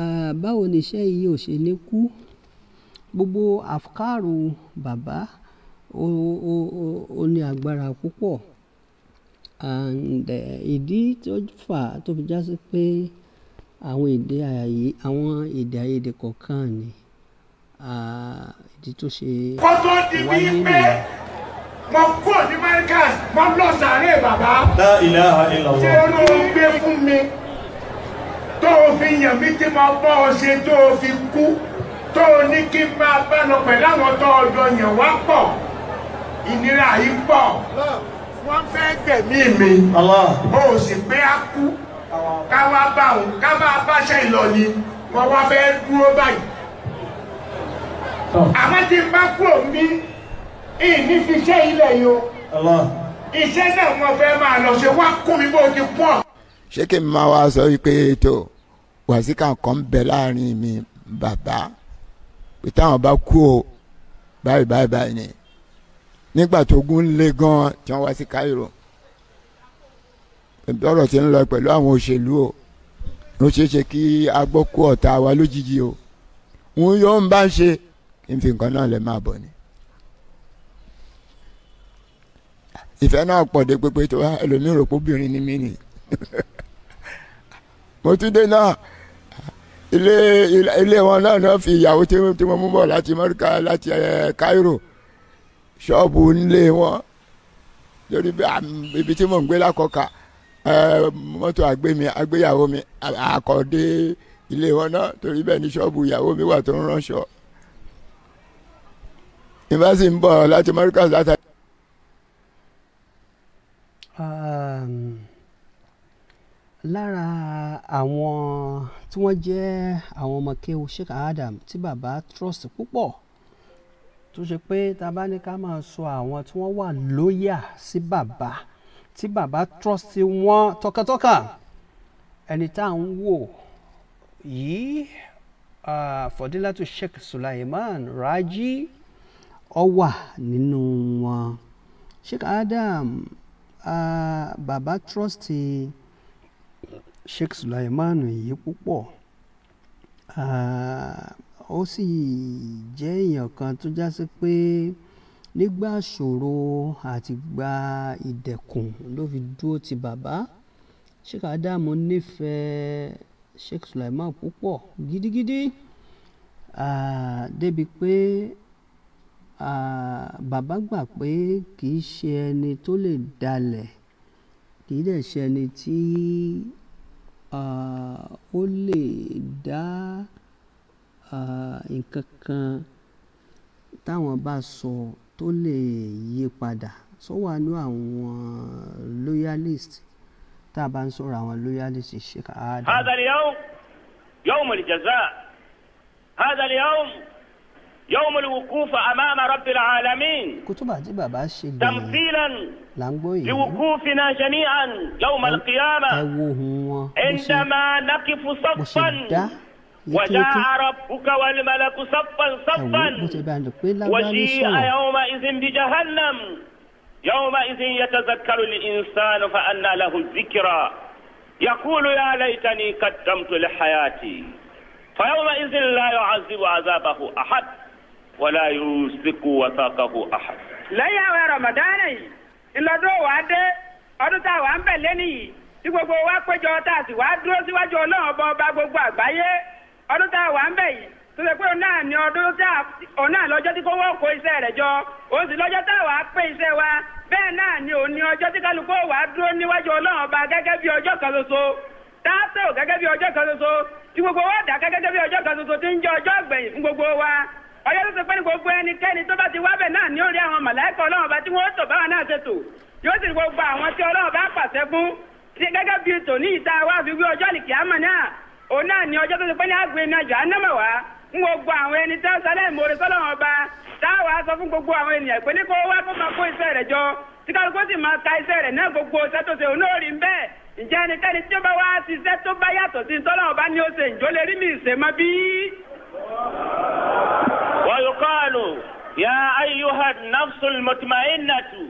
Ah, báwo ni iṣẹ́ yìí ò ṣe ní kú? Gbogbo àfkàrù bàbá ó ní agbára púpọ̀. And, eh, ìdí tó fà á tó fi já sí pé àwọn èdè ààyè àwọn èdè àìyedè kọ̀ọ̀kan ni ìdí tó ṣe wáyé nìyẹn. mo kúrò ní marcus mo lọ sàárè bàbá. la ilaha illallah. ṣé ló ń gbé fún mi tó o fi yàn mí tí mo bọ́ ọ ṣe tó o fi kú tó o ní kí n máa bá lọ pẹ̀lú àwọn tó o jọ yàn wá pọ̀ ìnira yìí pọ̀ wọ́n fẹ́ gbẹ̀mí mi. ó sì pé a kú ká wá bá òun ká máa báṣẹ ìlọ́ni wọ́n wá fẹ́ dúró báyìí. àmọ́ tí n bá kúrò ń bí ìní fi ṣe ilẹ̀ yìí o iṣẹ́ náà wọ́n fẹ́ máa lọ ṣe wá kún mi bó ti pọ̀. ṣé kí n máa wá sọ wípé tó wàsíkà kan bẹ láàrin mi bàbá pé táwọn bá kú o báyìí báyìí báyìí ni nígbà tó gún lé gan tí wọ́n wá sí Cairo bọ́rọ̀ ti ń lọ pẹ̀lú àwọn òṣèlú o ó ṣeé ṣe kí agbókù ọ̀tá wa lójijì o òun yóò ń bá ń ṣe kí n fi nǹkan náà lè máa bọ̀ ni. ìfẹ́ náà pọ̀ dé pépé tó wá ẹlòmíràn rò pé obìnrin ni mí nì [LAUGHS] mo tún dé náà ilé ilé wọn náà náà fi ìyàwó tí mo mú bọ̀ láti mọ́ríkà láti Cairo ṣọ́ọ̀bù nílé wọn lórí ibi tí mò ń gbé lákọ̀ọ́ka mọ́tò àgbémi àgbéyàwó mi àkọ́dé ilé wọn náà torí bẹ́ẹ̀ ní ṣọ́ọ̀bù ìyàwó mi wà tó ń ránṣọ. ìbáṣe ń bọ̀ láti Americas láti. lára àwọn tí wọ́n jẹ́ àwọn ọmọ kéwu Sheikh Adam tí bàbá trust púpọ̀ tó ṣe pé tá a bá ní ká máa sọ àwọn tí wọ́n wà lóyà sí bàbá. Si tí bàbá trọ́sì wọn tọkàntọkàn ẹni tá à ń wò yìí Fọdílátù Sheikh Sulaiman Raji ó wà nínú wọn Sheikh Adam uh, bàbá trọ́sì Sheikh Sulaiman yìí púpọ̀ ó sì jẹ́ èèyàn kan tó já pé nígbà ṣòro àtìgbà ìdẹ̀kùn ló fi dúró ti bàbá Sheikh Adamu nífẹ̀ẹ́ Sheikh Sulaiman púpọ̀ gidigidi débi pé bàbá gbà pé kì í ṣe ẹni tó lè dalẹ̀ kì í dẹ̀ ṣe ẹni tí ó lè dá nǹkan kan táwọn bá sọ tó lè yí padà sọ́wọ́ àánú àwọn loyalist tá a bá ń sọ̀rọ̀ àwọn loyalist ṣe ká á dá. هذا اليوم يوم الجزاء هذا اليوم يوم الوقوف أمام رب العالمين تمثيلا لوقوفنا جميعا يوم القيامة عندما نقف صفا وجاء ربك والملك صفا صفا وجيء يومئذ بجهنم يومئذ يتذكر الإنسان فأنى له الذكرى يقول يا ليتني قدمت لحياتي فيومئذ لا يعذب عذابه أحد ولا يوثق وثاقه أحد lẹ́yìn àwọn rọ̀mọ̀dánì ìlọ́dún òwò وعد ọdún tá a wà ń bẹ̀ lẹ́nìí tí gbogbo wa péjọ tá a ọdún tá a wà ń bẹ̀ yìí tó ṣe pé òun náà ní ọdún tá a náà lọ́jọ́ tí kò wọ́n kó iṣẹ́ rẹ̀ jọ òun lọ́jọ́ tá wà á pé iṣẹ́ wa bẹ́ẹ̀ náà ni òun ọjọ́ tí kálukú wà á dúró níwájú ọlọ́run ọba gẹ́gẹ́ bí ọjọ́ kan ṣoṣo tá a gẹ́gẹ́ ọjọ́ kan ṣoṣo gbogbo wa dà gẹ́gẹ́ bí ọjọ́ kan ṣoṣo tí ń jẹ́ ọjọ́ ti wá bẹ̀ náà àwọn ọlọ́run ọba tí wọ́n tò òun náà ni ọjọ́ tó ti pẹ́ ní àgbẹ̀ iná jahannama wá ń wo àwọn ẹni tẹ́ sálẹ̀ ìmoore sọ́lọ́wọ́n ọba táwa sọ fún gbogbo àwọn ènìyàn pé ní kó wá kó máa kó iṣẹ́ rẹ̀ jọ tí kálukú sì máa ta iṣẹ́ rẹ̀ náà gbogbo iṣẹ́ tó ṣe òun náà rí bẹ́ẹ̀ ǹjẹ́ ẹnikẹ́ni tí ó bá wá ṣiṣẹ́ tó bá yàtọ̀ sí sọ́lọ́wọ́n ọba ni ó ṣe ǹjọ́ lè rí mi ìṣe mọ́ bí. wa yuqalu ya ayyuha an-nafsul mutma'innatu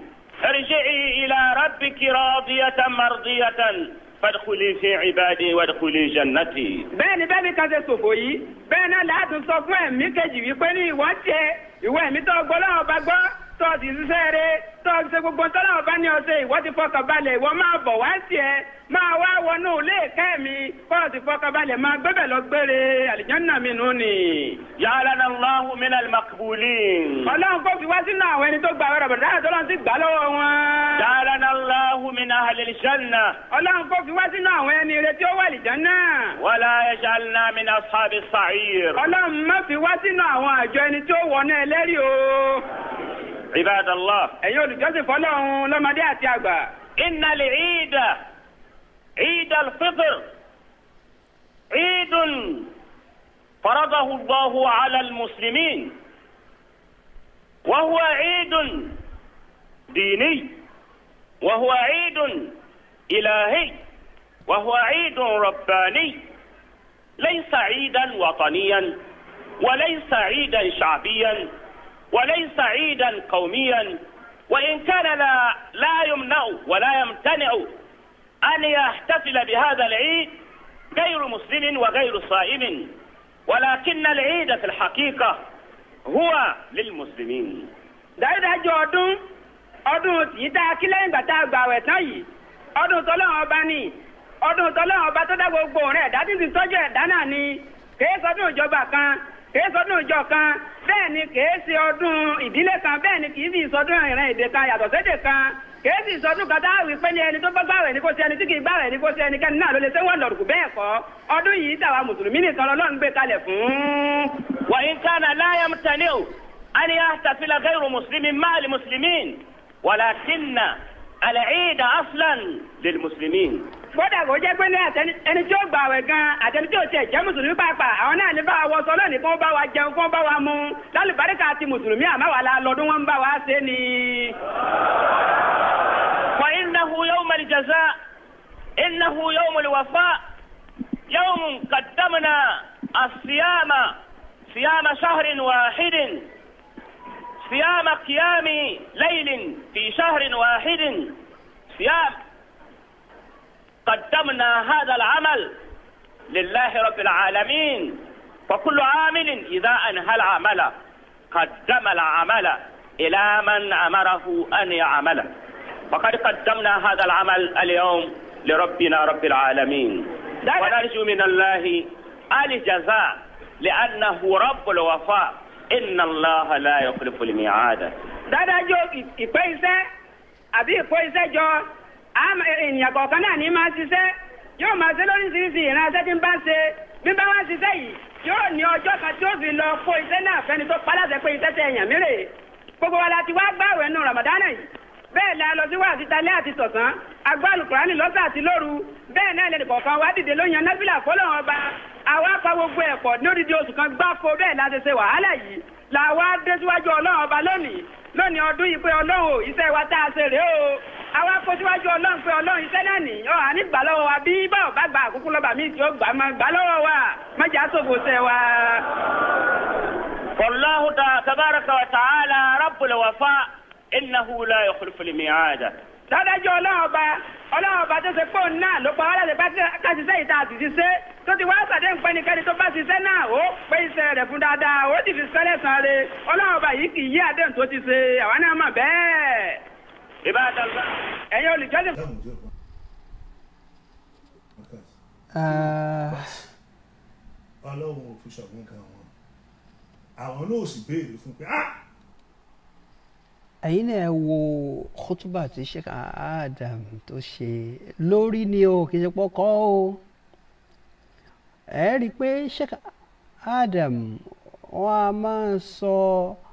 irji'i ila rabbiki radiyatan mardiyatan fadkhuli fi ibadi wadkhuli jannati. bẹ́ẹ̀ni bẹ́ẹ̀ni kan ṣe ṣòfò yìí bẹ́ẹ̀ náà làádùn sọ fún ẹ̀mí kejì wípé ní ìwọ tiẹ̀ ìwọ ẹ̀mí tó gbọ́ bá gbọ́ tọ́ọ̀sì ṣiṣẹ́ rẹ tọ́ọ̀sì ṣe gbogbo tọ́lá ọba ní ọ̀sẹ̀ ìwọ ti fọkàn balẹ̀ ìwọ máa bọ̀ wá sí ẹ máa wá wọnú ilé ìkẹ́ mi kọ́ọ̀sì fọkàn balẹ̀ máa gbébẹ̀ lọ gbére àlìjọ́nà mi nù ni. yàrá Allahu min al-maqbulin. ọlọ́run kò fi wá sínú àwọn ẹni tó gba àwọn ọ̀rọ̀ dáhà tọ́lọ́run ti gbà lọ́wọ́ wọn. yàrá Allahu min ahlil janna. ọlọ́run kò fi wá sínú àwọn ẹni rẹ tí ó wà àlìjọ́nà. wala yaj'alna min ashabis sa'ir. ọlọ́run má fi wá sínú àwọn àjọ ẹni tí ó wọ ẹlẹ́rìí o. عباد الله. ẹ̀yin olùjọ́sìn لما lọ́mọdé يا àgbà. إن العيد عيد الفطر عيد فرضه الله على المسلمين وهو عيد ديني وهو عيد إلهي وهو عيد رباني ليس عيدا وطنيا وليس عيدا شعبيا وليس عيدا قوميا وإن كان لا, لا يمنع ولا يمتنع أن يحتفل بهذا العيد غير مسلم وغير صائم ولكن العيد في الحقيقة هو للمسلمين dájúdájú ọdún ọdún yìí tá a kí lẹ́yìn ìgbà tá a gbà wẹ̀ tán yìí ọdún tọ́lọ́run ọba ni ọdún tọ́lọ́run ọba tó dá gbogbo rẹ̀ ẹ̀dá títí tọ́jú ẹ̀dá náà ni kèé sọdún ìjọba kan kìí sọdún ìjọ kan bẹ́ẹ̀ ni kìí ṣe ọdún ìdílé kan bẹ́ẹ̀ ni kìí fi ìsọdún ìran èdè kan yàtọ̀ sédè kan kìí sì sọdún kan táwọn wípé ní ẹni tó bá gbààwẹ̀ ní kó ṣe ẹni tí kìí gbààwẹ̀ ní kó ṣe ẹnikẹ́ni náà ló lè sẹ́wọ̀n lọ́rùkù bẹ́ẹ̀ kọ́ ọdún yìí tàwa mùsùlùmí nìkan lọ́lọ́run gbé kalẹ̀ fún. wa in kana la yamtani'u bọ́dà kò jẹ́ pé ní ẹni tí ó gbà wẹ̀ gan-an àtẹni tí ó tiẹ̀ jẹ́ mùsùlùmí pàápàá àwọn náà ní bá wa wọṣọ lónìí kó bá wa jẹun kó bá wa mu lálùbáríkà ti mùsùlùmí àmàwà la lọ́dún wọn bá wa ṣe ni. fa innahu yawma al-jaza innahu yawma al-wafa yawmun qaddamna as-siyama siyama shahrin wahidin siyama qiyami laylin fi shahrin wahidin siyama. قدمنا هذا العمل لله رب العالمين فكل عامل إذا أنهى العمل قدم العمل إلى من أمره أن يعمله فقد قدمنا هذا العمل اليوم لربنا رب العالمين ونرجو من الله الجزاء لأنه رب الوفاء إن الله لا يخلف الميعاد. ènìyàn kọ̀ọ̀kan náà ní máa ṣiṣẹ́ yóò máa ṣe lóríṣiríṣi ìránṣẹ́ tí ń bá ń ṣe bí bá wá ṣiṣẹ́ yìí yóò ní ọjọ́ kan tí ó fi lọ kó iṣẹ́ náà fẹ́ni tó paláṣẹ pé iṣẹ́ tẹ èèyàn mí rè é gbogbo wa la ti wá gbààwẹ̀ nù Ramadana yìí bẹ́ẹ̀ la lọ sí wàásù talẹ́ àti tọ̀sán agbáàlù kùránì lọ́sẹ̀ àti lóru bẹ́ẹ̀ náà lẹ́nu kọ̀ọ̀kan wá dìde ló yan nábìlà fọlọ́run ọba àwa pa gbogbo ẹ̀pọ̀ lódìdí oṣù kan gbáfo bẹ́ẹ̀ la ṣe ṣe wàhálà yìí làwa dé síwájú ọlọ́run ọba lónìí lónìí ọdún yìí pé ọlọ́run iṣẹ́ wa tá a ṣe rèé o àwa afojúwájú ọlọ́run pé ọlọ́run iṣẹ́ náà nìyí ọ̀ àní gbà lọ́wọ́ wa bí báwo bá gba àkókò lọ́ba mi tí ó gbà má gbà lọ́wọ́ wa má jà sófo sẹ́ wa. Wallahu tabaraka wa ta'ala rabbul wafa innahu la yukhliful mi'ad dádájọ́ ọlọ́ọ̀ba ọlọ́ọ̀ba tó ṣe pé òun náà ló pa wálé bá káṣíṣẹ́ ìta àti ṣiṣẹ́ tó ti wá sàdé ń pẹ́nikẹ́ni tó bá ṣiṣẹ́ náà ó pé iṣẹ́ rẹ̀ fún dáadáa ó sì fi sẹ́lẹ̀ sanre ọlọ́ọ̀ba yìí kì í yí àdéhùn tó ti ṣe àwa náà mọ̀ bẹ́ẹ̀ ìbádàlá ẹ̀yin olùjọ́lẹ̀. Ah. ọlọ́run ò fi ṣọ̀gbìn kan wọn àwọn náà sì béèrè fún pé ah! ẹ̀yin náà wo kótóbà tí sheikh adam tó ṣe lórí ni o kì í ṣe pọ́kọ́ o ẹ̀ rí i pé sheikh adam wọ́n a máa ń sọ. So,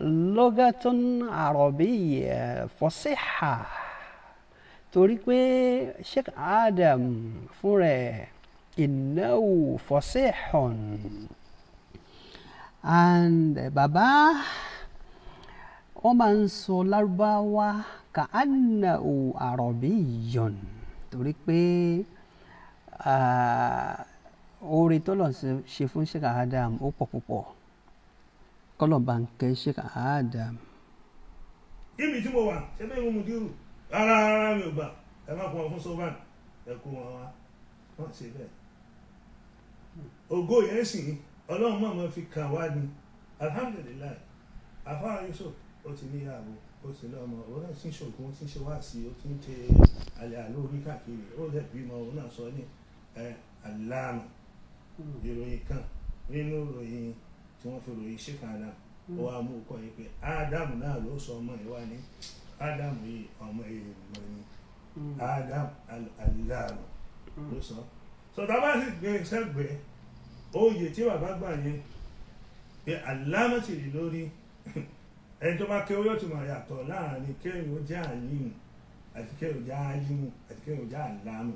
lugha arabiyya fasiha torí pé sheikh adam fúnra ẹ̀ innahu fasihun and bàbá wọ́n máa ń sọ lárúbáwá ka annahu arabiyyun torí pé oore tó lọ́n ṣe fún sheikh adam ó pọ̀ púpọ̀ kọlọba nkẹ ṣe kà á dà. gímì tí mo wà ṣe bẹ́ẹ̀ mo mú dírù rárá rárá mi ò gbà ẹ má kó wọn fún sọ́wọ́n ẹ kó wọn wá wọ́n ṣe bẹ́ẹ̀. ògo yẹn sì ọlọ́run mọ̀ mọ́ fi kà wá ni alhamdulilayi afárá Yusuf ó ti níyàwó ó ti lọ́mọ òun náà ti ń ṣògùn ó ti ń ṣe wá sí i ó ti ń tẹ àlẹ́ àlọ́ orí káàkiri ó lẹ̀ bímọ òun náà sọ ní àlámù hmm. ìròyìn kan nínú ìròyìn tí wọ́n fi ròyìn ṣe kan náà hmm. ó wá mú kọ́ yìí pé ádámù náà ló sọ ọmọ yìí wá ní ádámù yìí ọmọ yìí mọ̀ ní hmm. ádámù aláàrọ̀ ló hmm. sọ. sọ̀tà bá sì gbé sẹ́gbẹ̀ẹ́ oyè tí bàbá gbà yẹn pé alámọ̀tìrì lórí [LAUGHS] ẹni tó bá ké ó yóò ti yàtọ̀ láàrin kéwìn ó àyìn àti kéwìn ó àyìn àti kéwìn ó àlámù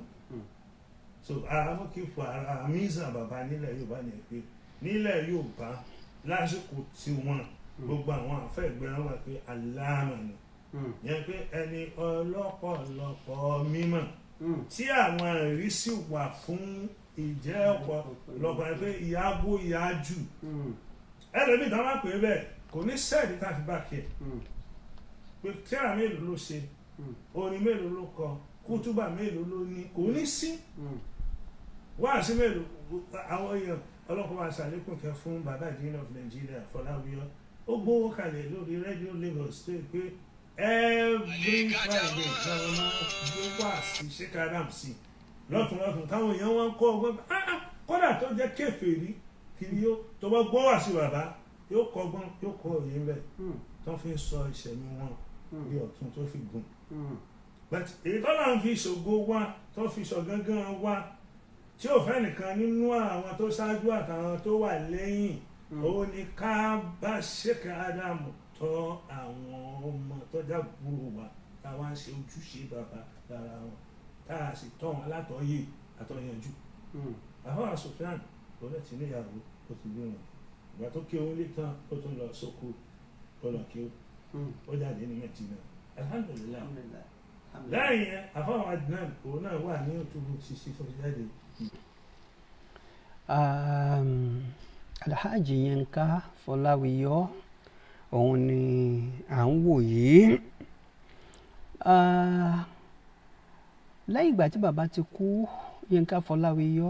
so àwọn kì í fọ ara mísà bàbá nílẹ̀ Yorùbá ni pé nílẹ̀ Yorùbá lásìkò tiwọn hmm. gbogbo àwọn àfẹ́gbẹ́rán wà pé aláàmà ni hmm. yẹn pé ẹni ọlọ́pọ̀lọpọ̀ mímọ̀ hmm. tí àwọn ẹ̀rí sì wà fún ìjẹ́ ọ̀pọ̀ lọ́pọ̀ ẹ pé ìyá bó ìyá jù ẹlẹ́mìí dáná pé bẹ́ẹ̀ kò ní sẹ́ẹ̀dì tá a fi bá kí ẹ pé tíra mélòó ló ṣe orin mélòó ló kọ kútúbà mélòó ló ní kò ní sí wáàsí mélòó àwọn èèyàn ọlọ́run máa ṣàlékún kẹ fún bàbá ìdíyìn of Nigeria Fọláwíyọ ó gbówó kalẹ̀ lórí Radio Lagos tó pé every Friday náà máa gbé wá sí Sheikh Adam sí lọ́tún lọ́tún táwọn èèyàn wọn kọ́ ọgbọ́n ah, ah, kódà tó jẹ́ kèfèrí kiri yóò tó bá gbọ́ wá sí bàbá yóò kọ́ ọgbọ́n yóò kọ́ òye ńbẹ hmm. tó fi sọ ìṣẹ̀mí wọn bí hmm. ọ̀tún tó fi gùn hmm. but èyí tó náà fi ṣògo wá tó fi ṣọ̀gángan wá tí ò fẹ́ nìkan nínú àwọn tó ṣáájú àtàwọn tó wà lẹ́yìn òun hmm. ni ká bá ṣèkà ádámù tọ́ àwọn ọmọ tọ́jà gbòòrò wa táwa ń ṣe ojúṣe bàbá lára wọn tá a sì tọ́ wọn látọ̀ọ́yè àtọ̀yànjú. Hmm. àwọn asòfin lọ́dọ̀ tí níyàwó ó ti bí wọn ìgbà tó kí òun lè ó tún lọ sóko ó kí ó hmm. ó jáde ní mẹ́tìnà alhamdulilayi lẹ́yìn àfọwọ́n adnan òun náà wà ní òtún ṣíṣe tó jáde um, alhaji yinka fọláwíyọ òun ni à ń wò yìí lẹ́yìn ìgbà tí bàbá ti kú yinka fọláwíyọ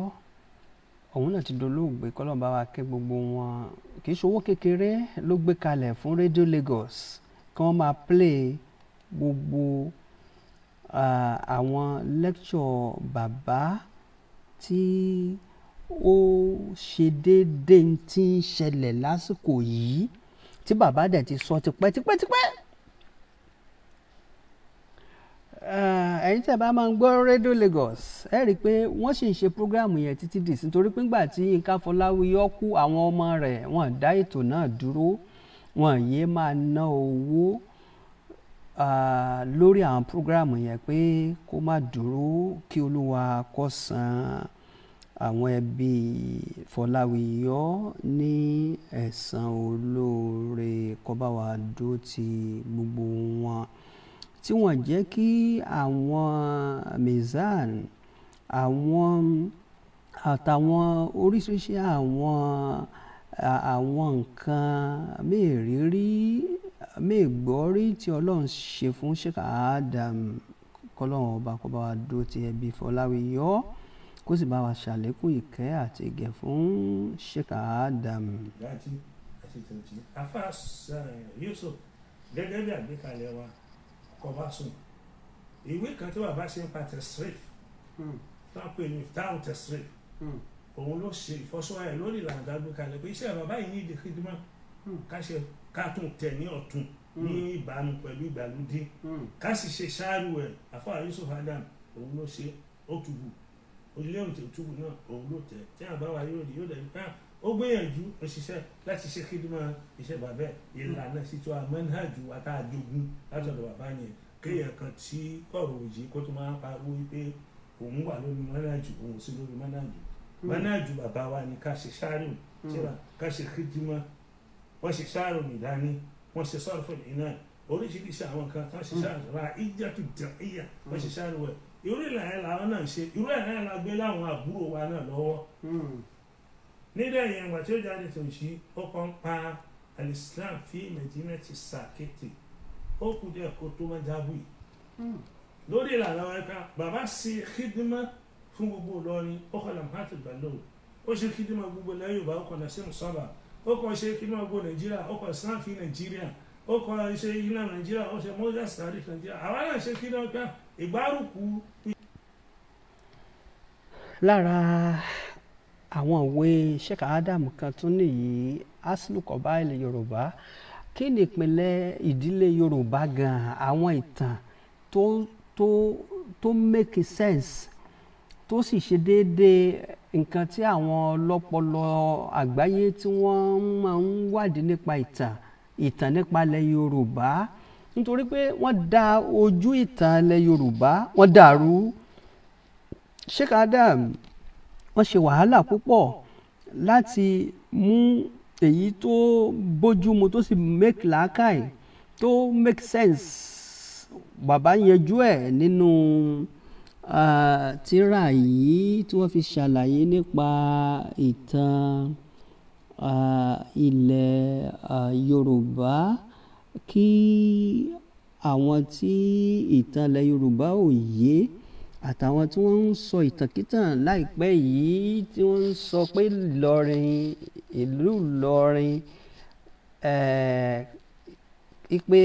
òun náà ti dolóògbé kọ́lọ́n wa kẹ́ gbogbo wọn kì í ṣowó kékeré ló gbé kalẹ̀ fún Radio Lagos kí wọ́n máa play gbogbo àwọn lecture bàbá tí ó ṣe déédéé tí ń ṣẹlẹ̀ lásìkò yìí tí bàbá dẹ̀ ti sọ tipẹ́ tipẹ́ tipẹ́. Eh, ẹ̀yin tẹ̀ bá máa ń gbọ́ rédíò Lagos ẹ rí i pé wọ́n sì ń ṣe prógráàmù yẹn títí dì sí torí pé ńgbà tí Yínká Fọláwíyọ kú àwọn ọmọ rẹ̀ wọ́n dá ètò náà dúró wọ́n yéé máa ná owó lórí àwọn prógráàmù yẹn pé kó má dúró kí Olúwa kó san án àwọn ẹbí Fọláwiyọ ní ẹ̀san olóore kó bá wa dó ti gbogbo wọn tí wọ́n jẹ́ kí àwọn Mizan àwọn àtàwọn oríṣiríṣi àwọn àwọn nǹkan mẹ́ẹ̀rírí mẹ́ẹ̀gbọ́rí tí Ọlọ́run ṣe fún Sheikh Adam kọ́lọ́run ọba kó bá wa dó ti ẹbí Fọláwiyọ kó sì bá wa ṣàlékún ìkẹ́ àti ìgẹ̀ fún Sheikh Adam. afa Yusuf gẹ́gẹ́ bí àgbékalẹ̀ wa kọ́ bá sùn ìwé kan tí bàbá ṣe ń pa tẹ̀sírìf tó ń pè ní táwọn tẹ̀sírìf hmm. òun ló ṣe ìfọ́sọ́wáyà lórí ìlànà àgbékalẹ̀ pé iṣẹ́ bàbá yìí ní ìdí kíndìmọ́ hmm. káṣe kátùn tẹ̀ ní ọ̀tún ní hmm. ìbámu pẹ̀lú ìgbàlódé ká sì ṣe ṣáàrù ẹ̀ àfọwọ́ Yusuf Adam òun ló ṣe ó tùbù orílẹ̀ òun tó túbú náà òun ló tẹ̀ tí àbá wa yóò rí yóò dẹ̀ nípa ó gbìyànjú òṣìṣẹ́ láti ṣe kí dúmọ̀ iṣẹ́ bàbẹ́ ìlànà sítú amẹ́nhàjú àtàjogún látọ̀dọ̀ bàbá yẹn kéèyàn kan tí kọ̀rọ̀ òjì kó tó máa ń pariwo wípé òun wà lórí mọ́nájú òun sí lórí mọ́nájú hmm. mọ́nájú bàbá wa ni ká ṣe sáré hmm. síra ká ṣe kí dúmọ̀ wọ́n ṣe sáré ìdání wọ́n ṣe sọ́ọ̀fù irú ìlànà làwọn náà ń ṣe irú ìlànà la gbé láwọn àbúrò wa náà lọ́wọ́ hmm. nílẹ̀ yẹn wà tí ó jáde tó ṣí ó kàn pa alislam fi mẹ̀dínà ti sàkété ó kù díẹ̀ kó tó má jábù yìí hmm. lórí ìlànà wọn ká bàbá ṣe kídímà fún gbogbo Ìlọrin ó kọ̀ làmú àti gbàlọ́ ó ṣe kídímà gbogbo lẹ́yìn Yorùbá ó kọ̀ lọ sí mùsọ́bà ó kọ̀ ṣe kídímà gbogbo Nàìjíríà ó ìgbárùkù. lára àwọn ìwé Sheikh Adam kan tún nìyí aslu kọbail Yorùbá kí ni ìpínlẹ̀ ìdílé Yorùbá gan-an àwọn ìtàn tó tó tó make sense tó sì ṣe déédéé nǹkan tí àwọn ọlọ́pọlọ àgbáyé tí wọ́n máa ń wádìí nípa ìtàn ìtàn nípa ilẹ̀ Yorùbá. Mm -hmm nítorí pé wọ́n da ojú ìtàn ilẹ̀ yorùbá wọ́n dàrú Sheikh Adam wọ́n ṣe wàhálà púpọ̀ láti mú èyí tó bójúmu tó sì make làákàyè tó make sense bàbá yanjú ẹ̀ nínú uh, tírà yìí tí wọ́n fi ṣàlàyé nípa ìtàn uh, yorùbá. Uh, kí àwọn tí ìtàn ilẹ̀ Yorùbá ò yé àtàwọn tí wọ́n ń sọ ìtànkítàn láìpẹ́ yìí tí wọ́n ń sọ pé Ìlọrin ìlú Ìlọrin eh, ipe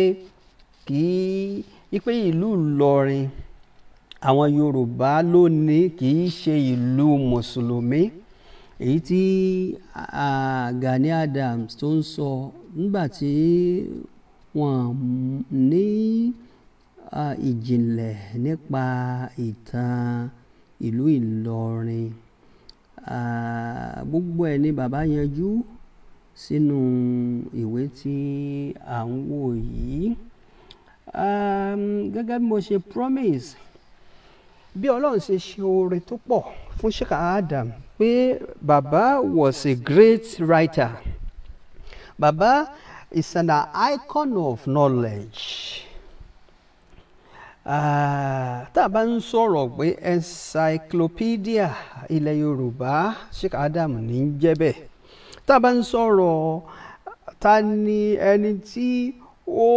kì í ipe ìlú Ìlọrin àwọn Yorùbá ló ní kì ṣe ìlú mùsùlùmí èyí tí ah, Gani Adams tó ń sọ nígbà tí wọn ní ìjìnlẹ̀ nípa ìtàn ìlú Ìlọrin. Gbogbo ẹ̀ ni bàbá yanjú sínú ìwé tí à ń wò yìí. Gẹ́gẹ́ bí mo ṣe promise, bí Ọlọ́run ṣe ṣe oore tó pọ̀ fún Sheikh Adam pé bàbá was a great writer. Bàbá is an icon of knowledge. Ah, tá a bá ń sọ̀rọ̀ pé encyclopedia ilẹ̀ Yorùbá Sheikh Adam ní í jẹ́ bẹ́ẹ̀ tá a bá ń sọ̀rọ̀ ta ni ẹni tí ó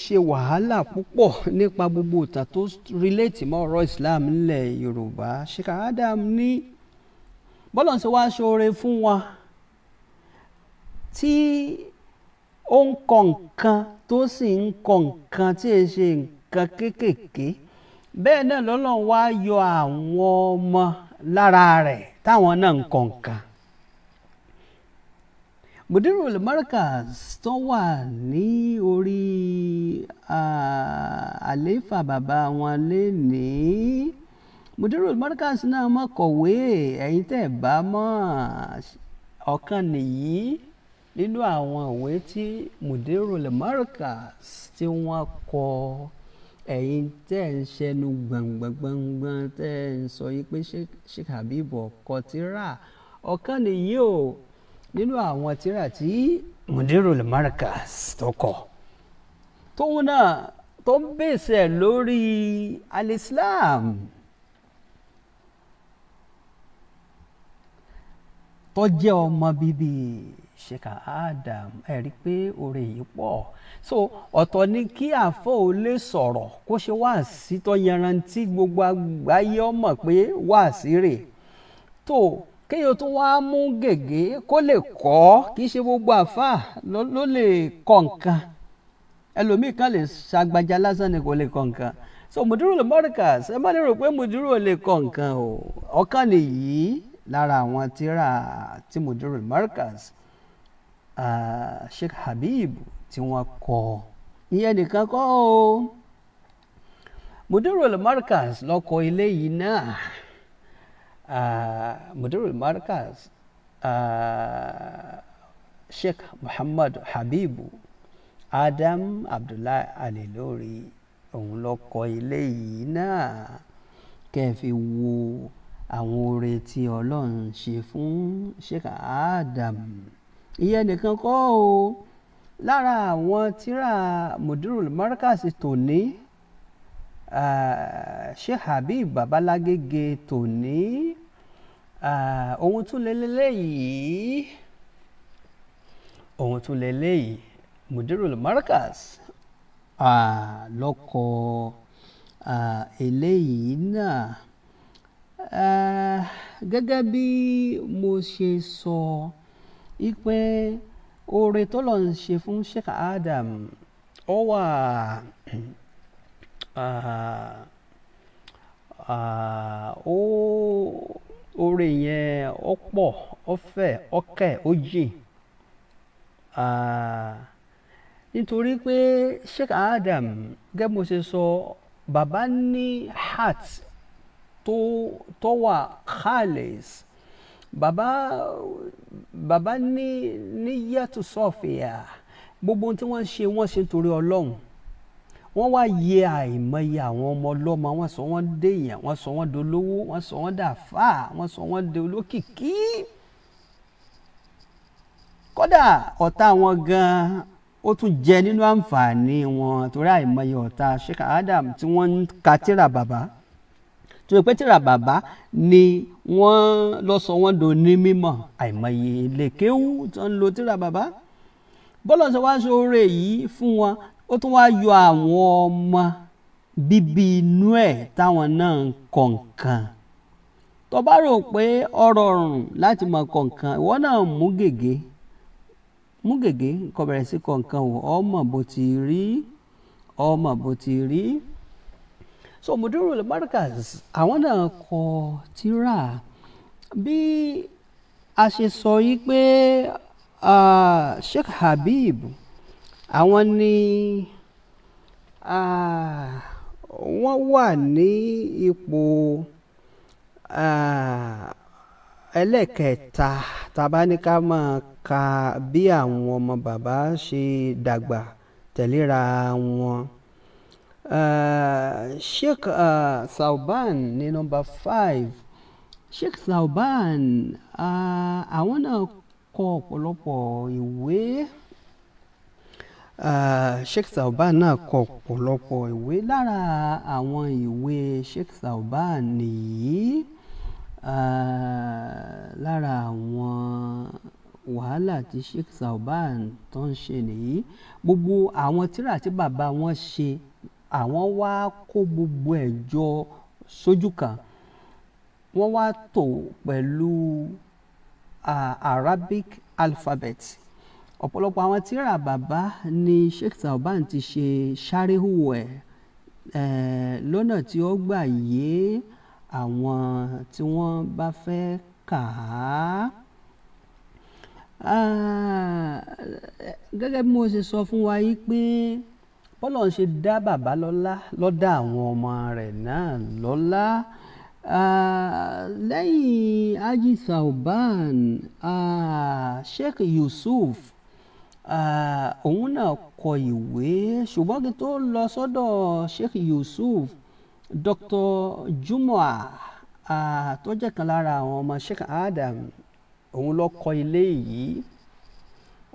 ṣe wàhálà púpọ̀ nípa gbogbo ìtàn tó relate mọ́ ọ̀rọ̀ Islam nílẹ̀ Yorùbá Sheikh Adam ní bọ́lọ̀ ń ṣe wá ṣoore fún wa tí ó ń kọ nǹkan tó sì ń kọ nǹkan tí è ṣe nǹkan kéékèèké bẹ́ẹ̀ náà lọ́lọ́run wá yọ àwọn ọmọ lára rẹ̀ táwọn náà ń kọ nǹkan. Mudiru al-Markaz tó wà ní orí àlééfà bàbá wọn lénìí Mudiru al náà mọ̀kọ̀wé ẹ̀yin tẹ̀ bá mọ̀ ọ̀kan nìyí nínú àwọn ìwé tí mudiru lemarcus tí wọ́n kọ ẹ̀yin tẹ́ ń ṣẹnu gbọ̀ngbọ̀ngbọ̀ngbọ̀n tẹ́ ń sọ yìí pé Sheikh Habib ọkọ tíra ọ̀kan nìyí o nínú àwọn tíra tí mudiru lemarcus tó kọ tóun náà tó ń bèsè lórí alislam. tó jẹ́ ọmọ bíbí Sheikh Adam ẹ rí i pé oore yìí pọ̀ so ọ̀tọ̀ ni kí àfọ́ ò lè sọ̀rọ̀ kó ṣe wáàsí tó yanrantí gbogbo àgbáyé ọmọ pé wáàsí rẹ̀ tó kéèyàn tó wá mú gègé kó lè kọ́ kì í ṣe gbogbo àfà ló lè kọ́ nǹkan ẹlòmíì kan lè ṣàgbàjà lásán ni kò lè kọ́ nǹkan so mùdúró lè mọ́ríkàs ẹ má lè rò pé mùdúró lè kọ́ nǹkan o ọ̀kan nìyí lára àwọn tíra tí mùdúró lè mọ́ríkàs Sheikh Habib tí wọ́n kọ ìyẹn nìkan kọ́ o Mudirul Markaz lọ́kọ ilé yìí náà Mudirul Markaz Sheikh Muhammad Habib Adam Abdullahi Alilori òun lọ́kọ ilé yìí náà kẹ́ẹ̀fi wo àwọn oore tí Ọlọ́run ṣe fún Sheikh Adam. Mm -hmm ìyẹn nìkan kọ́ o lára àwọn tíra mudirul markaz tòní Sheikh Habib Babalagege tòní ohun tún lélẹ́yìí ohun tún lélẹ́yìí mudirul markaz lọ́kọ̀ eléyìí náà gẹ́gẹ́ bí mo ṣe sọ. So, ipe oore tó lọ ń ṣe fún Sheikh Adam ó wà [CLEARS THROAT] ó oore yẹn ó pọ̀ ó fẹ̀ ó kẹ̀ ó jìn nítorí pé Sheikh Adam gẹ́gẹ́ mo ṣe sọ bàbá ní heart tó wà khalis bàbá bàbá ní níyàtú sọfìà gbogbo ohun tí wọ́n ń ṣe wọ́n ṣe nítorí Ọlọ́run wọ́n wá yẹ àìmọye àwọn ọmọ ọlọ́mọ wọ́n sọ wọ́n dèèyàn wọ́n sọ wọ́n dolówó wọ́n sọ wọ́n dàfà wọ́n sọ wọ́n dolókìkí kódà ọ̀tá wọn gan-an ó tún jẹ nínú àǹfààní wọn torí àìmọye ọ̀tá Sheikh Adam tí wọ́n ń ka tírà bàbá tó pé tíra bàbá ni wọ́n lọ sọ wọ́n do ní mímọ̀ àìmọye lèkéwú tó ń lo tíra bàbá bọ́lá ṣe wá sóore yìí fún wọn ó tún wá yọ àwọn ọmọ bíbí inú ẹ̀ táwọn náà ń kọ̀ǹkan tó bá rò pé ọ̀rọ̀ ọ̀rùn láti mọ kọ̀ǹkan ìwọ náà mú gègé mú gègé kó sí kọ̀ǹkan wò ọmọ bó ti rí ọmọ bó ti rí so Mudirul Markaz àwọn náà kọ tírà bí a ṣe sọ yìí pé Sheikh Habib àwọn ni wọ́n wà ní ipò ẹlẹ́kẹta tàbá ní ká máa ka bí àwọn ọmọ bàbá ṣe dàgbà tẹ̀léra wọn. Uh, Sheikh uh, Sauban ni number five Sheikh Sauban uh, àwọn náà kọ ọ̀pọ̀lọpọ̀ ìwé uh, Sheikh Sauban náà kọ ọ̀pọ̀lọpọ̀ ìwé lára àwọn ìwé Sheikh Sauban nìyí uh, lára àwọn wàhálà tí Sheikh Sauban tó ń ṣe nìyí gbogbo àwọn tírà tí bàbá wọn ṣe àwọn wá kó gbogbo ẹ̀ jọ sójú kan wọ́n wá tò pẹ̀lú Arabic alphabet ọ̀pọ̀lọpọ̀ àwọn tíra bàbá ni Sheikh Thaoban ti ṣe ṣáríhù ẹ̀ lọ́nà tí ó gbà yé àwọn tí wọ́n bá fẹ́ kà á. gẹ́gẹ́ bí mo ṣe sọ fún wa yìí pé bọ́lọ́n ṣe dá bàbá lọ́lá lọ́dá àwọn ọmọ rẹ̀ náà lọ́lá lẹ́yìn Haji Sauban Sheikh Yusuf òun náà kọ ìwé ṣùgbọ́n kí tó lọ sọ́dọ̀ Sheikh Yusuf Dr. Jumua tó jẹ́ kan lára àwọn ọmọ Sheikh Adam òun ló kọ ilé yìí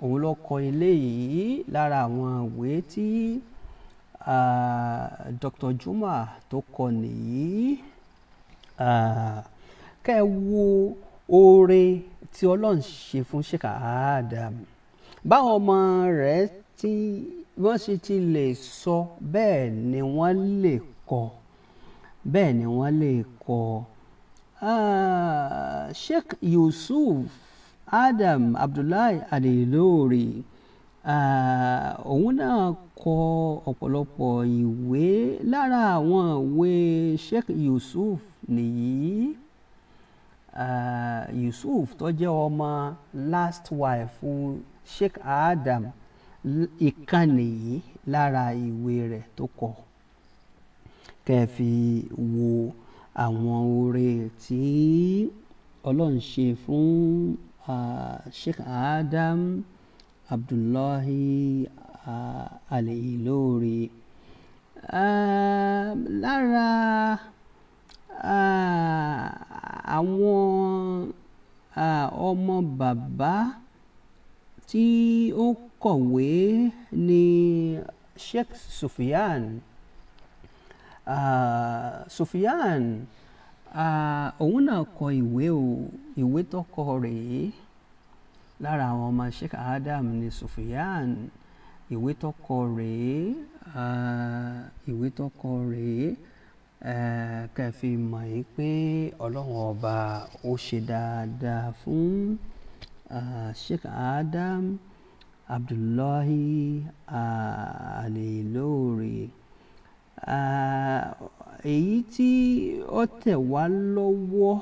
òun ló kọ ilé yìí lára àwọn ìwé tí. Tí uh, Dr. Juma tó kọ nìyí uh, kẹ́ ẹ wo oore tí Ọlọ́run ṣe fún Sheikh Adam báwọn ọmọ rẹ̀ tí wọ́n sì ti lè sọ bẹ́ẹ̀ ni wọ́n lè kọ bẹ́ẹ̀ ni wọ́n lè kọ Sheikh Yusuf Adam Abdullahi al òun náà kọ ọ̀pọ̀lọpọ̀ ìwé lára àwọn ìwé Sheikh Yusuf nìyí Yusuf tó jẹ́ ọmọ last wife fún Sheikh Adam ìkan nìyí lára ìwé rẹ̀ tó kọ kẹfì wo àwọn oore tí Ọlọ́run ṣe fún Sheikh Adam abdullahi al-Ilori lára àwọn ọmọ bàbá tí ó kọ̀wé ni Sheikh Sufyan uh, Sufyan òun náà kọ ìwé o ìwé tó kọ rèé lára àwọn ọmọ Sheikh Adam ni Sufyan ìwé tọkọ rèé ìwé tọkọ rèé kẹfì mọ̀ yìí pé ọlọ́run ọba ó ṣe dáadáa fún Sheikh Adam Abdullahi Al-Ilory èyí tí ó tẹ̀ wá lọ́wọ́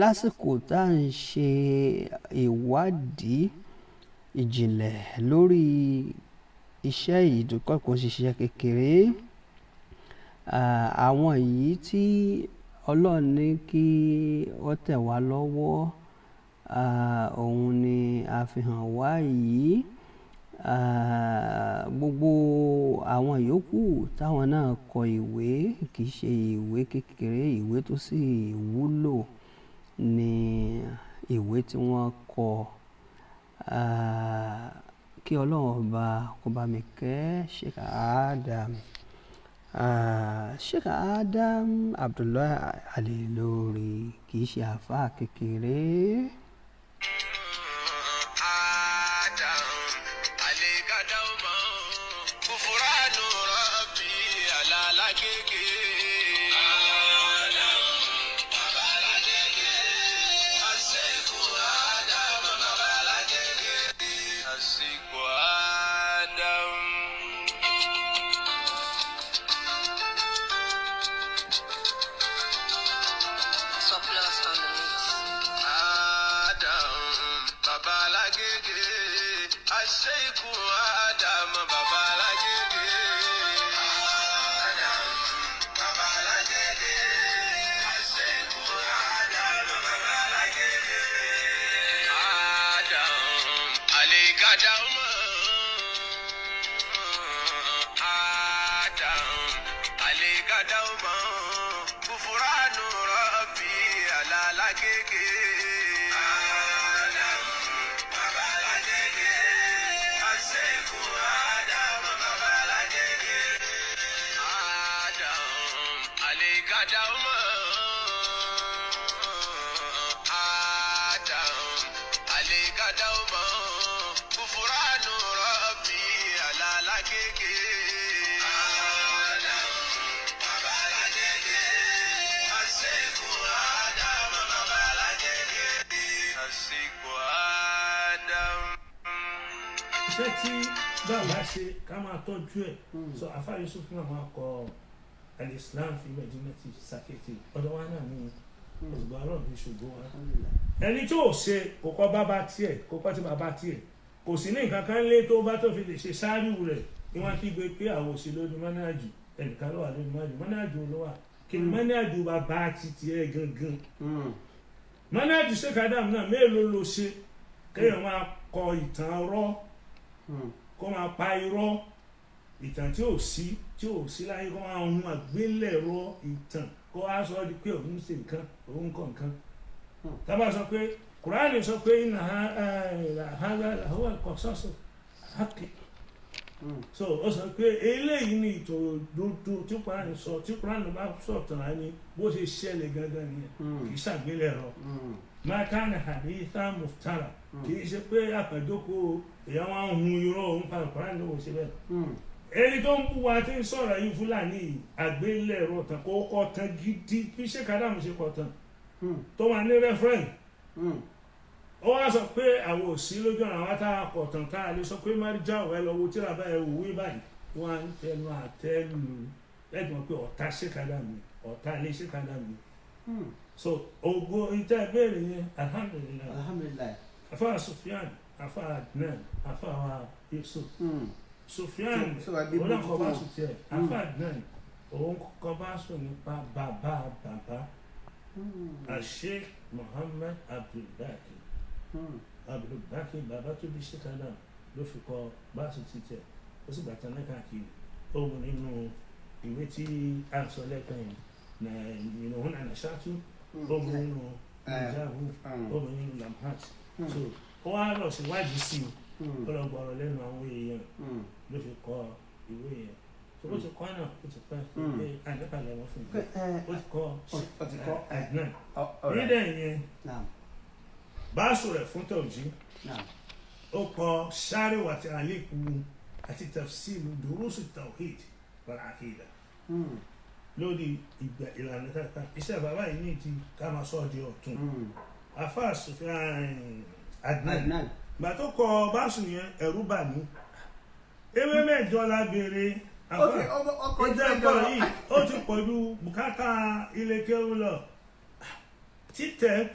lásìkò tá à ń ṣe ìwádìí ìjìnlẹ̀ lórí iṣẹ́ ìdúkọ́ kò ṣiṣẹ́ kékeré àwọn yìí tí ọlọ́run ní kí wọ́n tẹ̀ wá lọ́wọ́ òun ni àfihàn wá yìí Ah, gbogbo àwọn yòókù táwọn náà kọ ìwé kì í ṣe ìwé kékeré ìwé tó sì wúlò ni ìwé tí wọ́n kọ. Ah, kí Ọlọ́run ọba kó bá mi kẹ́ Sheikh Adam. Ah, Sheikh Adam Abdullahi Al-Ilory kì í ṣe àáfàá kékeré. I báwo la ṣe ká máa tọ́jú ẹ̀ hmm. so afa Yusuf náà máa kọ alislam fi Madinati sakete ọ̀dọ̀ wa náà ní ọ̀dọ̀ wa náà ní ṣògo wa ẹni tí ò ṣe kò kọ́ bàbá tiẹ̀ kò kọ́ ti bàbá tiẹ̀ kò sí ní nǹkan kan lé tó bá tó fi lè ṣe ṣáájú rẹ̀ ni wọ́n ti gbé pé àwọn òsì lónìí mọ́nájú ẹnìkan ló wà lónìí mọ́nájú mọ́nájú ló wà kìnnì hmm. mọ́nájú bàbá ti tiẹ̀ gangan mọ́nájú ṣèkádàm náà mélòó ló ṣe kéèyàn hmm. máa kọ ìtàn ọ̀rọ̀ kó máa pa irọ́ ìtàn tí ò sí tí ò sí láyé kó máa hun àgbélẹ̀rọ ìtàn kó wá sọ ọ́ di pé òun ṣe nǹkan òun kọ̀ nǹkan hmm. tábà sọ pé kùránì sọ pé iná àwọn ẹ̀kọ́ sọ́sọ̀ hákì so ó sọ pé eléyìí ni ìtòdodo tí kùránì sọ tí kùránì bá sọ tàn án ni bó ṣe ṣẹlẹ̀ gangan nìyẹn hmm. kì í ṣàgbélẹ̀rọ máa ká ní àdéhìí kì í ṣe pé àpẹjọpọ̀ èèyàn wá ń hun irọ́ òun pa ìkọ́rá ní òwò ṣe bẹ́ẹ̀. Hmm. ẹni tó ń bú wa tí ń sọ̀rọ̀ yìí fúlàní àgbélẹ̀rọ tán kó kọ́ tán gidi bí ṣé kádàmù ṣe kọ́ tán hmm. tó wà ní rẹ́fúrẹ́ǹ hmm. ó wá sọ pé àwọn òsì lójú ọ̀nà àwọn táwọn kọ̀ tán ká lè sọ pé mary jao ẹ lọ wo tí ra báyẹn wò báyìí wọn ń tẹnu àtẹnu ẹgbọn pé ọ̀tá ṣé ọ̀tá ilé ṣé so ògo ìjà yẹn alhamdulilayi afa adnan afa wa yusuf sofiyan olóńkọ bá sùn tiẹ̀ afa hmm. adnan òun kọ bá sùn nípa bàbá bàbá hmm. àṣẹ muhammad abdulbaki hmm. abdulbaki bàbá tó bí ṣèkádà ló fi kọ bá sùn tiẹ̀ ó sì gbàtà náà káàkiri ohun nínú ìwé tí a sọ lẹ́ẹ̀kan yìí na òun àná ṣáàtú ohun nínú ìjáàbù eh, ohun nínú lamhat so ó wá lọ síwájú sí i hmm. ó lọ gbọ́rọ̀ lẹ́nu àwọn èèyàn hmm. ló fi kọ ìwé yẹn tó bó ti hmm. kọ́ náà ó ti pẹ́ pé àdébàlẹ̀ wọn fún mi ó ti kọ́ àdínà nídẹ̀ yẹn báṣu rẹ̀ fún tọ̀jú ó kọ sáréwò àti àlékù àti tafsiru durusu tawhid wal aqida lórí ìgbà ìlànà kankan iṣẹ́ bàbá yìí ní ti ká máa sọ ọ́ di ọ̀tún àfáà sùfẹ́ àárín. Adnan gbà tó kọ báṣu yẹn ẹ̀rú bà mí ewé mẹ́jọ la béèrè àfa ìdẹ́gbọ̀ yìí ó ti pọ̀ ju bùkátà ilé kéwù lọ títẹ̀ ń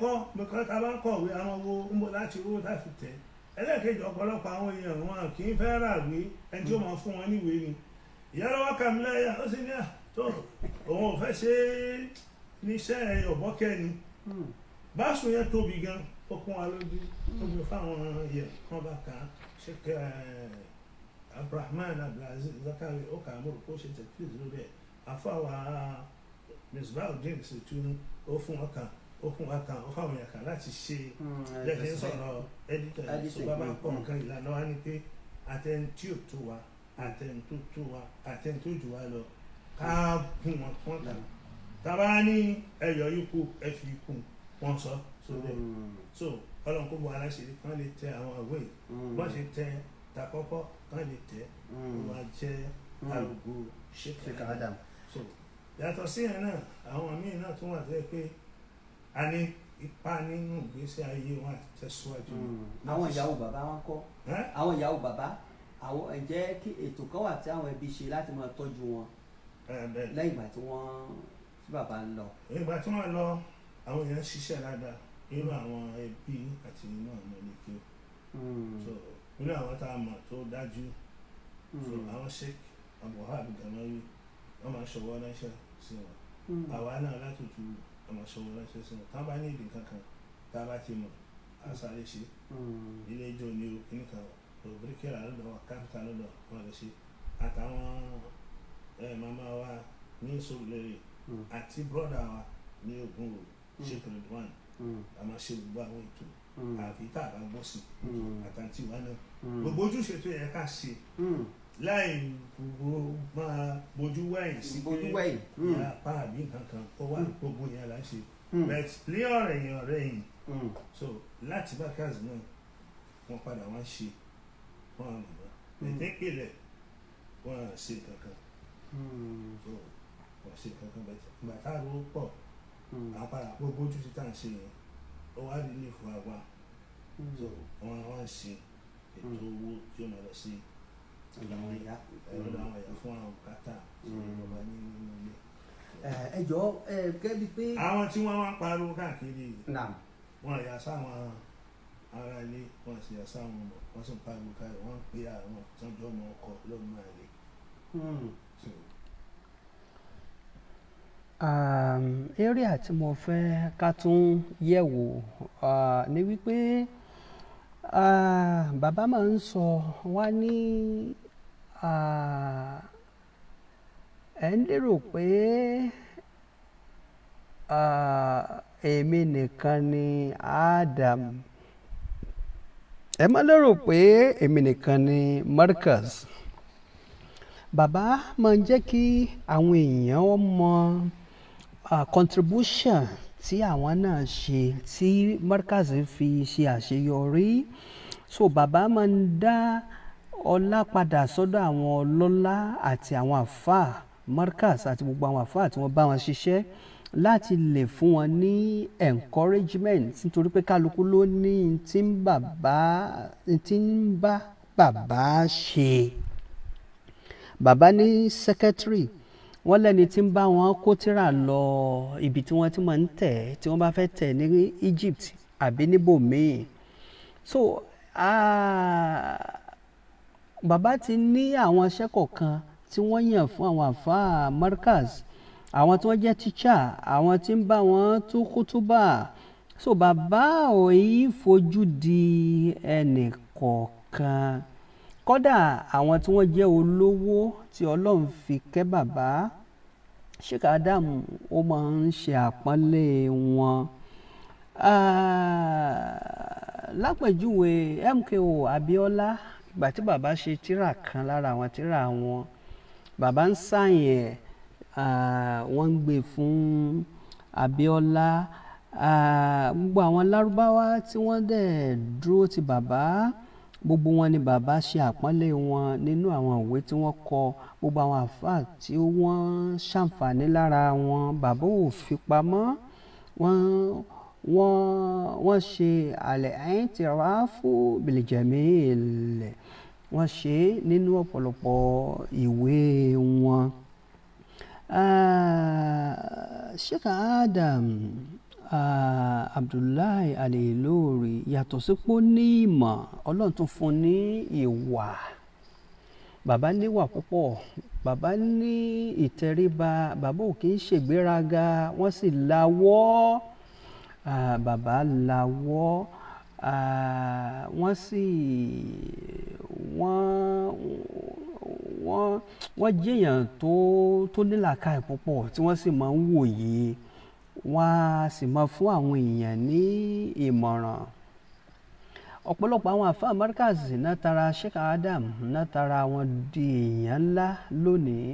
kọ́ tá a bá ń kọ̀wé àwọn wo ń bọ̀ láti owó láti tẹ̀ ẹlẹ́ẹ̀kejì ọ̀pọ̀lọpọ̀ àwọn èèyàn wọn kì í fẹ́ rà wé ẹni tí ó máa fún wọn níwèé ni ìyá lọ́wọ́ kàmílẹ́yà ó sì ní à tó òun ò fẹ́ ṣe níṣẹ́ ọ̀bọ́kẹ́ ni hmm. báṣu tóbi gan-an ó kún wa lójú ó gbé fáwọn yẹn kan bá kà á ṣe kẹ eh, Abdulrahman Abdulaziz Zakari ó kà á mọ̀rọ̀ kó ṣe tẹ̀kíìsì lórí ẹ̀ àfàwà Misbah Udeen sì tún ó fún wọn kàn ó fún wa kan ó fáwọn èèyàn kan láti ṣe hmm, lẹ́sìn sọ̀rọ̀ ẹ́dítọ̀ yìí ṣùgbọ́n a máa pọ̀ hmm, hmm. nǹkan ìlànà wa ni pé àtẹnutí ò tó wa àtẹnutó tó wa àtẹnutó jù wa lọ ká gùn wọn kán tàbá ní ẹyọ ikú ẹ ikú wọn sọ so bẹ́ẹ̀ hmm. so ọlọ́run kó bu aláṣẹ kán lè tẹ àwọn ìwé yìí hmm. ṣe tẹ takọ́kọ́ kán lè tẹ wọ́n hmm. á jẹ́ arúgbó Sheikh Adam so yàtọ̀ sí yẹn náà àwọn míì náà tún wà tẹ́ pé a ní ipa nínú ìgbésí ayé wọn àtẹ̀síwájú. àwọn ìyàwó bàbá wọn kọ́ àwọn ìyàwó bàbá àwọn ǹjẹ́ kí ètò kan wà tí àwọn ẹbí ṣe láti máa tọ́jú wọn lẹ́yìn ìgbà tí wọ́n tí bàbá ń lọ. ìgbà tí wọ́n lọ àwọn èèyàn ṣiṣẹ́ dáadáa nínú àwọn ẹbí àti nínú àwọn ẹlẹkẹ hmm. so nínú àwọn tá a mọ̀ tó dájú so hmm. àwọn sheik abuhab gamari wọn máa ṣọwọ́ ránṣẹ́ sí wọn hmm. àwa náà látòtú wọn máa ṣọwọ́ ránṣẹ́ sí wọn tá a bá ní ìdí kankan tá a bá ti mọ̀ a sáré ṣe ilé ìjọ ni o kìíní kan òbíríkìlà lọ́dọ̀ wa kápítà lọ́dọ̀ wọn lè ṣe àtàwọn ẹ màmá wa ní sọlẹrì àti bọdà wa ní ogun o sheik ridwan. Mm a máa ṣe gbogbo àwọn ètò hmm. àfi tá a bá gbọ́ sí hmm. àtàntì wa náà hmm. gbogbo ojúṣe tó yẹ ká ṣe láì máa bójú wáyìn sí pé apá àbí nǹkan kan kọ́ wá gbogbo yẹn là ń ṣe but lé ọ̀rẹ́ yẹn ọ̀rẹ́ yìí so láti Bakers náà wọ́n padà wá ṣe wọ́n àmọ̀ náà ẹ̀dẹ́gbẹ̀ rẹ̀ wọ́n á ṣe kankan so wọ́n ṣe kankan bàtà ló pọ̀. Hmm. àpàrà gbogbo ojúṣe tá à ṣe yẹn ó wá rí ilé ìfowópamọ́ wa hmm. so wọn wá ṣe ètò hmm. owó tí ó lọ sí ìlànà àwọn ẹ̀yà fún àwọn bùkátà ìjọba ní nínú ilé. ẹ jọ ẹ kẹbi pé. àwọn tí wọn wá pariwo káàkiri wọn yà sáwọn ara ilé wọn sì yà sáwọn ọmọ wọn sì ń pariwo káàkiri wọn ń pe àwọn tó ọmọ ọkọ lọ́mọ àlè area tí mo fẹ́ ká tún yẹ̀ wò ni wípé bàbá máa ń sọ wá ní ẹ̀ ń lérò pé èmi nìkan ni Adam ẹ má lérò pé èmi nìkan ni Marcus bàbá máa ń jẹ́ kí àwọn èèyàn mọ uh, contribution tí àwọn náà ṣe tí Markaz fi ṣe àṣeyọrí so bàbá máa ń dá ọlá padà sọ́dọ̀ àwọn ọlọ́lá àti àwọn àfáà Markaz àti gbogbo àwọn àfáà tí wọ́n bá wọn ṣiṣẹ́ láti lè fún wọn ní encouragement nítorí pé kálukú ló ní tí ń bàbá tí ń bá bàbá ṣe bàbá ní secretary wọ́n lẹ́ni tí ń bá wọn kó tírà lọ ibi tí wọ́n ti máa ń tẹ̀ tí wọ́n bá fẹ́ tẹ̀ ní Egypt àbí níbòmíì so bàbá ti ní àwọn iṣẹ́ kọ̀ọ̀kan tí wọ́n yàn fún àwọn àfáà Markaz àwọn tí wọ́n jẹ́ tíṣà àwọn tí ń bá wọn tún kútúbà so bàbá ò yí fojú di ẹnì kọ̀ọ̀kan kódà àwọn tí wọ́n jẹ́ olówó tí Ọlọ́run fi kẹ́ bàbá Sheikh Adam ó máa ń ṣe àpọ́nlé wọn lápèjúwe MKO Abiola ìgbà tí bàbá ṣe tírà kan lára àwọn tírà wọn bàbá ń sàyẹn wọ́n ń gbé fún Abiola gbogbo àwọn lárúbáwá tí wọ́n dẹ̀ dúró ti bàbá. Uh, gbogbo wọn ni bàbá ṣe àpọ́nlé wọn nínú àwọn ìwé tí wọ́n kọ gbogbo àwọn àfáà tí wọ́n ṣàǹfààní lára wọn bàbá ò fi pamọ́ wọ́n wọ́n wọ́n ṣe àlẹ́ àìntìráfù bìlìjẹ̀míìlẹ̀ wọ́n ṣe nínú ọ̀pọ̀lọpọ̀ ìwé wọn. Ah, Sheikh Adam Abdullahi Al-Ilory yàtọ̀ sípò ní ìmọ̀ ọlọ́run tún fún ní ìwà bàbá níwà púpọ̀ bàbá ní ìtẹríba bàbá ò kì í ṣègbéraga wọ́n sì lawọ́ bàbá lawọ́ wọ́n sì wọ́n wọ́n wọ́n jẹ́yàn tó tó nílàkàì púpọ̀ tí wọ́n sì máa ń wòye wọ́n á sì máa fún àwọn èèyàn ní ìmọ̀ràn ọ̀pọ̀lọpọ̀ àwọn àfáà Markaz nátara Sheikh Adam nátara wọn di èèyàn ńlá lónìí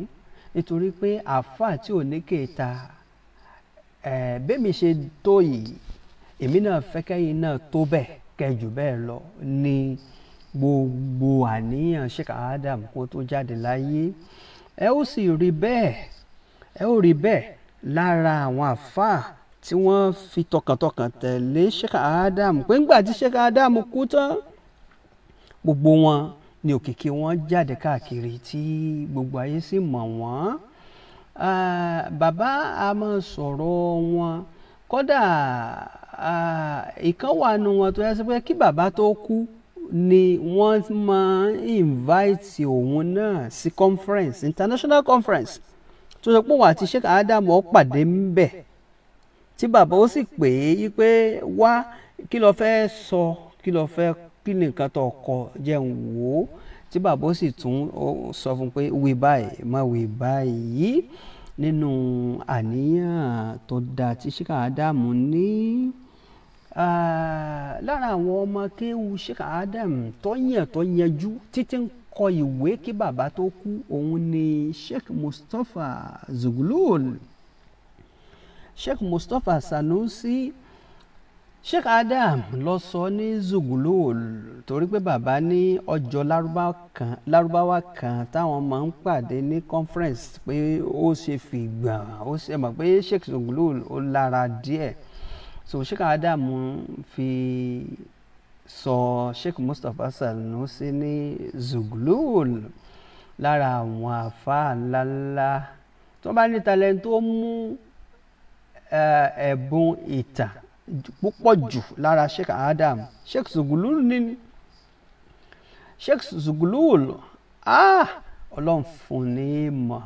nítorí pé àfáà tí ò ní kéta ẹ̀ bẹ́mi ṣe tó yìí èmi náà fẹ́kẹ́yìn náà tó bẹ́ẹ̀ kẹjù bẹ́ẹ̀ lọ ní gbogbo àníyàn Sheikh Adam kó tó jáde láyé ẹ ó sì rí bẹ́ẹ̀ ẹ ó rí bẹ́ẹ̀ lára àwọn àfáà tí wọ́n fi tọkàntọkàn tẹ̀lé Sheikh Adam pé ńgbà tí Sheikh Adam kú tán gbogbo wọn ni òkìkí wọn jáde káàkiri tí gbogbo ayé sì mọ̀ wọ́n bàbá a máa sọ̀rọ̀ wọn kódà ìkan wà nù wọn tó yẹ sí pé kí bàbá tó kú ni wọ́n máa ń invite òun náà sí conference international conference tó sọ pé òun àti Sheikh Adam ó pàdé ń bẹ̀ tí bàbá ó sì pè é pé wá kí lo fẹ́ sọ kí lo fẹ́ kí ni nǹkan tó kọ jẹun wò ó tí bàbá ó sì tún sọ fún un pé wí báyìí má wí báyìí nínú àníyàn tó da tí Sheikh Adam ní lára àwọn ọmọ kéwu Sheikh Adam tó yàn tó yanjú títí ń kọ ìwé kí bàbá tó kú òun ni Sheikh Mustapha Zughlul Sheikh Mustapha Sanusi Sheikh Adam lọ sọ ní Zughlul torí pé bàbá ní ọjọ́ lárúbáwá kan táwọn máa ń pàdé ní conference pé ó ṣe fìgbà ó ṣe mọ̀ pé Sheikh Zughlul ó lára díẹ̀ so Sheikh Adam fi sọ Sheikh Mustapha Sanusi ní zuglul lára àwọn àfáà ńláńlá tó bá ní talent tó mú ẹ̀bùn ìtàn púpọ̀ jù lára Sheikh Adam Sheikh zuglul ní Sheikh zuglul ah ọlọ́run fún ní mọ̀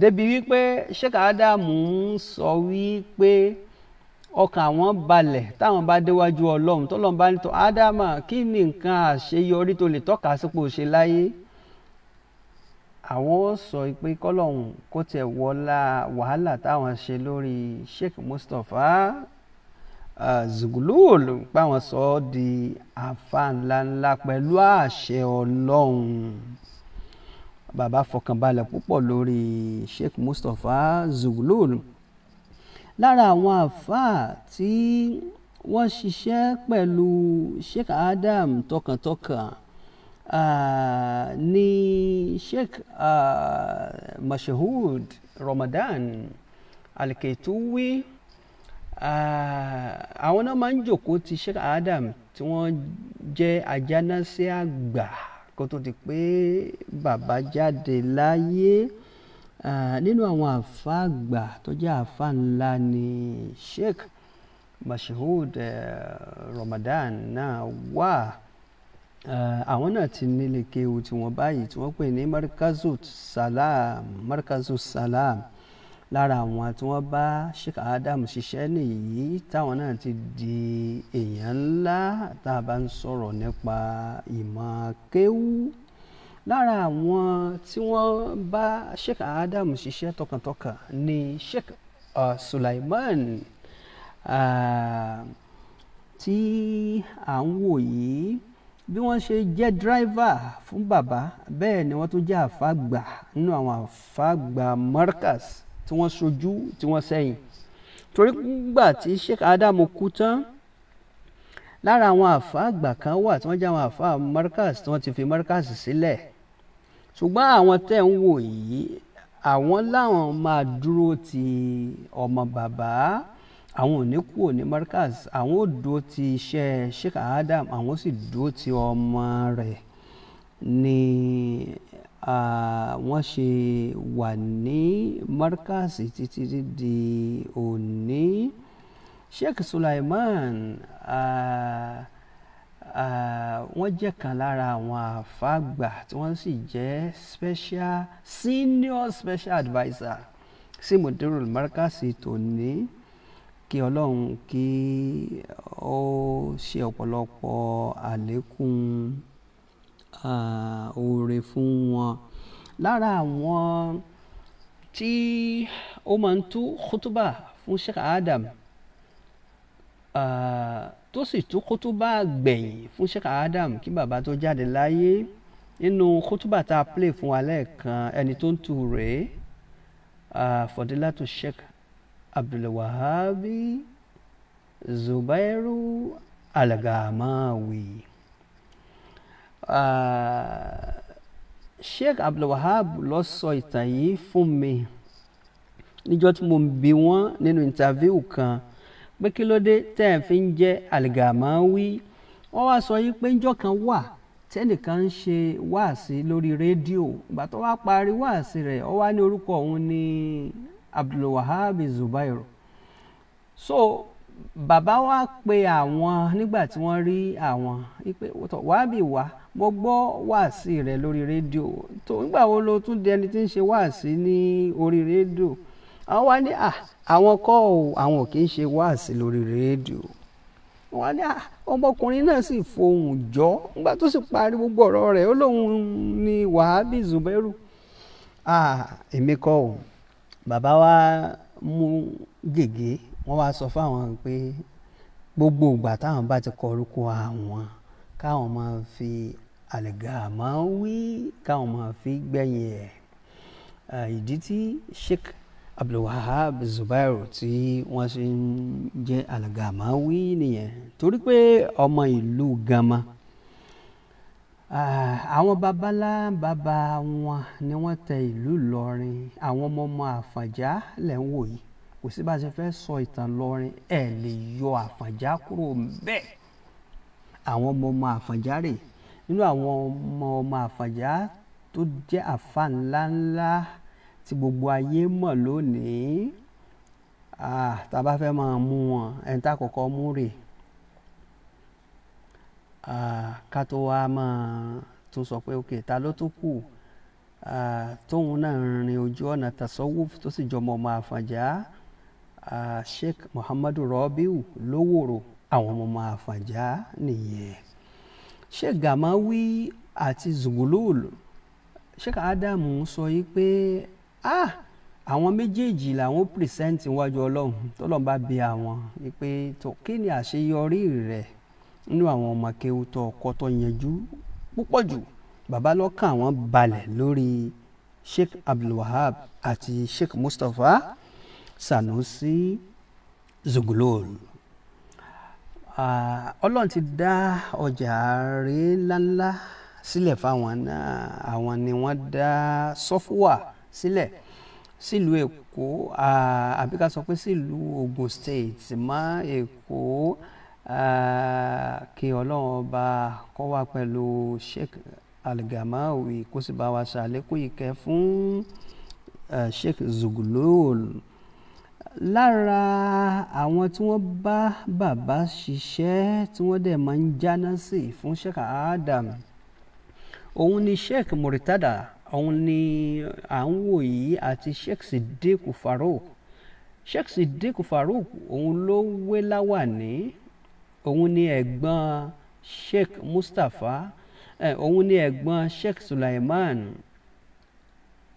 débi wípé Sheikh Adam ń sọ wípé. So ọkàn àwọn balẹ̀ táwọn bá déwájú ọlọ́run tọ́lọ́run bá ní tọ́ ádámà kí ni nǹkan àṣeyọrí tó lè tọ́ka sípò ṣe láyé àwọn sọ pé kọ́lọ́hún kó tiẹ̀ wọlá wàhálà táwọn ṣe lórí Sheikh Mustapha uh, Zughlul páwọn sọ ọ́ di àfa ńláńlá pẹ̀lú àṣẹ ọlọ́run bàbá fọkànbalẹ̀ púpọ̀ lórí Sheikh Mustapha Zughlul lára àwọn àfáà tí wọ́n ṣiṣẹ́ pẹ̀lú Sheikh Adam tọkàntọkàn uh, ni Sheikh uh, Mashahud Ramadan Alketuwi àwọn uh, náà máa ń jòkó ti Sheikh Adam tí wọ́n jẹ́ ajánásí àgbà kó tó di pé bàbá jáde láyé. Uh, Ah, nínú àwọn àfa àgbà tó jẹ́ àfa ńlá ni Sheikh Mashood eh, Ramadan náà wà ah, àwọn náà ti nílé kéwu tí wọ́n báyìí tí wọ́n pè ní markazu salam markazu salam lára àwọn tí wọ́n bá Sheikh Adam ṣiṣẹ́ nìyí táwọn náà ti di èèyàn ńlá tá a bá ń sọ̀rọ̀ nípa ìmọ̀ kéwú lára àwọn tí wọ́n bá Sheikh Adam ṣiṣẹ́ tọkàntọkàn ni Sheikh uh, Sulaiman uh, tí à ń wò yìí bí wọ́n ṣe jẹ́ dírẹ́fà fún bàbá bẹ́ẹ̀ ni wọ́n tún jẹ́ àfàgbà nínú àwọn àfàgbà Markaz tí wọ́n ṣojú tí wọ́n sẹ́yìn torí gbà tí Sheikh Adam kú tán lára àwọn àfàgbà kan wà tí wọ́n jẹ́ àwọn àfà Markaz tí wọ́n ti fi Markaz sílẹ̀. Si ṣùgbọ́n àwọn tẹ́ ń wò yìí àwọn láwọn máa dúró ti ọmọ bàbá àwọn ò ní kúrò ní Markaz àwọn ò dúró ti iṣẹ́ Sheikh Adam àwọn sì dúró ti ọmọ rẹ̀ ni wọ́n ṣe wà ní Markaz títí di òní Sheikh Sulaiman. Uh, Ah, wọ́n jẹ́ kan lára àwọn àfáàgbà tí wọ́n sì jẹ́ special senior special adviser sí Mudirul Markazi tòní kí ọlọ́run kí ó ṣe ọ̀pọ̀lọpọ̀ àlékún ah, oore fún wọn lára àwọn tí ó máa ń tú kútúbà fún Sheikh Adam. Uh, tó sì tó kótóbá gbẹ̀yìn fún Sheikh Adam kí bàbá tó jáde láyé nínú kótóbá tá a play fún wa lẹ́ẹ̀kan ẹni tó ń tu rèé Fadilatu Sheikh Abdulwahabi Zubairu Alagamawi Uh, Sheikh Abdulwahab ló sọ ìtàn yìí fún mi níjọ́ tí mo ń bi nínú ìntàvíwù kan pé kí ló dé tẹ́ ẹ̀ fi ń jẹ́ àlìgàmáwí wọ́n wá sọ yìí pé ńjọ́ kan wà tẹ́nìkan ń ṣe wáàsí lórí rédíò ìgbà tó wá parí wáàsí rẹ̀ ó wá ní orúkọ òun ní Abdulwahab Zubair so bàbá wa pe àwọn nígbà tí wọ́n rí àwọn wípé wàábì wá mo gbọ́ wáàsí rẹ̀ lórí rédíò tó nígbà wo lo tún di ẹni tí ń ṣe wáàsí ní orí rédíò àwọn wá ní àwọn kọ́ ò àwọn ò kì í ṣe wáàsí lórí rédíò wọ́n ní ọmọkùnrin náà sì fohùn jọ nígbà tó sì parí gbogbo ọ̀rọ̀ rẹ̀ ó lóun ní wàhábì zubairu èmi kọ́ ò bàbá wa mú gègé wọ́n wá sọ fáwọn pé gbogbo ìgbà táwọn bá ti kọ orúkọ àwọn káwọn máa fi àlègà máa wí káwọn máa fi gbẹ̀yìn ẹ̀ ìdí tí sheikh abdulwahab zubairu tí wọ́n ṣe ń jẹ́ alagamawi nìyẹn torí pé ọmọ ìlú gama àwọn babalá bàbá wọn ni wọ́n tẹ ìlú lọrin àwọn ọmọ ọmọ àfànjá lẹ̀ ń wò yìí kò sí bá a ṣe fẹ́ sọ ìtàn lọrin ẹ̀ lè yọ àfànjá kúrò bẹ́ẹ̀ àwọn ọmọ ọmọ rèé nínú àwọn ọmọ ọmọ tó jẹ́ àfa ńláńlá tí gbogbo ayé mọ̀ lónìí ah tá a bá fẹ́ máa mú wọn ẹni tá a mú rè ah ká tó wá máa tún sọ pé ok ta ló tún kù ah tóun náà rin ojú ọ̀nà tasawuf tó sì jọmọ ọmọ Àfọ̀njá ah Sheikh Muhammadu Rabiu Lówòrò àwọn ọmọ ọmọ Àfọ̀njá nìyẹn Sheikh Gamawi àti Zugulul Sheikh Adamu sọ yìí pé ah àwọn méjèèjì làwọn present níwájú ọlọ́run tọ́lọ́run bá bi àwọn pé kí ni àṣeyọrí rẹ̀ nínú àwọn ọmọ akéwútọ ọkọ tó yanjú púpọ̀ jù bàbá lọ́kàn àwọn balẹ̀ lórí Sheikh Abdulwahab àti Sheikh Mustapha Sanusi Zughlul ọlọ́run ti dá ọjà rèé ńláńlá sílẹ̀ fáwọn náà àwọn ni wọ́n dá sọ́fúwà. So sílẹ̀ sílùú èkó àbí ká sọ pé sílùú Ògùn state mọ́ èkó kí ọlọ́run ọba kó wà pẹ̀lú Sheikh Algamawi kó sì bá wa ṣàlékún ìkẹ́ fún Sheikh Zugulul lára àwọn tí wọ́n bá bàbá ṣiṣẹ́ tí wọ́n dẹ̀ máa ń jáná sí fún Sheikh Adam òun ni Sheikh Muritada òun ni à ń wò yìí àti Sheikh Sidiq Farouk Sheikh Sidiq Farouk òun ló wé láwàní òun ni ẹ̀gbọ́n Sheikh Mustapha òun ni ẹ̀gbọ́n Sheikh Sulaiman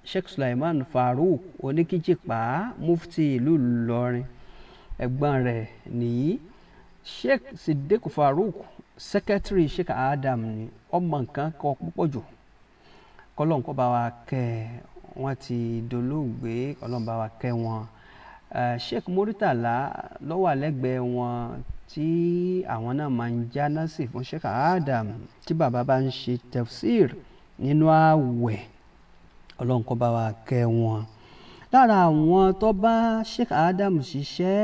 Sheikh Sulaiman Farouk oníkíjìpá mufti ìlú Ìlọrin ẹ̀gbọ́n rẹ̀ nìyí Sheikh Sidiq Farouk secretary Sheikh Adam ni ọmọ nǹkan kọ púpọ̀ jù kọ́lọ́n kó bá wa kẹ́ wọ́n ti dolóògbé kọ́lọ́n bá wa kẹ́ wọn Sheikh Muritala ló wà wọn tí àwọn náà máa ń já násì fún Sheikh Adam tí bàbá bá ń ṣe tafsir nínú ààwẹ̀ ọlọ́run kó bá wa kẹ́ wọn lára àwọn tó bá Sheikh Adam ṣiṣẹ́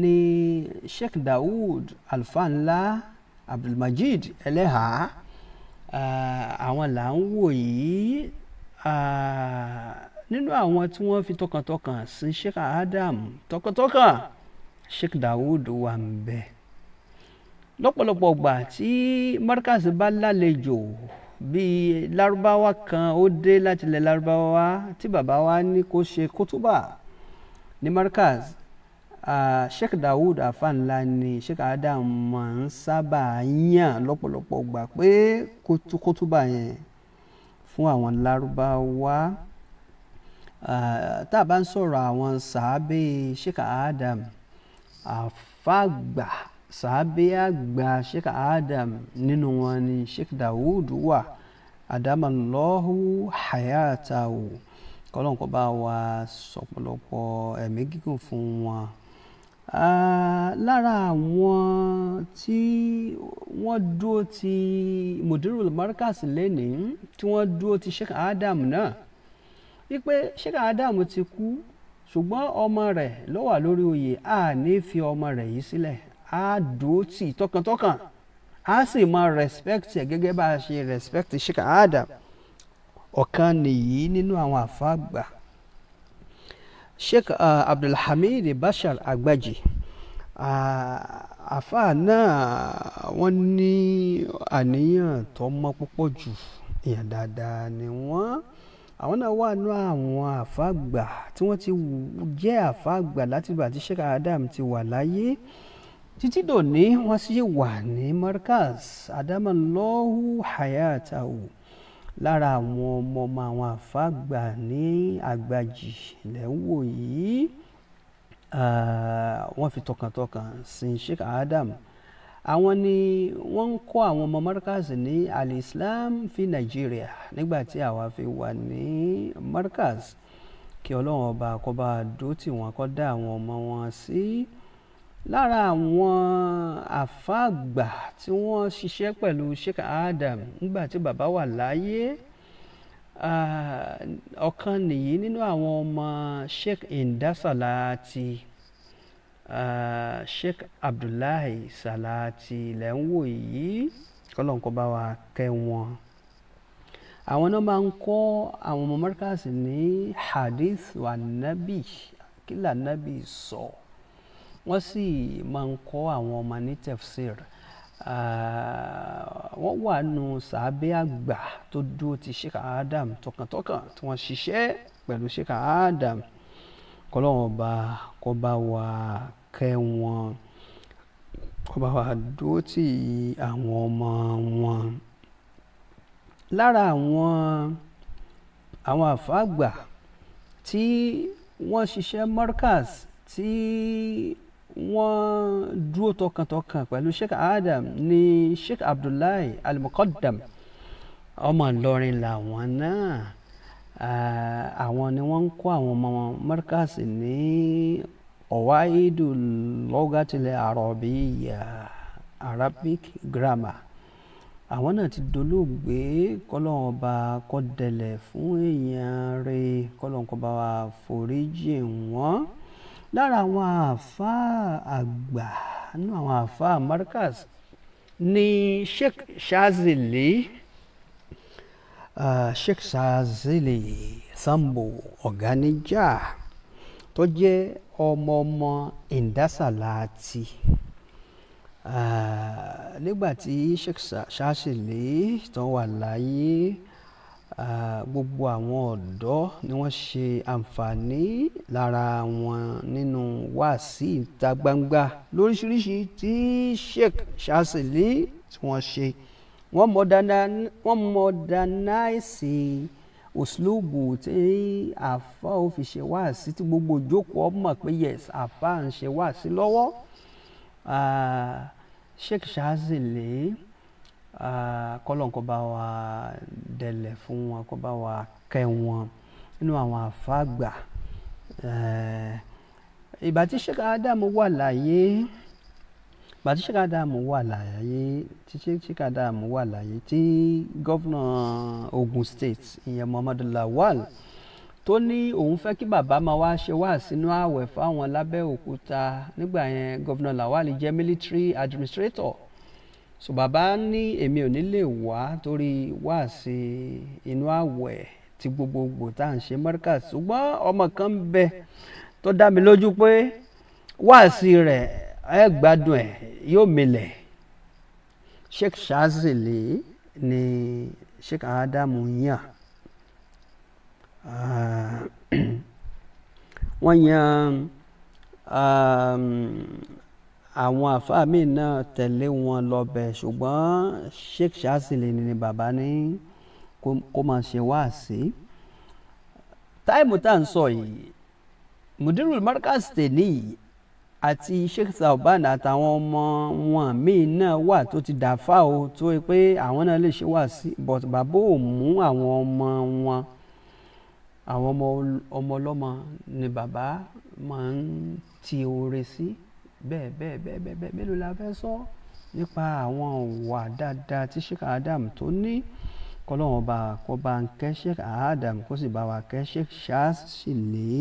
ni Sheikh daoud alfa ńlá Abdulmajid ẹlẹ́hàá Ah, àwọn là ń wò yìí ah, nínú àwọn tí wọ́n fi tọkàntọkàn sí Sheikh Adam tọkàntọkàn Sheikh Dawood wà ń bẹ lọ́pọ̀lọpọ̀ gbà tí Markaz bá lálejò bíi lárúbáwá kan ó dé láti ilẹ̀ lárúbáwá tí bàbá wa ní kó ṣe kútúbà ní Markaz Uh, Sheikh Dawood afanla ni Sheikh Adam máa ń sábà yàn lọ́pọ̀lọpọ̀ gbà pé kótóbà yẹn fún àwọn lárúbáwá tá a bá ń sọ̀rọ̀ àwọn sàábé Sheikh Adam àfàgbà sàábé àgbà Sheikh Adam nínú wọn ni Sheikh Dawood wà adamallahu hayatahu kọ́lọ́nkọ́ bá wa sọ̀pọ̀lọpọ̀ ẹ̀mí gígùn fún wọn. Ah, lára àwọn tí wọ́n dúró ti mudirul markaz lẹ́nìí tí wọ́n dúró ti Sheikh Adam náà wípé Sheikh Adam ti kú ṣùgbọ́n ọmọ rẹ̀ ló wà lórí oyè a ní fi ọmọ rẹ̀ yìí sílẹ̀ a dúró tì tọkàntọkàn a sì máa respect ẹ̀ gẹ́gẹ́ bá a ṣe respect Sheikh Adam ọ̀kan nìyí nínú àwọn àfáàgbà sheikh uh, abdulhamid bashar agbaji uh, àfáà náà wọ́n ní àníyàn tó mọ́ púpọ̀ jù èèyàn dáadáa ni wọ́n àwọn náà wà nú àwọn àfáàgbà tí wọ́n ti jẹ́ àfáàgbà láti ìgbà tí sheikh adam ti wà láyé títí dòní wọ́n sì wà ní markaz adamallahu hayatahu lára àwọn ọmọ ọmọ àwọn àfáàgbà ní àgbàjì lẹ́ ń yìí ah, wọ́n fi tọkàntọkàn sin Sheikh Adam àwọn ni wọ́n ń kọ́ àwọn ọmọ Markaz ní Al-Islam fi Nàìjíríà nígbà tí àwa fi wà ní Markaz kí Ọlọ́run ọba kó bá dó tì wọ́n kó dá àwọn ọmọ wọn sí. Si, lára àwọn àfáàgbà tí wọ́n ṣiṣẹ́ pẹ̀lú Sheikh Adam nígbà tí bàbá wà láyé ọ̀kan nìyí nínú àwọn ọmọ Sheikh Indasalati uh, Sheikh Abdullahi Salati ilẹ̀ ń wò yìí kọ́lọ́n kó bá wa kẹ́ wọn. àwọn náà máa ń kọ́ àwọn ọmọ Markaz ní hadith wa nabi kí là nabi sọ. So wọ́n sì máa ń kọ́ àwọn ọmọ ní tefsir ah, wọ́n wà nù sàábẹ́ àgbà tó dúró ti Sheikh Adam tọkàntọkàn tí wọ́n ṣiṣẹ́ pẹ̀lú Sheikh Adam kọ́lọ́wọ́n bá kọ́ bá wa kẹ́ wọn kọ́ bá wa dúró ti àwọn ọmọ wọn lára àwọn àwọn àfáàgbà tí wọ́n ṣiṣẹ́ markaz tí wọ́n dúró tọkàntọkàn pẹ̀lú sheikh adam ní sheikh abdullahi al-muqaddam ọmọ ìlọrin làwọn náà àwọn ni wọ́n ń kó àwọn ọmọ wọn markaz ní ọ̀wáìdù lọ́gàtìlẹ̀ àrọ̀bíyà arabic grammar àwọn náà ti dolóògbé kọ́lọ́hún ọba kọ́dẹ̀lẹ̀ fún èèyàn rẹ̀ kọ́lọ́hún kọ́ba foríjì wọ́n lára àwọn àáfàá àgbà nínú àwọn àáfàá Markaz ni Sheikh Shazili uh, Sheikh Shazili Sambo Ọ̀gánijà tó jẹ́ ọmọ ọmọ Indasalati nígbà tí Sheikh Shazili tó wà láyé gbogbo àwọn ọ̀dọ́ ni wọ́n ṣe àǹfààní lára wọn nínú wáàsí ìta gbangba lóríṣiríṣi tí Sheikh Shazili tí wọ́n ṣe wọ́n mọ̀dánáìsì òṣìlóòbù tí àfa ò fi ṣe wáàsí tí gbogbo ìjókòó ọmọ pé yes àfa ń ṣe wáàsí lọ́wọ́ Sheikh Shazili kọ́lọ̀ kó bá wa dẹ̀lẹ̀ fún wọn kó bá wa kẹ́ wọn nínú àwọn àfáàgbà ìgbà tí Sheikh Adamu wà láyé ìgbà tí Sheikh Adamu wà láyé tí Sheikh Adamu wà láyé tí gọ́vnà Ogun State ìyẹn Muhammadu Lawal tó ní òun fẹ́ kí bàbá máa wá ṣe wá sínú ààwẹ̀ fáwọn lábẹ́òkúta nígbà yẹn gọ́vnà Lawal jẹ́ military administrator so bàbá ní èmi ò ní lè wá torí wáàsí inú àwẹ̀ tí gbogbogbò tá à ń ṣe Markaz ṣùgbọ́n ọmọ kan ń bẹ tó dá mi lójú pé wáàsí rẹ̀ ẹ gbádùn ẹ̀ yóò milẹ̀ Sheikh Shazili ni Sheikh Adamu yàn ah, [CLEARS THROAT] wọ́n yan. Ah, àwọn àfáàmì náà tẹ̀lé wọn lọ́bẹ̀ ṣùgbọ́n Sheikh Shazili ni bàbá ní kó máa ṣe wáàsí táìmù tá à ń sọ yìí mudirul markaz tèmi àti Sheikh Thaoban àtàwọn ọmọ wọn míì náà wà tó ti dàáfà o tó yẹ pé àwọn náà lè ṣe wáàsí but bàbá ò mú àwọn ọmọ wọn àwọn ọmọ ọlọ́mọ ni bàbá máa ń ti oore sí. Si bẹ́ẹ̀ bẹ́ẹ̀ bẹ́ẹ̀ bẹ́ẹ̀ bẹ́ẹ̀ mélòó la fẹ́ sọ nípa àwọn ìwà dáadáa tí Sheikh Adam tó ní kọlọ́wọ́n bá kó bá ń kẹ́ Sheikh Adam kó sì bá wa kẹ́ Sheikh Shaz sì lè.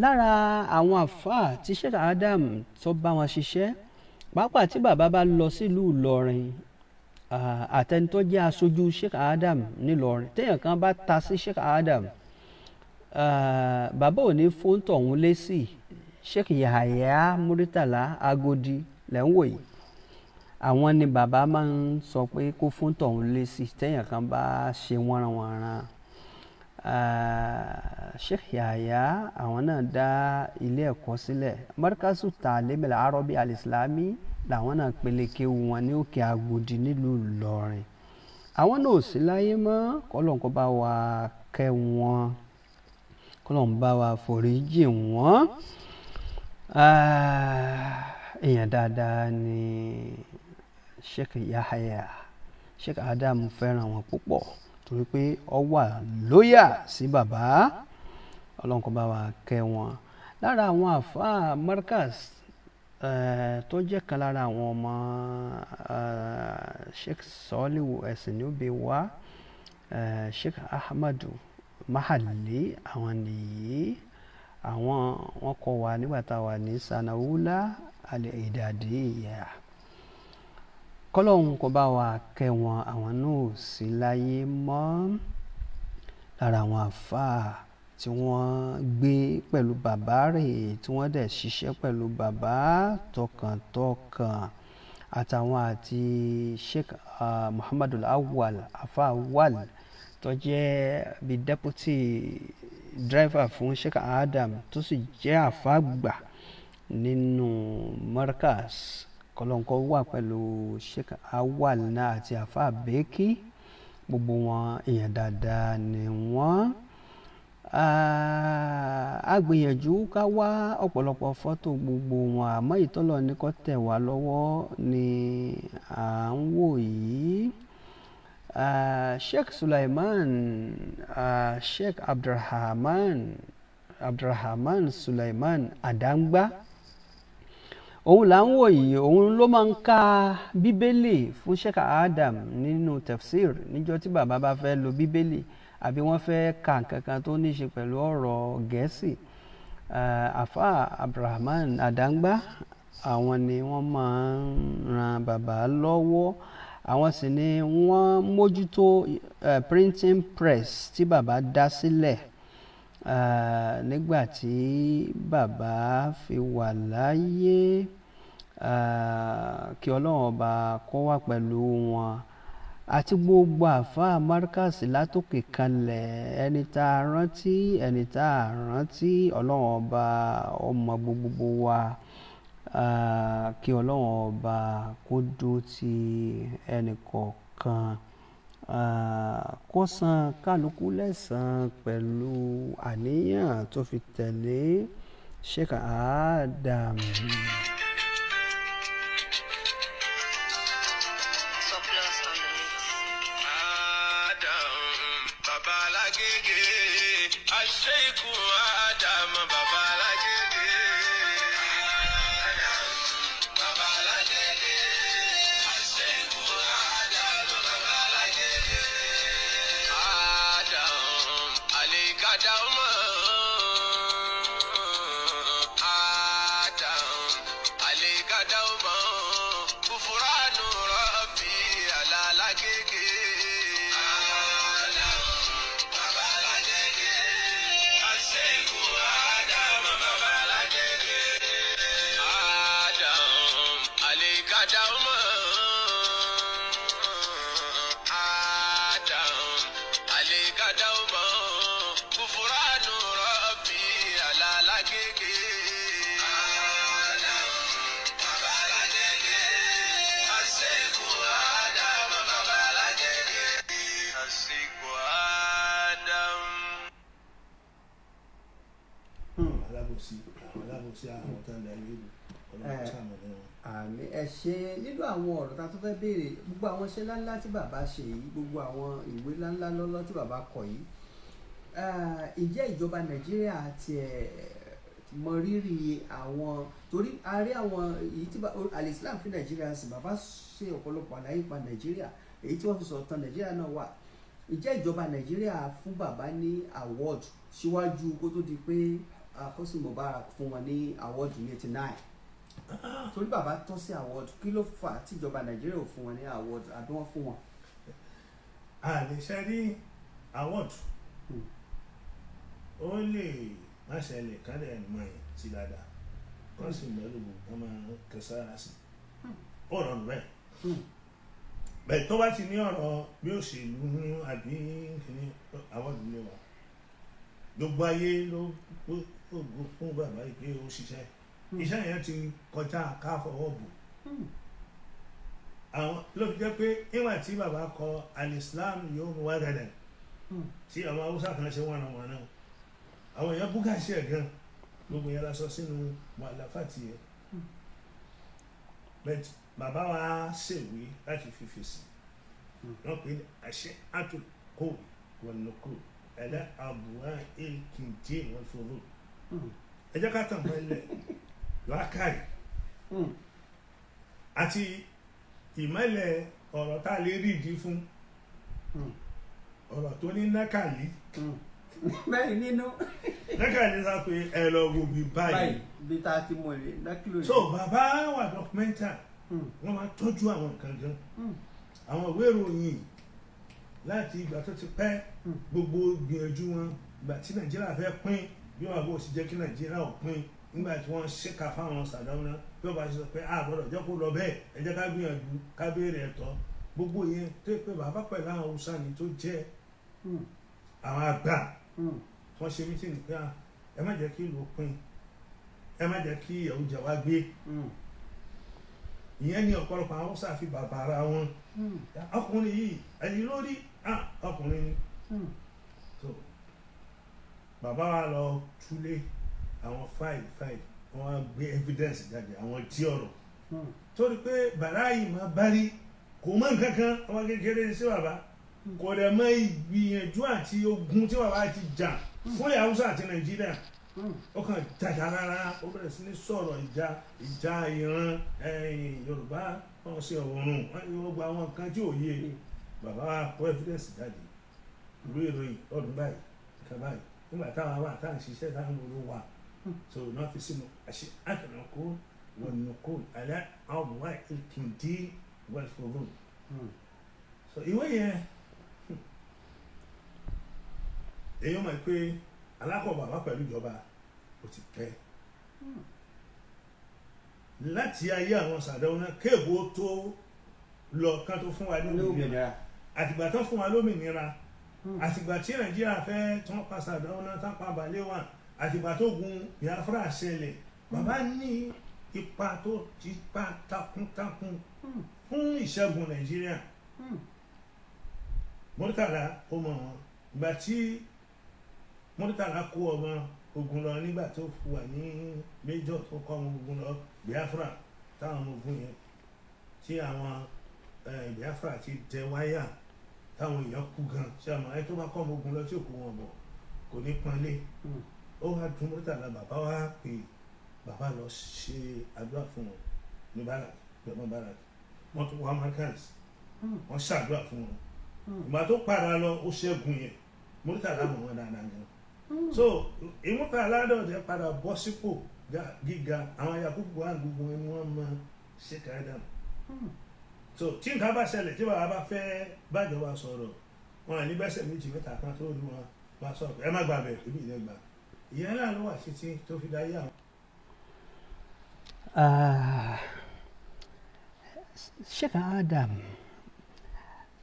lára àwọn àfáà tí Sheikh Adam tó bá wọn ṣiṣẹ́ pàápàá tí bàbá bá lọ sílùú Ìlọrin àtẹni tó jẹ́ aṣojú Sheikh Adam nílọrin téèyàn kan bá ta sí Sheikh Adam bàbá ò ní fóńtọ̀ ọ̀hún lé sí i sheikh yahaya muritala agodi lẹ́ ń wò yìí àwọn ni bàbá máa ń sọ pé kó fún tọ̀hún lé sí téèyàn kan bá ṣe wọ́nranwọ̀nran ah, sheikh yahaya àwọn náà dá ilé ẹ̀kọ́ sílẹ̀ markazu taalim al-arabi al-islami làwọn náà peléke wọn ní òkè agodi nílùú ìlọrin àwọn náà ò sí láyé mọ́ kọ́lọ́nkọ́ bá wa kẹ́ wọn kọ́lọ́n bá wa foríjì wọn. Ah, èèyàn dáadáa ni Sheikh Yahaya Sheikh Adam fẹ́ràn wọn púpọ̀ torí pé ọ wà lóyà sí bàbá ọlọ́run kó bá wa kẹ́ wọn lára àwọn àfáà Markaz eh, tó jẹ́ kan lára àwọn ọmọ eh, Sheikh Soliu ẹ̀sìn ní òbí wa Sheikh Ahmadu Mahali àwọn nìyí àwọn wọn kọ wa nígbà tá a wà ní sanawula alẹ ìdàdí ìyá kọlọ́hún kó bá wa kẹ́ wọn àwọn náà sí láyé mọ́ lára àwọn àfáà tí wọ́n gbé pẹ̀lú bàbá rèé tí wọ́n dẹ̀ ṣiṣẹ́ pẹ̀lú bàbá tọkàntọkàn àtàwọn àti Sheikh uh, Muhammadul Awwal afa Awwal tó jẹ́ bíi deputy dírẹ́fà fún Sheikh Adam tó sì jẹ́ àfàgbà nínú Markaz kọlọ́nkọ́ wà pẹ̀lú Sheikh Awal náà àti àfà Bẹ́kì gbogbo wọn èèyàn dáadáa ni wọ́n a gbìyànjú ká wá ọ̀pọ̀lọpọ̀ fọ́tò gbogbo wọn àmọ́ ìtọ́lọ̀ ní kó tẹ̀ wá lọ́wọ́ ni à ń wò yìí. Uh, Sheikh Sulaiman, uh, Sheikh Abdulrahman, Abdulrahman Sulaiman Adangba. Òun là ń wò yìí, òun ló máa ń ka Bíbélì fún Sheikh Adam nínú tafsir níjọ́ tí bàbá bá fẹ́ lo Bíbélì àbí wọ́n fẹ́ ka nǹkan kan tó ní í ṣe pẹ̀lú ọ̀rọ̀ Gẹ̀ẹ́sì. Uh, Afa Abdulrahman Adangba, àwọn ni wọ́n máa ń ran bàbá lọ́wọ́ àwọn sì ni wọ́n mójútó printing press tí bàbá dá sílẹ̀ uh, nígbà tí bàbá fi wà láyé uh, kí ọlọ́run ọba kó wà pẹ̀lú wọn àti gbogbo àfáà Markaz látòkè kanlẹ̀ ẹni tá a rántí ẹni tá a rántí ọlọ́run ọba ọmọ gbogbo wa. Ah, kí ọlọ́run ọba kó dó ti ẹnìkọ̀ọ̀kan ah, kó san kálukú lẹ́sàn-án pẹ̀lú àníyàn tó fi tẹ̀lé Sheikh Adam. Adam, Baba Lagege, Asheiku Adam, Baba. Hmm. alábòsí alábòsí àwọn tó ń darí ìlú ọlọ́run sàmù eh. ní wọn. àmì ẹ ṣe nínú àwọn ọ̀rọ̀ tá a tún fẹ́ béèrè gbogbo àwọn iṣẹ́ ńláńlá tí bàbá ṣe yìí gbogbo àwọn ìwé ńláńlá lọ́lọ́ tí bàbá kọ yìí eh, ǹjẹ́ ìjọba nàìjíríà tiẹ̀ mọ rírì àwọn torí a rí àwọn èyí tí alislam fi nàìjíríà sí bàbá ṣe ọ̀pọ̀lọpọ̀ àlàyé pa nàìjíríà èyí tí wọ́n fi sọ̀tàn nàìjíríà náà wà ǹjẹ́ ìjọba nàìjíríà fún bàbá ní award síwájú kó tó di pé Hosni Mubarak fún wọn ní awọ́ọ̀dù ní eighty nine torí bàbá tọ́ sí awọ́ọ̀dù kí ló fà á tíjọba Nàìjíríà ò fún wọn ní awọ́ọ̀dù àbí wọ́n fún wọn. a lè ṣe rí awọ́ọ̀dù hmm. ó lè má ṣẹlẹ̀ kálẹ̀ ẹ̀mọ́ yẹn sí dáadáa kọ́ sì mẹ́lú wọn máa ń kẹsára sí ó rọrùn bẹ́ẹ̀ hmm. bẹ́ẹ̀ tó bá ti ní ọ̀rọ̀ bí òṣèlú àbí àwọn ìdílé wa gbogbo ayé ló ògo fún bàbá yìí pé ó ṣiṣẹ́ hmm. iṣẹ́ yẹn ti kọjá ká fọwọ́ bò hmm. àwọn ló fi jẹ́ pé ìwà tí bàbá kọ alislam yóò mú wá dandan hmm. tí àwọn haúsá kan ṣe wọnà wọnà àwọn èèyàn búkà ẹ̀ gan gbogbo yẹn la sọ sínú wàhálà tiẹ̀ bẹ́ẹ̀ bàbá wa ṣèwé láti fi fèsì wọn pè é àṣẹ àtúkò wọn nìkú ẹ̀dá àbúrò ẹ̀kìndé wọn fọlọ́ọ̀ ẹ jẹ́ ká tàn wọ́n lẹ̀ lákàyè hmm. àti ìmọ̀lẹ̀ ọ̀rọ̀ tá a lè rí ìdí fún hmm. ọ̀rọ̀ tó ní nákàlí. Hmm. bẹ́ẹ̀ nínú. nákàlí sá pé ẹ lọ wo bí báyìí. bí tá a ti mọ̀ rẹ̀ nákìlò yìí. so bàbá wa dọ́kúmẹ́ntà wọ́n máa tọ́jú àwọn nǹkan gan àwọn ìwé ìròyìn láti ìgbà tó ti pẹ́ gbogbo gbìyànjú wọn ìgbà tí nàìjíríà fẹ́ pín bí wọn bó ṣe jẹ́ kí nàìjíríà ò pín nígbà tí wọ́n ṣèkà fáwọn sàdáwọ́nà bí wọ́n bá ṣe sọ pé a gbọ́dọ̀ jẹ́ kó lọ bẹ́ẹ̀ ẹ jẹ́ ká gbìyànjú ká béèrè ẹ̀tọ́ gbogbo yẹn tó yẹ pé bàbá pẹ̀lú àwọn haúsá ni tó jẹ́ hmm. àwọn àgbà hmm. wọ́n ṣe mítìnì pé ẹ má jẹ́ kí ìlú pín ẹ má jẹ́ kí ìyàwó jẹ wá gbé hmm. ìyẹn ni ọ̀pọ̀lọpọ̀ àwọn haúsá fi bàbá ara wọn ọkùnrin yìí ẹ̀yìn lórí ọkùnrin ni bàbá wa lọ túlé àwọn fáìlì fáìlì wọn á gbé evidence jáde àwọn tí ọ̀rọ̀ hmm. torí pé bàrá yìí máa bá rí kò mọ nǹkan kan ọmọ kékeré sí bàbá hmm. kò dẹ̀ mọ ìgbìyànjú àti ogun tí bàbá ti jà hmm. fún ilẹ̀ haúsá àti nàìjíríà ó kàn jàjà rárá ó bẹ̀rẹ̀ sí ní sọ̀rọ̀ ìjà ìjà ìran yorùbá wọn ṣe ọ̀run wọn gba àwọn kan tí ò yé bàbá wa kó evidence jáde ìlú ìròyìn ọdún báyìí ìka báyìí nígbà táwa wà táà ń ṣiṣẹ́ táà ń wúlò wa so náà fi sínú àṣẹ àtàlọ́kọ wọnùkọ alẹ́ àwọn wà kìndí wẹ́fọ̀rọ̀ so ìwé yẹn èyí mọ̀ pé alákọ̀ọ́bà wà pẹ̀lú ìjọba ó ti pẹ́ láti ayé àwọn sàdáwọn náà kéèbó tó lọ kán tó fún wa ní àtìgbà tó fún wa lómìnira àtìgbà tí nàìjíríà fẹ́ tán pàṣàdá ọ̀nà tápá balewa àtìgbà tó gun biafra ṣẹlẹ̀ bàbá hmm. ní ipa tó ti pa takuntakun hmm. fún ìṣẹ́gun nàìjíríà mọ́tàlá hmm. ó mọ̀ wọn ìgbà tí mọ́tàlá kó ọmọ ogun lọ nígbà tó wà ní méjọ tó kọ́ ọmọ ogun lọ biafra táwọn ọmọ ogun yẹn tí àwọn eh, biafra ti dẹ wáyà táwọn èèyàn kú gan ṣé àmọ́ ẹ tó bá kọ́ ọmọ ogun lọ tí òkú wọn bọ̀ kò ní pọ́nlé hmm. ó wá dùn mọ́tàlá bàbá wa pè bàbá lọ ṣe àdúrà fún wọn ní barak gbẹmọ barak wọn tún wá markans hmm. wọn ṣàdúrà fún wọn hmm. ìgbà tó para lọ ó ṣẹ́gun yẹn mọ́tàlá mọ̀ wọn dáadáa gan so ìmúta aládọ̀jẹ́ padà bọ́ sípò gíga àwọn yakubu wa gbogbo ẹni wọn mọ ṣèkà ẹ̀dá so tí nǹkan bá ṣẹlẹ̀ tí bàbá bá fẹ́ bàjọba sọ̀rọ̀ wọn àní gbẹ́sẹ̀ méjì mẹ́ta kan tó ní wọn wá sọ̀rọ̀ ẹ má gba èmi ìlẹ̀ gbà ìyẹn náà ló wà títí tó fi dáyé àwọn. Ah, Sheikh Adam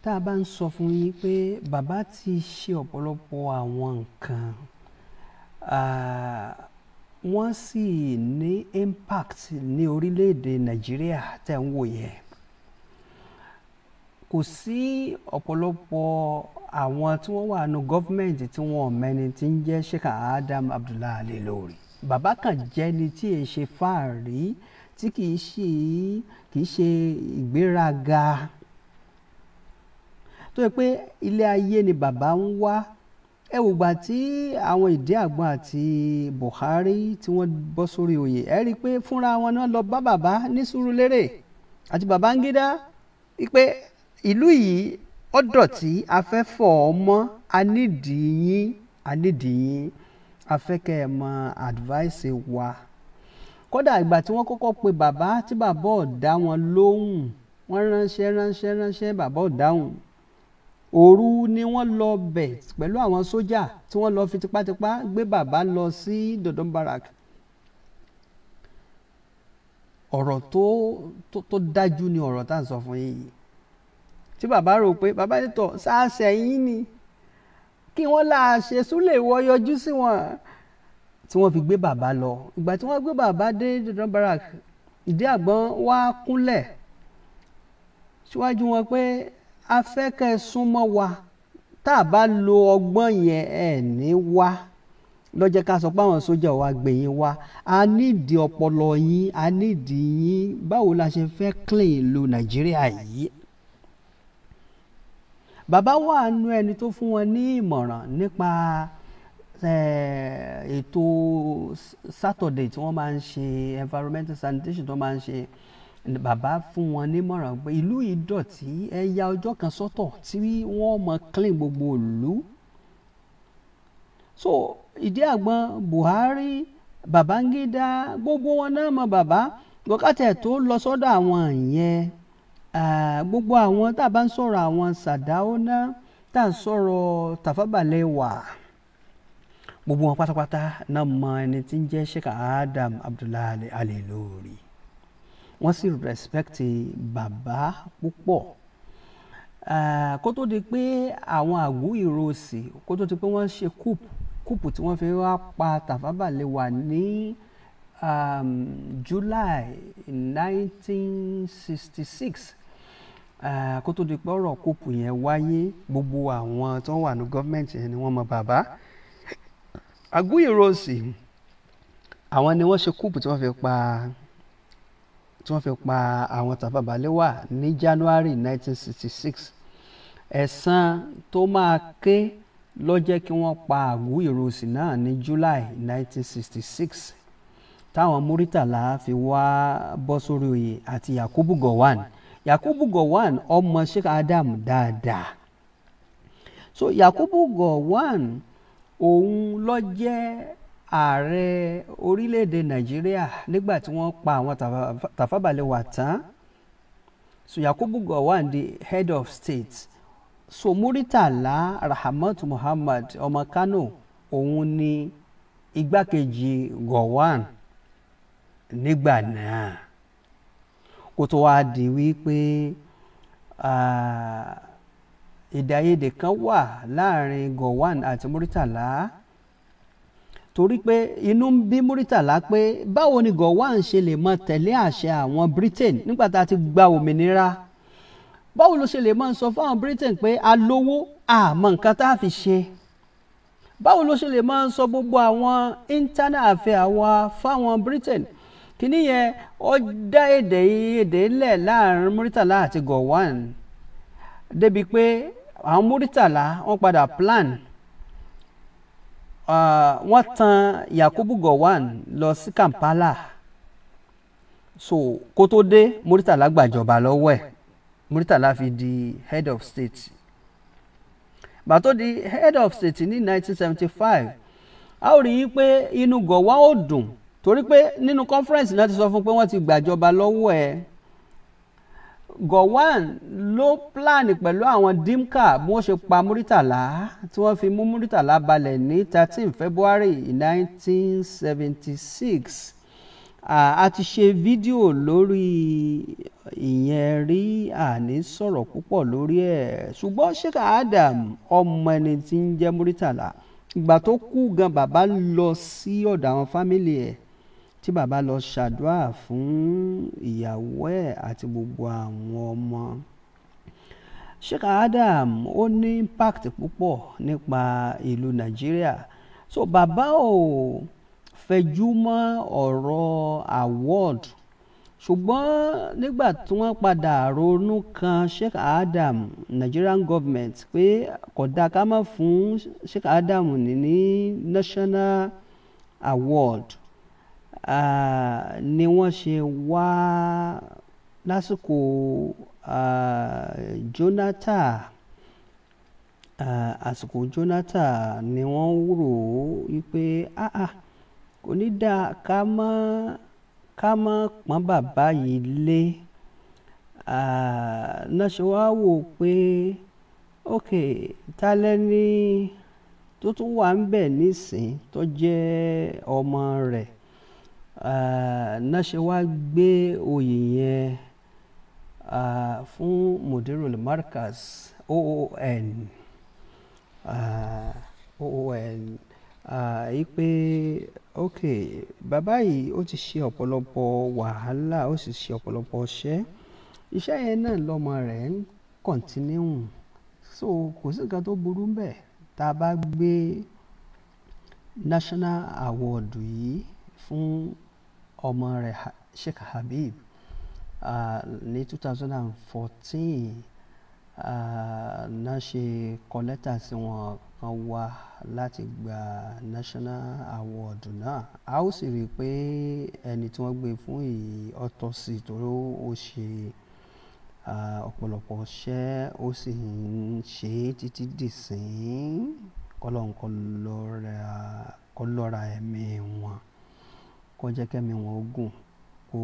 tá a bá ń sọ fún yín pé bàbá ti ṣe ọ̀pọ̀lọpọ̀ àwọn nǹkan ah, wọ́n sì ní impact ní orílẹ̀-èdè Nàìjíríà tẹ̀ ń wò yẹn kò sí ọ̀pọ̀lọpọ̀ àwọn tí wọ́n wà nù gọ́fìmẹ̀ntì tí wọ́n mẹ́ni tí ń jẹ́ Sheikh Adam Abdullahi Al-Ilory bàbá kan jẹ́ni tí èyí ṣe fáàrí tí kìí ṣe kìí ṣe ìgbéraga tó yẹ pé ilé ayé ni bàbá ń wá ẹ wò gbà tí àwọn Ìdíàgbọn àti Buhari tí wọ́n bọ́ sórí oyè ẹ rí i pé fúnra wọn náà lọ bá bàbá ní Sùúrùlérè àti Babangida wípé ìlú yìí ó dọ̀tí afẹ́fọ̀ ọmọ anídìíyín anídìíyín afẹ́kẹ́ ẹ̀ mọ advice wa kódà ìgbà tí wọ́n kọ́kọ́ pe bàbá tí bàbá ò dá wọn lóhùn wọ́n ránṣẹ́ ránṣẹ́ ránṣẹ́ bàbá ò dáhùn òru ni wọ́n lọ bẹ̀ pẹ̀lú àwọn sójà tí wọ́n lọ fi tipátipá gbé bàbá lọ sí Dodon Barrack ọ̀rọ̀ tó tó dájú ni ọ̀rọ̀ tá à ń sọ fún yín yìí tí bàbá rò pé bàbá yìí tọ̀ sáàsẹ̀ yín ni kí wọ́n là ṣe súlẹ̀ wọ́ yọjú sí wọn tí wọ́n fi gbé bàbá lọ ìgbà tí wọ́n gbé bàbá dé dandan barak ìdí àgbọn wá kúnlẹ̀ síwájú wọn pé a fẹ́ wa tá a bá lo ọgbọ́n yẹn ẹ̀ ní wá lọ́jẹ́ ká sọ pé àwọn sójà wa gbẹ̀yìn wa a nídìí ọpọlọ yín a nídìí yín báwo la ṣe fẹ́ clean lo nàìjíríà yìí bàbá wà nú ẹni tó fún wọn ní ìmọ̀ràn nípa ètò Saturday tí wọ́n máa ń ṣe environmental sanitation tó máa ń ṣe bàbá fún wọn nímọ̀ràn pé ìlú ìdọ̀tí ẹ ya ọjọ́ kan sọ́tọ̀ tí wọ́n mọ clean gbogbo ìlú so ìdí àgbọn Buhari Babangida gbogbo wọn náà mọ bàbá gbọ́kàtẹ̀ tó lọ sọ́dọ̀ àwọn yẹn gbogbo àwọn tá a bá ń sọ̀rọ̀ àwọn sàdáóná tá a ń sọ̀rọ̀ tàfábàlẹ́wà gbogbo wọn pátápátá náà mọ ẹni tí ń jẹ́ Sheikh Adam Abdullahi Al-Ilory wọ́n sì rẹ́spẹ́kìtì bàbá púpọ̀ kó tó di pé àwọn àgú ìrosì kó tó di pé wọ́n ṣe kúùpù kúùpù tí wọ́n fi wá pa tàfábàlẹ́wà ní um, July 1966 Eh, kó tó di pé ọ̀rọ̀ kópù yẹn wáyé gbogbo àwọn tó wà ní gọ́ọ̀mẹ̀ntì yẹn ni wọ́n mọ bàbá Aguiyi-Ironsi sì àwọn ni wọ́n ṣe kópù tí wọ́n fi pa tí wọ́n fi pa àwọn Tafawa Balewa ní January 1966 ẹ̀san tó máa ké ló jẹ́ kí wọ́n pa Aguiyi-Ironsi náà ní July 1966 táwọn Muritàlá fi wá bọ́ sórí oyè àti Yakubu Gowon yakubu gowon ọmọ sheikh adam dáadáa so yakubu gowon òun ló jẹ́ ààrẹ orílẹ̀-èdè nàìjíríà nígbà tí wọ́n pa àwọn Tafawa Balewa tán so yakubu gowon the head of state so muritala rahmat muhammad ọmọ kano òun ni igbákejì gowon nígbà náà kó tó wá di wípé èdèàìyedè kan wà láàrin Gowon àti Muritala torí pé inú ń bí Muritala pé báwo ni Gowon ṣe lè mọ tẹ̀lé àṣẹ àwọn Britain nígbà tá a ti gba òmìnira báwo ló ṣe lè máa sọ fáwọn Britain pé a lówó àmọ́ nǹkan tá a fi ṣe báwo ló ṣe lè máa sọ gbogbo àwọn internal affair wa fáwọn Britain kínní yẹn ó dá èdè èdè lẹ̀ láàrin Muritala àti Gowon débi pé àwọn Muritala wọ́n padà plan uh, wọ́n tan Yakubu gowan lọ sí Kampala so kó tó dé Muritala gbàjọba lọ́wọ́ ẹ̀ Muritala fi di head of state bàtó di head of state ní 1975 a ó rí i pé inú Gowon ó dùn torí pé nínú conference náà ti sọ fún pé wọ́n ti gbàjọba lọ́wọ́ ẹ̀ Gowon ló pílánì pẹ̀lú àwọn dimka bí wọ́n ṣe pa Muritala tí wọ́n fi mú Muritala balẹ̀ ní thirteen February nineteen seventy six a ti ṣe fídíò lórí ìyẹn rí àní sọ̀rọ̀ púpọ̀ lórí ẹ̀ ṣùgbọ́n Sheikh Adam ọmọ ẹni tí ń jẹ́ Muritala ìgbà tó kú gan bàbá lọ sí ọ̀dọ̀ àwọn fámìlì ẹ̀ tí bàbá lọ ṣàdúrà fún ìyàwó ẹ̀ àti gbogbo àwọn ọmọ Sheikh Adam ó ní impact púpọ̀ nípa ìlú Nàìjíríà so bàbá ò fẹjú mọ́ ọ̀rọ̀ award ṣùgbọ́n nígbà tí wọ́n padà ronú kan Sheikh Adam Nigerian government pé kódà ká má fún Sheikh Adam ní national award ni wọ́n ṣe wá lásìkò Jonathan àsìkò Jonathan ni wọ́n rò ó wípé kò ní dáa ká mọ́ ká mọ́ pọ́n bàbá yìí lé náà ṣe wá wò pé ok ta lẹ́ni tó tún wà ń bẹ̀ nísìn tó jẹ́ ọmọ rẹ̀ náà ṣe wá gbé oyè yẹn fún mudirul markaz oon oon yí pé ok bàbá yìí ó ti ṣe ọ̀pọ̀lọpọ̀ wàhálà ó sì ṣe ọ̀pọ̀lọpọ̀ iṣẹ́ iṣẹ́ yẹn náà lọ́mọ rẹ̀ ń kọ̀ntínú so kò sí nǹkan tó burú bẹ́ẹ̀ tá a bá gbé national award yìí fún ọmọ rẹ̀ Sheikh Habib ní 2014, thousand and fourteen náà ṣe kọ lẹ́tà sí wọn kan wá láti gba national award náà a ó sì rí i pé ẹni tí wọ́n gbé fún yìí ọ̀tọ̀ sí torí ó ṣe ọ̀pọ̀lọpọ̀ ṣẹ́ ó sì ń ṣe é títí dìsín kọ́lọ́nkọ́ lọ́ra ẹ̀mí wọn kó jẹ́ kẹ́mi wọn gùn kó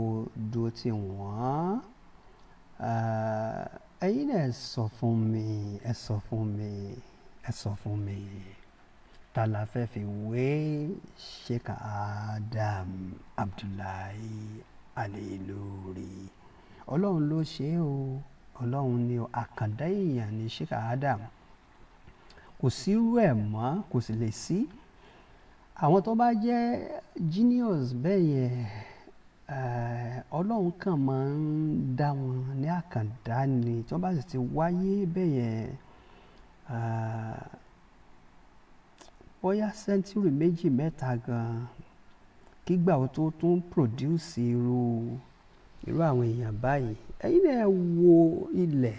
dúró tì wọ́n. Eh, ẹ̀yin náà ẹ sọ fún mi ẹ sọ fún mi ẹ sọ fún mi ta la fẹ́ fi wé Sheikh Adam Abdullahi Al-Ilory ọlọ́run ló ṣe é o ọlọ́run ni àkàndá èèyàn ní Sheikh Adam kò sírú ẹ̀ mọ́ kò sì lè sí. Si àwọn tó bá jẹ́ genius bẹ́ẹ̀ yẹn eh, ọlọ́run kàn máa ń dá wọn ní àkàndá ni tí wọ́n bá sì ti wáyé bẹ́ẹ̀ yẹn eh, bóyá sẹ́ńtúrì méjì mẹ́ta gan-an kígbà ó tó tún pòdúsì irú irú àwọn èèyàn báyìí ẹ̀yin náà ẹ wo ilẹ̀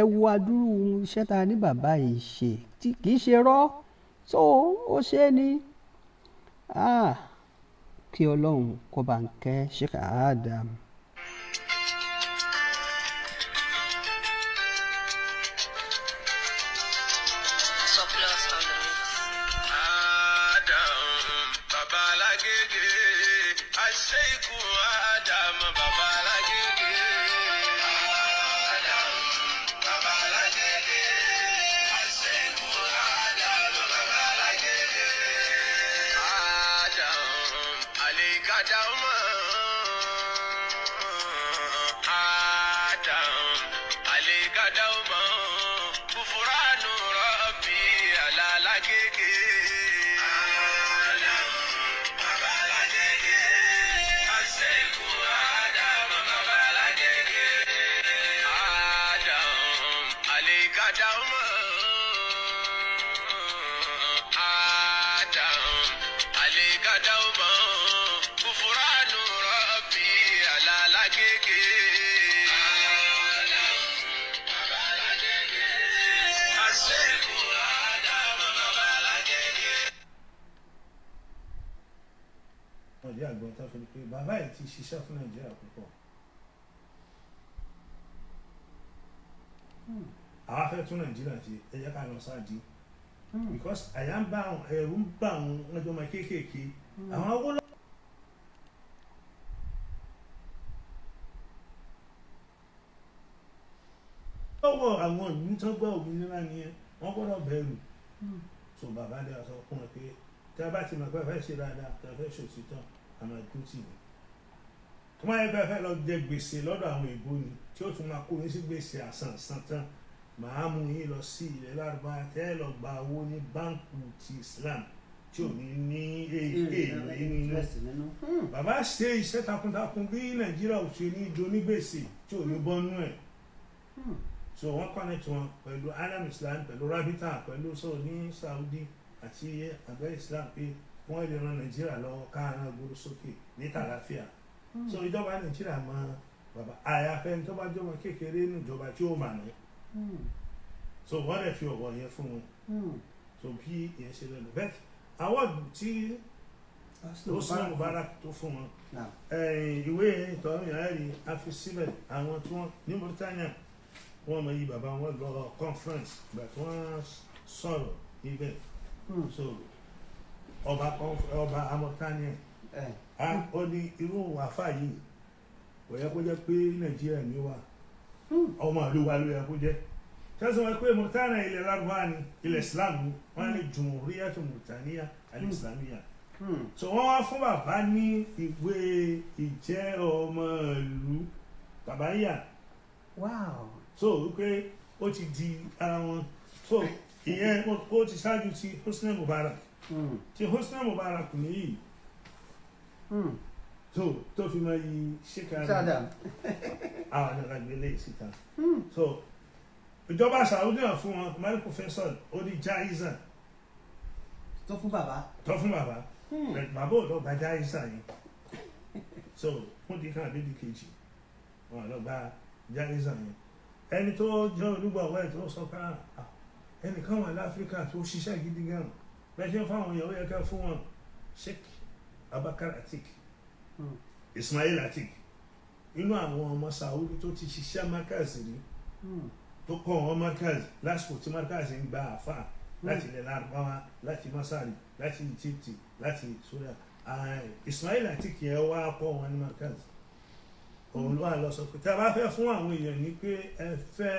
ẹ wo adúrú iṣẹ́ ta ní bàbá yìí ṣe kì í ṣe rọ́ tó ó ṣe é ní ah kí ọlọ́run kó bá ń kẹ́ Sheikh Adam. nítorí pé bàbá yìí ti ṣiṣẹ́ fún nàìjíríà púpọ̀ hmm. àwa fẹ́ tún nàìjíríà ṣe ẹ ká lọ sáàdì hmm. because àyà ń bá àwọn ẹ̀rù ń bá àwọn ọjọ́ ọmọ kéékèèké hmm. àwọn owó lọ. lọ́wọ́ àwọn ìlú tó gbọ́ òmìnira nìyẹn wọ́n gbọ́dọ̀ bẹ̀rù so bàbá dẹ́ sọ fún ẹ pé tí a bá ti mọ̀ pé fẹ́ ṣe dáadáa tí a fẹ́ ṣòtítọ́ a máa dúró tì ní tó máa yẹ pé fẹ́ lọ jẹ gbèsè lọ́dọ̀ àwọn èèbó ni tí ó tún máa kó yín sí gbèsè àsànsàn tán màá mú yín lọ sí ilẹ̀ lárúbá tẹ́ ẹ lọ gba owó ní báńkù ti Islam tí ò ní ní èèlé nínú hmm. bàbá ṣe iṣẹ́ takuntakun bí Nàìjíríà ò ṣe ní ìjọ onígbèsè tí ò ní bọ́nú ẹ̀ hmm. so wọ́n connect wọn pẹ̀lú alam Islam pẹ̀lú rabita pẹ̀lú sọ ní Saudi àti àgbẹ̀ Islam pé wọ́n lè ran nàìjíríà lọ́wọ́ káàrán agbóró sókè ní tàlàfíà hmm. so ìjọba nàìjíríà mọ bàbá àyàfẹ́ ní tó bá jọmọ kékeré níjọba tí ó mà ní hmm. so wọ́n lè fi ọ̀wọ̀ yẹn fún wọn hmm. so bí ìyẹn ṣe lẹ́nu bẹ́ẹ̀ àwọ̀dù tí Osman Mubarak tó fún wọn ìwé ìtọ́rùn yàrá rí afi sílẹ̀ àwọn tí wọ́n ní Mauritania wọ́n mọ iye bàbá wọn lọ conference gbà tí wọ́n sọ̀rọ̀ níbẹ̀ so ọba ọba amọ̀tánìyàn ó ní irú wàfà yìí kò yẹ kó jẹ́ pé nàìjíríà ni wà hmm. ọmọ ìlú wa ló yẹ kó jẹ́ tẹ́sán wọn pé mọ̀tánà ilẹ̀ lárúbá ni ilẹ̀ islam wọn ní hmm. jùmùríyàtò mọ̀tánìyà àti islamiyà hmm. so wọ́n wá fún bàbá ní ìwé ìjẹ́ ọmọ ìlú bàbá yà so wípé ó ti di ara wọn so ìyẹn ó ti ṣáájú ti hosni mubarak. Hmm. ṣe hosna mubarak nìyí tó hmm. tó fi máa yí ṣíkàdà àwọn ọ̀dọ́gba gbélé síta so ìjọba Saudi náà fún wọn mari professor odi jaiza tó fún bàbá tó fún bàbá hmm. bàbá ò lọ gba jaiza yìí so fún di kan àbí di kejì wọn lọ gba jaiza yìí ẹni tó jẹ́ olúgbàwọ́ ẹ̀ tó sọ pé ah, ẹnìkan wà láfíríkà tó ṣiṣẹ́ gidi gan-an bẹ́ẹ̀ ṣe ń fáwọn èèyàn ó yẹ ká fún wọn Sheikh Abakar Atik hmm. Ismail Atik inú àwọn ọmọ Saudi tó ti ṣiṣẹ́ Markaz rí hmm. tó kọ́ wọn Markaz lásìkò tí Markaz ń gba àfa hmm. láti ilẹ̀ Lárúbáwá láti Masari láti Egypt láti Suria Ismail Atik yẹn wá kọ́ wọn ní Markaz òun ló wà lọ sọ pé tá a bá fẹ́ fún àwọn èèyàn ní pé ẹ fẹ́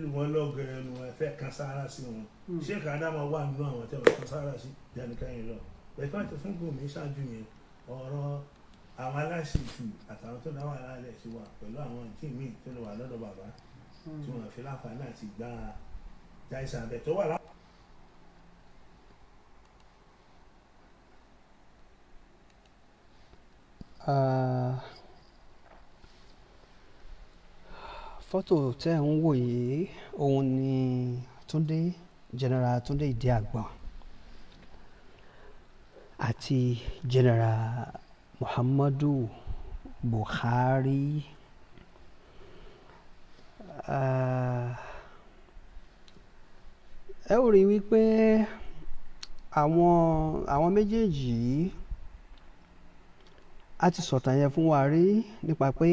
lù wọ́n lọ́gọ̀ọ́ ẹnu ẹ fẹ́ kan sára sí wọn. Hmm. sheik adama wà nínú àwọn tẹ́wọ̀n tó sára sí jàǹkàyìn lọ pẹ̀lú àti fún gòmí ṣáájú yẹn ọ̀rọ̀ àwọn aláṣẹ ìtù àtàwọn tó dáwọ́ aláàlẹ̀ sí wa pẹ̀lú àwọn ìdí míì tó lè wà lọ́dọ̀ bàbá hmm. tí wọ́n fi láǹfààní àti gbá jáìsàn abẹ tó wà lá. Ah, fọ́tò tẹ́ ń wò yìí òun ni Túndé general Túndé Ìdíàgbọn àti general Muhammadu Buhari eh, ẹ ó rí wípé àwọn àwọn méjèèjì yìí a ti sọ̀tàn yẹn fún wa rí nípa pé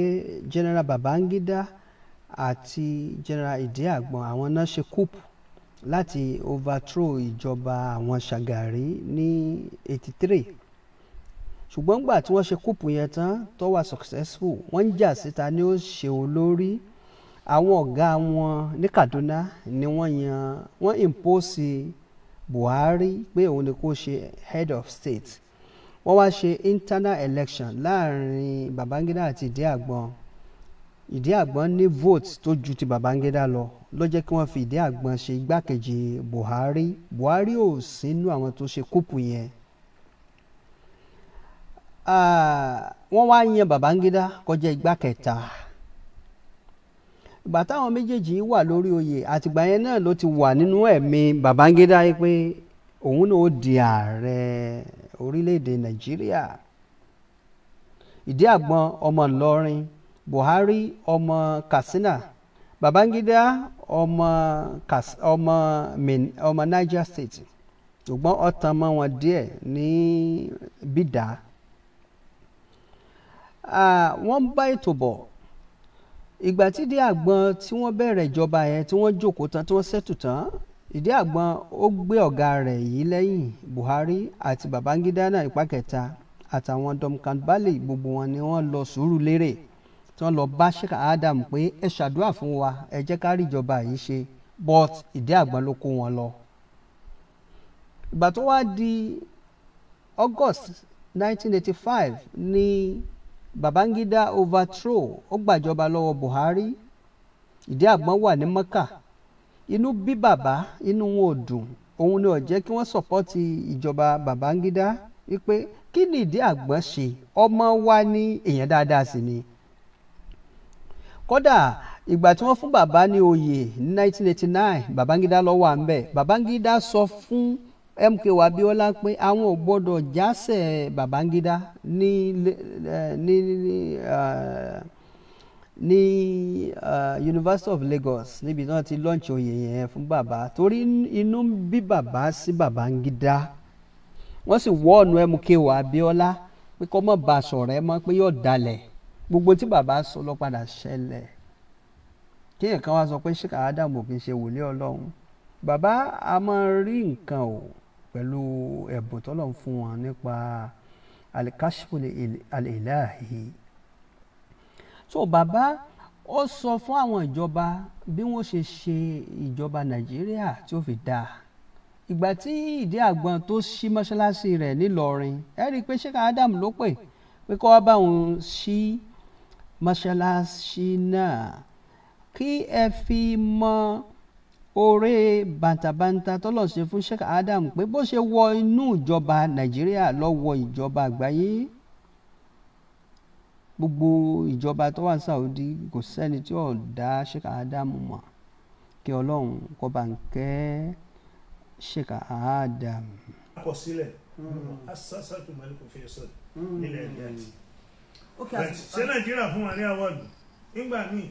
general Babangida àti general Ìdíàgbọn àwọn náà ṣe kúùpù láti overthrow ìjọba àwọn Ṣàgàrí ní eighty three ṣùgbọ́n gbà tí wọ́n ṣe kúùpù yẹn tán tó wà successful wọ́n ń jà síta ni ó ṣe olórí àwọn ọ̀gá wọn ní Kaduna ni wọ́n yan wọ́n impose Buhari pé òun ni kó ṣe head of state wọ́n wá ṣe internal election láàrin Babangida àti Ìdíàgbọn ìdí àgbọn ní vote tó ju ti Babangida lọ ló jẹ́ kí wọ́n fi ìdí àgbọn ṣe igbákejì Buhari Buhari ò sínú àwọn tó ṣe kúpù yẹn wọ́n wá yan Babangida kó jẹ́ igbá kẹta ìgbà táwọn méjèèjì wà lórí oyè àtìgbà yẹn náà ló ti wà nínú ẹ̀mí Babangida yìí pé òun náà ó di ààrẹ orílẹ̀-èdè Nàìjíríà ìdí àgbọn ọmọ Ìlọrin buhari ọmọ katsina babangida ọmọ ọmọ ọmọ niger state ṣùgbọ́n ọ̀tàn mọ́ wọn díẹ̀ ní bídà wọ́n ń bá ètò bọ̀ ìgbà tí ìdí àgbọn tí wọ́n bẹ̀rẹ̀ ìjọba yẹn tí wọ́n jókòó tán tí wọ́n ṣètò tán ìdí àgbọn ó gbé ọ̀gá rẹ̀ yìí lẹ́yìn buhari àti babangida náà ìpá kẹta àtàwọn domkan valley gbogbo wọn ni wọ́n lọ sùúrù lérè tí wọ́n lọ bá Sheikh Adam pé ẹ ṣàdúrà fún wa ẹ jẹ́ ká rí ìjọba yìí ṣe but ìdí àgbọn ló kó wọn lọ. ìgbà tó wá di August 1985 ni Babangida overthrow ó gbàjọba lọ́wọ́ Buhari ìdí àgbọn wà ní Mecca inú bí bàbá inú wọn ò dùn òun ni ó kí wọ́n sọ̀pọ́tì ìjọba Babangida wípé kí ni ìdí àgbọn ṣe ọmọ wa ní èèyàn dáadáa sí ni. Ìdí kódà ìgbà tí wọ́n fún bàbá ní oyè ní 1989 Babangida ló wà ń bẹ̀ Babangida sọ fún MK Abiola pé àwọn ò gbọ́dọ̀ jásẹ̀ Babangida ní ní ní University of Lagos níbi náà ti launch oyè yẹn fún bàbá torí inú ń bí bàbá sí Babangida wọ́n sì wọ́ ọ̀nà MK Abiola pé kó má bá a sọ̀rọ̀ ẹ mọ́ pé yóò dalẹ̀ gbogbo tí bàbá sọ lọ padà ṣẹlẹ̀ kéèyàn kan wá sọ pé ṣíkà ádámù kì í ṣe wòlíì ọlọ́run bàbá a máa rí nǹkan o pẹ̀lú ẹ̀bùn tọ́lọ́run fún wọn nípa alikashifu alilahi so bàbá ó sọ fún àwọn ìjọba bí wọ́n ṣe ṣe ìjọba nàìjíríà tí ó fi dáa ìgbà tí ìdí àgbọn tó ṣí mọ́ṣáláṣí rẹ̀ nílọrin ẹ rí i pé ṣíkà ádámù ló pè pé kó wá bá òun ṣí. Si mọ́ṣáláṣí náà kí ẹ fi mọ oore bàǹtàbàǹtà tọ́lọ̀ ṣe fún Sheikh Adam pé bó ṣe wọ inú ìjọba Nàìjíríà lọ wọ ìjọba àgbáyé gbogbo ìjọba tó wà ní Saudi kò sẹ́ni tí ò dá Sheikh Adam mọ̀ kí Ọlọ́run kó bá ń kẹ́ Sheikh Adam. àkọsílẹ̀ asásàtúmọ̀ ní kò fi ẹ̀sọ́ nílẹ̀ ẹ̀dá ti ṣé nàìjíríà fún wa ní awọ́dù nígbà míì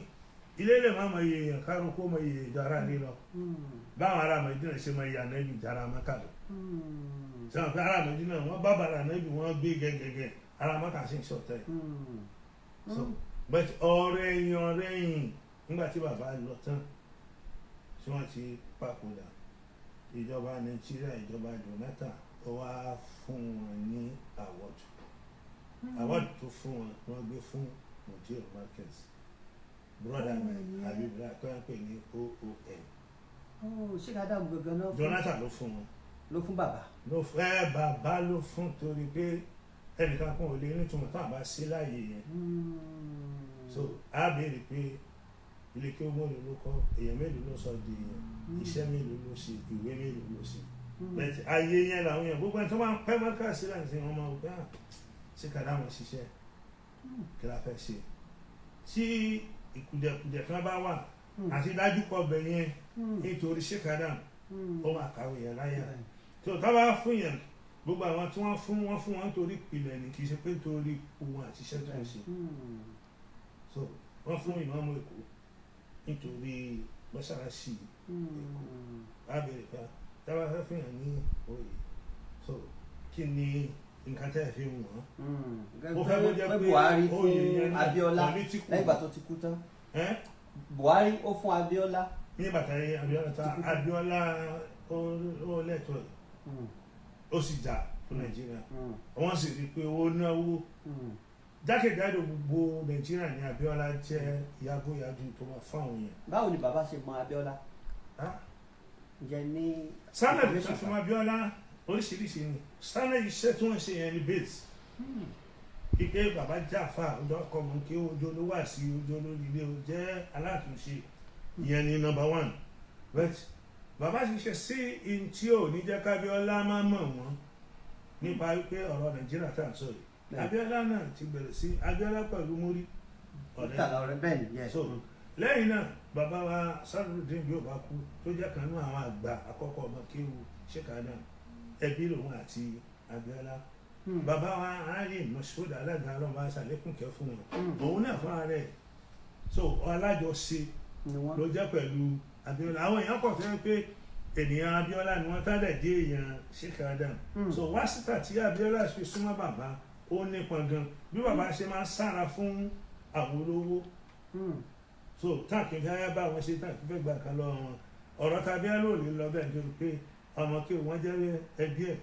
ilé lè má mọ iye èèyàn kárò kó mọ iye ìjọra ní lọ hmm. báwọn ará mẹjìnà ṣe mọ iye ànábì ìjàrá mẹ́kà lọ sọ̀rọ̀ hmm. pé ará mẹjìnà wọn bàbá ànábì wọn gbé gẹ́gẹ́gẹ́ ará mẹ́kà sì ń ṣọ̀tẹ̀ hmm. but ọ̀rẹ́ yìn ọ̀rẹ́ yìn nígbà tí bàbá lọ tán tí wọ́n ti papòdà ìjọba nàìjíríà ìjọba jonathan ó fún wọn ní àwọ̀dù award tó fún wọn wọ́n gbé fún mudir markets broda mi oh, abibra tó ń pè ní oom. Oh, ṣé ká dáhùn gbọ̀ngàn náà. Jonathan ló phone. wọn. phone, Baba. No, ló Baba, ẹ phone to fún torí pé ẹnìkan kún ò lè nítumọ̀ tó àbá sí hmm. so a béèrè pé ilé kí ó mélòó ló kọ́ èèyàn mélòó ló sọ di èèyàn hmm. iṣẹ́ mélòó ló ṣe ìwé mélòó ló ṣe. Hmm. bẹ́ẹ̀ ayé yẹn làwọn yẹn gbogbo ẹni tó máa ń pẹ́ mọ́kà sílẹ̀ ní wọn máa gbà ṣé kàdámù ṣiṣẹ́ hmm. kí la fẹ́ ṣe tí ìkùdẹ̀kùdẹ̀ kan bá wà hmm. àti dájú kọ bẹ̀ yẹn hmm. nítorí ṣé kàdámù ó máa kàwé yẹn láyà tí ò tábà fún yẹn gbogbo àwọn tí wọ́n fún wọn fún wọn nítorí ìpìlẹ̀ ni kì í ṣe pé nítorí ohun àtiṣẹ́ tó ń ṣe so wọ́n fún ìmọ̀ọ́mù èkó nítorí mọ́ṣáláṣí èkó lábẹ́rẹ́ pa tábà fẹ́ fún yẹn ní òye so kí ni nǹkan tẹ́ ẹ fi wù wọ́n. mo hmm. fẹ́ mo jẹ́ pé Buhari fún Abiola lẹ́yìn ìgbà tó ti kú tán Buhari ó fún Abiola. ní bàtà yẹn Abiola ta Abiola ó lẹ́tọ̀ọ́ yìí hmm. ó sì jà fún Nàìjíríà hmm. wọ́n sì rí i pé ó náwó jákèjádò gbogbo Nàìjíríà ni Abiola jẹ́ yagoyago tó máa fáwọn yẹn. báwo ni bàbá ṣe mọ Abiola. ǹjẹ́ ní. sábà bí sọ́tún Abiola oríṣiríṣi ni standard iṣẹ́ tí wọ́n ṣe yẹn ni base hmm. ike baba jafa ọjọ́ kọmọ kí ojú olówó àti ojú olóríire o jẹ́ alátúnṣe ìyẹn ni number one but baba ṣiṣẹ́ sí in tí ò ní jẹ́ kábíọ́lá máa mọ̀ wọ́n nípa wípé ọ̀rọ̀ nàìjíríà tá à ń sọ yìí abíọ́lá hmm. náà ti bẹ̀rẹ̀ sí abíọ́lá pẹ̀lú mórí ọ̀rẹ́ so lẹ́yìn náà baba wa sarudin yóò bá kú tó jẹ́ kan nínú àwọn àgbà àkọ́kọ́ ọmọ kéwu ṣèkà náà ẹbí lòun àti Abíọ́lá hmm. bàbá wa Ali Mashood alága ọlọ́run bá ṣàlékún kẹ́ fún wọn hmm. òun náà fúnra rẹ̀ so alájọṣe ló jẹ́ pẹ̀lú Abíọ́lá àwọn èèyàn kọ̀ fẹ́ pé ènìyàn Abíọ́lá ni wọ́n tálẹ̀ dé èèyàn Sheikh Adam hmm. so wásítà tí Abíọ́lá fi súnmọ́ bàbá ó nípọn gan bí bàbá ṣe máa sára fún àwọn so táàkì fẹ́ bá wọn ṣe táàkì fẹ́ gbà kan lọ́wọ́ wọn ọ̀rọ̀ tàbí ẹ̀ lóòlì lọ́bẹ̀ nítorí pé àwọn tí wọ́n jẹ́ ẹbí ẹ̀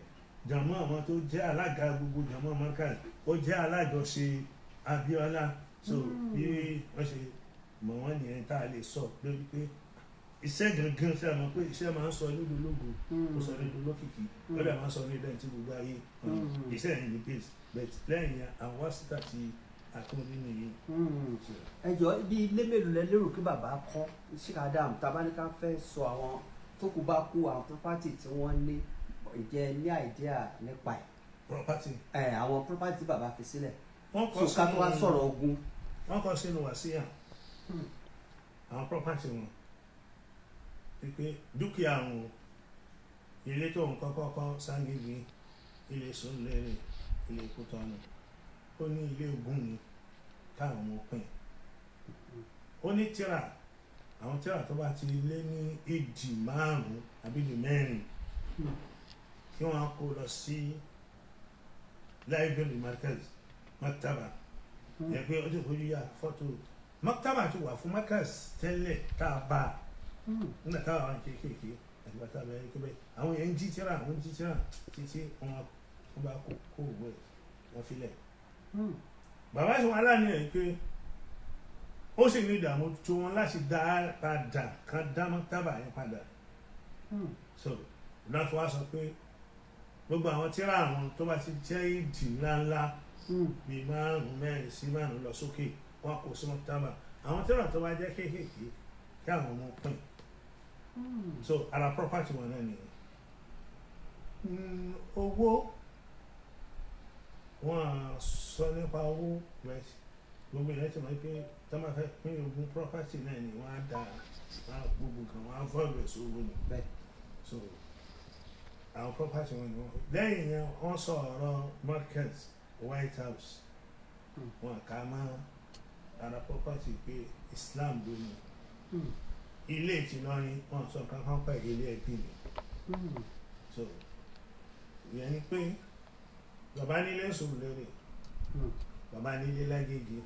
jàmọ́ àwọn tó jẹ́ alága gbogbo jàmọ́ Markaz ó jẹ́ alájọṣe Abíọ́lá so hmm. bí wọ́n ṣe mọ̀ wọ́n nìyẹn tá a lè sọ lórí pé iṣẹ́ gangan ṣe àmọ́ pé iṣẹ́ máa ń sọ nílò lógo hmm. ó sọ nílò lókìkí ó dà máa ń sọ ní ilé tí gbogbo ayé hmm. iṣẹ́ yẹn ní base but lẹ́yìn àwọn wáṣítà ti àkóńdé nìyí. ẹjọ́ ibi ilé mélòó lẹ lérò kí bàbá kọ́ síkà dáhùn tabaníkà fẹ́ sọ àwọn tó kù bá kú àwọn property tí wọ́n ní ìjẹ́ ní àìdíà nípa ẹ̀. property. ẹ àwọn property tí bàbá fi sílẹ̀. wọ́n kọ sínú sùkà tó wá sọ̀rọ̀ ogun. wọ́n kọ sínú wàsíyà hmm. àwọn property wọn pípé dúkìá wọn ilé tó ń kọ́kọ́ kọ́ sáńgìgì ilé sùnlẹ̀rẹ̀ ilé kútọ́nù ó ní ilé ogun ni káwọn ọmọ pín ó ní tíra àwọn tíra tó bá ti lé ní ìdì márùn-ún àbí ìdì mẹ́rin hmm. kí wọ́n kó lọ sí láìbẹ̀rẹ̀ markaz maktaba hmm. ẹ pé ọjọ́ ìfojú yà fọ́tò maktaba ti wà fún markaz tẹ́lẹ̀ tá a bá hmm. nígbà táwọn àwọn kéékèèké àti bàtà bẹ̀rẹ̀ kébẹ̀ àwọn yẹn ń jí tíra àwọn ń jí tíra títí wọn bá kó kó òwe wọn filẹ̀ bàbá ìwọ̀n aláàánú ẹ̀ pé ó sì ní ìdààmú tó wọn láti dá padà kan dáná tábà yẹn padà hmm. so ìdáfọ wa sọ pé gbogbo àwọn tíra àwọn tó bá ti jẹ́ ìdì ńláńlá hmm. bíi márùn mẹ́rin sí márùn lọ sókè wọn kò sí wọn tábà àwọn tíra tó bá jẹ́ kéékèèké kí àwọn ọmọ pín hmm. so ara property wọn náà nìyẹn owó wọn sọ nípa owó gbogbo ìrẹsì máa ń tó máa fẹ́ pín ogún property náà ni wọ́n á da gbogbo kan wọ́n á fọ́ọ̀rọ̀ sí ogún ni. bẹ́ẹ̀ so àwọn property wọn ni wọ́n fẹ́. lẹ́yìn yẹn wọ́n sọ ọ̀rọ̀ market white house hmm. wọn kà má ara property pé islam ló ní hmm. ilé ìtìlọrin wọn sọ kankan pẹ̀ ilé ẹbí mi hmm. so ìyẹn ni pé bàbá nílé sùn lórí bàbá nílé lágége.